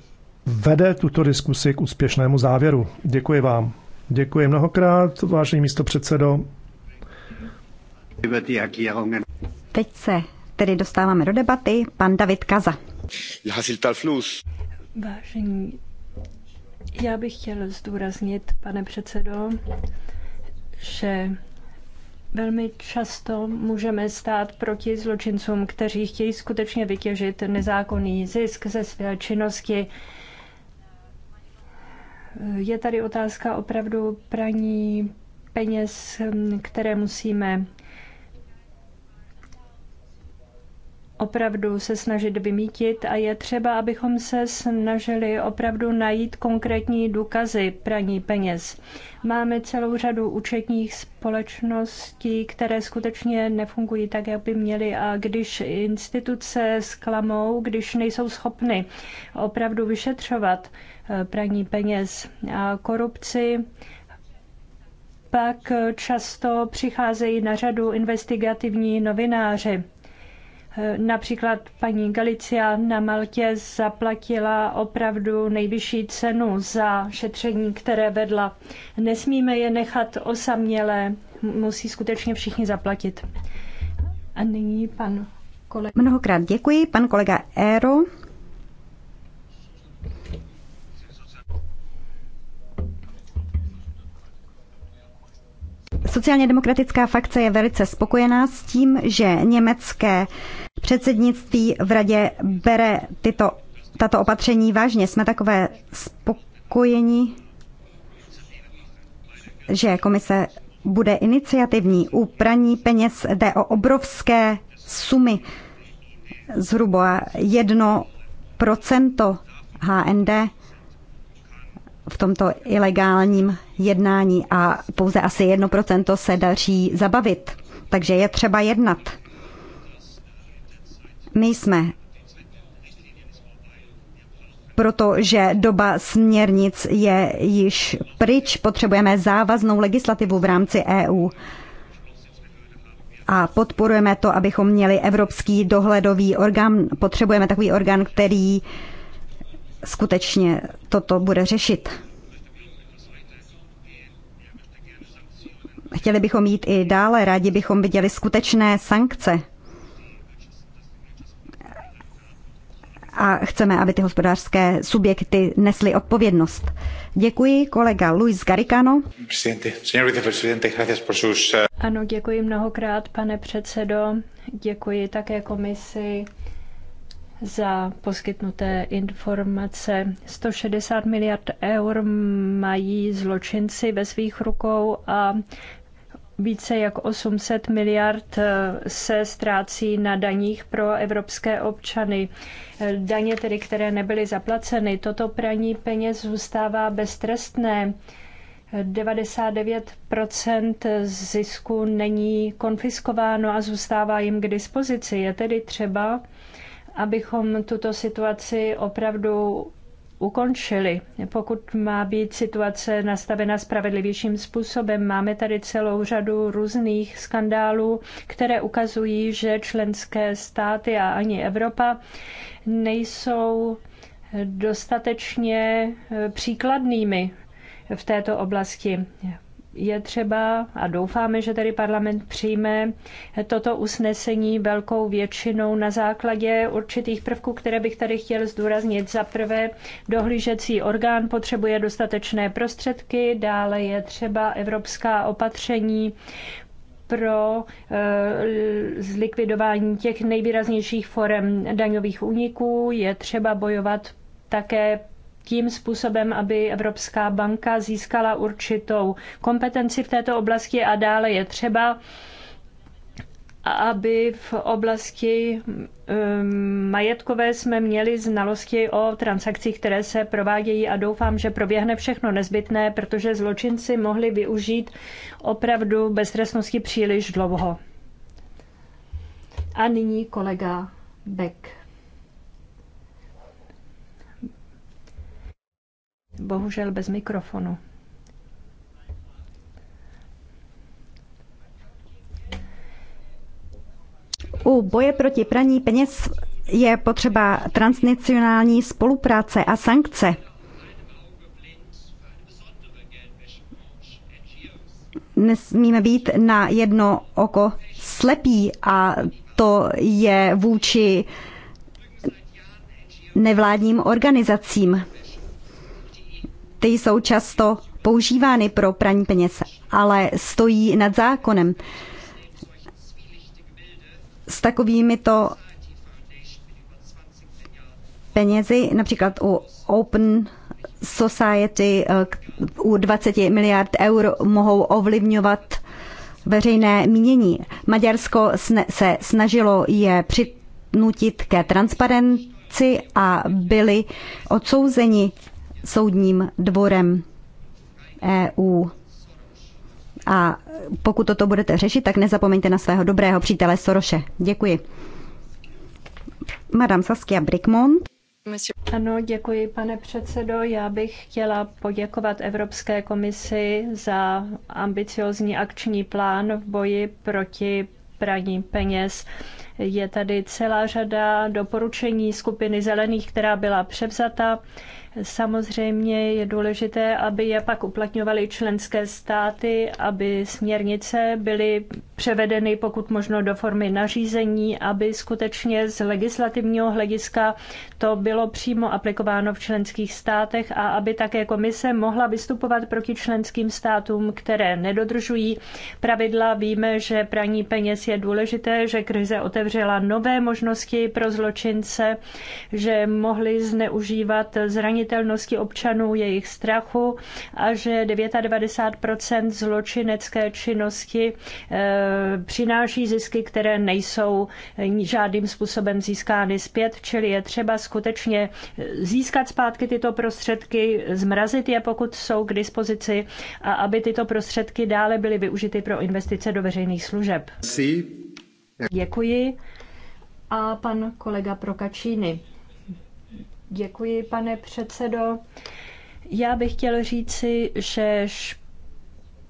vede tuto diskusi k úspěšnému závěru. Děkuji vám. Děkuji mnohokrát, vážený místo předsedo. Teď se tedy dostáváme do debaty pan David Kaza. Vážení, já bych chtěl zdůraznit, pane předsedo, že velmi často můžeme stát proti zločincům, kteří chtějí skutečně vytěžit nezákonný zisk ze své činnosti. Je tady otázka opravdu praní peněz, které musíme opravdu se snažit vymítit a je třeba, abychom se snažili opravdu najít konkrétní důkazy praní peněz. Máme celou řadu účetních společností, které skutečně nefungují tak, jak by měly a když instituce zklamou, když nejsou schopny opravdu vyšetřovat eh, praní peněz a korupci, pak často přicházejí na řadu investigativní novináři Například paní Galicia na Maltě zaplatila opravdu nejvyšší cenu za šetření, které vedla. Nesmíme je nechat osamělé, musí skutečně všichni zaplatit. A nyní pan kolega. Mnohokrát děkuji, pan kolega Éro. Sociálně demokratická fakce je velice spokojená s tím, že německé předsednictví v radě bere tyto, tato opatření vážně. Jsme takové spokojení, že komise bude iniciativní. U praní peněz jde o obrovské sumy, zhruba jedno procento HND v tomto ilegálním jednání a pouze asi 1% se daří zabavit. Takže je třeba jednat. My jsme protože doba směrnic je již pryč, potřebujeme závaznou legislativu v rámci EU. A podporujeme to, abychom měli evropský dohledový orgán. Potřebujeme takový orgán, který uh, skutečně toto bude řešit. Chtěli bychom mít i dále, rádi bychom viděli skutečné sankce. A chceme, aby ty hospodářské subjekty nesly odpovědnost. Děkuji kolega Luis Garicano. Eh, ano, děkuji mnohokrát, pane předsedo. Děkuji také komisi za poskytnuté informace. 160 miliard eur mají zločinci ve svých rukou a více jak 800 miliard eh, se ztrácí na daních pro evropské občany. Daně tedy, které nebyly zaplaceny. Toto praní peněz zůstává beztrestné. 99 zisku není konfiskováno a zůstává jim k dispozici. Je tedy třeba abychom tuto situaci opravdu ukončili. Pokud má být situace nastavena spravedlivějším způsobem, máme tady celou řadu různých skandálů, které ukazují, že členské státy a ani Evropa nejsou dostatečně příkladnými v této oblasti je třeba, a doufáme, že tedy parlament přijme toto usnesení velkou většinou na základě určitých prvků, které bych tady chtěl zdůraznit. Za prvé, dohlížecí orgán potřebuje dostatečné prostředky, dále je třeba evropská opatření pro eh, zlikvidování těch nejvýraznějších forem daňových úniků. Je třeba bojovat také tím způsobem, aby Evropská banka získala určitou kompetenci v této oblasti a dále je třeba aby v oblasti um, majetkové jsme měli znalosti o transakcích, které se provádějí a doufám, že proběhne všechno nezbytné, protože zločinci mohli využít opravdu beztrestnosti příliš dlouho. A nyní kolega Beck. Bohužel bez mikrofonu. U boje proti praní peněz je potřeba transnacionální spolupráce a sankce. Nesmíme být na jedno oko slepí a to je vůči nevládním organizacím ty jsou často používány pro praní peněz, ale stojí nad zákonem. S takovými to penězi, například u Open Society eh, u 20 miliard eur mohou ovlivňovat veřejné mínění. Maďarsko se snažilo je přinutit ke transparenci a byli odsouzeni soudním dvorem EU. A pokud toto budete řešit, tak nezapomeňte na svého dobrého přítele Soroše. Děkuji. Madame Saskia Brickmont. Ano, děkuji, pane předsedo. Já bych chtěla poděkovat Evropské komisi za ambiciozní akční plán v boji proti praní peněz. Je tady celá řada doporučení skupiny zelených, která byla převzata. Samozřejmě je důležité, aby je pak uplatňovaly členské státy, aby směrnice byly převedeny pokud možno do formy nařízení, aby skutečně z legislativního hlediska to bylo přímo aplikováno v členských státech a aby také komise mohla vystupovat proti členským státům, které nedodržují pravidla. Víme, že praní peněz je důležité, že krize otevřela nové možnosti pro zločince, že mohli zneužívat zranitelnosti občanů, jejich strachu a že 99 zločinecké činnosti eh, přináší zisky, které nejsou žádným způsobem získány zpět, čili je třeba skutečně získat zpátky tyto prostředky, zmrazit je, pokud jsou k dispozici, a aby tyto prostředky dále byly využity pro investice do veřejných služeb. Děkuji. A pan kolega Prokačíny. Děkuji, pane předsedo. Já bych chtěl říci, že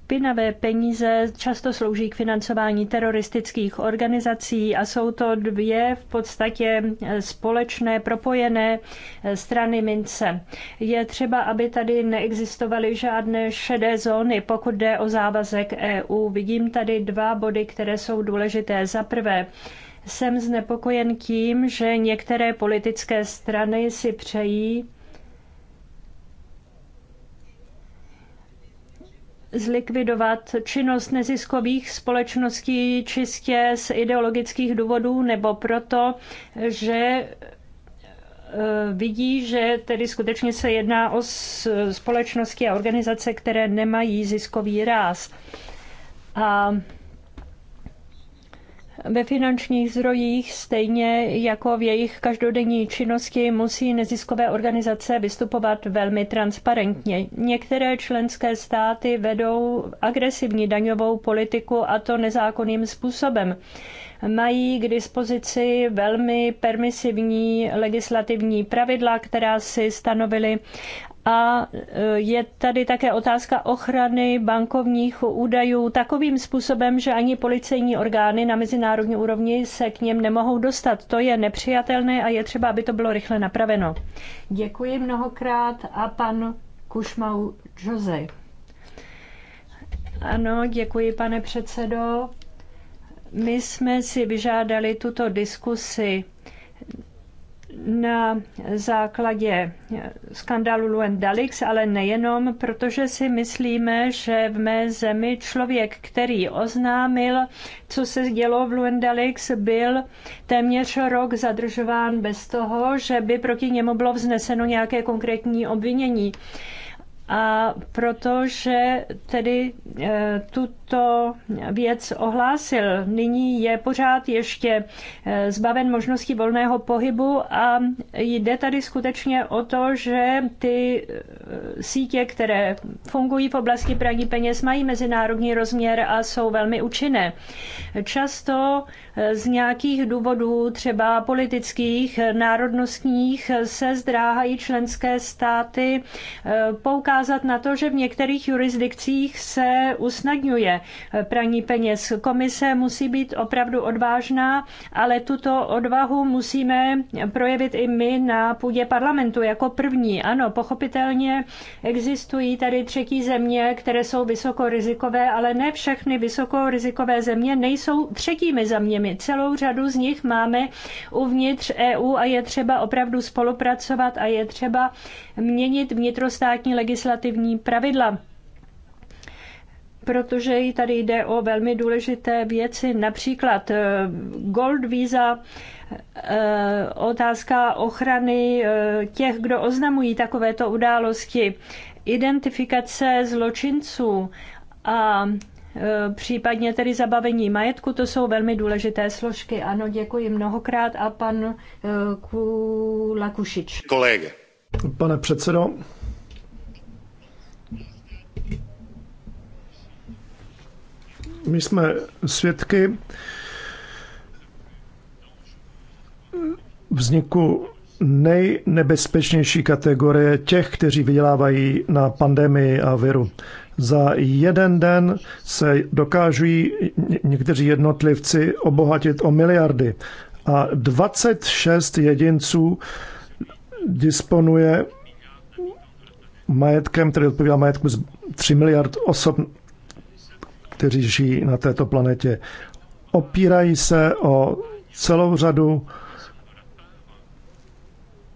Špinavé peníze často slouží k financování teroristických organizací a jsou to dvě v podstatě eh, společné, propojené eh, strany mince. Je třeba, aby tady neexistovaly žádné šedé zóny, pokud jde o závazek EU. Vidím tady dva body, které jsou důležité. Za prvé, jsem znepokojen tím, že některé politické strany si přejí zlikvidovat činnost neziskových společností čistě z ideologických důvodů nebo proto, že e, vidí, že tedy skutečně se jedná o společnosti a organizace, které nemají ziskový ráz. A ve finančních zdrojích, stejně jako v jejich každodenní činnosti, musí neziskové organizace vystupovat velmi transparentně. Některé členské státy vedou agresivní daňovou politiku a to nezákonným způsobem. Mají k dispozici velmi permisivní legislativní pravidla, která si stanovili a e, je tady také otázka ochrany bankovních údajů takovým způsobem, že ani policejní orgány na mezinárodní úrovni se k něm nemohou dostat. To je nepřijatelné a je třeba, aby to bylo rychle napraveno. Děkuji mnohokrát a pan Kušmau Jose. Ano, děkuji, pane předsedo. My jsme si vyžádali tuto diskusi na základě skandálu Luen Dalix, ale nejenom, protože si myslíme, že v mé zemi člověk, který oznámil, co se dělo v Luen Dalix, byl téměř rok zadržován bez toho, že by proti němu bylo vzneseno nějaké konkrétní obvinění a protože tedy e, tuto věc ohlásil, nyní je pořád ještě e, zbaven možnosti volného pohybu a jde tady skutečně o to, že ty e, sítě, které fungují v oblasti praní peněz, mají mezinárodní rozměr a jsou velmi účinné. Často z nějakých důvodů, třeba politických, národnostních, se zdráhají členské státy eh, poukázat na to, že v některých jurisdikcích se usnadňuje eh, praní peněz. Komise musí být opravdu odvážná, ale tuto odvahu musíme projevit i my na půdě parlamentu jako první. Ano, pochopitelně existují tady třetí země, které jsou vysokorizikové, ale ne všechny vysokorizikové země nejsou třetími zeměmi zeměmi. Celou řadu z nich máme uvnitř EU a je třeba opravdu spolupracovat a je třeba měnit vnitrostátní legislativní pravidla protože i tady jde o velmi důležité věci, například eh, gold visa, eh, otázka ochrany eh, těch, kdo oznamují takovéto události, identifikace zločinců a Eh, případně tedy zabavení majetku, to jsou velmi důležité složky. Ano, děkuji mnohokrát a pan eh, Kulakušič. Kolege. Pane předsedo, my jsme svědky vzniku nejnebezpečnější kategorie těch, kteří vydělávají na pandemii a viru. Za jeden den se dokáží někteří jednotlivci obohatit o miliardy a 26 jedinců disponuje majetkem, který odpovídá majetku z 3 miliard osob, kteří žijí na této planetě. Opírají se o celou řadu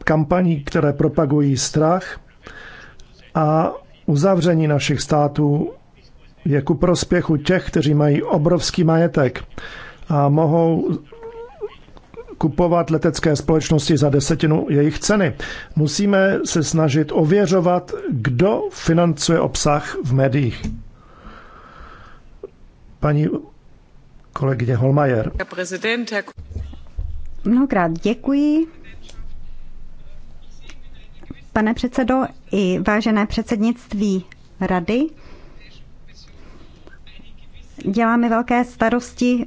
kampaní, které propagují strach a Uzavření našich států je ku prospěchu těch, kteří mají obrovský majetek a mohou kupovat letecké společnosti za desetinu jejich ceny. Musíme se snažit ověřovat, kdo financuje obsah v médiích. Paní kolegyně Holmajer. Mnohokrát děkuji, Pane předsedo i vážené předsednictví rady, děláme velké starosti,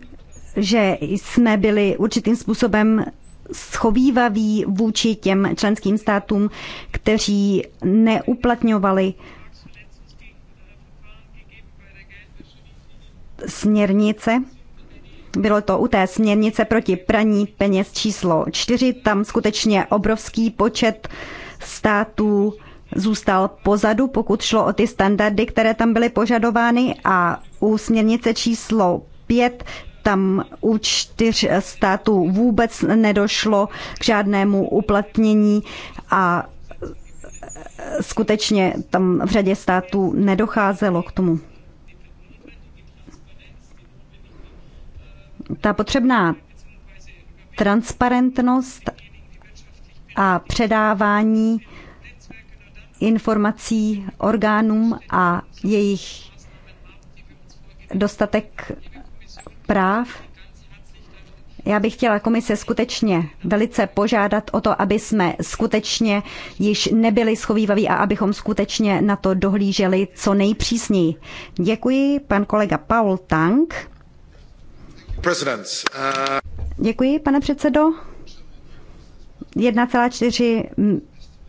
že jsme byli určitým způsobem schovývaví vůči těm členským státům, kteří neuplatňovali směrnice. Bylo to u té směrnice proti praní peněz číslo 4. Tam skutečně obrovský počet uh, států zůstal pozadu, pokud šlo o ty standardy, které tam byly požadovány a u směrnice číslo 5 tam u čtyř států vůbec nedošlo k žádnému uplatnění a skutečně tam v řadě států nedocházelo k tomu. Ta potřebná transparentnost a předávání informací orgánům a jejich dostatek práv. Já bych chtěla komise skutečně velice požádat o to, aby jsme skutečně již nebyli schovývaví a abychom skutečně na to dohlíželi co nejpřísněji. Děkuji, pan kolega Paul Tank. Uh- Děkuji, pane předsedo. 1,4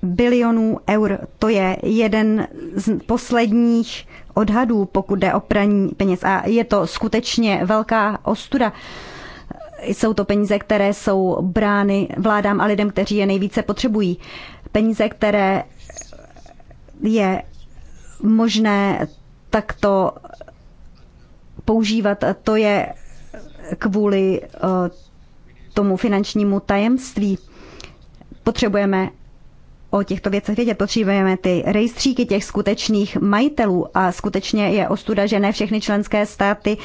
bilionů eur. To je jeden z posledních odhadů, pokud jde o praní peněz. A je to skutečně velká ostuda. Jsou to peníze, které jsou brány vládám a lidem, kteří je nejvíce potřebují. Peníze, které je možné takto používat, to je kvůli eh, tomu finančnímu tajemství. Potřebujeme o těchto věcech vědět, potřebujeme ty rejstříky těch skutečných majitelů a skutečně je ostuda, že ne všechny členské státy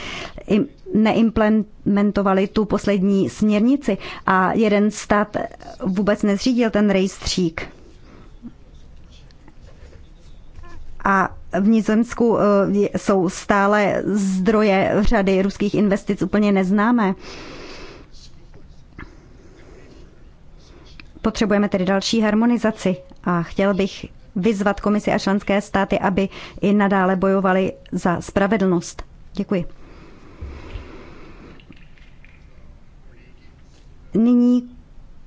neimplementovali tu poslední směrnici a jeden stát vůbec nezřídil ten rejstřík. A v Nizozemsku eh, jsou stále zdroje řady ruských investic úplně neznámé. Potřebujeme tedy další harmonizaci a chtěl bych vyzvat komisi a členské státy, aby i nadále bojovali za spravedlnost. Děkuji. Nyní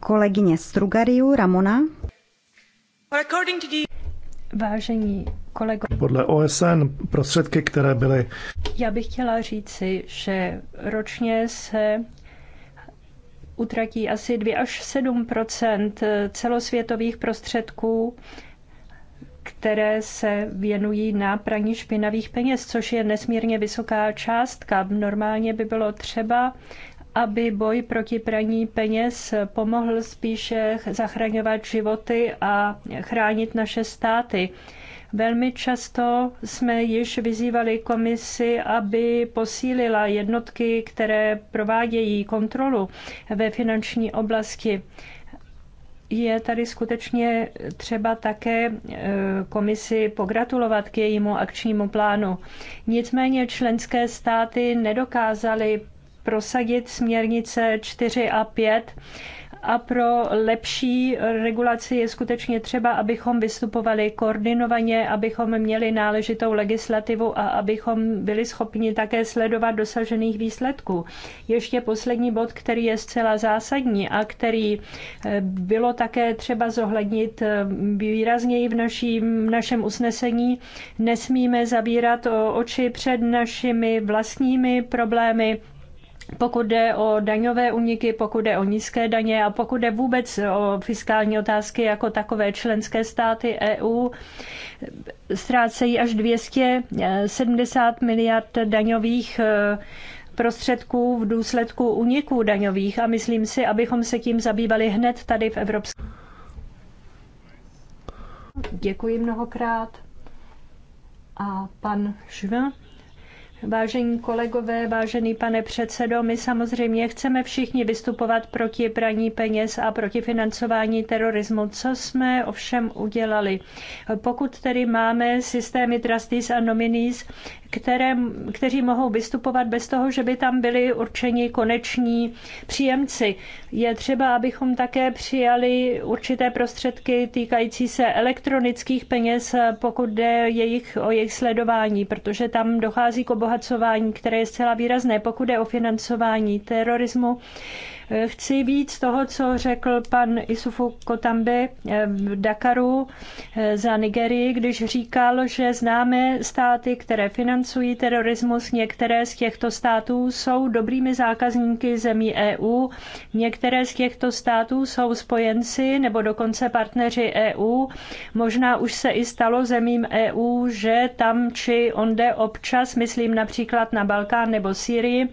kolegyně Strugariu Ramona. Vážení kolego. Podle OSN prostředky, které byly. Já bych chtěla říci, že ročně se utratí asi 2 až 7 eh, celosvětových prostředků, které se věnují na praní špinavých peněz, což je nesmírně vysoká částka. Normálně by bylo třeba aby boj proti praní peněz pomohl spíše zachraňovat životy a chránit naše státy. Velmi často jsme již vyzývali komisi, aby posílila jednotky, které provádějí kontrolu ve finanční oblasti je tady skutečně třeba také e, komisi pogratulovat k jejímu akčnímu plánu. Nicméně členské státy nedokázaly prosadit směrnice 4 a 5 a pro lepší regulaci je skutečně třeba, abychom vystupovali koordinovaně, abychom měli náležitou legislativu a abychom byli schopni také sledovat dosažených výsledků. Ještě poslední bod, který je zcela zásadní a který eh, bylo také třeba zohlednit eh, výrazněji v, naší, v našem usnesení, nesmíme zavírat oči před našimi vlastními problémy, pokud jde o daňové uniky, pokud jde o nízké daně a pokud jde vůbec o fiskální otázky jako takové členské státy EU, ztrácejí až 270 miliard daňových eh, prostředků v důsledku uniků daňových a myslím si, abychom se tím zabývali hned tady v Evropské. Děkuji mnohokrát. A pan Švin? Vážení kolegové, vážený pane předsedo, my samozřejmě chceme všichni vystupovat proti praní peněz a proti financování terorismu. Co jsme ovšem udělali? Pokud tedy máme systémy trustees a nominees, které, kteří mohou vystupovat bez toho, že by tam byli určeni koneční příjemci. Je třeba, abychom také přijali určité prostředky týkající se elektronických peněz, pokud jde jejich, o jejich sledování, protože tam dochází k obohacování, které je zcela výrazné. Pokud jde o financování terorismu, Chci víc toho, co řekl pan Isufu Kotambi eh, v Dakaru eh, za Nigerii, když říkal, že známe státy, které financují terorismus. Některé z těchto států jsou dobrými zákazníky zemí EU, některé z těchto států jsou spojenci nebo dokonce partneři EU. Možná už se i stalo zemím EU, že tam či onde občas, myslím například na Balkán nebo Sýrii,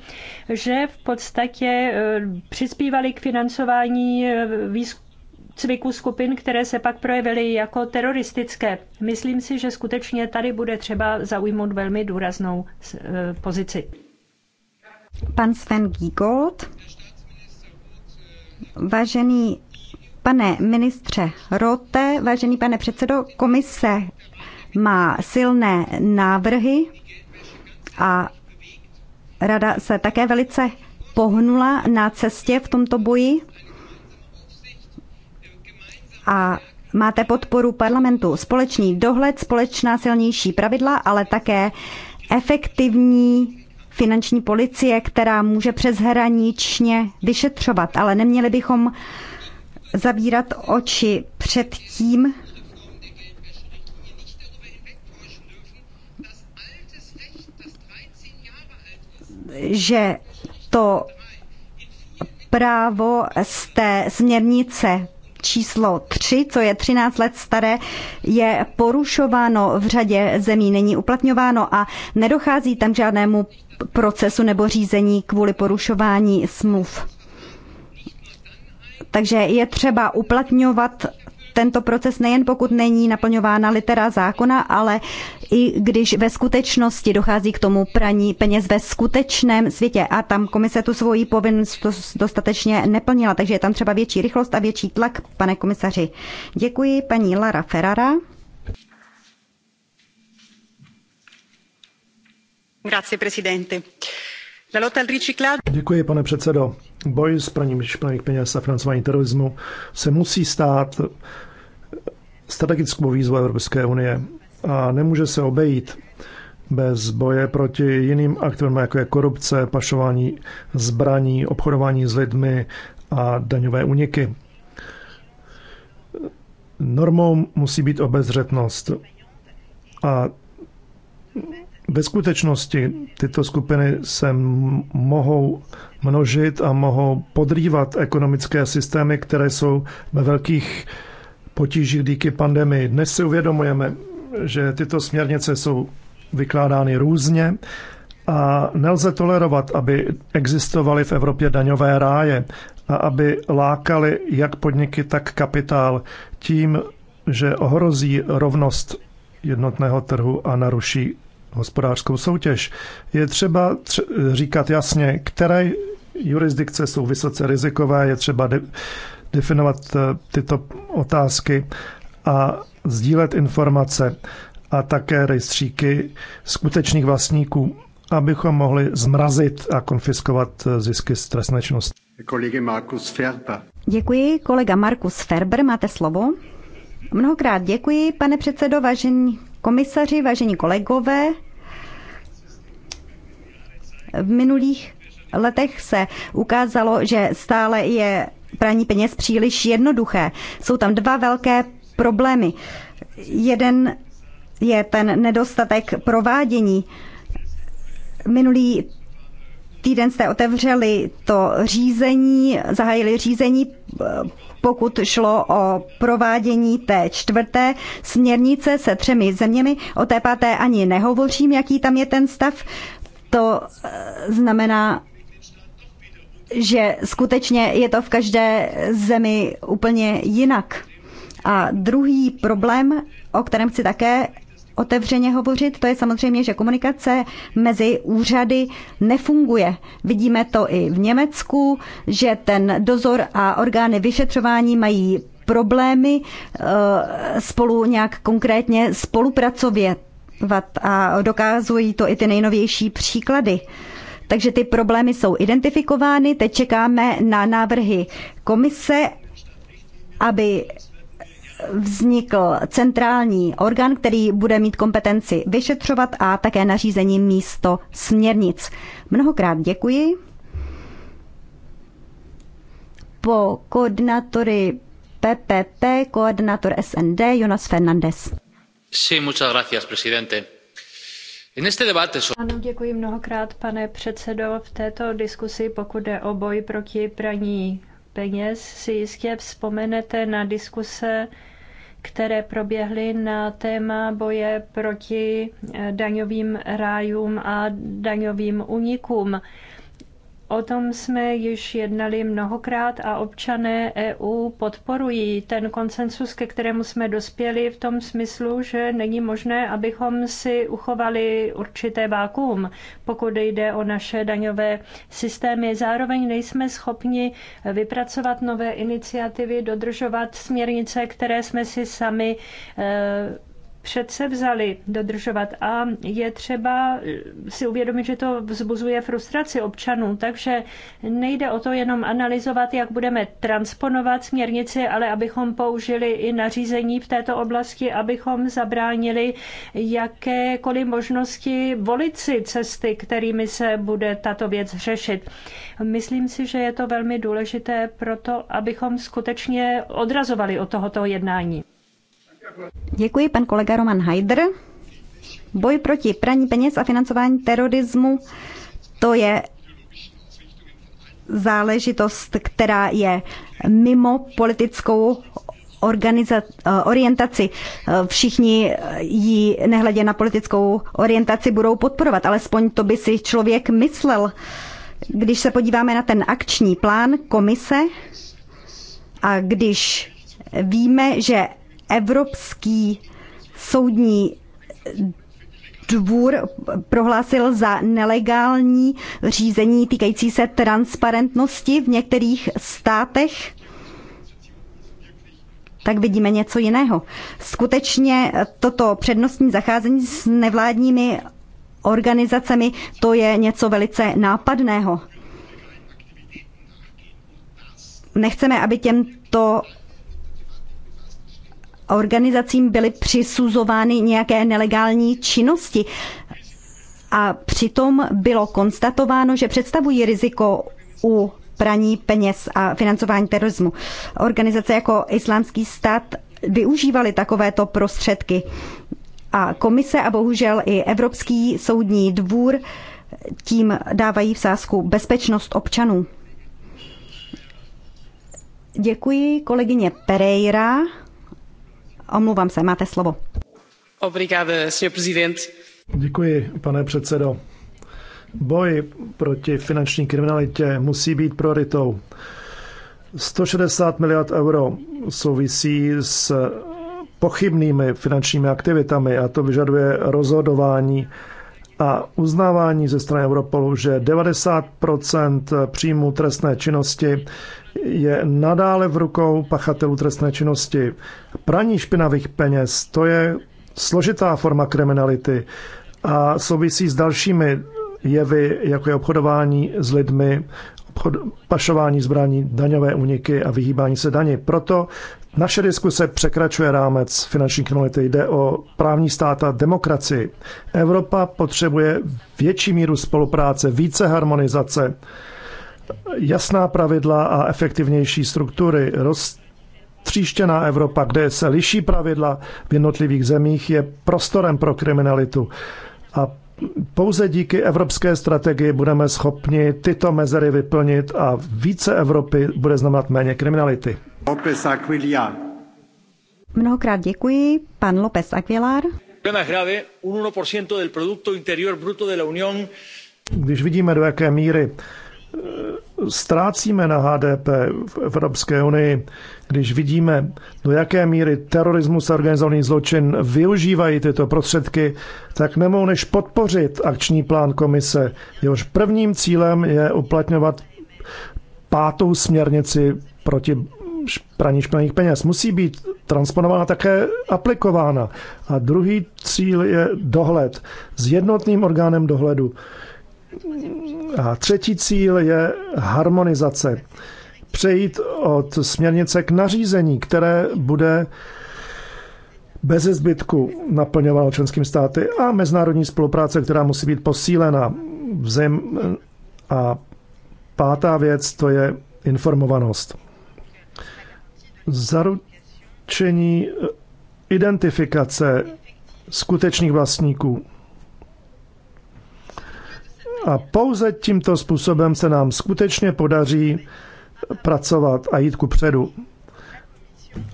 že v podstatě eh, při přispívaly k financování eh, výzkumu cviku skupin, které se pak projevily jako teroristické. Myslím si, že skutečně tady bude třeba zaujmout velmi důraznou eh, pozici. Pan Sven Giegold, vážený pane ministře Rote, vážený pane předsedo komise, má silné návrhy a rada se také velice pohnula na cestě v tomto boji? A máte podporu parlamentu. Společný dohled, společná silnější pravidla, ale také efektivní finanční policie, která může přeshraničně vyšetřovat. Ale neměli bychom zabírat oči před tím, že to právo z té směrnice číslo 3, co je 13 let staré, je porušováno v řadě zemí, není uplatňováno a nedochází tam žádnému procesu nebo řízení kvůli porušování smluv. Takže je třeba uplatňovat tento proces nejen pokud není naplňována litera zákona, ale i když ve skutečnosti dochází k tomu praní peněz ve skutečném světě a tam komise tu svoji povinnost dostatečně neplnila, takže je tam třeba větší rychlost a větší tlak, pane komisaři. Děkuji paní Lara Ferrara. Děkuji, pane předsedo. Boj s praním špinavých peněz a financování terorismu se musí stát strategickou výzvu Evropské unie a nemůže se obejít bez boje proti jiným aktivům, jako je korupce, pašování zbraní, obchodování s lidmi a daňové úniky. Normou musí být obezřetnost. A ve skutečnosti tyto skupiny se mohou množit a mohou podrývat ekonomické systémy, které jsou ve velkých potížích díky pandemii. Dnes si uvědomujeme, že tyto směrnice jsou vykládány různě a nelze tolerovat, aby existovaly v Evropě daňové ráje a aby lákali jak podniky, tak kapitál tím, že ohrozí rovnost jednotného trhu a naruší hospodářskou soutěž. Je třeba tř- říkat jasně, které jurisdikce jsou vysoce rizikové, je třeba de- definovat eh, tyto otázky a sdílet informace a také rejstříky skutečných vlastníků, abychom mohli zmrazit a konfiskovat eh, zisky z trestné činnosti. Kolega Markus Ferber. Děkuji, kolega Markus Ferber, máte slovo. Mnohokrát děkuji, pane předsedo, vážení komisaři, vážení kolegové. V minulých letech se ukázalo, že stále je praní peněz příliš jednoduché. Jsou tam dva velké problémy. Jeden je ten nedostatek provádění. Minulý týden jste otevřeli to řízení, zahájili řízení, pokud šlo o provádění té čtvrté směrnice se třemi zeměmi. O té páté ani nehovořím, jaký tam je ten stav. To eh, znamená, že skutečně je to v každé zemi úplně jinak. A druhý problém, o kterém chci také otevřeně hovořit, to je samozřejmě, že komunikace mezi úřady nefunguje. Vidíme to i v Německu, že ten dozor a orgány vyšetřování mají problémy eh, spolu nějak konkrétně spolupracovat a dokazují to i ty nejnovější příklady. Takže ty problémy jsou identifikovány, teď čekáme na návrhy komise, aby vznikl centrální orgán, který bude mít kompetenci vyšetřovat a také nařízení místo směrnic. Mnohokrát děkuji. Po koordinátory PPP, koordinátor SND Jonas Fernandez. Sí, muchas gracias, presidente děkuji mnohokrát, pane předsedo. V této diskusi, pokud jde o boj proti praní peněz, si jistě vzpomenete na diskuse, které proběhly na téma boje proti eh, daňovým rájům a daňovým unikům. O tom jsme již jednali mnohokrát a občané EU podporují ten konsensus, ke kterému jsme dospěli v tom smyslu, že není možné, abychom si uchovali určité vákuum, pokud jde o naše daňové systémy. Zároveň nejsme schopni vypracovat nové iniciativy, dodržovat směrnice, které jsme si sami eh, přece vzali dodržovat. A je třeba eh, si uvědomit, že to vzbuzuje frustraci občanů, takže nejde o to jenom analyzovat, jak budeme transponovat směrnici, ale abychom použili i nařízení v této oblasti, abychom zabránili jakékoliv možnosti volit si cesty, kterými se bude tato věc řešit. Myslím si, že je to velmi důležité proto, abychom skutečně odrazovali od tohoto jednání. Děkuji, pan kolega Roman Haider. Boj proti praní peněz a financování terorismu, to je záležitost, která je mimo politickou orientaci. Všichni ji nehledě na politickou orientaci budou podporovat, alespoň to by si člověk myslel. Když se podíváme na ten akční plán komise a když víme, že Evropský soudní dvůr prohlásil za nelegální řízení týkající se transparentnosti v některých státech, tak vidíme něco jiného. Skutečně toto přednostní zacházení s nevládními organizacemi, to je něco velice nápadného. Nechceme, aby těmto organizacím byly přisuzovány nějaké nelegální činnosti a přitom bylo konstatováno, že představují riziko u praní peněz a financování terorismu. Organizace jako Islámský stát využívaly takovéto prostředky. A komise a bohužel i Evropský soudní dvůr tím dávají v sázku bezpečnost občanů. Děkuji kolegyně Pereira. Omluvám se, máte slovo. Obrigada, senhor presidente. Děkuji, pane předsedo. Boj proti finanční kriminalitě musí být prioritou. 160 miliard euro souvisí s pochybnými finančními aktivitami a to vyžaduje rozhodování a uznávání ze strany Europolu, že 90 příjmů trestné činnosti je nadále v rukou pachatelů trestné činnosti. Praní špinavých peněz, to je složitá forma kriminality a souvisí s dalšími jevy, jako je obchodování s lidmi, obchod, pašování zbraní, daňové uniky a vyhýbání se daní. Proto naše diskuse překračuje rámec finanční kriminality. Jde o právní stát a demokracii. Evropa potřebuje větší míru spolupráce, více harmonizace, jasná pravidla a efektivnější struktury. Roztříštěná Evropa, kde se liší pravidla v jednotlivých zemích, je prostorem pro kriminalitu. A pouze díky evropské strategii budeme schopni tyto mezery vyplnit a více Evropy bude znamenat méně kriminality. López Aquilar. Mnohokrát děkuji. Pan López Aguilar. Když vidíme, do jaké míry eh, ztrácíme na HDP v Evropské unii, když vidíme, do jaké míry terorismus a organizovaný zločin využívají tyto prostředky, tak nemohu než podpořit akční plán komise. Jehož prvním cílem je uplatňovat pátou směrnici proti praní špinavých peněz, musí být transponována také aplikována. A druhý cíl je dohled s jednotným orgánem dohledu. A třetí cíl je harmonizace. Přejít od směrnice k nařízení, které bude bez zbytku naplňováno členským státy a mezinárodní spolupráce, která musí být posílena. zem. a pátá věc, to je informovanost zaručení eh, identifikace skutečných vlastníků. A pouze tímto způsobem se nám skutečně podaří pracovat a jít ku předu.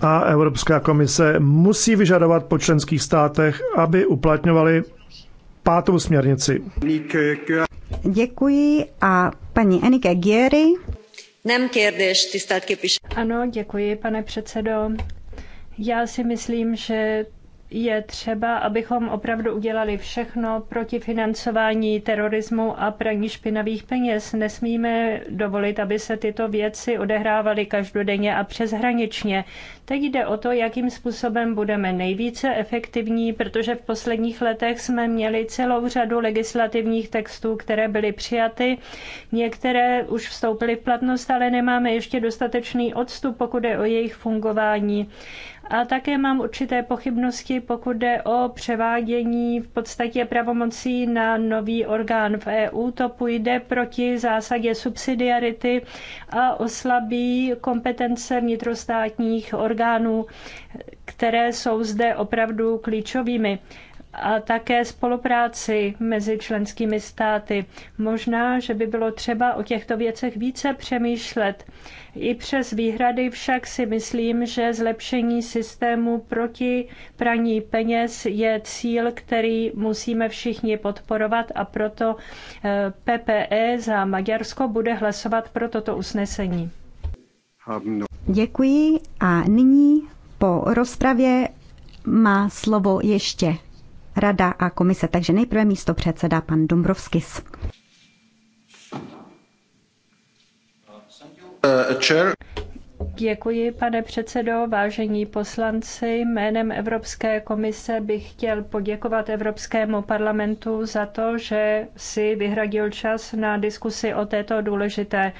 A Evropská komise musí vyžadovat po členských státech, aby uplatňovali pátou směrnici. Děkuji a paní Enike Gieri. Nem kérdés, tisztelt képviselő. Ano, děkuji, pane předsedo. Já si myslím, že je třeba, abychom opravdu udělali všechno proti financování terorismu a praní špinavých peněz. Nesmíme dovolit, aby se tyto věci odehrávaly každodenně a přeshraničně. Teď jde o to, jakým způsobem budeme nejvíce efektivní, protože v posledních letech jsme měli celou řadu legislativních textů, které byly přijaty. Některé už vstoupily v platnost, ale nemáme ještě dostatečný odstup, pokud je o jejich fungování a také mám určité pochybnosti, pokud jde o převádění v podstatě pravomocí na nový orgán v EU. To půjde proti zásadě subsidiarity a oslabí kompetence vnitrostátních orgánů, které jsou zde opravdu klíčovými a také spolupráci mezi členskými státy. Možná, že by bylo třeba o těchto věcech více přemýšlet. I přes výhrady však si myslím, že zlepšení systému proti praní peněz je cíl, který musíme všichni podporovat a proto eh, PPE za Maďarsko bude hlasovat pro toto usnesení. Děkuji a nyní po rozpravě má slovo ještě Rada a komise. Takže nejprve místo předseda pan Dombrovskis. Děkuji, pane předsedo, vážení poslanci. Jménem Evropské komise bych chtěl poděkovat Evropskému parlamentu za to, že si vyhradil čas na diskusi o této důležité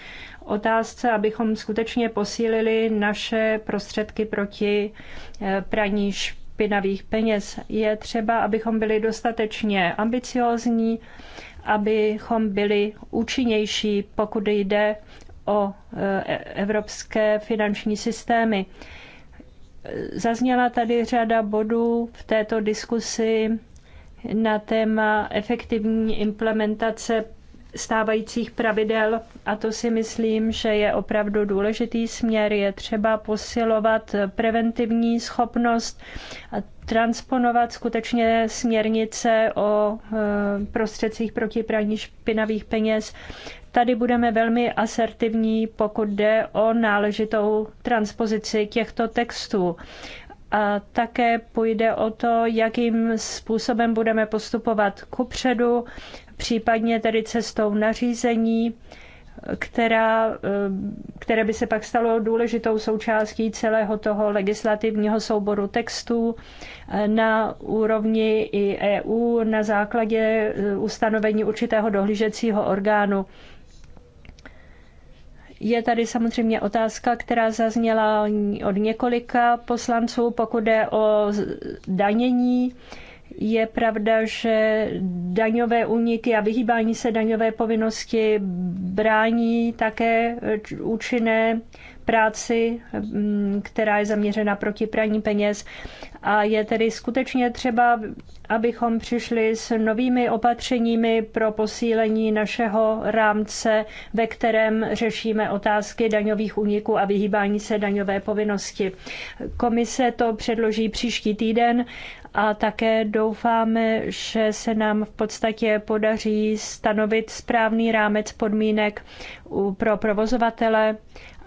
otázce, abychom skutečně posílili naše prostředky proti eh, praní špinavých špinavých peněz. Je třeba, abychom byli dostatečně ambiciózní, abychom byli účinnější, pokud jde o e, evropské finanční systémy. Zazněla tady řada bodů v této diskusi na téma efektivní implementace stávajících pravidel a to si myslím, že je opravdu důležitý směr. Je třeba posilovat preventivní schopnost a transponovat skutečně směrnice o e, prostředcích proti praní špinavých peněz. Tady budeme velmi asertivní, pokud jde o náležitou transpozici těchto textů. A také půjde o to, jakým způsobem budeme postupovat kupředu, případně tedy cestou nařízení, která, eh, které by se pak stalo důležitou součástí celého toho legislativního souboru textů eh, na úrovni i EU na základě eh, ustanovení určitého dohlížecího orgánu. Je tady samozřejmě otázka, která zazněla od několika poslanců, pokud jde o danění je pravda, že daňové úniky a vyhýbání se daňové povinnosti brání také eh, účinné práci, mm, která je zaměřena proti praní peněz. A je tedy skutečně třeba, abychom přišli s novými opatřeními pro posílení našeho rámce, ve kterém řešíme otázky daňových úniků a vyhýbání se daňové povinnosti. Komise to předloží příští týden a také doufáme, že se nám v podstatě podaří stanovit správný rámec podmínek pro provozovatele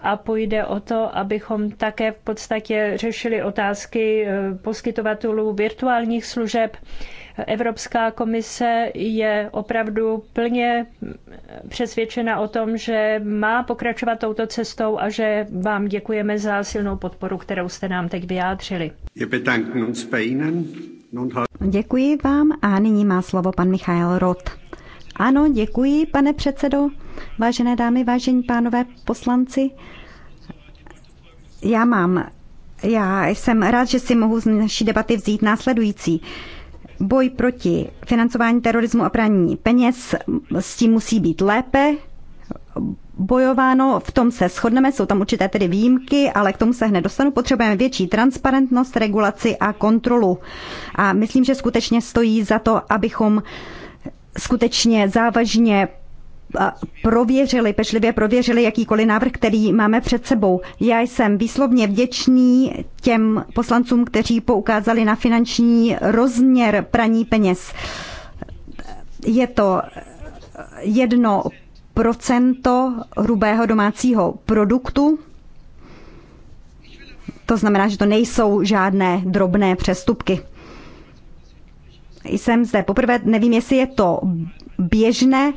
a půjde o to, abychom také v podstatě řešili otázky eh, poskytovatelů virtuálních služeb Evropská komise je opravdu plně přesvědčena o tom, že má pokračovat touto cestou a že vám děkujeme za silnou podporu, kterou jste nám teď vyjádřili. Děkuji vám a nyní má slovo pan Michael Roth. Ano, děkuji, pane předsedo. Vážené dámy, vážení pánové poslanci, já mám, já jsem rád, že si mohu z naší debaty vzít následující. Boj proti financování terorismu a praní peněz s tím musí být lépe bojováno, v tom se shodneme, jsou tam určité tedy výjimky, ale k tomu se hned dostanu. Potřebujeme větší transparentnost, regulaci a kontrolu. A myslím, že skutečně stojí za to, abychom skutečně závažně prověřili, pečlivě prověřili jakýkoliv návrh, který máme před sebou. Já jsem výslovně vděčný těm poslancům, kteří poukázali na finanční rozměr praní peněz. Je to jedno procento hrubého domácího produktu. To znamená, že to nejsou žádné drobné přestupky. Jsem zde poprvé, nevím, jestli je to běžné,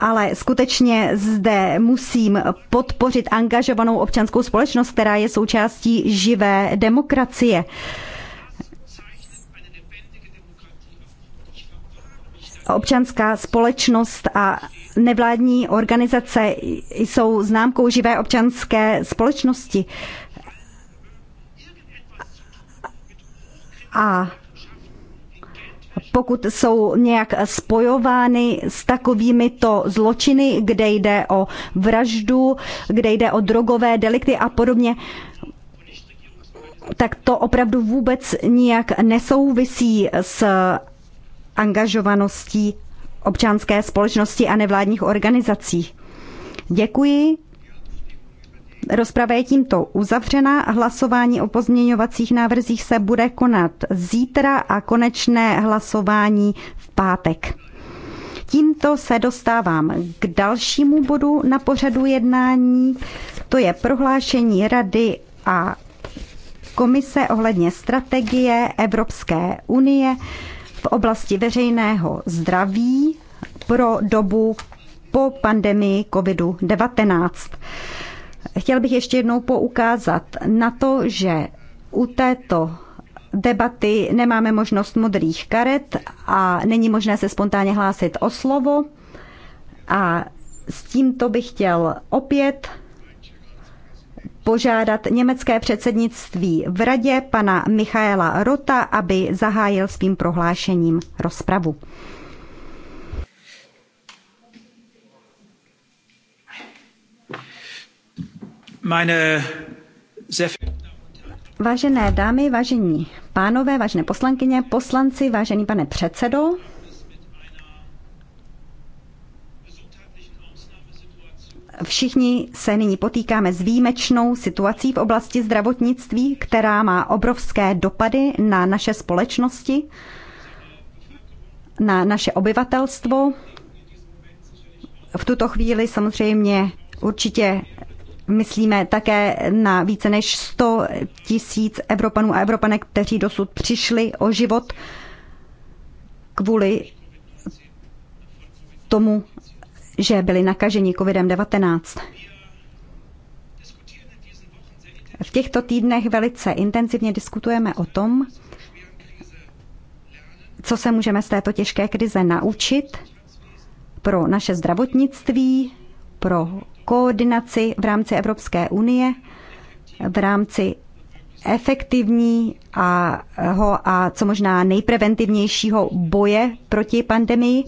ale skutečně zde musím podpořit angažovanou občanskou společnost, která je součástí živé demokracie. Občanská společnost a nevládní organizace jsou známkou živé občanské společnosti. A pokud jsou nějak spojovány s takovými to zločiny, kde jde o vraždu, kde jde o drogové delikty a podobně, tak to opravdu vůbec nijak nesouvisí s angažovaností občanské společnosti a nevládních organizací. Děkuji Rozprava je tímto uzavřena. Hlasování o pozměňovacích návrzích se bude konat zítra a konečné hlasování v pátek. Tímto se dostávám k dalšímu bodu na pořadu jednání, to je prohlášení Rady a Komise ohledně strategie Evropské unie v oblasti veřejného zdraví pro dobu po pandemii COVID-19. Chtěl bych ještě jednou poukázat na to, že u této debaty nemáme možnost modrých karet a není možné se spontánně hlásit o slovo. A s tímto bych chtěl opět požádat německé předsednictví v radě pana Michaela Rota, aby zahájil svým prohlášením rozpravu. Vážené dámy, vážení pánové, vážené poslankyně, poslanci, vážený pane předsedo, Všichni se nyní potýkáme s výjimečnou situací v oblasti zdravotnictví, která má obrovské dopady na naše společnosti, na naše obyvatelstvo. V tuto chvíli samozřejmě určitě Myslíme také na více než 100 tisíc Evropanů a Evropanek, kteří dosud přišli o život kvůli tomu, že byli nakaženi COVID-19. V těchto týdnech velice intenzivně diskutujeme o tom, co se můžeme z této těžké krize naučit pro naše zdravotnictví, pro koordinaci v rámci Evropské unie, v rámci efektivního a co možná nejpreventivnějšího boje proti pandemii.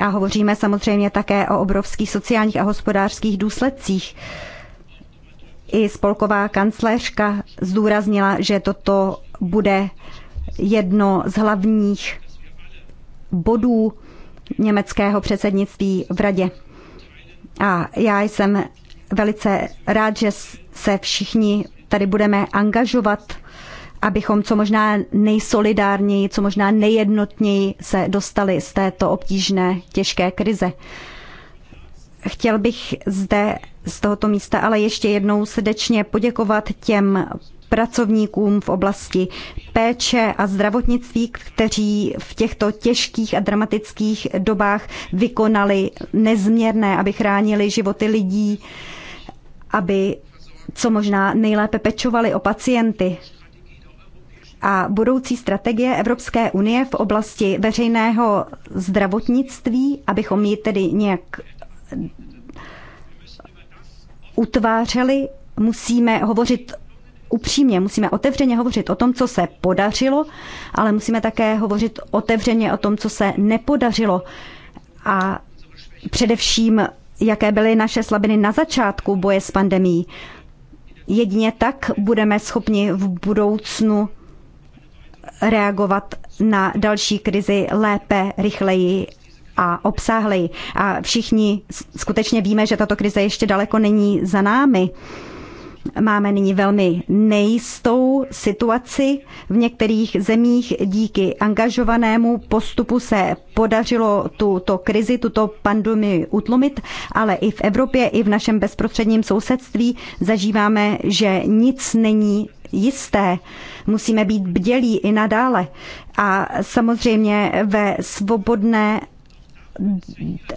A hovoříme samozřejmě také o obrovských sociálních a hospodářských důsledcích. I spolková kancléřka zdůraznila, že toto bude jedno z hlavních bodů německého předsednictví v radě. A já jsem velice rád, že se všichni tady budeme angažovat, abychom co možná nejsolidárněji, co možná nejjednotněji se dostali z této obtížné, těžké krize. Chtěl bych zde z tohoto místa ale ještě jednou srdečně poděkovat těm pracovníkům v oblasti péče a zdravotnictví, kteří v těchto těžkých a dramatických dobách vykonali nezměrné, aby chránili životy lidí, aby co možná nejlépe pečovali o pacienty. A budoucí strategie Evropské unie v oblasti veřejného zdravotnictví, abychom ji tedy nějak utvářeli, musíme hovořit upřímně, musíme otevřeně hovořit o tom, co se podařilo, ale musíme také hovořit otevřeně o tom, co se nepodařilo. A především, jaké byly naše slabiny na začátku boje s pandemí. Jedině tak budeme schopni v budoucnu reagovat na další krizi lépe, rychleji a obsáhleji. A všichni skutečně víme, že tato krize ještě daleko není za námi. Máme nyní velmi nejistou situaci. V některých zemích díky angažovanému postupu se podařilo tuto krizi, tuto pandemii utlumit, ale i v Evropě, i v našem bezprostředním sousedství zažíváme, že nic není jisté. Musíme být bdělí i nadále. A samozřejmě ve svobodné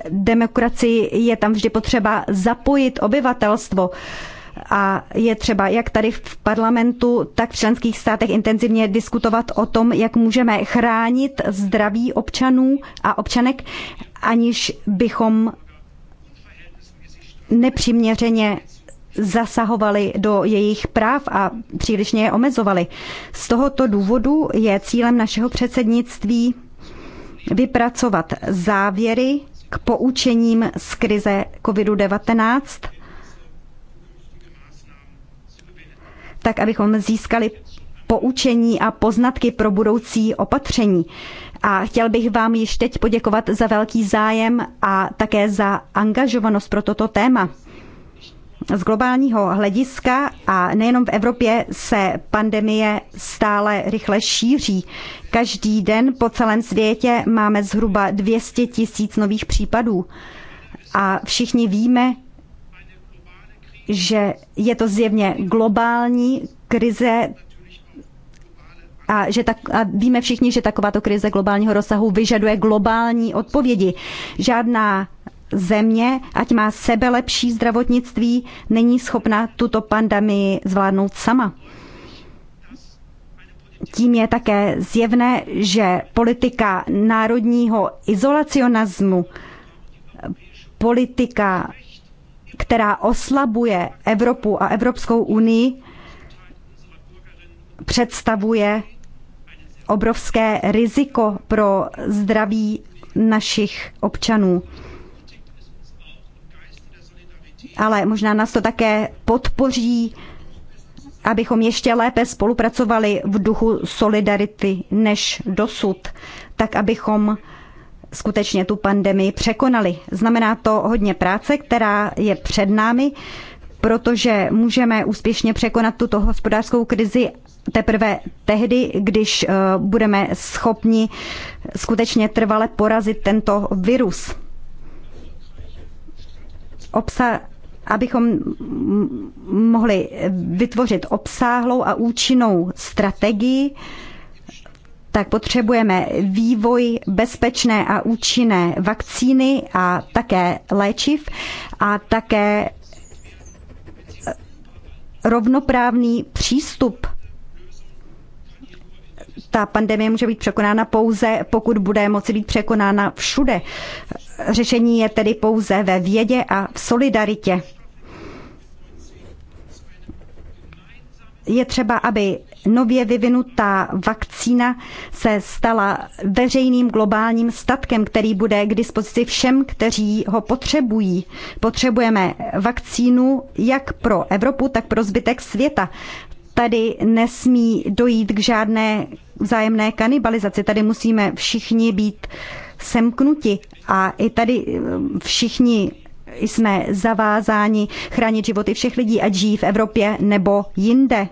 demokracii je tam vždy potřeba zapojit obyvatelstvo a je třeba jak tady v parlamentu, tak v členských státech intenzivně diskutovat o tom, jak můžeme chránit zdraví občanů a občanek, aniž bychom nepřiměřeně zasahovali do jejich práv a přílišně je omezovali. Z tohoto důvodu je cílem našeho předsednictví vypracovat závěry k poučením z krize COVID-19 tak abychom získali poučení a poznatky pro budoucí opatření. A chtěl bych vám již teď poděkovat za velký zájem a také za angažovanost pro toto téma. Z globálního hlediska a nejenom v Evropě se pandemie stále rychle šíří. Každý den po celém světě máme zhruba 200 tisíc nových případů. A všichni víme, že je to zjevně globální krize a, že tak, a víme všichni, že takováto krize globálního rozsahu vyžaduje globální odpovědi. Žádná země, ať má sebe lepší zdravotnictví, není schopna tuto pandemii zvládnout sama. Tím je také zjevné, že politika národního izolacionismu, politika která oslabuje Evropu a Evropskou unii, představuje obrovské riziko pro zdraví našich občanů. Ale možná nás to také podpoří, abychom ještě lépe spolupracovali v duchu solidarity než dosud, tak abychom skutečně tu pandemii překonali. Znamená to hodně práce, která je před námi, protože můžeme úspěšně překonat tuto hospodářskou krizi teprve tehdy, když eh, budeme schopni skutečně trvale porazit tento virus. Obsa abychom mohli vytvořit obsáhlou a účinnou strategii, tak potřebujeme vývoj bezpečné a účinné vakcíny a také léčiv a také eh, rovnoprávný přístup ta pandemie může být překonána pouze, pokud bude moci být překonána všude. Řešení je tedy pouze ve vědě a v solidaritě. Je třeba, aby nově vyvinutá vakcína se stala veřejným globálním statkem, který bude k dispozici všem, kteří ho potřebují. Potřebujeme vakcínu jak pro Evropu, tak pro zbytek světa. Tady nesmí dojít k žádné vzájemné kanibalizaci. Tady musíme všichni být semknuti a i tady eh, všichni jsme zavázáni chránit životy všech lidí, ať žijí v Evropě nebo jinde.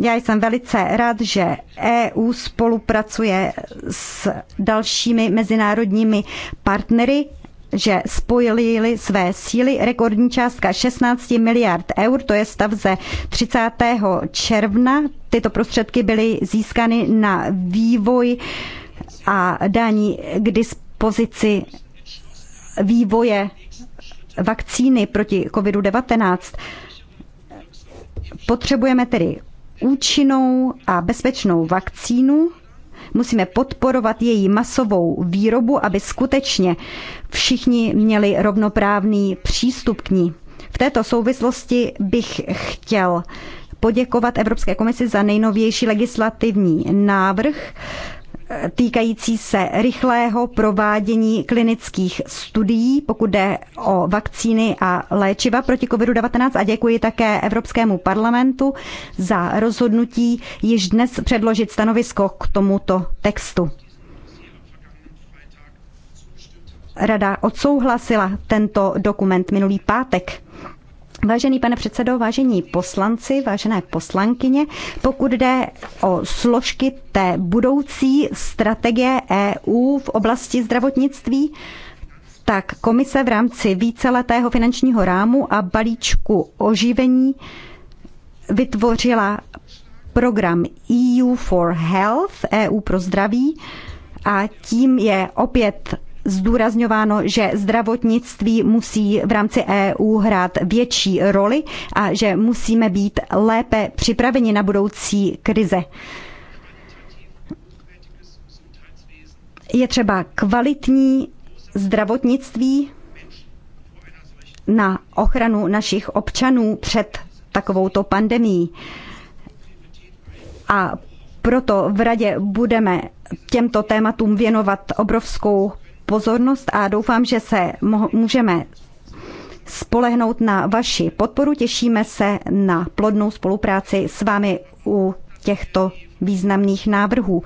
Já jsem velice rád, že EU spolupracuje s dalšími mezinárodními partnery, že spojili své síly. Rekordní částka 16 miliard eur, to je stav ze 30. června. Tyto prostředky byly získány na vývoj a dání k dispozici vývoje vakcíny proti COVID-19. Potřebujeme tedy účinnou a bezpečnou vakcínu, musíme podporovat její masovou výrobu, aby skutečně všichni měli rovnoprávný přístup k ní. V této souvislosti bych chtěl poděkovat Evropské komisi za nejnovější legislativní návrh, týkající se rychlého provádění klinických studií, pokud jde o vakcíny a léčiva proti COVID-19 a děkuji také Evropskému parlamentu za rozhodnutí již dnes předložit stanovisko k tomuto textu. Rada odsouhlasila tento dokument minulý pátek. Vážený pane předsedo, vážení poslanci, vážené poslankyně, pokud jde o složky té budoucí strategie EU v oblasti zdravotnictví, tak komise v rámci víceletého finančního rámu a balíčku oživení vytvořila program EU for Health, EU pro zdraví, a tím je opět zdůrazňováno, že zdravotnictví musí v rámci EU hrát větší roli a že musíme být lépe připraveni na budoucí krize. Je třeba kvalitní zdravotnictví na ochranu našich občanů před takovouto pandemí. A proto v Radě budeme těmto tématům věnovat obrovskou pozornost a doufám, že se můžeme spolehnout na vaši podporu. Těšíme se na plodnou spolupráci s vámi u těchto významných návrhů.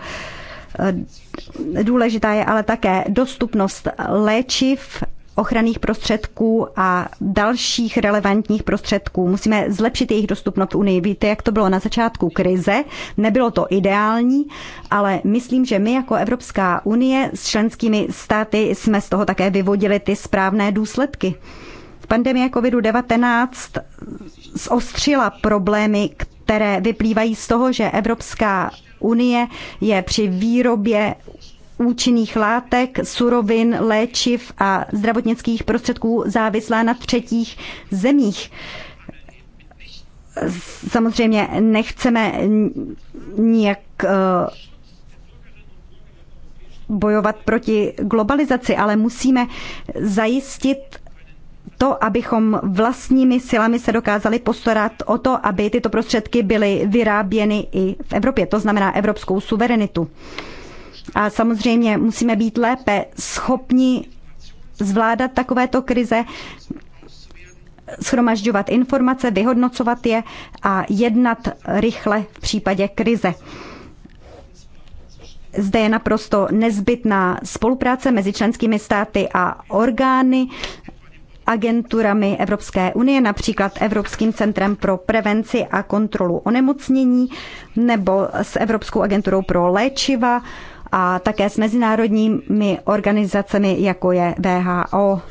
E, důležitá je ale také dostupnost léčiv ochranných prostředků a dalších relevantních prostředků. Musíme zlepšit jejich dostupnost v Unii. Víte, jak to bylo na začátku krize. Nebylo to ideální, ale myslím, že my jako Evropská unie s členskými státy jsme z toho také vyvodili ty správné důsledky. Pandemie COVID-19 zostřila problémy, které vyplývají z toho, že Evropská unie je při výrobě účinných látek, surovin, léčiv a zdravotnických prostředků závislá na třetích zemích. Samozřejmě nechceme nijak eh, bojovat proti globalizaci, ale musíme zajistit to, abychom vlastními silami se dokázali postarat o to, aby tyto prostředky byly vyráběny i v Evropě, to znamená evropskou suverenitu. A samozřejmě musíme být lépe schopni zvládat takovéto krize, schromažďovat informace, vyhodnocovat je a jednat rychle v případě krize. Zde je naprosto nezbytná spolupráce mezi členskými státy a orgány, agenturami Evropské unie, například Evropským centrem pro prevenci a kontrolu onemocnění nebo s Evropskou agenturou pro léčiva, a také s mezinárodními organizacemi, jako je VHO.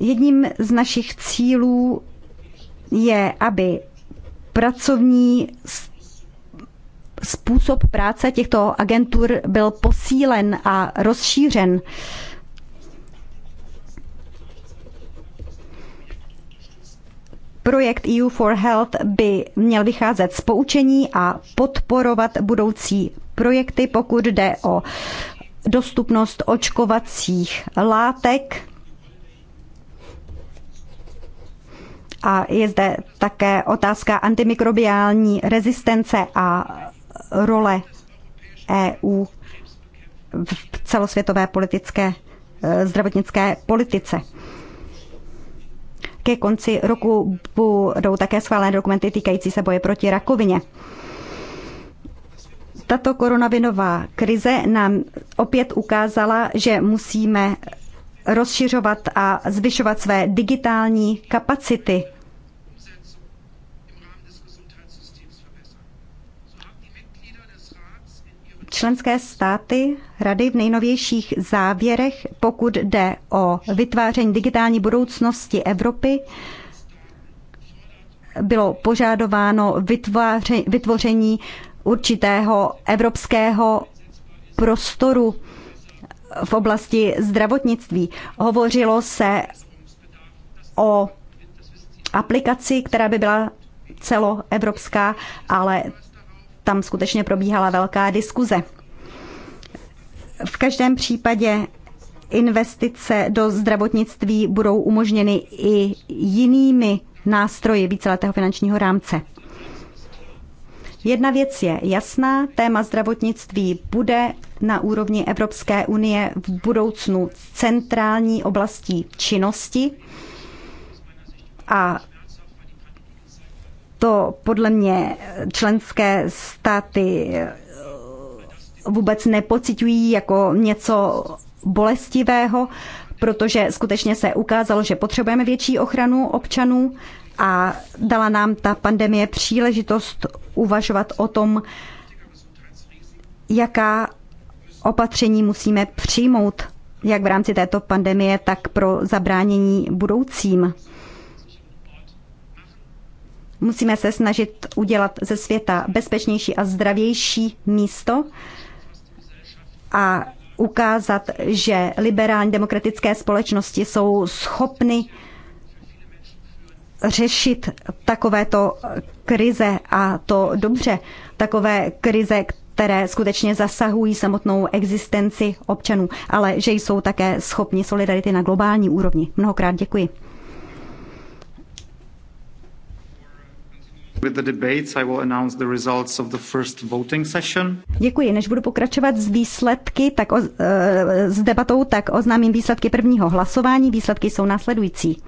Jedním z našich cílů je, aby pracovní způsob práce těchto agentur byl posílen a rozšířen. Uh, Projekt EU for Health by měl vycházet z poučení a podporovat budoucí projekty, pokud jde o dostupnost očkovacích látek. A je zde také otázka antimikrobiální rezistence a role EU v celosvětové politické eh, zdravotnické politice. Ke konci roku budou také schválené dokumenty týkající se boje proti rakovině. Tato koronavinová krize nám opět ukázala, že musíme rozšiřovat a zvyšovat své digitální kapacity členské státy rady v nejnovějších závěrech, pokud jde o vytváření digitální budoucnosti Evropy, bylo požádováno vytváře, vytvoření určitého evropského prostoru v oblasti zdravotnictví. Hovořilo se o aplikaci, která by byla celoevropská, ale tam skutečně probíhala velká diskuze. V každém případě investice do zdravotnictví budou umožněny i jinými nástroji víceletého finančního rámce. Jedna věc je jasná, téma zdravotnictví bude na úrovni Evropské unie v budoucnu centrální oblastí činnosti a to podle mě členské státy eh, vůbec nepocitují jako něco bolestivého, protože skutečně se ukázalo, že potřebujeme větší ochranu občanů a dala nám ta pandemie příležitost uvažovat o tom, jaká opatření musíme přijmout, jak v rámci této pandemie, tak pro zabránění budoucím Musíme se snažit udělat ze světa bezpečnější a zdravější místo a ukázat, že liberální demokratické společnosti jsou schopny řešit takovéto krize a to dobře, takové krize, které skutečně zasahují samotnou existenci občanů, ale že jsou také schopni solidarity na globální úrovni. Mnohokrát děkuji. Děkuji. Než budu pokračovat s výsledky, tak o, e, s debatou, tak oznámím výsledky prvního hlasování. Výsledky jsou následující.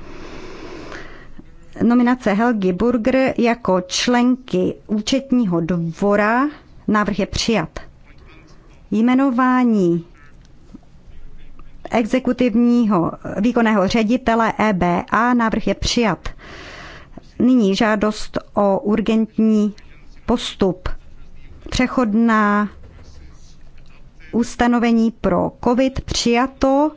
Nominace Helgi Burger jako členky účetního dvora. Návrh je přijat. Jmenování exekutivního výkonného ředitele EBA. Návrh je přijat. Nyní žádost o urgentní postup. Přechodná ustanovení pro COVID přijato,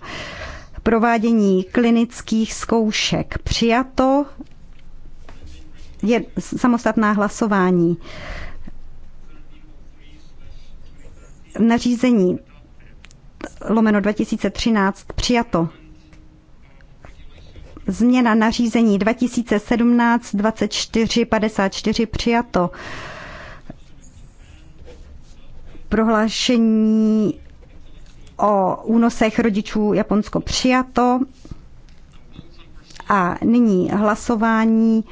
provádění klinických zkoušek přijato, je samostatná hlasování. Nařízení lomeno 2013 přijato změna nařízení 2017-2454 přijato. Prohlášení o únosech rodičů Japonsko přijato. A nyní hlasování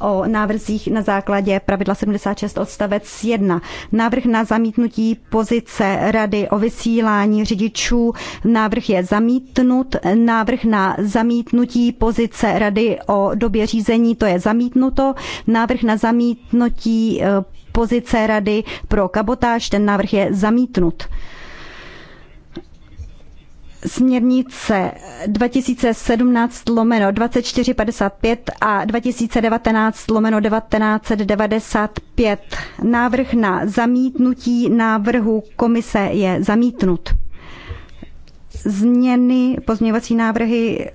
o návrzích na základě pravidla 76 odstavec 1. Návrh na zamítnutí pozice Rady o vysílání řidičů. Návrh je zamítnut. Návrh na zamítnutí pozice Rady o době řízení, to je zamítnuto. Návrh na zamítnutí eh, pozice Rady pro kabotáž, ten návrh je zamítnut směrnice 2017 lomeno 2455 a 2019 lomeno 1995. Návrh na zamítnutí návrhu komise je zamítnut. Změny, pozměňovací návrhy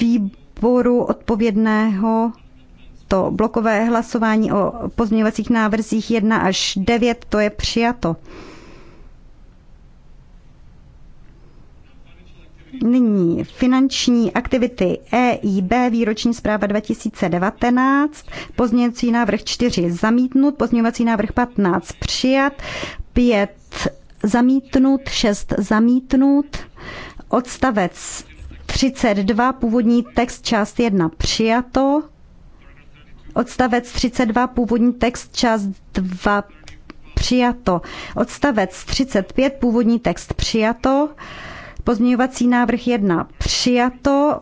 výboru odpovědného to blokové hlasování o pozměňovacích návrzích 1 až 9, to je přijato. Nyní finanční aktivity EIB, výroční zpráva 2019, pozměňovací návrh 4 zamítnut, pozměňovací návrh 15 přijat, 5 zamítnut, 6 zamítnut, odstavec 32, původní text část 1 přijato, odstavec 32, původní text část 2 přijato, odstavec 35, původní text přijato, Pozměňovací návrh 1 přijato,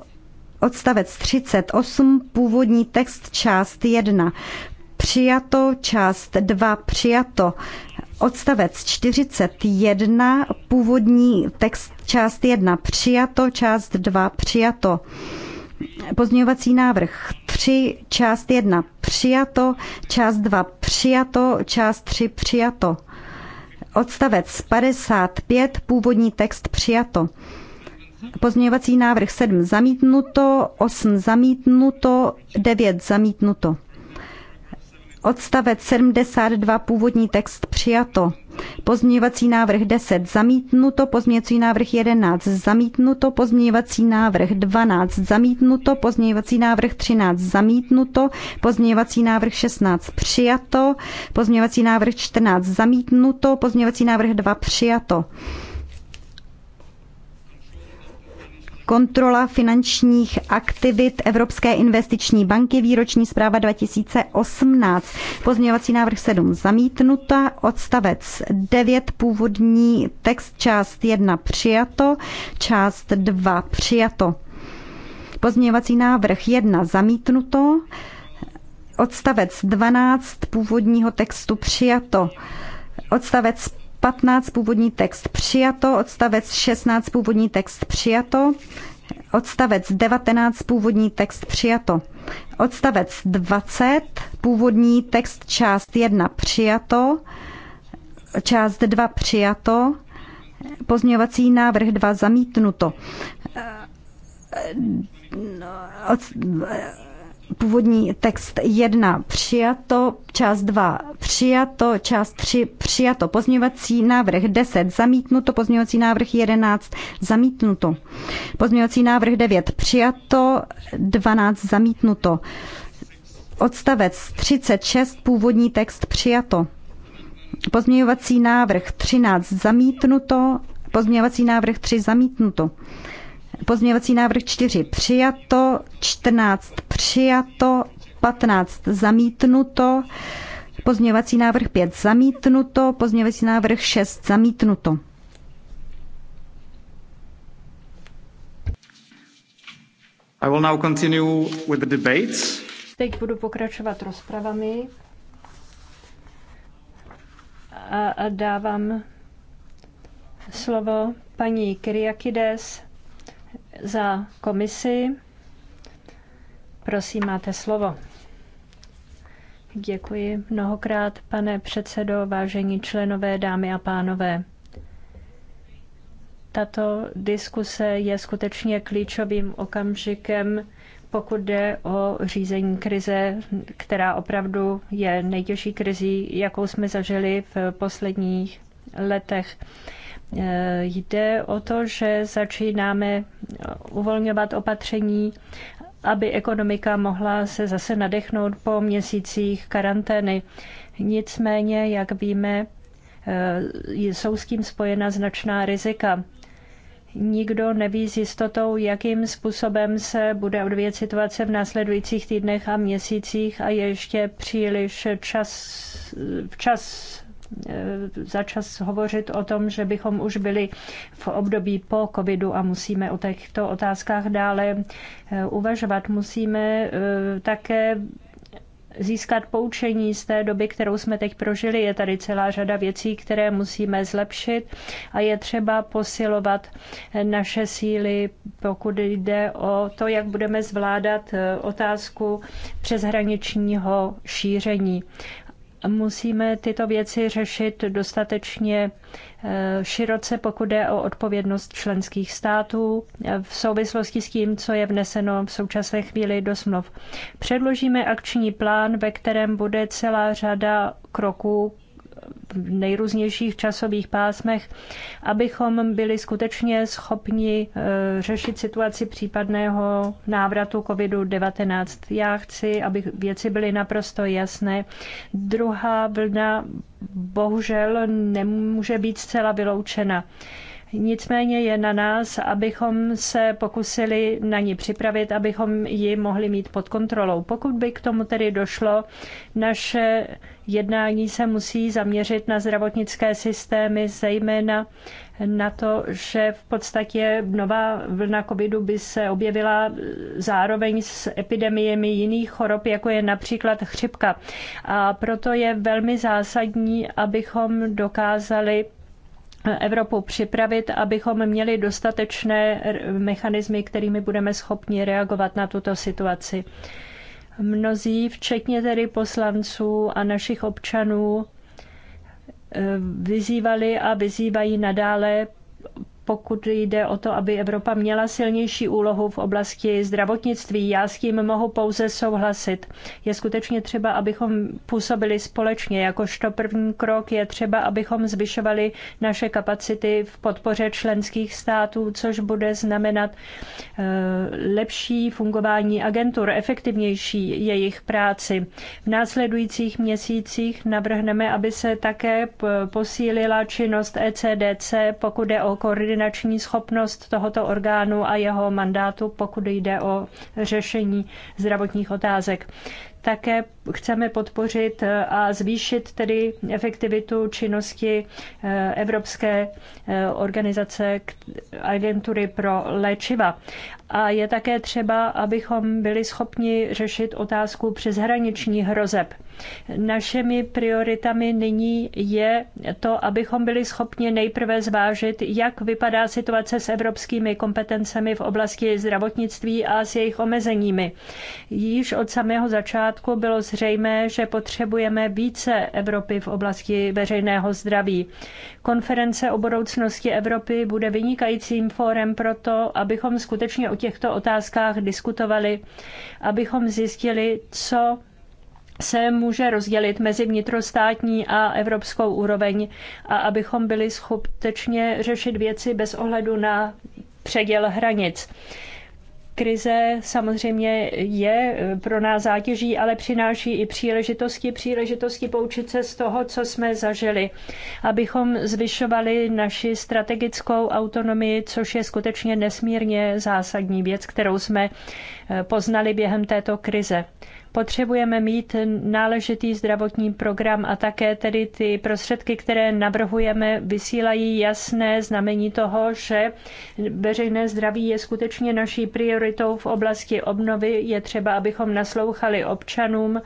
odstavec 38, původní text část 1 přijato, část 2 přijato, odstavec 41, původní text část 1 přijato, část 2 přijato. Pozměňovací návrh 3, část 1 přijato, část 2 přijato, část 3 přijato odstavec 55, původní text přijato. Pozměňovací návrh 7 zamítnuto, 8 zamítnuto, 9 zamítnuto. Odstavec 72 původní text přijato. Pozměňovací návrh 10 zamítnuto, pozměňovací návrh 11 zamítnuto, pozměňovací návrh 12 zamítnuto, pozměňovací návrh 13 zamítnuto, pozměňovací návrh 16 přijato, pozměňovací návrh 14 zamítnuto, pozměňovací návrh 2 přijato. kontrola finančních aktivit Evropské investiční banky, výroční zpráva 2018. Pozměňovací návrh 7 zamítnuta, odstavec 9 původní text část 1 přijato, část 2 přijato. Pozměňovací návrh 1 zamítnuto, odstavec 12 původního textu přijato. Odstavec 15 původní text přijato, odstavec 16 původní text přijato, odstavec 19 původní text přijato, odstavec 20 původní text část 1 přijato, část 2 přijato, pozměňovací návrh 2 zamítnuto. Od, původní text 1 přijato, část 2 přijato, část 3 přijato, pozměňovací návrh 10 zamítnuto, pozměňovací návrh 11 zamítnuto, pozměňovací návrh 9 přijato, 12 zamítnuto, odstavec 36 původní text přijato, pozměňovací návrh 13 zamítnuto, pozměňovací návrh 3 zamítnuto. Pozměňovací návrh 4 přijato, 14 přijato, 15 zamítnuto, pozměňovací návrh 5 zamítnuto, pozměňovací návrh 6 zamítnuto. I will now continue with the debates. Teď budu pokračovat rozpravami a dávám slovo paní Kyriakides za komisi. Prosím, máte slovo. Děkuji mnohokrát, pane předsedo, vážení členové, dámy a pánové. Tato diskuse je skutečně klíčovým okamžikem, pokud jde o řízení krize, která opravdu je nejtěžší krizí, jakou jsme zažili v posledních letech. Eh, jde o to, že začínáme uvolňovat opatření, aby ekonomika mohla se zase nadechnout po měsících karantény. Nicméně, jak víme, eh, jsou s tím spojena značná rizika. Nikdo neví s jistotou, jakým způsobem se bude odvíjet situace v následujících týdnech a měsících a je ještě příliš čas, eh, včas Eh, začas hovořit o tom, že bychom už byli v období po covidu a musíme o těchto otázkách dále eh, uvažovat. Musíme eh, také získat poučení z té doby, kterou jsme teď prožili. Je tady celá řada věcí, které musíme zlepšit a je třeba posilovat naše síly, pokud jde o to, jak budeme zvládat otázku přeshraničního šíření musíme tyto věci řešit dostatečně eh, široce, pokud jde o odpovědnost členských států eh, v souvislosti s tím, co je vneseno v současné chvíli do smluv. Předložíme akční plán, ve kterém bude celá řada kroků v nejrůznějších časových pásmech, abychom byli skutečně schopni eh, řešit situaci případného návratu COVID-19. Já chci, aby věci byly naprosto jasné. Druhá vlna bohužel nemůže být zcela vyloučena. Nicméně je na nás, abychom se pokusili na ní připravit, abychom ji mohli mít pod kontrolou. Pokud by k tomu tedy došlo, naše jednání se musí zaměřit na zdravotnické systémy, zejména na to, že v podstatě nová vlna covidu by se objevila zároveň s epidemiemi jiných chorob, jako je například chřipka. A proto je velmi zásadní, abychom dokázali Evropu připravit, abychom měli dostatečné mechanismy, kterými budeme schopni reagovat na tuto situaci. Mnozí, včetně tedy poslanců a našich občanů, e, vyzývali a vyzývají nadále pokud jde o to, aby Evropa měla silnější úlohu v oblasti zdravotnictví. Já s tím mohu pouze souhlasit. Je skutečně třeba, abychom působili společně. Jakožto první krok je třeba, abychom zvyšovali naše kapacity v podpoře členských států, což bude znamenat eh, lepší fungování agentur, efektivnější jejich práci. V následujících měsících navrhneme, aby se také posílila činnost ECDC, pokud jde o koordinaci koordinační schopnost tohoto orgánu a jeho mandátu, pokud jde o řešení zdravotních otázek. Také chceme podpořit eh, a zvýšit tedy efektivitu činnosti eh, Evropské eh, organizace agentury pro léčiva. A je také třeba, abychom byli schopni řešit otázku přeshraničních hrozeb. Našimi prioritami nyní je to, abychom byli schopni nejprve zvážit, jak vypadá situace s evropskými kompetencemi v oblasti zdravotnictví a s jejich omezeními. Již od samého začátku bylo zřejmé, že potřebujeme více Evropy v oblasti veřejného zdraví. Konference o budoucnosti Evropy bude vynikajícím fórem pro to, abychom skutečně těchto otázkách diskutovali, abychom zjistili, co se může rozdělit mezi vnitrostátní a evropskou úroveň a abychom byli schopni řešit věci bez ohledu na předěl hranic. Krize samozřejmě je eh, pro nás zátěží, ale přináší i příležitosti, příležitosti poučit se z toho, co jsme zažili, abychom zvyšovali naši strategickou autonomii, což je skutečně nesmírně zásadní věc, kterou jsme eh, poznali během této krize. Potřebujeme mít náležitý zdravotní program a také tedy ty prostředky, které navrhujeme, vysílají jasné znamení toho, že veřejné zdraví je skutečně naší prioritou v oblasti obnovy. Je třeba, abychom naslouchali občanům,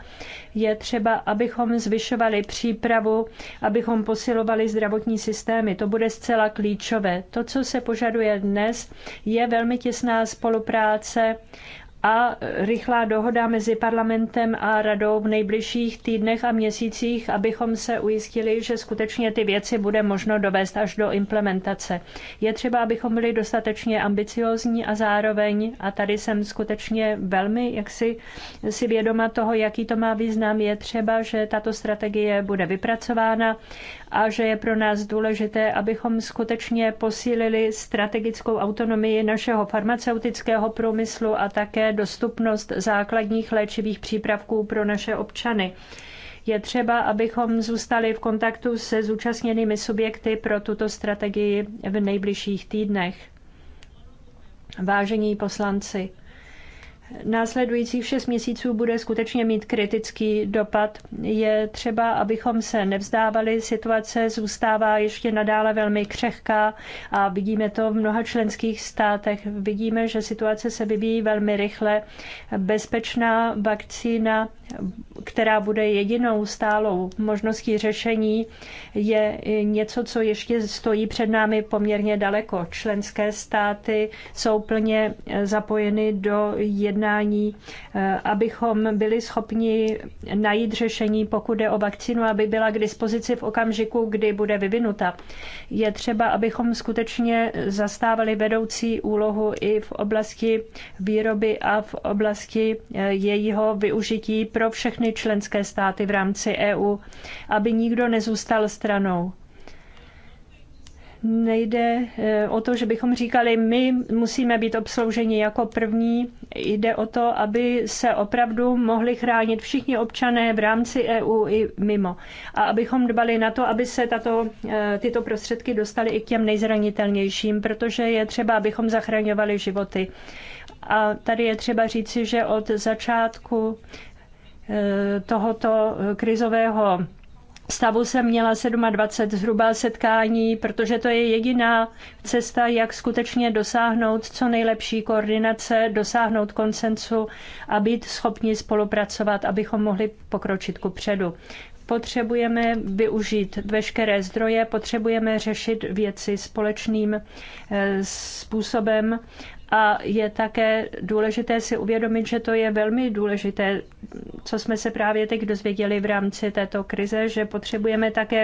je třeba, abychom zvyšovali přípravu, abychom posilovali zdravotní systémy. To bude zcela klíčové. To, co se požaduje dnes, je velmi těsná spolupráce a rychlá dohoda mezi parlamentem a radou v nejbližších týdnech a měsících, abychom se ujistili, že skutečně ty věci bude možno dovést až do implementace. Je třeba, abychom byli dostatečně ambiciozní a zároveň, a tady jsem skutečně velmi jaksi si vědoma toho, jaký to má význam, je třeba, že tato strategie bude vypracována a že je pro nás důležité, abychom skutečně posílili strategickou autonomii našeho farmaceutického průmyslu a také dostupnost základních léčivých přípravků pro naše občany je třeba, abychom zůstali v kontaktu se zúčastněnými subjekty pro tuto strategii v nejbližších týdnech. Vážení poslanci, následujících šest měsíců bude skutečně mít kritický dopad. Je třeba, abychom se nevzdávali. Situace zůstává ještě nadále velmi křehká a vidíme to v mnoha členských státech. Vidíme, že situace se vyvíjí velmi rychle. Bezpečná vakcína, která bude jedinou stálou možností řešení, je něco, co ještě stojí před námi poměrně daleko. Členské státy jsou plně zapojeny do jedné jednání, eh, abychom byli schopni najít řešení, pokud je o vakcínu, aby byla k dispozici v okamžiku, kdy bude vyvinuta. Je třeba, abychom skutečně zastávali vedoucí úlohu i v oblasti výroby a v oblasti eh, jejího využití pro všechny členské státy v rámci EU, aby nikdo nezůstal stranou nejde eh, o to, že bychom říkali, my musíme být obslouženi jako první. Jde o to, aby se opravdu mohli chránit všichni občané v rámci EU i mimo. A abychom dbali na to, aby se tato, eh, tyto prostředky dostaly i k těm nejzranitelnějším, protože je třeba, abychom zachraňovali životy. A tady je třeba říci, že od začátku eh, tohoto krizového stavu jsem měla 27 zhruba setkání, protože to je jediná cesta, jak skutečně dosáhnout co nejlepší koordinace, dosáhnout konsensu a být schopni spolupracovat, abychom mohli pokročit ku předu. Potřebujeme využít veškeré zdroje, potřebujeme řešit věci společným eh, způsobem a je také důležité si uvědomit, že to je velmi důležité, co jsme se právě teď dozvěděli v rámci této krize, že potřebujeme také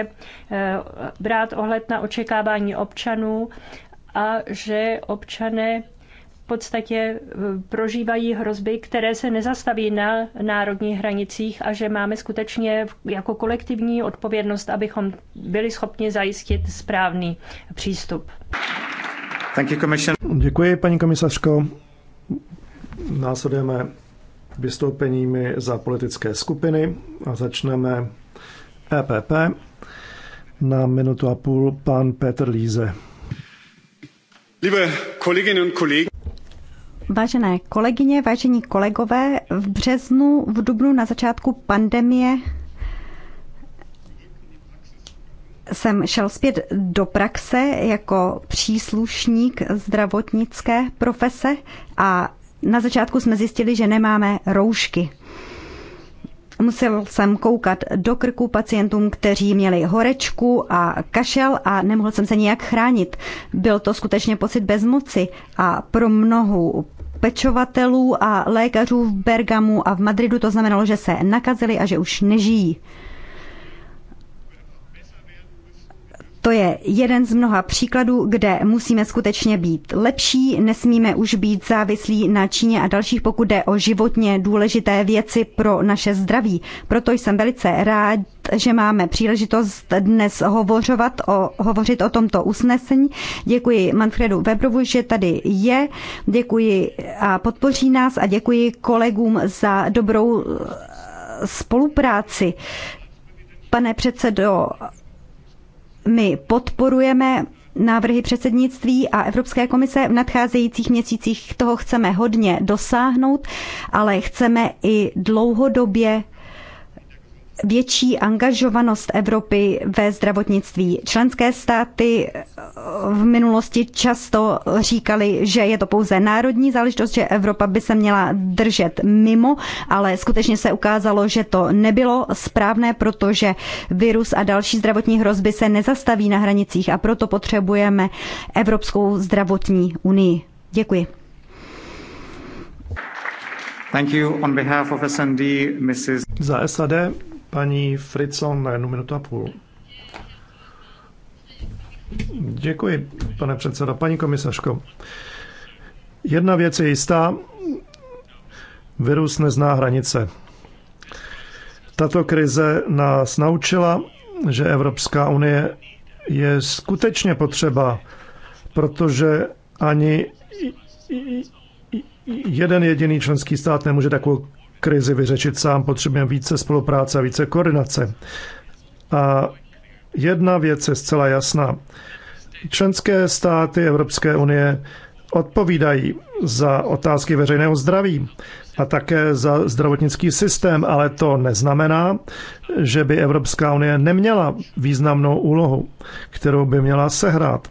eh, brát ohled na očekávání občanů a že občané v podstatě eh, prožívají hrozby, které se nezastaví na národních hranicích a že máme skutečně jako kolektivní odpovědnost, abychom byli schopni zajistit správný přístup. Thank you, commission. Děkuji, paní komisařko. Následujeme vystoupeními za politické skupiny a začneme EPP. Na minutu a půl pan Petr Líze. Liebe Kolleginnen und Kollegen, Vážené kolegyně, vážení kolegové, v březnu, v dubnu na začátku pandemie jsem šel zpět do praxe jako příslušník zdravotnické profese a na začátku jsme zjistili, že nemáme roušky. Musel jsem koukat do krku pacientům, kteří měli horečku a kašel a nemohl jsem se nijak chránit. Byl to skutečně pocit bezmoci a pro mnohu pečovatelů a lékařů v Bergamu a v Madridu to znamenalo, že se nakazili a že už nežijí. To je jeden z mnoha příkladů, kde musíme skutečně být lepší, nesmíme už být závislí na Číně a dalších, pokud jde o životně důležité věci pro naše zdraví. Proto jsem velice rád, že máme příležitost dnes hovořovat o, hovořit o tomto usnesení. Děkuji Manfredu Webrovu, že tady je. Děkuji a podpoří nás a děkuji kolegům za dobrou eh, spolupráci. Pane předsedo, my podporujeme návrhy předsednictví a Evropské komise v nadcházejících měsících toho chceme hodně dosáhnout, ale chceme i dlouhodobě větší angažovanost Evropy ve zdravotnictví. Členské státy eh, v minulosti často říkali, že je to pouze národní záležitost, že Evropa by se měla držet mimo, ale skutečně se ukázalo, že to nebylo správné, protože virus a další zdravotní hrozby se nezastaví na hranicích a proto potřebujeme Evropskou zdravotní unii. Děkuji. Thank you on behalf of SND, Mrs. Za SAD Paní Fritzon na jednu minutu a půl. Děkuji, pane předsedo. Paní komisařko, jedna věc je jistá. Virus nezná hranice. Tato krize nás naučila, že Evropská unie je skutečně potřeba, protože ani jeden jediný členský stát nemůže takovou krizi vyřešit sám, potřebujeme více spolupráce a více koordinace. A jedna věc je zcela jasná. Členské státy Evropské unie odpovídají za otázky veřejného zdraví a také za zdravotnický systém, ale to neznamená, že by Evropská unie neměla významnou úlohu, kterou by měla sehrát.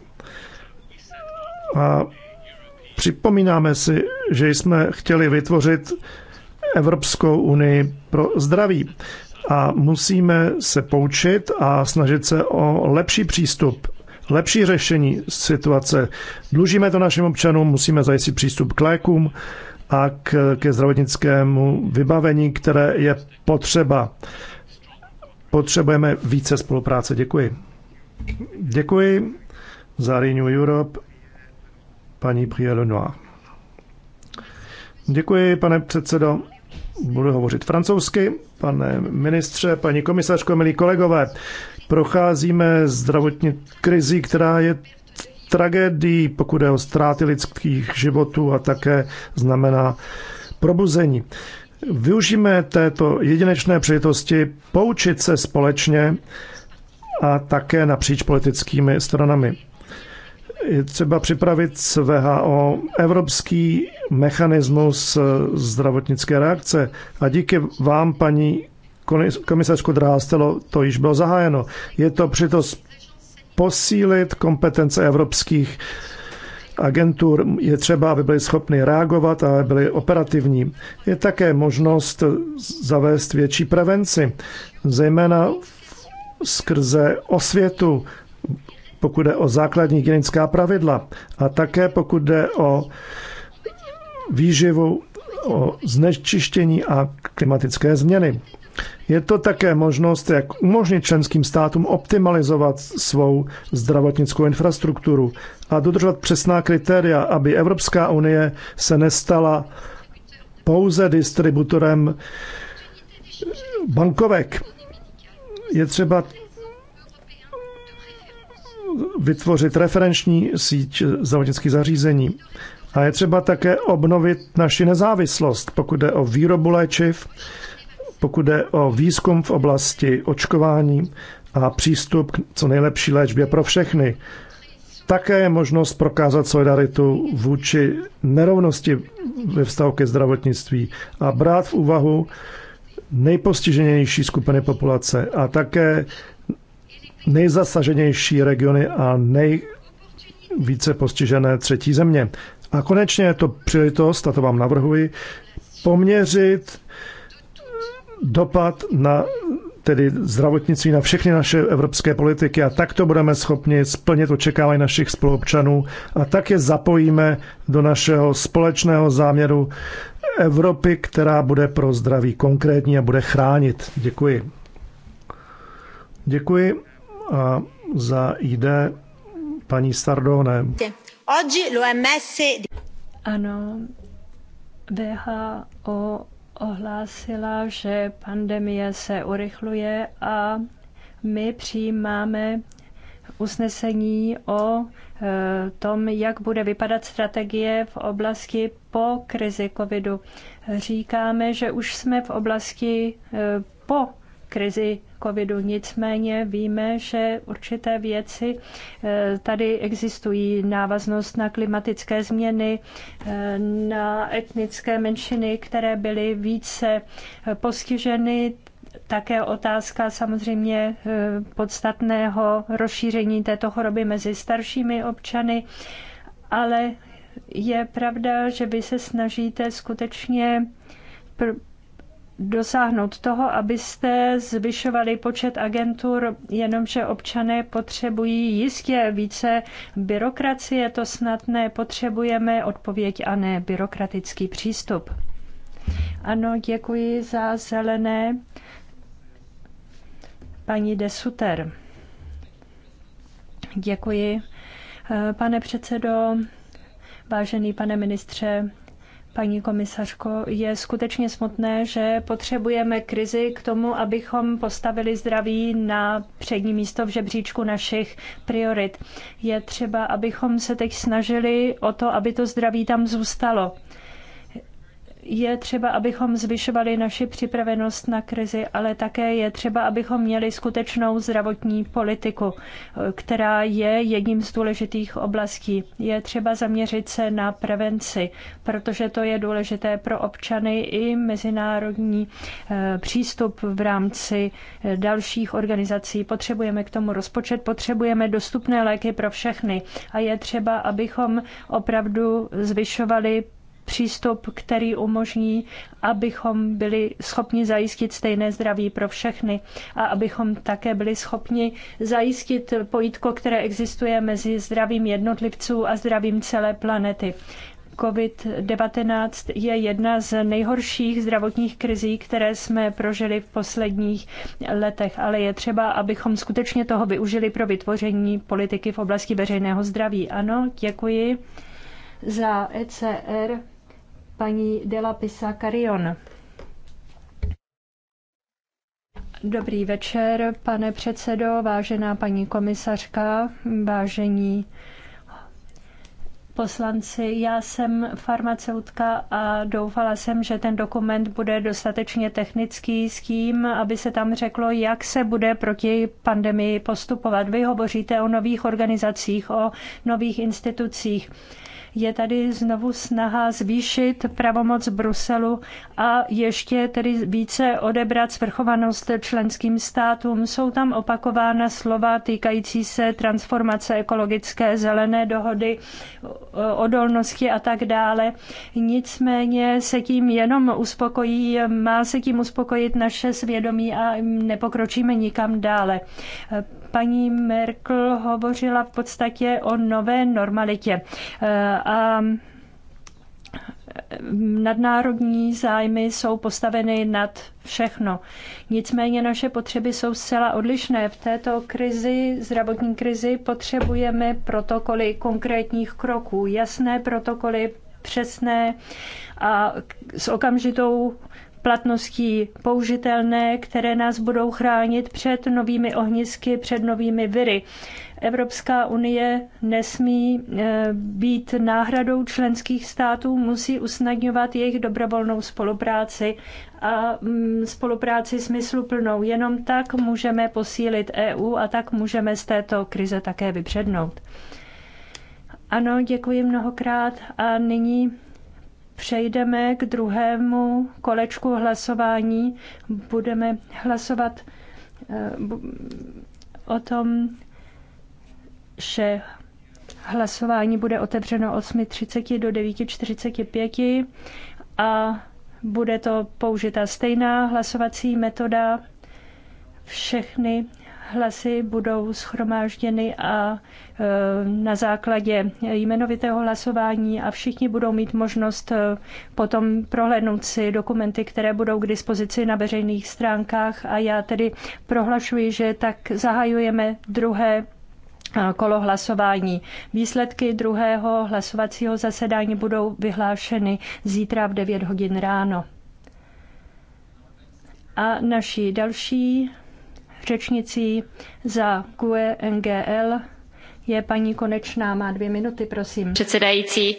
A připomínáme si, že jsme chtěli vytvořit Evropskou unii pro zdraví. A musíme se poučit a snažit se o lepší přístup, lepší řešení situace. Dlužíme to našim občanům, musíme zajistit přístup k lékům a k, ke zdravotnickému vybavení, které je potřeba. Potřebujeme více spolupráce. Děkuji. Děkuji za Renew Europe paní Prielenoa. Děkuji, pane předsedo budu hovořit francouzsky. Pane ministře, paní komisařko, milí kolegové, procházíme zdravotní krizi, která je tragédií, pokud je o ztráty lidských životů a také znamená probuzení. Využijeme této jedinečné příležitosti poučit se společně a také napříč politickými stranami. Je třeba připravit s VHO evropský mechanismus eh, zdravotnické reakce. A díky vám, paní komisařku Drástelo, to již bylo zahájeno. Je to přitost posílit kompetence evropských agentur. Je třeba, aby byly schopny reagovat a byly operativní. Je také možnost zavést větší prevenci, zejména skrze osvětu, pokud jde o základní hygienická pravidla a také pokud jde o výživu, o znečištění a klimatické změny. Je to také možnost, jak umožnit členským státům optimalizovat svou zdravotnickou infrastrukturu a dodržovat přesná kritéria, aby Evropská unie se nestala pouze distributorem bankovek. Je třeba vytvořit referenční síť zdravotnických zařízení. A je třeba také obnovit naši nezávislost, pokud jde o výrobu léčiv, pokud jde o výzkum v oblasti očkování a přístup k co nejlepší léčbě pro všechny. Také je možnost prokázat solidaritu vůči nerovnosti ve vztahu ke zdravotnictví a brát v úvahu nejpostiženější skupiny populace a také nejzasaženější regiony a nejvíce postižené třetí země. A konečně je to příležitost, a to vám navrhuji, poměřit dopad na tedy zdravotnictví na všechny naše evropské politiky a tak to budeme schopni splnit očekávání našich spoluobčanů a tak je zapojíme do našeho společného záměru Evropy, která bude pro zdraví konkrétní a bude chránit. Děkuji. Děkuji a za jde paní Stardone. Děkuji. Oggi l'OMS... Ano, WHO ohlásila, že pandemie se urychluje a my přijímáme usnesení o e, tom, jak bude vypadat strategie v oblasti po krizi covidu. Říkáme, že už jsme v oblasti e, po krizi covidu. Nicméně víme, že určité věci eh, tady existují. Návaznost na klimatické změny, eh, na etnické menšiny, které byly více eh, postiženy, také otázka samozřejmě podstatného rozšíření této choroby mezi staršími občany, ale je pravda, že vy se snažíte skutečně dosáhnout toho, abyste zvyšovali počet agentur, jenomže občané potřebují jistě více byrokracie, to snad ne, potřebujeme odpověď a ne byrokratický přístup. Ano, děkuji za zelené. Paní Desuter. Děkuji. Pane předsedo, vážený pane ministře, Paní komisařko, je skutečně smutné, že potřebujeme krizi k tomu, abychom postavili zdraví na přední místo v žebříčku našich priorit. Je třeba, abychom se teď snažili o to, aby to zdraví tam zůstalo je třeba, abychom zvyšovali naši připravenost na krizi, ale také je třeba, abychom měli skutečnou zdravotní politiku, která je jedním z důležitých oblastí. Je třeba zaměřit se na prevenci, protože to je důležité pro občany i mezinárodní eh, přístup v rámci eh, dalších organizací. Potřebujeme k tomu rozpočet, potřebujeme dostupné léky pro všechny a je třeba, abychom opravdu zvyšovali přístup, který umožní, abychom byli schopni zajistit stejné zdraví pro všechny a abychom také byli schopni zajistit pojítko, které existuje mezi zdravím jednotlivců a zdravím celé planety. COVID-19 je jedna z nejhorších zdravotních krizí, které jsme prožili v posledních letech, ale je třeba, abychom skutečně toho využili pro vytvoření politiky v oblasti veřejného zdraví. Ano, děkuji za ECR paní Dela Pisa Carion. Dobrý večer, pane předsedo, vážená paní komisařka, vážení poslanci. Já jsem farmaceutka a doufala jsem, že ten dokument bude dostatečně technický s tím, aby se tam řeklo, jak se bude proti pandemii postupovat. Vy hovoříte o nových organizacích, o nových institucích je tady znovu snaha zvýšit pravomoc Bruselu a ještě tedy více odebrat svrchovanost členským státům. Jsou tam opakována slova týkající se transformace ekologické, zelené dohody, odolnosti a tak dále. Nicméně se tím jenom uspokojí, má se tím uspokojit naše svědomí a nepokročíme nikam dále. Paní Merkel hovořila v podstatě o nové normalitě. Eh, a nadnárodní zájmy jsou postaveny nad všechno. Nicméně naše potřeby jsou zcela odlišné. V této krizi, zdravotní krizi, potřebujeme protokoly konkrétních kroků, jasné protokoly, přesné a s okamžitou platností použitelné, které nás budou chránit před novými ohnisky, před novými viry. Evropská unie nesmí eh, být náhradou členských států, musí usnadňovat jejich dobrovolnou spolupráci a mm, spolupráci smysluplnou. Jenom tak můžeme posílit EU a tak můžeme z této krize také vypřednout. Ano, děkuji mnohokrát a nyní Přejdeme k druhému kolečku hlasování. Budeme hlasovat eh, o tom, že hlasování bude otevřeno 8.30 do 9.45 a bude to použita stejná hlasovací metoda. Všechny hlasy budou schromážděny a e, na základě jmenovitého hlasování a všichni budou mít možnost e, potom prohlédnout si dokumenty, které budou k dispozici na veřejných stránkách a já tedy prohlašuji, že tak zahajujeme druhé e, kolo hlasování. Výsledky druhého hlasovacího zasedání budou vyhlášeny zítra v 9 hodin ráno. A naší další řečnicí za GUE NGL je paní Konečná. Má dvě minuty, prosím. Předsedající,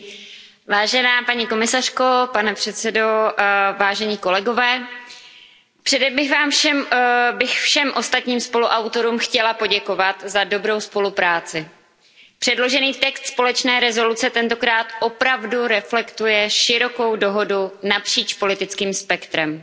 vážená paní komisařko, pane předsedo, eh, vážení kolegové, Předem bych vám všem, eh, bych všem ostatním spoluautorům chtěla poděkovat za dobrou spolupráci. Předložený text společné rezoluce tentokrát opravdu reflektuje širokou dohodu napříč politickým spektrem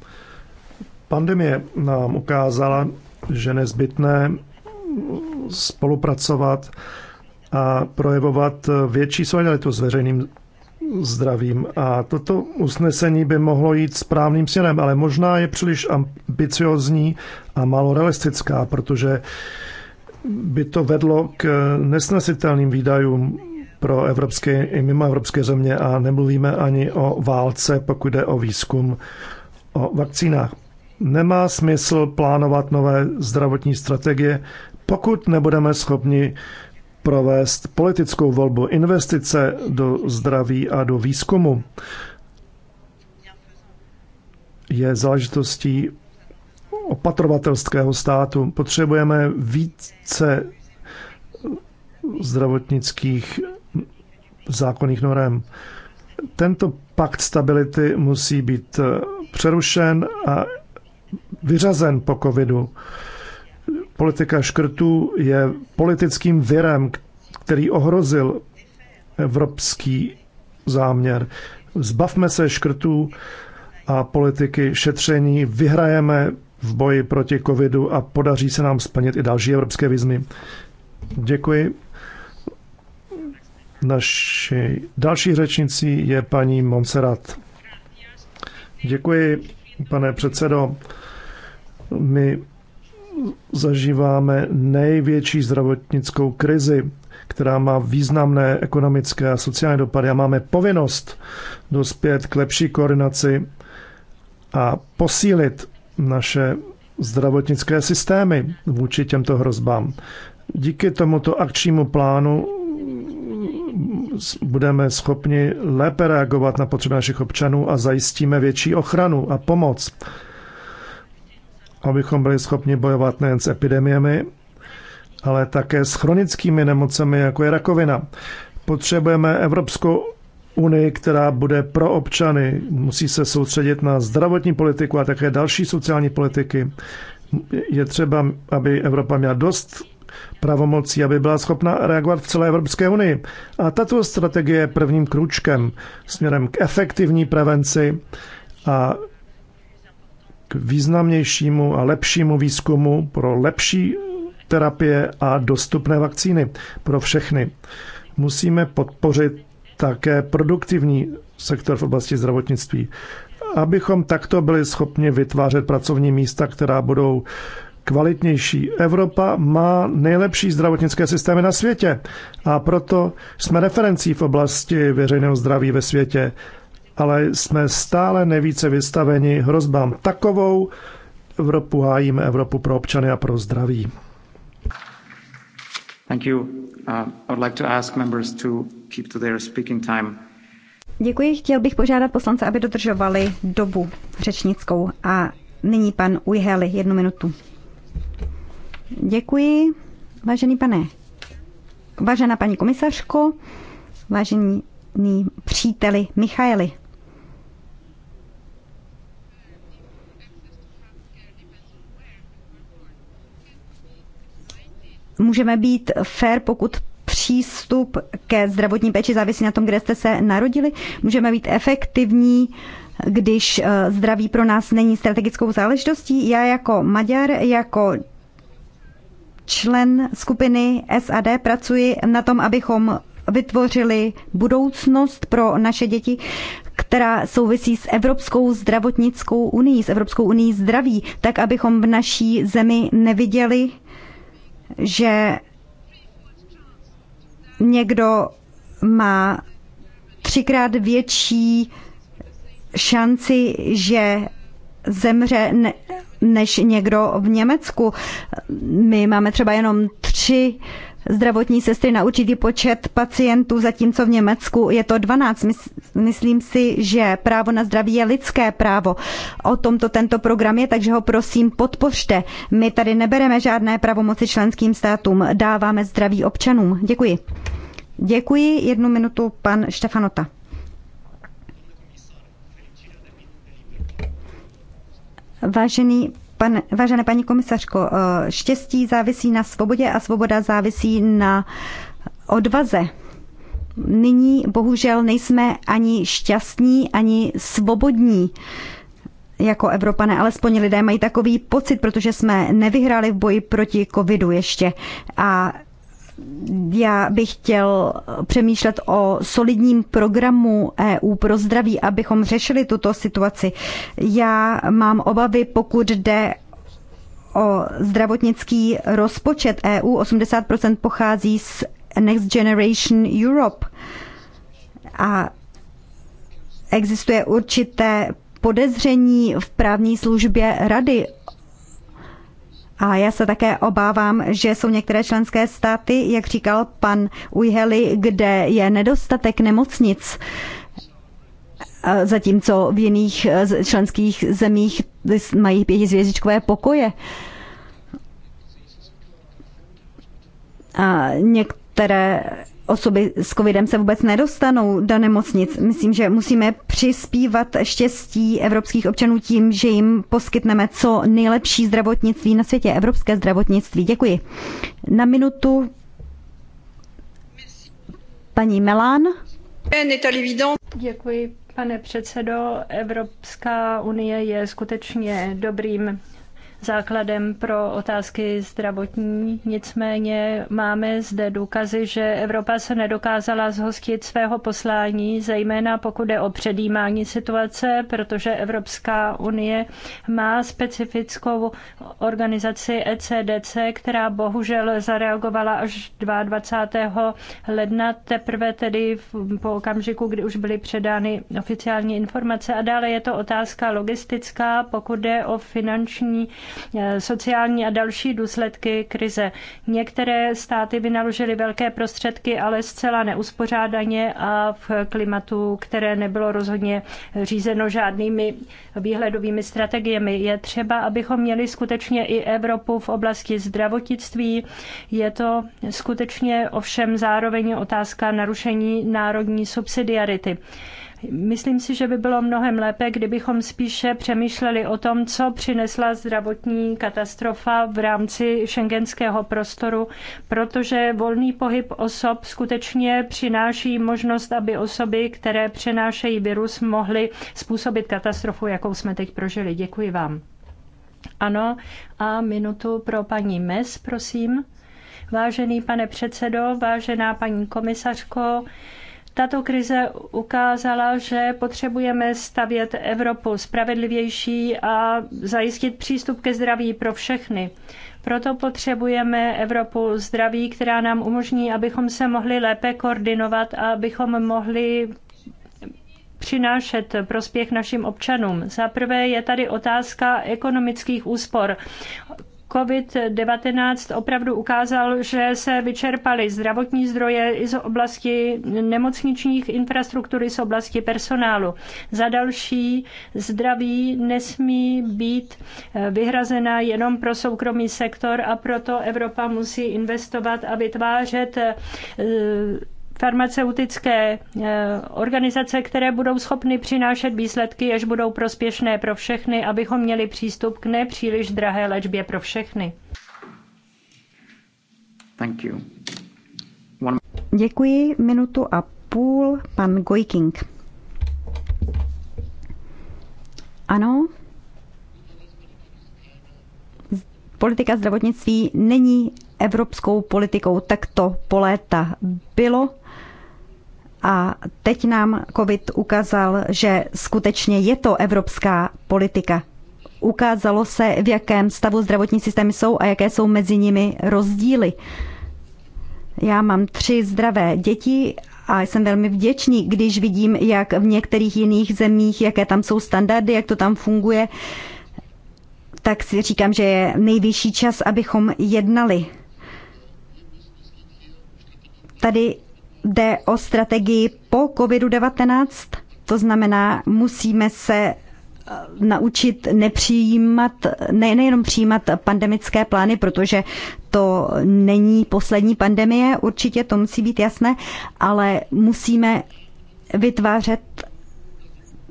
Pandemie nám ukázala, že nezbytné spolupracovat a projevovat větší solidaritu s veřejným zdravím. A toto usnesení by mohlo jít správným směrem, ale možná je příliš ambiciozní a málo realistická, protože by to vedlo k nesnesitelným výdajům pro evropské i mimo evropské země a nemluvíme ani o válce, pokud jde o výzkum o vakcínách. Nemá smysl plánovat nové zdravotní strategie, pokud nebudeme schopni provést politickou volbu investice do zdraví a do výzkumu. Je záležitostí opatrovatelského státu. Potřebujeme více zdravotnických zákonných norem. Tento pakt stability musí být přerušen a vyřazen po covidu. Politika škrtů je politickým virem, který ohrozil evropský záměr. Zbavme se škrtů a politiky šetření, vyhrajeme v boji proti covidu a podaří se nám splnit i další evropské výzmy. Děkuji. Naší další řečnicí je paní Monserrat. Děkuji, pane předsedo my zažíváme největší zdravotnickou krizi, která má významné ekonomické a sociální dopady a máme povinnost dospět k lepší koordinaci a posílit naše zdravotnické systémy vůči těmto hrozbám. Díky tomuto akčnímu plánu budeme schopni lépe reagovat na potřeby našich občanů a zajistíme větší ochranu a pomoc abychom byli schopni bojovat nejen s epidemiemi, ale také s chronickými nemocemi, jako je rakovina. Potřebujeme Evropskou unii, která bude pro občany, musí se soustředit na zdravotní politiku a také další sociální politiky. Je třeba, aby Evropa měla dost pravomocí, aby byla schopna reagovat v celé Evropské unii. A tato strategie je prvním krůčkem směrem k efektivní prevenci a k významnějšímu a lepšímu výzkumu pro lepší terapie a dostupné vakcíny pro všechny. Musíme podpořit také produktivní sektor v oblasti zdravotnictví, abychom takto byli schopni vytvářet pracovní místa, která budou kvalitnější. Evropa má nejlepší zdravotnické systémy na světě a proto jsme referencí v oblasti veřejného zdraví ve světě ale jsme stále nejvíce vystaveni hrozbám takovou. Evropu hájíme, Evropu pro občany a pro zdraví. Thank you. Uh, I would like to ask members to keep to their speaking time. Děkuji. Chtěl bych požádat poslance, aby dodržovali dobu řečnickou. A nyní pan Ujheli, jednu minutu. Děkuji. Vážený pane, vážená paní komisařko, vážení příteli Michaeli. můžeme být fair, pokud přístup ke zdravotní péči závisí na tom, kde jste se narodili. Můžeme být efektivní, když eh, zdraví pro nás není strategickou záležitostí. Já jako Maďar, jako člen skupiny SAD pracuji na tom, abychom vytvořili budoucnost pro naše děti, která souvisí s Evropskou zdravotnickou unii, s Evropskou unii zdraví, tak abychom v naší zemi neviděli že někdo má třikrát větší šanci, že zemře než někdo v Německu. My máme třeba jenom tři zdravotní sestry na určitý počet pacientů, zatímco v Německu je to 12. Myslím si, že právo na zdraví je lidské právo. O tomto tento program je, takže ho prosím podpořte. My tady nebereme žádné pravomoci členským státům, dáváme zdraví občanům. Děkuji. Děkuji. Jednu minutu pan Štefanota. Vážený Pan, vážené paní komisařko, eh, štěstí závisí na svobodě a svoboda závisí na odvaze. Nyní bohužel nejsme ani šťastní, ani svobodní jako Evropané, alespoň lidé mají takový pocit, protože jsme nevyhráli v boji proti covidu ještě. A já bych chtěl přemýšlet o solidním programu EU pro zdraví, abychom řešili tuto situaci. Já mám obavy, pokud jde o zdravotnický rozpočet EU. 80% pochází z Next Generation Europe. A existuje určité podezření v právní službě rady a já se také obávám, že jsou některé členské státy, jak říkal pan Ujheli, kde je nedostatek nemocnic, e, zatímco v jiných e, členských zemích mají pětizvězdičkové pokoje. A některé osoby s covidem se vůbec nedostanou do nemocnic. Myslím, že musíme přispívat štěstí evropských občanů tím, že jim poskytneme co nejlepší zdravotnictví na světě, evropské zdravotnictví. Děkuji. Na minutu paní Melán. Děkuji, pane předsedo. Evropská unie je skutečně dobrým základem pro otázky zdravotní. Nicméně máme zde důkazy, že Evropa se nedokázala zhostit svého poslání, zejména pokud je o předjímání situace, protože Evropská unie má specifickou organizaci ECDC, která bohužel zareagovala až 22. ledna, teprve tedy po okamžiku, kdy už byly předány oficiální informace. A dále je to otázka logistická, pokud jde o finanční Eh, sociální a další důsledky krize. Některé státy vynaložily velké prostředky, ale zcela neuspořádaně a v klimatu, které nebylo rozhodně řízeno žádnými výhledovými strategiemi. Je třeba, abychom měli skutečně i Evropu v oblasti zdravotnictví. Je to skutečně ovšem zároveň otázka narušení národní subsidiarity. Myslím si, že by bylo mnohem lépe, kdybychom spíše přemýšleli o tom, co přinesla zdravotní katastrofa v rámci šengenského prostoru, protože volný pohyb osob skutečně přináší možnost, aby osoby, které přenášejí virus, mohly způsobit katastrofu, jakou jsme teď prožili. Děkuji vám. Ano, a minutu pro paní Mes, prosím. Vážený pane předsedo, vážená paní komisařko, tato krize ukázala, že potřebujeme stavět Evropu spravedlivější a zajistit přístup ke zdraví pro všechny. Proto potřebujeme Evropu zdraví, která nám umožní, abychom se mohli lépe koordinovat a abychom mohli přinášet prospěch našim občanům. Za prvé je tady otázka ekonomických úspor. COVID-19 opravdu ukázal, že se vyčerpaly zdravotní zdroje i z oblasti nemocničních infrastruktury, z oblasti personálu. Za další, zdraví nesmí být eh, vyhrazena jenom pro soukromý sektor a proto Evropa musí investovat a vytvářet eh, farmaceutické eh, organizace, které budou schopny přinášet výsledky, jež budou prospěšné pro všechny, abychom měli přístup k nepříliš drahé léčbě pro všechny. Thank you. One... Děkuji. Minutu a půl. Pan Gojking. Ano, politika zdravotnictví není evropskou politikou, tak to po léta bylo. A teď nám COVID ukázal, že skutečně je to evropská politika. Ukázalo se, v jakém stavu zdravotní systémy jsou a jaké jsou mezi nimi rozdíly. Já mám tři zdravé děti a jsem velmi vděčný, když vidím, jak v některých jiných zemích, jaké tam jsou standardy, jak to tam funguje, tak si říkám, že je nejvyšší čas, abychom jednali. Tady jde o strategii po COVID-19. To znamená, musíme se eh, naučit nepřijímat, ne, nejenom přijímat pandemické plány, protože to není poslední pandemie, určitě to musí být jasné, ale musíme vytvářet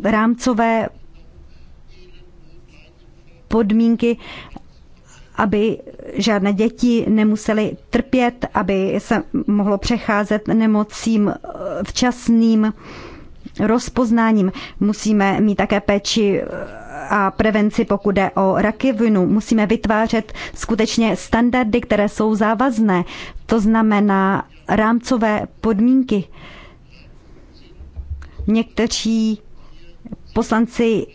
rámcové podmínky aby žádné děti nemusely trpět, aby se mohlo přecházet nemocím eh, včasným rozpoznáním. Musíme mít také péči eh, a prevenci, pokud jde o rakovinu. Musíme vytvářet skutečně standardy, které jsou závazné. To znamená rámcové podmínky. Někteří poslanci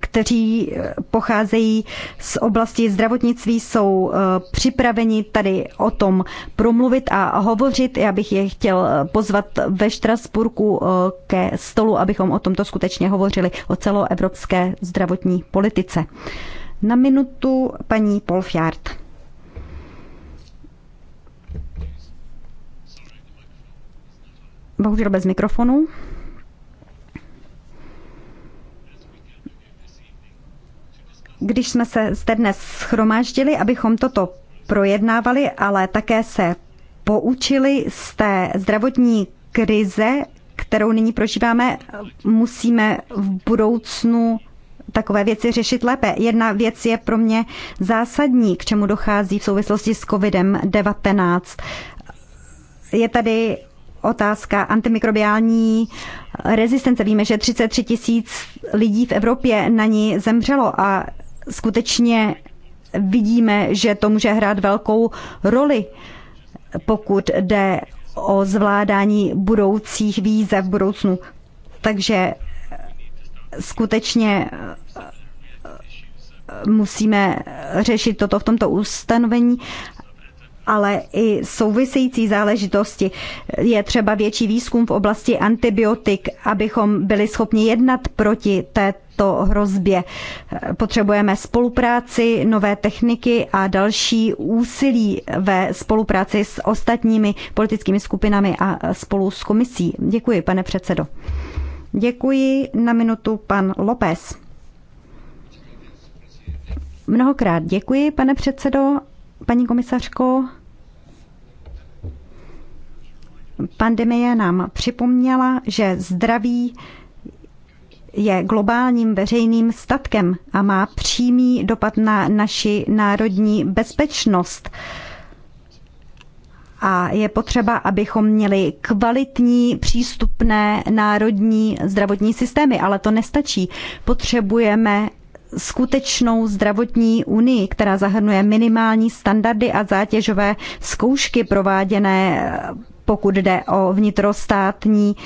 kteří eh, pocházejí z oblasti zdravotnictví, jsou eh, připraveni tady o tom promluvit a hovořit. Já bych je chtěl eh, pozvat ve Štrasburku ke stolu, abychom o tomto skutečně hovořili, o celoevropské zdravotní politice. Na minutu paní Polfjard. Bohužel bez mikrofonu. když jsme se zde dnes schromáždili, abychom toto projednávali, ale také se poučili z té zdravotní krize, kterou nyní prožíváme, musíme v budoucnu takové věci řešit lépe. Jedna věc je pro mě zásadní, k čemu dochází v souvislosti s COVID-19. Je tady otázka antimikrobiální rezistence. Víme, že 33 tisíc lidí v Evropě na ní zemřelo a skutečně vidíme, že to může hrát velkou roli, pokud jde o zvládání budoucích výzev v budoucnu. Takže skutečně eh, musíme řešit toto v tomto ustanovení, ale i související záležitosti. Je třeba větší výzkum v oblasti antibiotik, abychom byli schopni jednat proti této této hrozbě. Potřebujeme spolupráci, nové techniky a další úsilí ve spolupráci s ostatními politickými skupinami a spolu s komisí. Děkuji, pane předsedo. Děkuji na minutu pan López. Mnohokrát děkuji, pane předsedo, paní komisařko. Pandemie nám připomněla, že zdraví je globálním veřejným statkem a má přímý dopad na naši národní bezpečnost. A je potřeba, abychom měli kvalitní, přístupné národní zdravotní systémy, ale to nestačí. Potřebujeme skutečnou zdravotní unii, která zahrnuje minimální standardy a zátěžové zkoušky prováděné pokud jde o vnitrostátní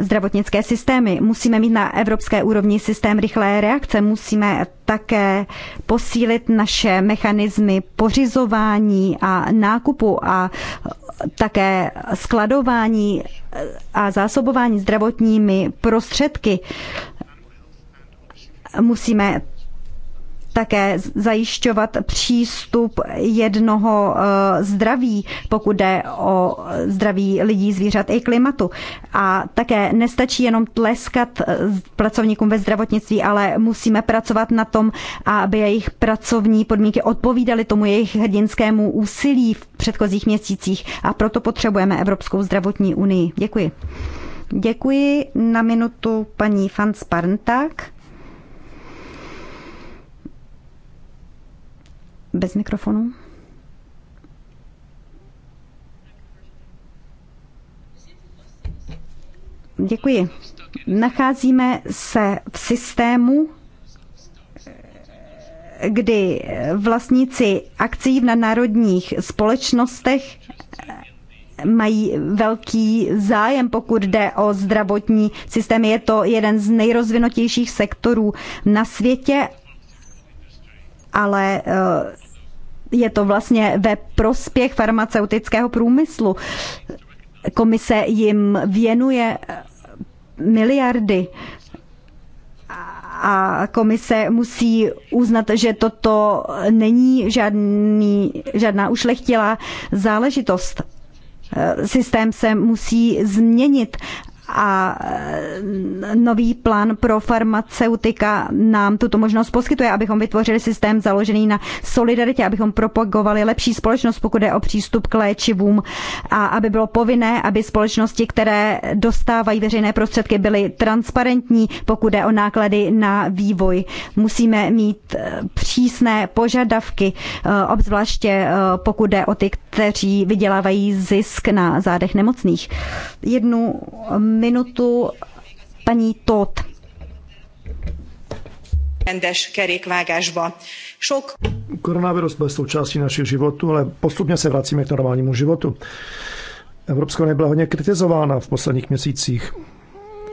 zdravotnické systémy. Musíme mít na evropské úrovni systém rychlé reakce, musíme také posílit naše mechanismy pořizování a nákupu a také skladování a zásobování zdravotními prostředky. Musíme také zajišťovat přístup jednoho eh, zdraví, pokud jde o zdraví lidí, zvířat i klimatu. A také nestačí jenom tleskat eh, pracovníkům ve zdravotnictví, ale musíme pracovat na tom, aby jejich pracovní podmínky odpovídaly tomu jejich hrdinskému úsilí v předchozích měsících. A proto potřebujeme Evropskou zdravotní unii. Děkuji. Děkuji na minutu paní Fans Parntak. bez mikrofonu. Děkuji. Nacházíme se v systému, kdy vlastníci akcí v nadnárodních společnostech mají velký zájem, pokud jde o zdravotní systém. Je to jeden z nejrozvinutějších sektorů na světě, ale eh, je to vlastně ve prospěch farmaceutického průmyslu. Komise jim věnuje eh, miliardy a komise musí uznat, že toto není žádný, žádná ušlechtilá záležitost. Eh, systém se musí změnit a e, nový plán pro farmaceutika nám tuto možnost poskytuje, abychom vytvořili systém založený na solidaritě, abychom propagovali lepší společnost, pokud je o přístup k léčivům a aby bylo povinné, aby společnosti, které dostávají veřejné prostředky, byly transparentní, pokud je o náklady na vývoj. Musíme mít e, přísné požadavky, e, obzvláště pokud je o ty, kteří vydělávají zisk na zádech nemocných. Jednu minutu paní Toth. Koronavirus byl součástí našich životů, ale postupně se vracíme k normálnímu životu. Evropská unie byla hodně kritizována v posledních měsících.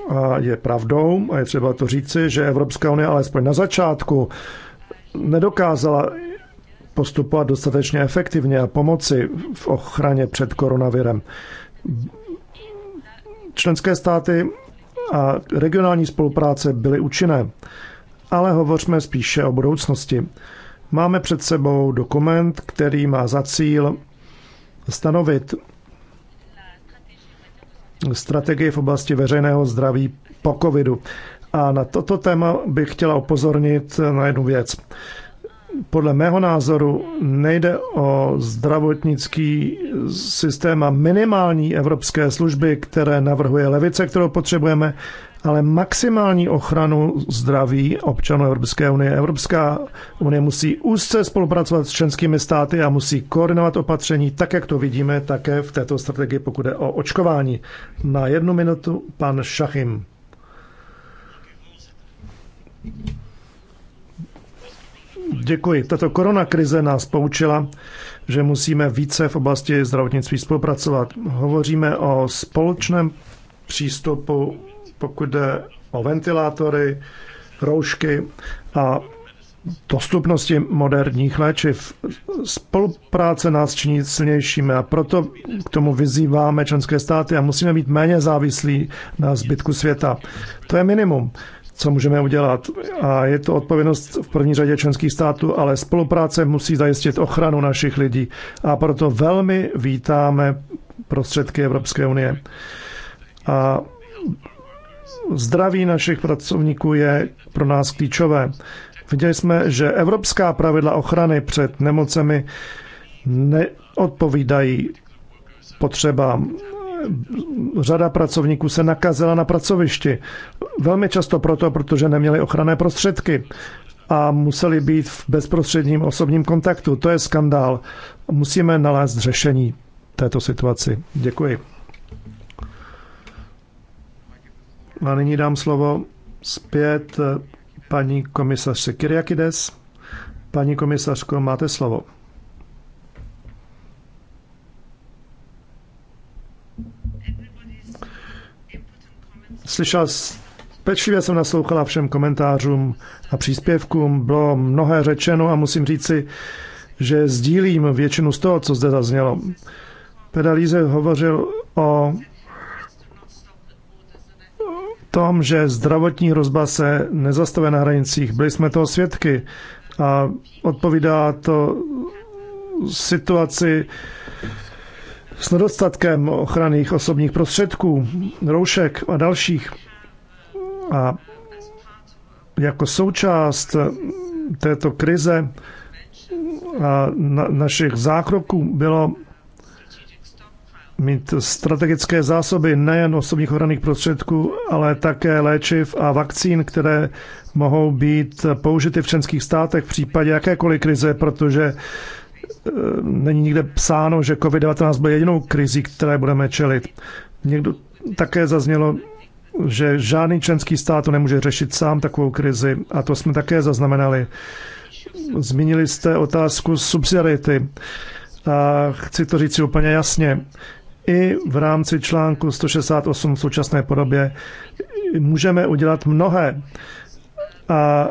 A je pravdou, a je třeba to říci, že Evropská unie alespoň na začátku nedokázala postupovat dostatečně efektivně a pomoci v ochraně před koronavirem. Členské státy a regionální spolupráce byly účinné, ale hovořme spíše o budoucnosti. Máme před sebou dokument, který má za cíl stanovit strategii v oblasti veřejného zdraví po covidu. A na toto téma bych chtěla upozornit na jednu věc podle mého názoru nejde o zdravotnický systém a minimální evropské služby, které navrhuje levice, kterou potřebujeme, ale maximální ochranu zdraví občanů Evropské unie. Evropská unie musí úzce spolupracovat s členskými státy a musí koordinovat opatření, tak jak to vidíme také v této strategii, pokud je o očkování. Na jednu minutu pan Šachim. Děkuji. Tato koronakrize nás poučila, že musíme více v oblasti zdravotnictví spolupracovat. Hovoříme o společném přístupu, pokud jde o ventilátory, roušky a dostupnosti moderních léčiv. Spolupráce nás činí silnějšími a proto k tomu vyzýváme členské státy a musíme být méně závislí na zbytku světa. To je minimum co můžeme udělat. A je to odpovědnost v první řadě členských států, ale spolupráce musí zajistit ochranu našich lidí. A proto velmi vítáme prostředky Evropské unie. A zdraví našich pracovníků je pro nás klíčové. Viděli jsme, že evropská pravidla ochrany před nemocemi neodpovídají potřebám řada pracovníků se nakazila na pracovišti. Velmi často proto, protože neměli ochranné prostředky a museli být v bezprostředním osobním kontaktu. To je skandál. Musíme nalézt řešení této situaci. Děkuji. A nyní dám slovo zpět paní komisařce Kyriakides. Paní komisařko, máte slovo. slyšel, pečlivě jsem naslouchala všem komentářům a příspěvkům, bylo mnohé řečeno a musím říci, že sdílím většinu z toho, co zde zaznělo. Pedalíze hovořil o tom, že zdravotní hrozba se nezastavuje na hranicích. Byli jsme toho svědky a odpovídá to situaci s nedostatkem ochranných osobních prostředků, roušek a dalších. A jako součást této krize a na, našich zákroků bylo mít strategické zásoby nejen osobních ochranných prostředků, ale také léčiv a vakcín, které mohou být použity v členských státech v případě jakékoliv krize, protože Eh, není nikde psáno, že COVID-19 byl jedinou krizí, které budeme čelit. Někdo také zaznělo, že žádný členský stát to nemůže řešit sám takovou krizi a to jsme také zaznamenali. Zmínili jste otázku subsidiarity a chci to říct si úplně jasně. I v rámci článku 168 v současné podobě můžeme udělat mnohé a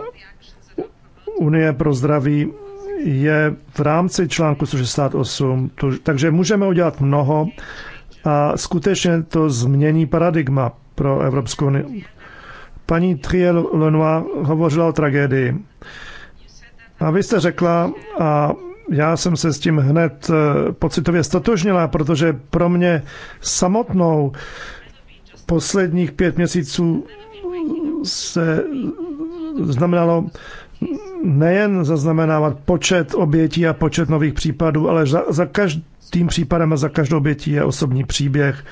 Unie pro zdraví je v rámci článku 168, takže můžeme udělat mnoho a skutečně to změní paradigma pro Evropskou unii. Paní Triel Lenoir hovořila o tragédii. A vy jste řekla, a já jsem se s tím hned eh, pocitově statožnila, protože pro mě samotnou posledních pět měsíců se znamenalo nejen zaznamenávat počet obětí a počet nových případů, ale za, za každým případem a za každou obětí je osobní příběh.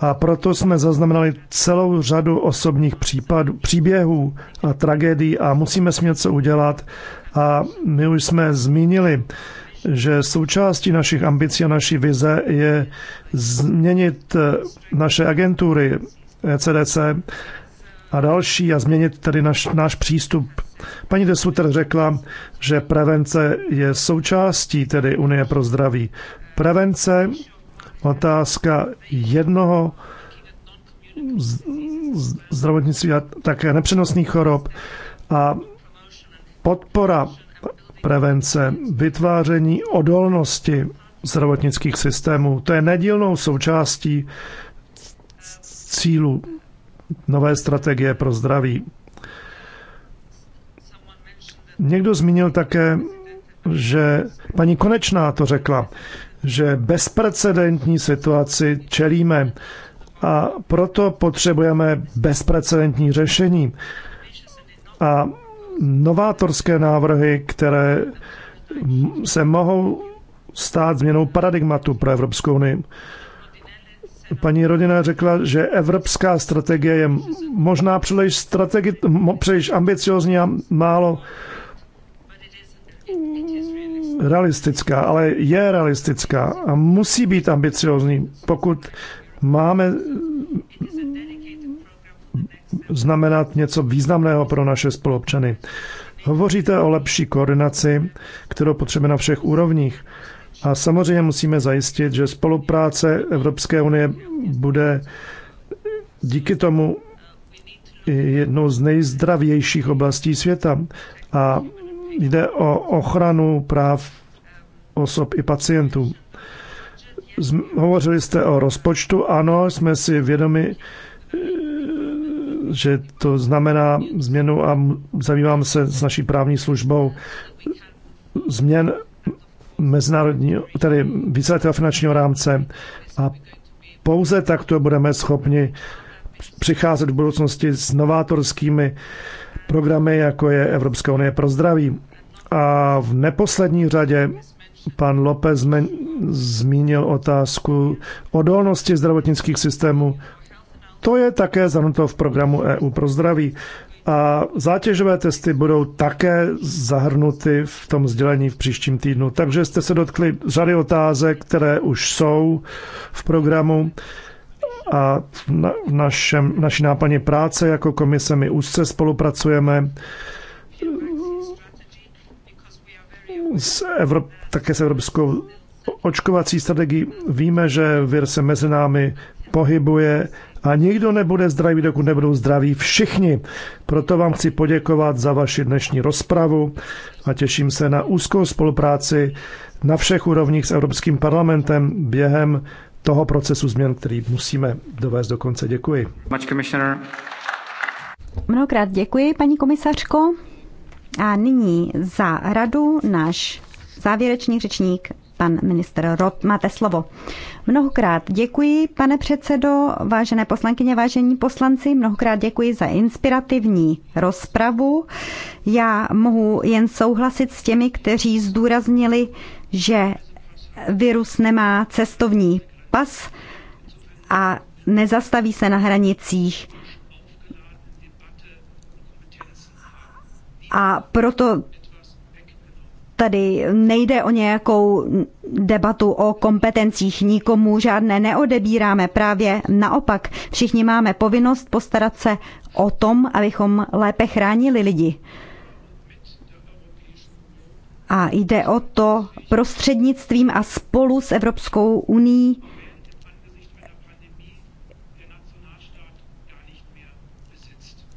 A proto jsme zaznamenali celou řadu osobních případů, příběhů a tragédií a musíme smět něco udělat. A my už jsme zmínili, že součástí našich ambicí a naší vize je změnit naše agentury ECDC a další a změnit tedy naš, náš přístup. Paní de Sutter řekla, že prevence je součástí tedy Unie pro zdraví. Prevence, otázka jednoho zdravotnictví a také nepřenosných chorob a podpora prevence, vytváření odolnosti zdravotnických systémů. To je nedílnou součástí cílu nové strategie pro zdraví. Někdo zmínil také, že paní Konečná to řekla, že bezprecedentní situaci čelíme a proto potřebujeme bezprecedentní řešení. A novátorské návrhy, které se mohou stát změnou paradigmatu pro Evropskou unii paní Rodina řekla, že evropská strategie je možná příliš, strategi- příliš ambiciozní a málo realistická, ale je realistická a musí být ambiciozní, pokud máme znamenat něco významného pro naše spolupčany. Hovoříte o lepší koordinaci, kterou potřebujeme na všech úrovních. A samozřejmě musíme zajistit, že spolupráce Evropské unie bude díky tomu jednou z nejzdravějších oblastí světa. A jde o ochranu práv osob i pacientů. Hovořili jste o rozpočtu. Ano, jsme si vědomi, eh, že to znamená změnu a zabývám se s naší právní službou změn mezinárodní, tedy víceletého finančního rámce a pouze takto budeme schopni přicházet v budoucnosti s novátorskými programy, jako je Evropská unie pro zdraví. A v neposlední řadě pan López zmínil otázku odolnosti zdravotnických systémů. To je také zanuto v programu EU pro zdraví. A zátěžové testy budou také zahrnuty v tom sdělení v příštím týdnu. Takže jste se dotkli řady otázek, které už jsou v programu a v našem, naší nápadně práce jako komise my úzce spolupracujeme s Evrop, také s Evropskou očkovací strategií. Víme, že vir se mezi námi pohybuje a nikdo nebude zdravý, dokud nebudou zdraví všichni. Proto vám chci poděkovat za vaši dnešní rozpravu a těším se na úzkou spolupráci na všech úrovních s Evropským parlamentem během toho procesu změn, který musíme dovést do konce. Děkuji. Mnohokrát děkuji, paní komisařko. A nyní za radu náš závěrečný řečník, pan minister Rot. Máte slovo. Mnohokrát děkuji, pane předsedo, vážené poslankyně, vážení poslanci, mnohokrát děkuji za inspirativní rozpravu. Já mohu jen souhlasit s těmi, kteří zdůraznili, že virus nemá cestovní pas a nezastaví se na hranicích. A proto Tady nejde o nějakou debatu o kompetencích, nikomu žádné neodebíráme, právě naopak. Všichni máme povinnost postarat se o tom, abychom lépe chránili lidi. A jde o to prostřednictvím a spolu s Evropskou uní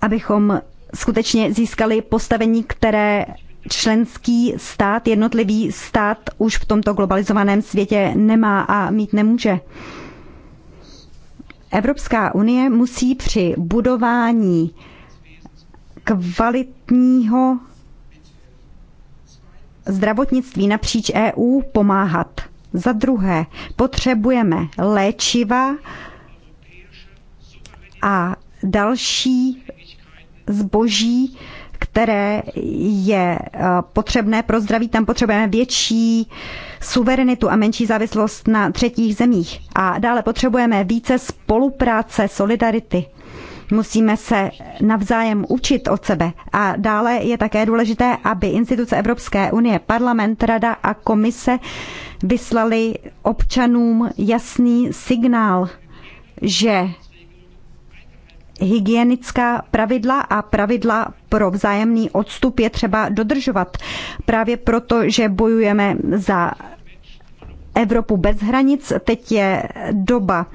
abychom skutečně získali postavení, které členský stát, jednotlivý stát už v tomto globalizovaném světě nemá a mít nemůže. Evropská unie musí při budování kvalitního zdravotnictví napříč EU pomáhat. Za druhé, potřebujeme léčiva a další zboží, které je eh, potřebné pro zdraví, tam potřebujeme větší suverenitu a menší závislost na třetích zemích. A dále potřebujeme více spolupráce, solidarity. Musíme se navzájem učit od sebe. A dále je také důležité, aby instituce Evropské unie, parlament, rada a komise vyslali občanům jasný signál, že hygienická pravidla a pravidla pro vzájemný odstup je třeba dodržovat. Právě proto, že bojujeme za Evropu bez hranic, teď je doba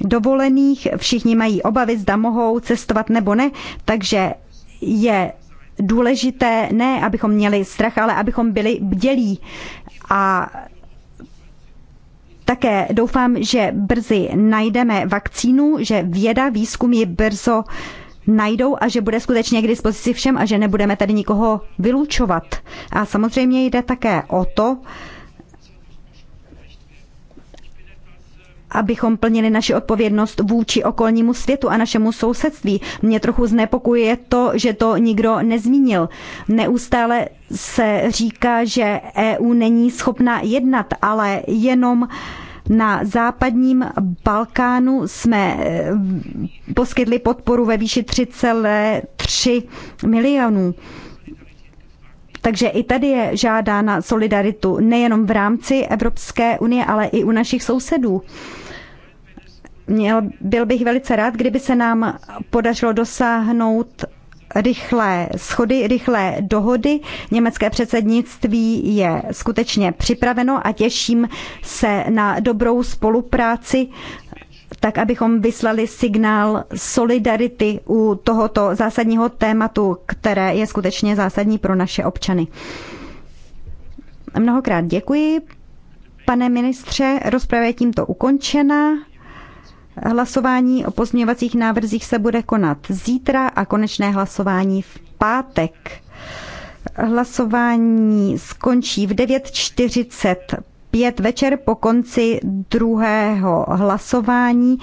dovolených, všichni mají obavy, zda mohou cestovat nebo ne, takže je důležité ne, abychom měli strach, ale abychom byli bdělí. A také doufám, že brzy najdeme vakcínu, že věda, výzkum ji brzo najdou a že bude skutečně k dispozici všem a že nebudeme tady nikoho vylučovat. A samozřejmě jde také o to, abychom plnili naši odpovědnost vůči okolnímu světu a našemu sousedství. Mě trochu znepokuje to, že to nikdo nezmínil. Neustále se říká, že EU není schopna jednat, ale jenom na západním Balkánu jsme eh, poskytli podporu ve výši 3,3 milionů. Takže i tady je žádána solidaritu nejenom v rámci Evropské unie, ale i u našich sousedů. Měl, byl bych velice rád, kdyby se nám podařilo dosáhnout rychlé schody, rychlé dohody. Německé předsednictví je skutečně připraveno a těším se na dobrou spolupráci tak abychom vyslali signál solidarity u tohoto zásadního tématu, které je skutečně zásadní pro naše občany. Mnohokrát děkuji. Pane ministře, rozprava je tímto ukončena. Hlasování o pozměňovacích návrzích se bude konat zítra a konečné hlasování v pátek. Hlasování skončí v 9.45 večer po konci druhého hlasování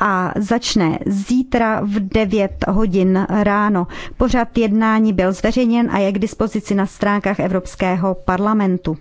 a začne zítra v 9 hodin ráno. Pořad jednání byl zveřejněn a je k dispozici na stránkách Evropského parlamentu.